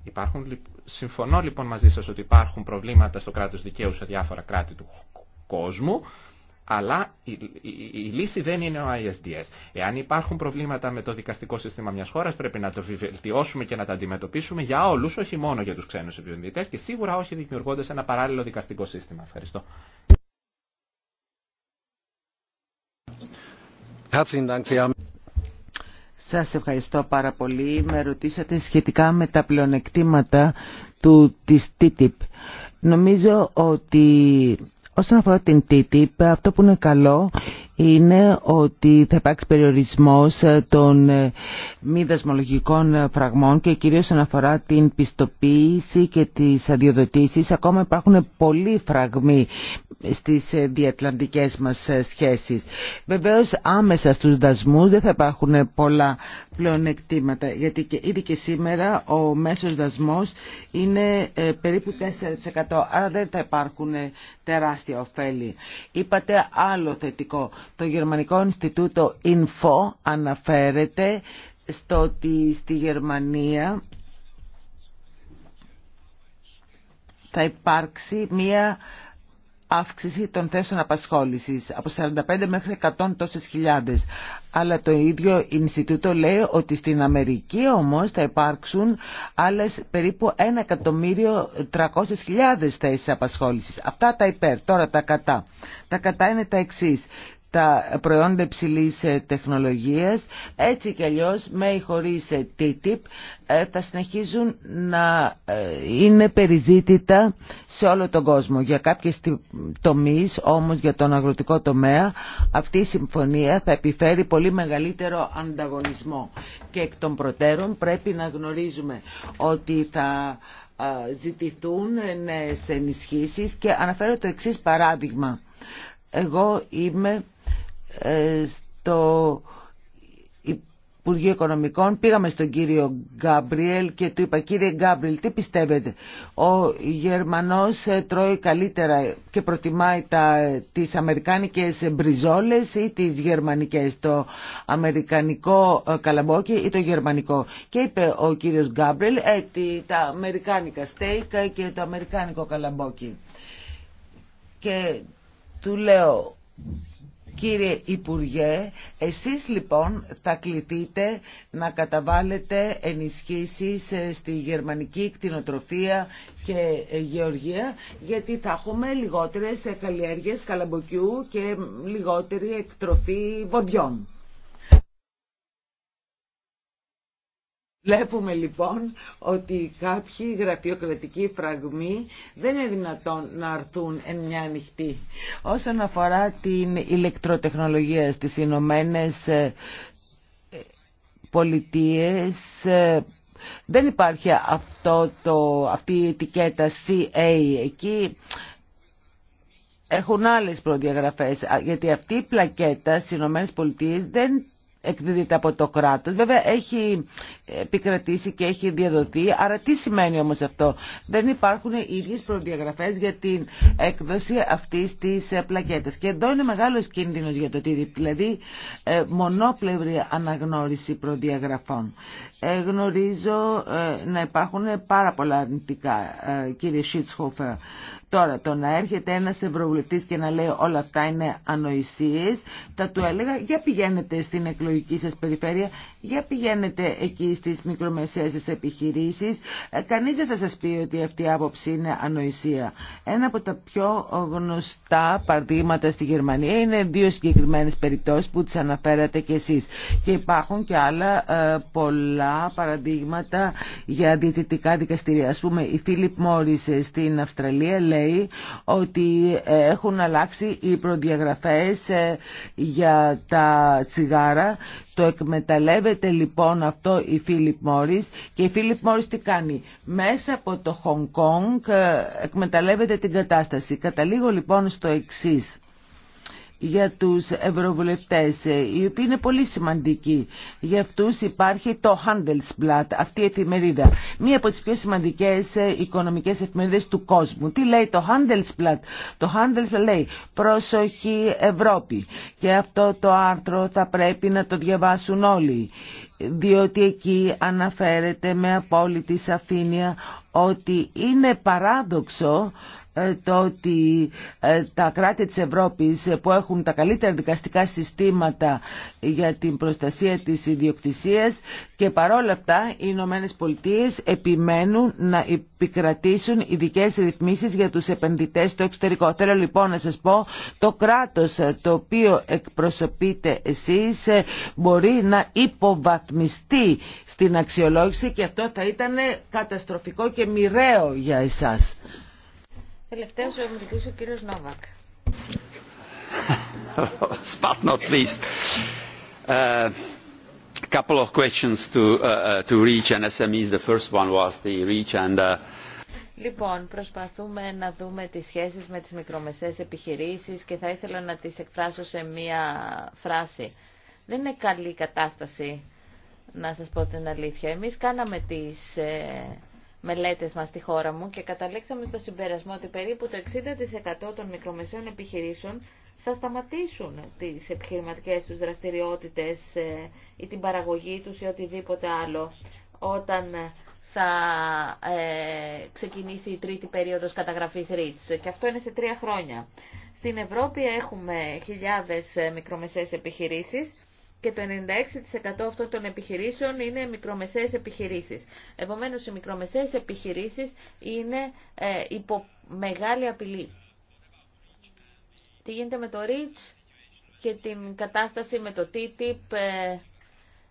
Υπάρχουν, συμφωνώ λοιπόν μαζί σας ότι υπάρχουν προβλήματα στο κράτος δικαίου σε διάφορα κράτη του κόσμου αλλά η, η, η, λύση δεν είναι ο ISDS. Εάν υπάρχουν προβλήματα με το δικαστικό σύστημα μιας χώρας, πρέπει να το βελτιώσουμε και να τα αντιμετωπίσουμε για όλους, όχι μόνο για τους ξένους επενδυτές και σίγουρα όχι δημιουργώντας ένα παράλληλο δικαστικό σύστημα. Ευχαριστώ. Σας ευχαριστώ πάρα πολύ. Με ρωτήσατε σχετικά με τα πλεονεκτήματα του, της TTIP. Νομίζω ότι Όσον αφορά την TTIP, αυτό που είναι καλό είναι ότι θα υπάρξει περιορισμός ε, των ε, μη δασμολογικών ε, φραγμών και κυρίως αναφορά την πιστοποίηση και τις αδειοδοτήσεις. Ακόμα υπάρχουν πολλοί φραγμοί στις διατλαντικές μας σχέσεις. Βεβαίως άμεσα στους δασμούς δεν θα υπάρχουν πολλά πλεονεκτήματα γιατί και ήδη και σήμερα ο μέσος δασμός είναι περίπου 4% άρα δεν θα υπάρχουν τεράστια ωφέλη. Είπατε άλλο θετικό το Γερμανικό Ινστιτούτο Info αναφέρεται στο ότι στη Γερμανία θα υπάρξει μία αύξηση των θέσεων απασχόλησης από 45 μέχρι 100 τόσες χιλιάδες. Αλλά το ίδιο Ινστιτούτο λέει ότι στην Αμερική όμως θα υπάρξουν άλλες περίπου 1.300.000 θέσεις απασχόλησης. Αυτά τα υπέρ, τώρα τα κατά. Τα κατά είναι τα εξής τα προϊόντα υψηλής ε, τεχνολογίας έτσι κι αλλιώς με ή χωρίς ε, TTIP ε, θα συνεχίζουν να είναι περιζήτητα σε όλο τον κόσμο. Για κάποιες τομείς όμως για τον αγροτικό τομέα αυτή η συμφωνία θα επιφέρει πολύ μεγαλύτερο ανταγωνισμό και εκ των προτέρων πρέπει να γνωρίζουμε ότι θα ζητηθούν νέες ενισχύσεις και αναφέρω το εξής παράδειγμα. Εγώ είμαι ε, στο Υπουργείο Οικονομικών πήγαμε στον κύριο Γκάμπριελ και του είπα κύριε Γκάμπριελ τι πιστεύετε ο Γερμανός ε, τρώει καλύτερα και προτιμάει τα, τις αμερικάνικες μπριζόλες ή τις γερμανικές το αμερικανικό ε, καλαμπόκι ή το γερμανικό και είπε ο κύριος Γκάμπριελ ε, τα αμερικάνικα στέικα και το αμερικάνικο καλαμπόκι και του λέω Κύριε Υπουργέ, εσείς λοιπόν θα κληθείτε να καταβάλλετε ενισχύσεις ε, στη γερμανική κτηνοτροφία και ε, γεωργία γιατί θα έχουμε λιγότερες καλλιέργειες καλαμποκιού και λιγότερη εκτροφή βοδιών. Βλέπουμε λοιπόν ότι κάποιοι γραφειοκρατικοί φραγμοί δεν είναι δυνατόν να αρθούν εν μια ανοιχτή. Όσον αφορά την ηλεκτροτεχνολογία στις Ηνωμένε ε, Πολιτείες, ε, δεν υπάρχει αυτό το, αυτή η ετικέτα CA εκεί. Έχουν άλλες προδιαγραφές, γιατί αυτή η πλακέτα στις Ηνωμένες Πολιτείες δεν εκδίδεται από το κράτος. Βέβαια έχει επικρατήσει και έχει διαδοθεί. Άρα τι σημαίνει όμως αυτό. Δεν υπάρχουν οι ίδιες προδιαγραφές για την έκδοση αυτής της ε, πλακέτας. Και εδώ είναι μεγάλος κίνδυνος για το TTIP, δηλαδή ε, μονόπλευρη αναγνώριση προδιαγραφών. Ε, γνωρίζω να υπάρχουν πάρα πολλά αρνητικά, κύριε Σίτσχοφερ. Τώρα, το να έρχεται ένας ευρωβουλευτής και να λέει όλα αυτά είναι ανοησίες, θα του έλεγα για πηγαίνετε στην εκλογική σας περιφέρεια, για πηγαίνετε εκεί στις μικρομεσαίες σας επιχειρήσεις. Ε, κανείς δεν θα σας πει ότι αυτή η άποψη είναι ανοησία. Ένα από τα πιο γνωστά παραδείγματα στη Γερμανία είναι δύο συγκεκριμένες περιπτώσεις που τις αναφέρατε κι εσείς. Και υπάρχουν και άλλα ε, πολλά παραδείγματα για διαιτητικά δικαστήρια. Ας πούμε, η Φίλιπ Μόρις στην Αυστραλία ότι έχουν αλλάξει οι προδιαγραφές ε, για τα τσιγάρα. Το εκμεταλλεύεται λοιπόν αυτό η Φίλιπ Μόρις και η Φίλιπ Μόρις τι κάνει. Μέσα από το Χονγκ ε, εκμεταλλεύεται την κατάσταση. Καταλήγω λοιπόν στο εξής για τους ευρωβουλευτές, οι οποίοι είναι πολύ σημαντικοί. Για αυτούς υπάρχει το Handelsblatt, αυτή η εφημερίδα. Μία από τις πιο σημαντικές ε, οικονομικές εφημερίδες του κόσμου. Τι λέει το Handelsblatt. Το Handelsblatt λέει «Προσοχή Ευρώπη». Και αυτό το άρθρο θα πρέπει να το διαβάσουν όλοι διότι εκεί αναφέρεται με απόλυτη σαφήνεια ότι είναι παράδοξο ε, το ότι ε, τα κράτη της Ευρώπης που έχουν τα καλύτερα δικαστικά συστήματα για την προστασία της ιδιοκτησίας και παρόλα αυτά οι Ηνωμένε Πολιτείε επιμένουν να επικρατήσουν ειδικέ ρυθμίσεις για τους επενδυτές στο εξωτερικό. Θέλω λοιπόν να σας πω το κράτος το οποίο εκπροσωπείτε εσείς ε, μπορεί να υποβαθμιστεί στην αξιολόγηση και αυτό θα ήταν καταστροφικό και μοιραίο για εσάς. Τελευταίος ο ομιλητής ο κύριος Νόβακ. But not least. Uh, couple of questions to, uh, uh, to reach and SMEs. The first one was the reach and uh, Λοιπόν, προσπαθούμε να δούμε τις σχέσεις με τις μικρομεσαίες επιχειρήσεις και θα ήθελα να τις εκφράσω σε μία φράση. Δεν είναι καλή κατάσταση, να σας πω την αλήθεια. Εμείς κάναμε τις ε, μελέτες μας στη χώρα μου και καταλήξαμε στο συμπερασμό ότι περίπου το 60% των μικρομεσαίων επιχειρήσεων θα σταματήσουν τις επιχειρηματικές τους δραστηριότητες ε, ή την παραγωγή τους ή οτιδήποτε άλλο όταν θα ε, ξεκινήσει η τρίτη περίοδος καταγραφής REITs και αυτό είναι σε τρία χρόνια. Στην Ευρώπη έχουμε χιλιάδες ε, μικρομεσαίες επιχειρήσεις και το 96% αυτών των επιχειρήσεων είναι μικρομεσαίες επιχειρήσεις. Επομένως, οι μικρομεσαίες επιχειρήσεις είναι ε, υπό μεγάλη απειλή. Τι γίνεται με το REACH και την κατάσταση με το TTIP ε,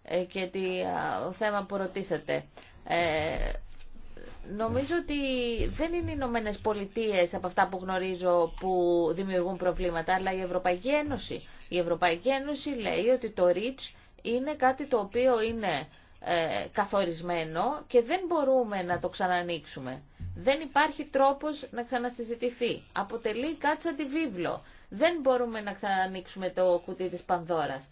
ε, και το θέμα που ρωτήσατε. Ε, νομίζω ότι δεν είναι οι Ηνωμένε Πολιτείε από αυτά που γνωρίζω που δημιουργούν προβλήματα, αλλά η Ευρωπαϊκή Ένωση. Η Ευρωπαϊκή Ένωση λέει ότι το REACH είναι κάτι το οποίο είναι ε, καθορισμένο και δεν μπορούμε να το ξανανοίξουμε. Δεν υπάρχει τρόπος να ξανασυζητηθεί. Αποτελεί κάτι σαν τη βίβλο. Δεν μπορούμε να ξανανοίξουμε το κουτί της Πανδώρας.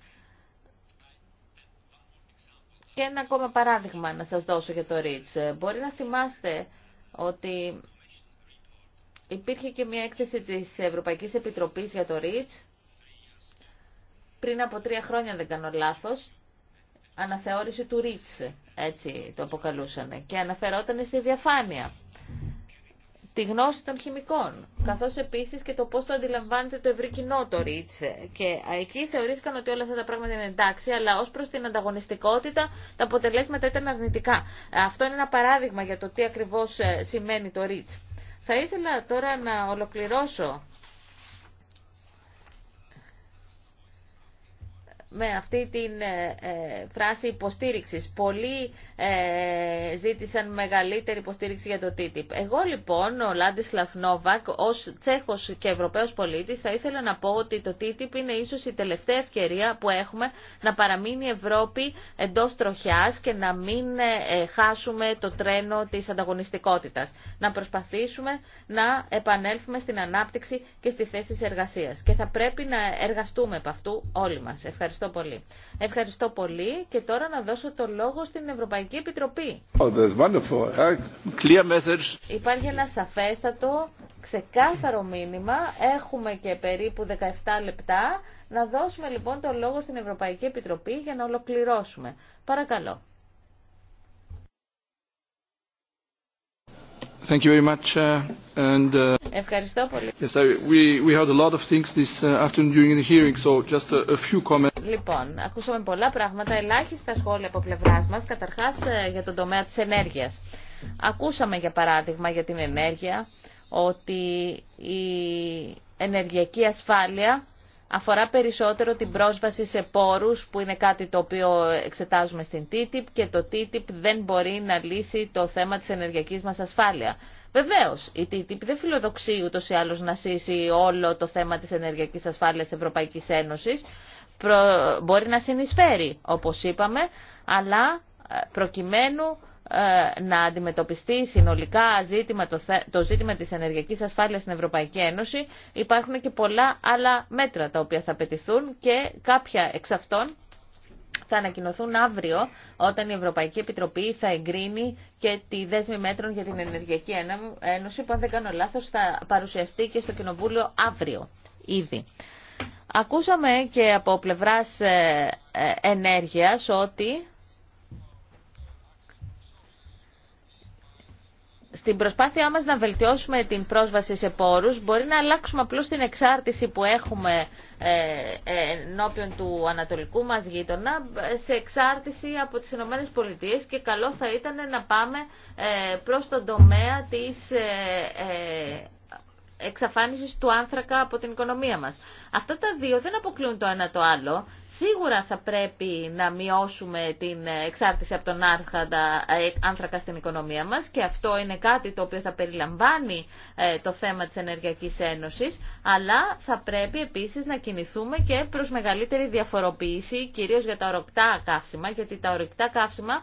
Και ένα ακόμα παράδειγμα να σας δώσω για το REACH. Μπορεί να θυμάστε ότι υπήρχε και μια έκθεση της Ευρωπαϊκής Επιτροπής για το REACH πριν από τρία χρόνια δεν κάνω λάθο. αναθεώρηση του Ρίτς, έτσι το αποκαλούσαν... και αναφερόταν στη διαφάνεια, τη γνώση των χημικών, Καθώ επίση και το πώ το αντιλαμβάνεται το ευρύ κοινό το Ρίτς. Και εκεί θεωρήθηκαν ότι όλα αυτά τα πράγματα είναι εντάξει, αλλά ω προ την ανταγωνιστικότητα τα αποτελέσματα ήταν αρνητικά. Αυτό είναι ένα παράδειγμα για το τι ακριβώ ε, σημαίνει το Ρίτς. Θα ήθελα τώρα να ολοκληρώσω με αυτή την ε, ε, φράση υποστήριξης. Πολλοί ε, ζήτησαν μεγαλύτερη υποστήριξη για το TTIP. Εγώ λοιπόν, ο Λάντισλαφ Νόβακ, ως Τσέχος και Ευρωπαίος πολίτης, θα ήθελα να πω ότι το TTIP είναι ίσως η τελευταία ευκαιρία που έχουμε να παραμείνει η Ευρώπη εντός τροχιάς και να μην χάσουμε το τρένο της ανταγωνιστικότητας. Να προσπαθήσουμε να επανέλθουμε στην ανάπτυξη και στη θέση της εργασίας. Και θα πρέπει να εργαστούμε από αυτού όλοι μα. Ευχαριστώ. Ευχαριστώ πολύ. και τώρα να δώσω το λόγο στην Ευρωπαϊκή Επιτροπή. Oh, uh, Clear message. Υπάρχει ένα σαφέστατο, ξεκάθαρο μήνυμα. Έχουμε και περίπου 17 λεπτά. Να δώσουμε λοιπόν το λόγο στην Ευρωπαϊκή Επιτροπή για να ολοκληρώσουμε. Παρακαλώ. Uh, uh, Ευχαριστώ πολύ. Yes, we, we a lot of things this uh, afternoon during the hearing, so just a, few comments. Λοιπόν, ακούσαμε πολλά πράγματα, ελάχιστα σχόλια από πλευρά μα, καταρχά ε, για τον τομέα τη ενέργεια. Ακούσαμε για παράδειγμα για την ενέργεια ότι η ενεργειακή ασφάλεια αφορά περισσότερο την πρόσβαση σε πόρους που είναι κάτι το οποίο εξετάζουμε στην TTIP και το TTIP δεν μπορεί να λύσει το θέμα της ενεργειακής μας ασφάλεια. Βεβαίως, η TTIP δεν φιλοδοξεί ούτως ή άλλως να σύσει όλο το θέμα τη ενεργειακή ασφάλεια Ευρωπαϊκή Ένωση. Μπορεί να συνεισφέρει, όπω είπαμε, αλλά ε, προκειμένου ε, να αντιμετωπιστεί συνολικά ζήτημα, το, το ζήτημα της ενεργειακής ασφάλειας στην Ευρωπαϊκή Ένωση υπάρχουν και πολλά άλλα μέτρα τα οποία θα απαιτηθούν και κάποια εξ αυτών θα ανακοινωθούν αύριο όταν η Ευρωπαϊκή Επιτροπή θα εγκρίνει και τη δέσμη μέτρων για την Ενεργειακή Ένωση που αν δεν κάνω λάθος θα παρουσιαστεί και στο Κοινοβούλιο αύριο ήδη. Ακούσαμε και από πλευράς ε, ε, ενέργειας ότι στην προσπάθειά μας να βελτιώσουμε την πρόσβαση σε πόρους μπορεί να αλλάξουμε απλώς την εξάρτηση που έχουμε ε, ε, ενώπιον του ανατολικού μας γείτονα σε εξάρτηση από τις ΗΠΑ και καλό θα ήταν να πάμε ε, προς τον τομέα της εξαφάνισης του άνθρακα από την οικονομία μας. Αυτά τα δύο δεν αποκλούν το ένα το άλλο Σίγουρα θα πρέπει να μειώσουμε την εξάρτηση από τον ε, άνθρακα στην οικονομία μας και αυτό είναι κάτι το οποίο θα περιλαμβάνει ε, το θέμα της Ενεργειακής Ένωσης, αλλά θα πρέπει επίσης να κινηθούμε και προς μεγαλύτερη διαφοροποίηση, κυρίως για τα ορυκτά καύσιμα, γιατί τα ορυκτά καύσιμα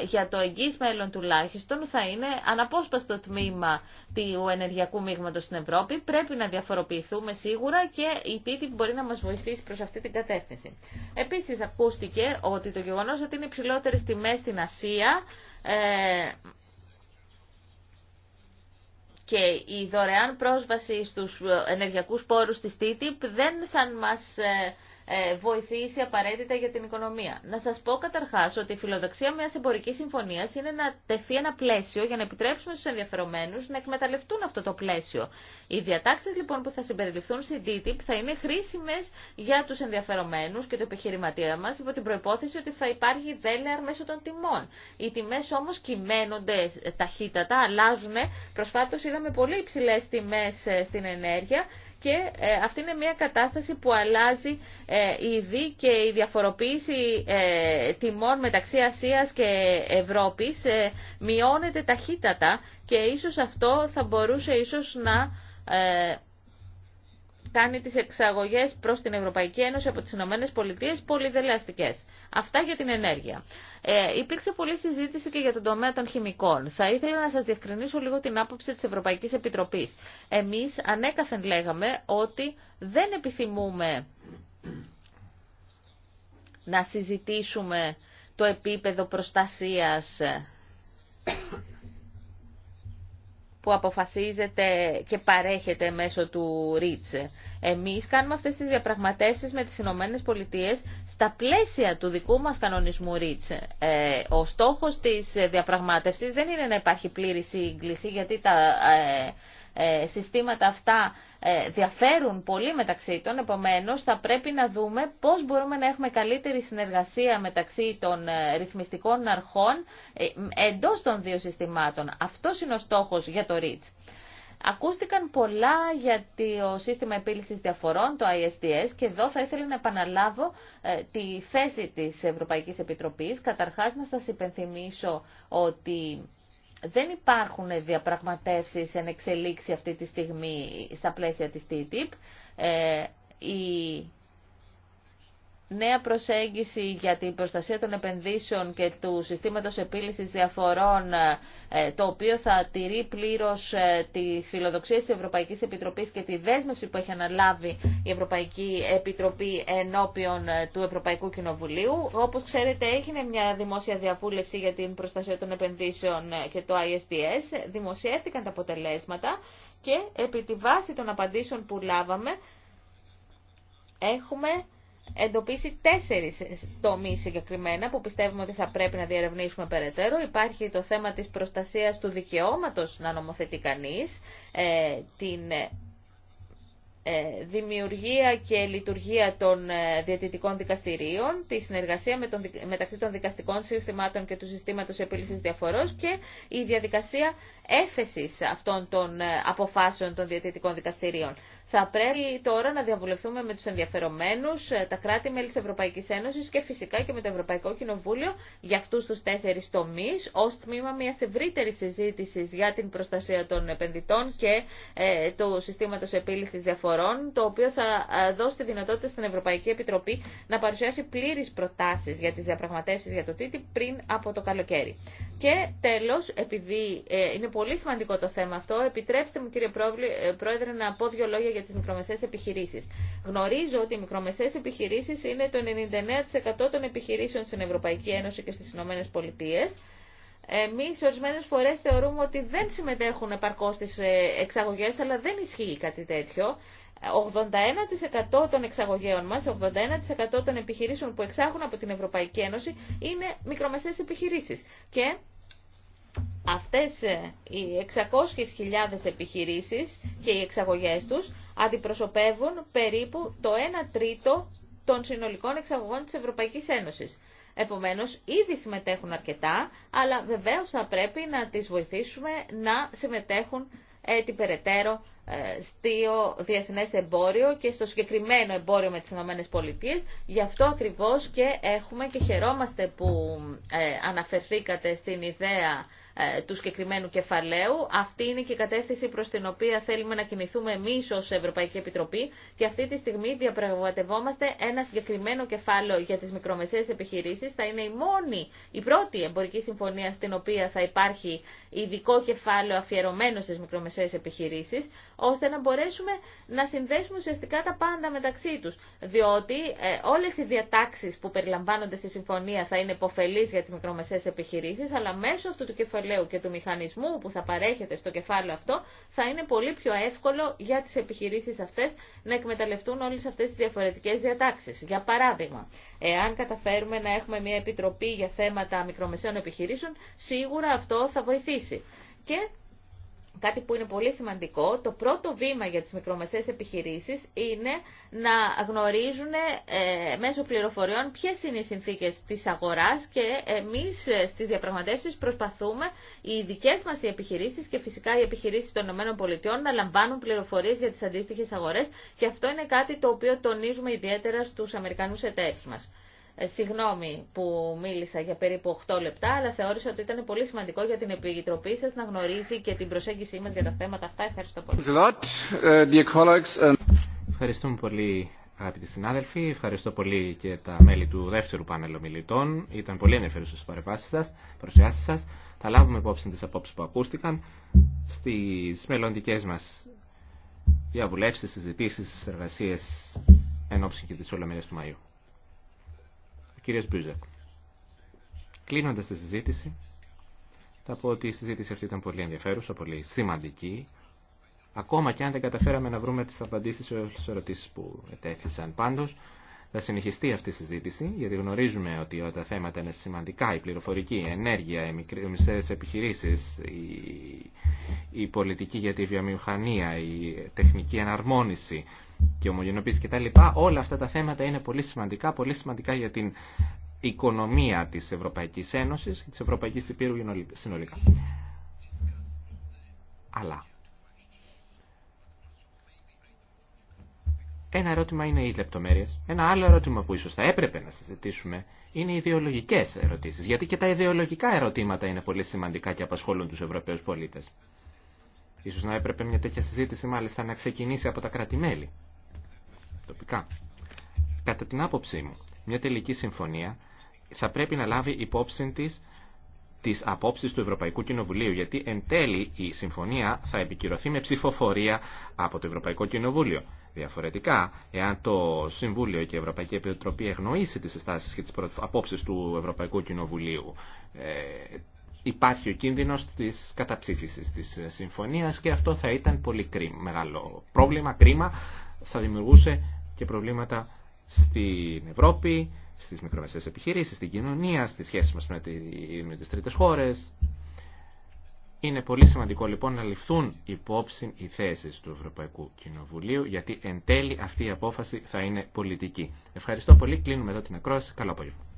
ε, για το εγγύς μέλλον τουλάχιστον θα είναι αναπόσπαστο τμήμα του ενεργειακού μείγματος στην Ευρώπη. Πρέπει να διαφοροποιηθούμε σίγουρα και η TTIP μπορεί να μας βοηθήσει προς αυτή την κατεύθυνση. Επίση, ακούστηκε ότι το γεγονό ότι είναι υψηλότερε τιμέ στην Ασία ε, και η δωρεάν πρόσβαση στου ε, ενεργειακού πόρου της TTIP δεν θα μας ε, ε, βοηθήσει απαραίτητα για την οικονομία. Να σα πω καταρχάς ότι η φιλοδοξία μια εμπορική συμφωνία είναι να τεθεί ένα πλαίσιο για να επιτρέψουμε στους ενδιαφερομένους να εκμεταλλευτούν αυτό το πλαίσιο. Οι διατάξει λοιπόν που θα συμπεριληφθούν στην DTIP... θα είναι χρήσιμε για του ενδιαφερομένους και το επιχειρηματία μα υπό την προπόθεση ότι θα υπάρχει δέλεαρ μέσω των τιμών. Οι τιμέ όμω κυμαίνονται ταχύτατα, αλλάζουν. Προσφάτω είδαμε πολύ υψηλέ τιμέ ε, στην ενέργεια και ε, αυτή είναι μια κατάσταση που αλλάζει ε, ήδη και η διαφοροποίηση ε, τιμών μεταξύ Ασίας και Ευρώπης μειώνεται ταχύτατα και ίσως αυτό θα μπορούσε ίσως να κάνει τις εξαγωγές προς την Ευρωπαϊκή Ένωση από τις Ηνωμένε Πολιτείες πολύ Αυτά για την ενέργεια. Ε, υπήρξε πολλή συζήτηση και για τον τομέα των χημικών. Θα ήθελα να σας διευκρινίσω λίγο την άποψη της Ευρωπαϊκής Επιτροπής. Εμείς ανέκαθεν λέγαμε ότι δεν επιθυμούμε να συζητήσουμε το επίπεδο προστασίας που αποφασίζεται και παρέχεται μέσω του ΡΙΤΣ. Εμείς κάνουμε αυτές τις διαπραγματεύσεις με τις Ηνωμένε Πολιτείε στα πλαίσια του δικού μας κανονισμού ΡΙΤΣ. Ε, ο στόχος της διαπραγμάτευσης δεν είναι να υπάρχει πλήρη σύγκληση, γιατί τα... Ε, ε, συστήματα αυτά ε, διαφέρουν πολύ μεταξύ των, επομένως θα πρέπει να δούμε πώς μπορούμε να έχουμε καλύτερη συνεργασία μεταξύ των ε, ρυθμιστικών αρχών εντός των δύο συστημάτων. Αυτός είναι ο στόχος για το REACH. Ακούστηκαν πολλά για το σύστημα επίλυσης διαφορών, το ISDS, και εδώ θα ήθελα να επαναλάβω τη θέση της Ευρωπαϊκής Επιτροπής. Καταρχάς να σας υπενθυμίσω ότι δεν υπάρχουν διαπραγματεύσεις εν εξελίξη αυτή τη στιγμή στα πλαίσια της TTIP. Ε, νέα προσέγγιση για την προστασία των επενδύσεων και του συστήματος επίλυσης διαφορών, ε, το οποίο θα τηρεί πλήρως ε, τις φιλοδοξίες της Ευρωπαϊκής Επιτροπής και τη δέσμευση που έχει αναλάβει η Ευρωπαϊκή Επιτροπή ενώπιον ε, του Ευρωπαϊκού Κοινοβουλίου. Όπως ξέρετε έγινε μια δημόσια διαβούλευση για την προστασία των επενδύσεων και το ISDS. Δημοσιεύτηκαν τα αποτελέσματα και επί τη βάση των απαντήσεων που λάβαμε έχουμε εντοπίσει τέσσερις τομείς συγκεκριμένα που πιστεύουμε ότι θα πρέπει να διαρευνήσουμε περαιτέρω. Υπάρχει το θέμα της προστασίας του δικαιώματος να νομοθετεί κανείς, ε, την ε, δημιουργία και λειτουργία των ε, διαιτητικών δικαστηρίων, τη συνεργασία με τον, μεταξύ των δικαστικών συστημάτων και του συστήματος επίλυσης διαφορών και η διαδικασία έφεσης αυτών των αποφάσεων των διαιτητικών δικαστηρίων. Θα πρέπει τώρα να διαβουλευτούμε με τους ενδιαφερομένους, ε, τα κράτη-μέλη της Ευρωπαϊκής Ένωσης και φυσικά και με το Ευρωπαϊκό Κοινοβούλιο για αυτούς τους τέσσερις τομείς, ως τμήμα μιας ευρύτερης συζήτησης για την προστασία των επενδυτών και ε, του συστήματος επίλυσης διαφορών, το οποίο θα ε, δώσει τη δυνατότητα στην Ευρωπαϊκή Επιτροπή να παρουσιάσει πλήρεις προτάσεις για τις διαπραγματεύσεις για το TTIP πριν από το καλοκαίρι. Και τέλος, επειδή ε, είναι πολύ σημαντικό το θέμα αυτό, επιτρέψτε μου κύριε ε, Πρόεδρε να πω δύο λόγια για τις μικρομεσαίες επιχειρήσεις. Γνωρίζω ότι οι μικρομεσαίες επιχειρήσεις είναι το 99% των επιχειρήσεων στην Ευρωπαϊκή Ένωση και στις Ηνωμένες Πολιτείες. Εμείς ορισμένες φορές θεωρούμε ότι δεν συμμετέχουν επαρκώς στις ε, εξαγωγές, αλλά δεν ισχύει κάτι τέτοιο. 81% των εξαγωγέων μας, 81% των επιχειρήσεων που εξάγουν από την Ευρωπαϊκή Ένωση είναι μικρομεσαίες επιχειρήσεις. Και αυτές ε, οι 600.000 επιχειρήσεις και οι εξαγωγές τους αντιπροσωπεύουν περίπου το 1 τρίτο των συνολικών εξαγωγών της Ευρωπαϊκής Ένωσης. Επομένως, ήδη συμμετέχουν αρκετά, αλλά βεβαίως θα πρέπει να τις βοηθήσουμε να συμμετέχουν ε, ε στο διεθνές εμπόριο και στο συγκεκριμένο εμπόριο με τις ΗΠΑ. Γι' αυτό ακριβώς και έχουμε και χαιρόμαστε που ε, αναφερθήκατε στην ιδέα ε, του συγκεκριμένου κεφαλαίου. Αυτή είναι και η κατεύθυνση προς την οποία θέλουμε να κινηθούμε εμείς ως Ευρωπαϊκή Επιτροπή και αυτή τη στιγμή διαπραγματευόμαστε ένα συγκεκριμένο κεφάλαιο για τις μικρομεσαίες επιχειρήσεις. Θα είναι η μόνη, η πρώτη εμπορική συμφωνία στην οποία θα υπάρχει ειδικό κεφάλαιο αφιερωμένο στις μικρομεσαίες επιχειρήσεις, ώστε να μπορέσουμε να συνδέσουμε ουσιαστικά τα πάντα μεταξύ τους. Διότι ε, όλες οι διατάξεις που περιλαμβάνονται στη συμφωνία θα είναι υποφελείς για τις μικρομεσαίες επιχειρήσεις, αλλά μέσω αυτού του κεφαλαίου και του μηχανισμού που θα παρέχεται στο κεφάλαιο αυτό, θα είναι πολύ πιο εύκολο για τις επιχειρήσεις αυτές να εκμεταλλευτούν όλες αυτές τις διαφορετικές διατάξεις. Για παράδειγμα, εάν καταφέρουμε να έχουμε μια επιτροπή για θέματα μικρομεσαίων επιχειρήσεων, σίγουρα αυτό θα βοηθήσει. Και κάτι που είναι πολύ σημαντικό, το πρώτο βήμα για τις μικρομεσαίες επιχειρήσεις είναι να γνωρίζουν ε, μέσω πληροφοριών ποιες είναι οι συνθήκες της αγοράς και εμείς στις διαπραγματεύσεις προσπαθούμε οι δικές μας οι επιχειρήσεις και φυσικά οι επιχειρήσεις των ΗΠΑ να λαμβάνουν πληροφορίες για τις αντίστοιχες αγορές και αυτό είναι κάτι το οποίο τονίζουμε ιδιαίτερα στους Αμερικανούς εταίρους μας. Ε, συγγνώμη που μίλησα για περίπου 8 λεπτά, αλλά θεώρησα ότι ήταν πολύ σημαντικό για την Επιτροπή σας να γνωρίζει και την προσέγγιση μας για τα θέματα αυτά. Ευχαριστώ πολύ. Uh, Ευχαριστούμε πολύ αγαπητοί συνάδελφοι. Ευχαριστώ πολύ και τα μέλη του δεύτερου πάνελ ομιλητών. Ήταν πολύ ενδιαφέρουσε οι παρεμβάσει σα, παρουσιάσει σα. Θα λάβουμε υπόψη τι απόψει που ακούστηκαν στι μελλοντικέ μα διαβουλεύσει, συζητήσει, εργασίε εν ώψη και τη Ολομέλεια του Μαΐου. Κύριε Μπούζακ. Κλείνοντας τη συζήτηση, θα πω ότι η συζήτηση αυτή ήταν πολύ ενδιαφέρουσα, πολύ σημαντική. Ακόμα και αν δεν καταφέραμε να βρούμε τις απαντήσεις στις ερωτήσεις που ετέθησαν πάντως, θα συνεχιστεί αυτή η συζήτηση, γιατί γνωρίζουμε ότι τα θέματα είναι σημαντικά, η πληροφορική, η ενέργεια, οι μικρές επιχειρήσεις, η, η πολιτική για τη βιομηχανία, η τεχνική εναρμόνιση και ομογενοποίηση κτλ. Όλα αυτά τα θέματα είναι πολύ σημαντικά, πολύ σημαντικά για την οικονομία της Ευρωπαϊκή Ένωση και τη Ευρωπαϊκή Υπήρου συνολικά. Αλλά Ένα ερώτημα είναι οι λεπτομέρειε. Ένα άλλο ερώτημα που ίσω θα έπρεπε να συζητήσουμε είναι οι ιδεολογικέ ερωτήσει. Γιατί και τα ιδεολογικά ερωτήματα είναι πολύ σημαντικά και απασχολούν του Ευρωπαίου πολίτε. Ίσως να έπρεπε μια τέτοια συζήτηση μάλιστα να ξεκινήσει από τα κράτη-μέλη. Τοπικά. Κατά την άποψή μου, μια τελική συμφωνία θα πρέπει να λάβει υπόψη τη τι του Ευρωπαϊκού Κοινοβουλίου, γιατί εν τέλει η συμφωνία θα επικυρωθεί με ψηφοφορία από το Ευρωπαϊκό Κοινοβούλιο. Διαφορετικά, εάν το Συμβούλιο και η Ευρωπαϊκή Επιτροπή εγνοήσει τις συστάσεις και τις απόψεις του Ευρωπαϊκού Κοινοβουλίου, ε, υπάρχει ο κίνδυνος της καταψήφισης της συμφωνίας και αυτό θα ήταν πολύ κρίμα, μεγάλο πρόβλημα, κρίμα, θα δημιουργούσε και προβλήματα στην Ευρώπη, στις μικρομεσαίες επιχειρήσεις, στην κοινωνία, στις σχέσεις μας με τις τρίτες χώρες. Είναι πολύ σημαντικό λοιπόν να ληφθούν υπόψη οι θέσεις του Ευρωπαϊκού Κοινοβουλίου, γιατί εν τέλει αυτή η απόφαση θα είναι πολιτική. Ευχαριστώ πολύ, κλείνουμε εδώ την ακρόαση. Καλό απόγευμα.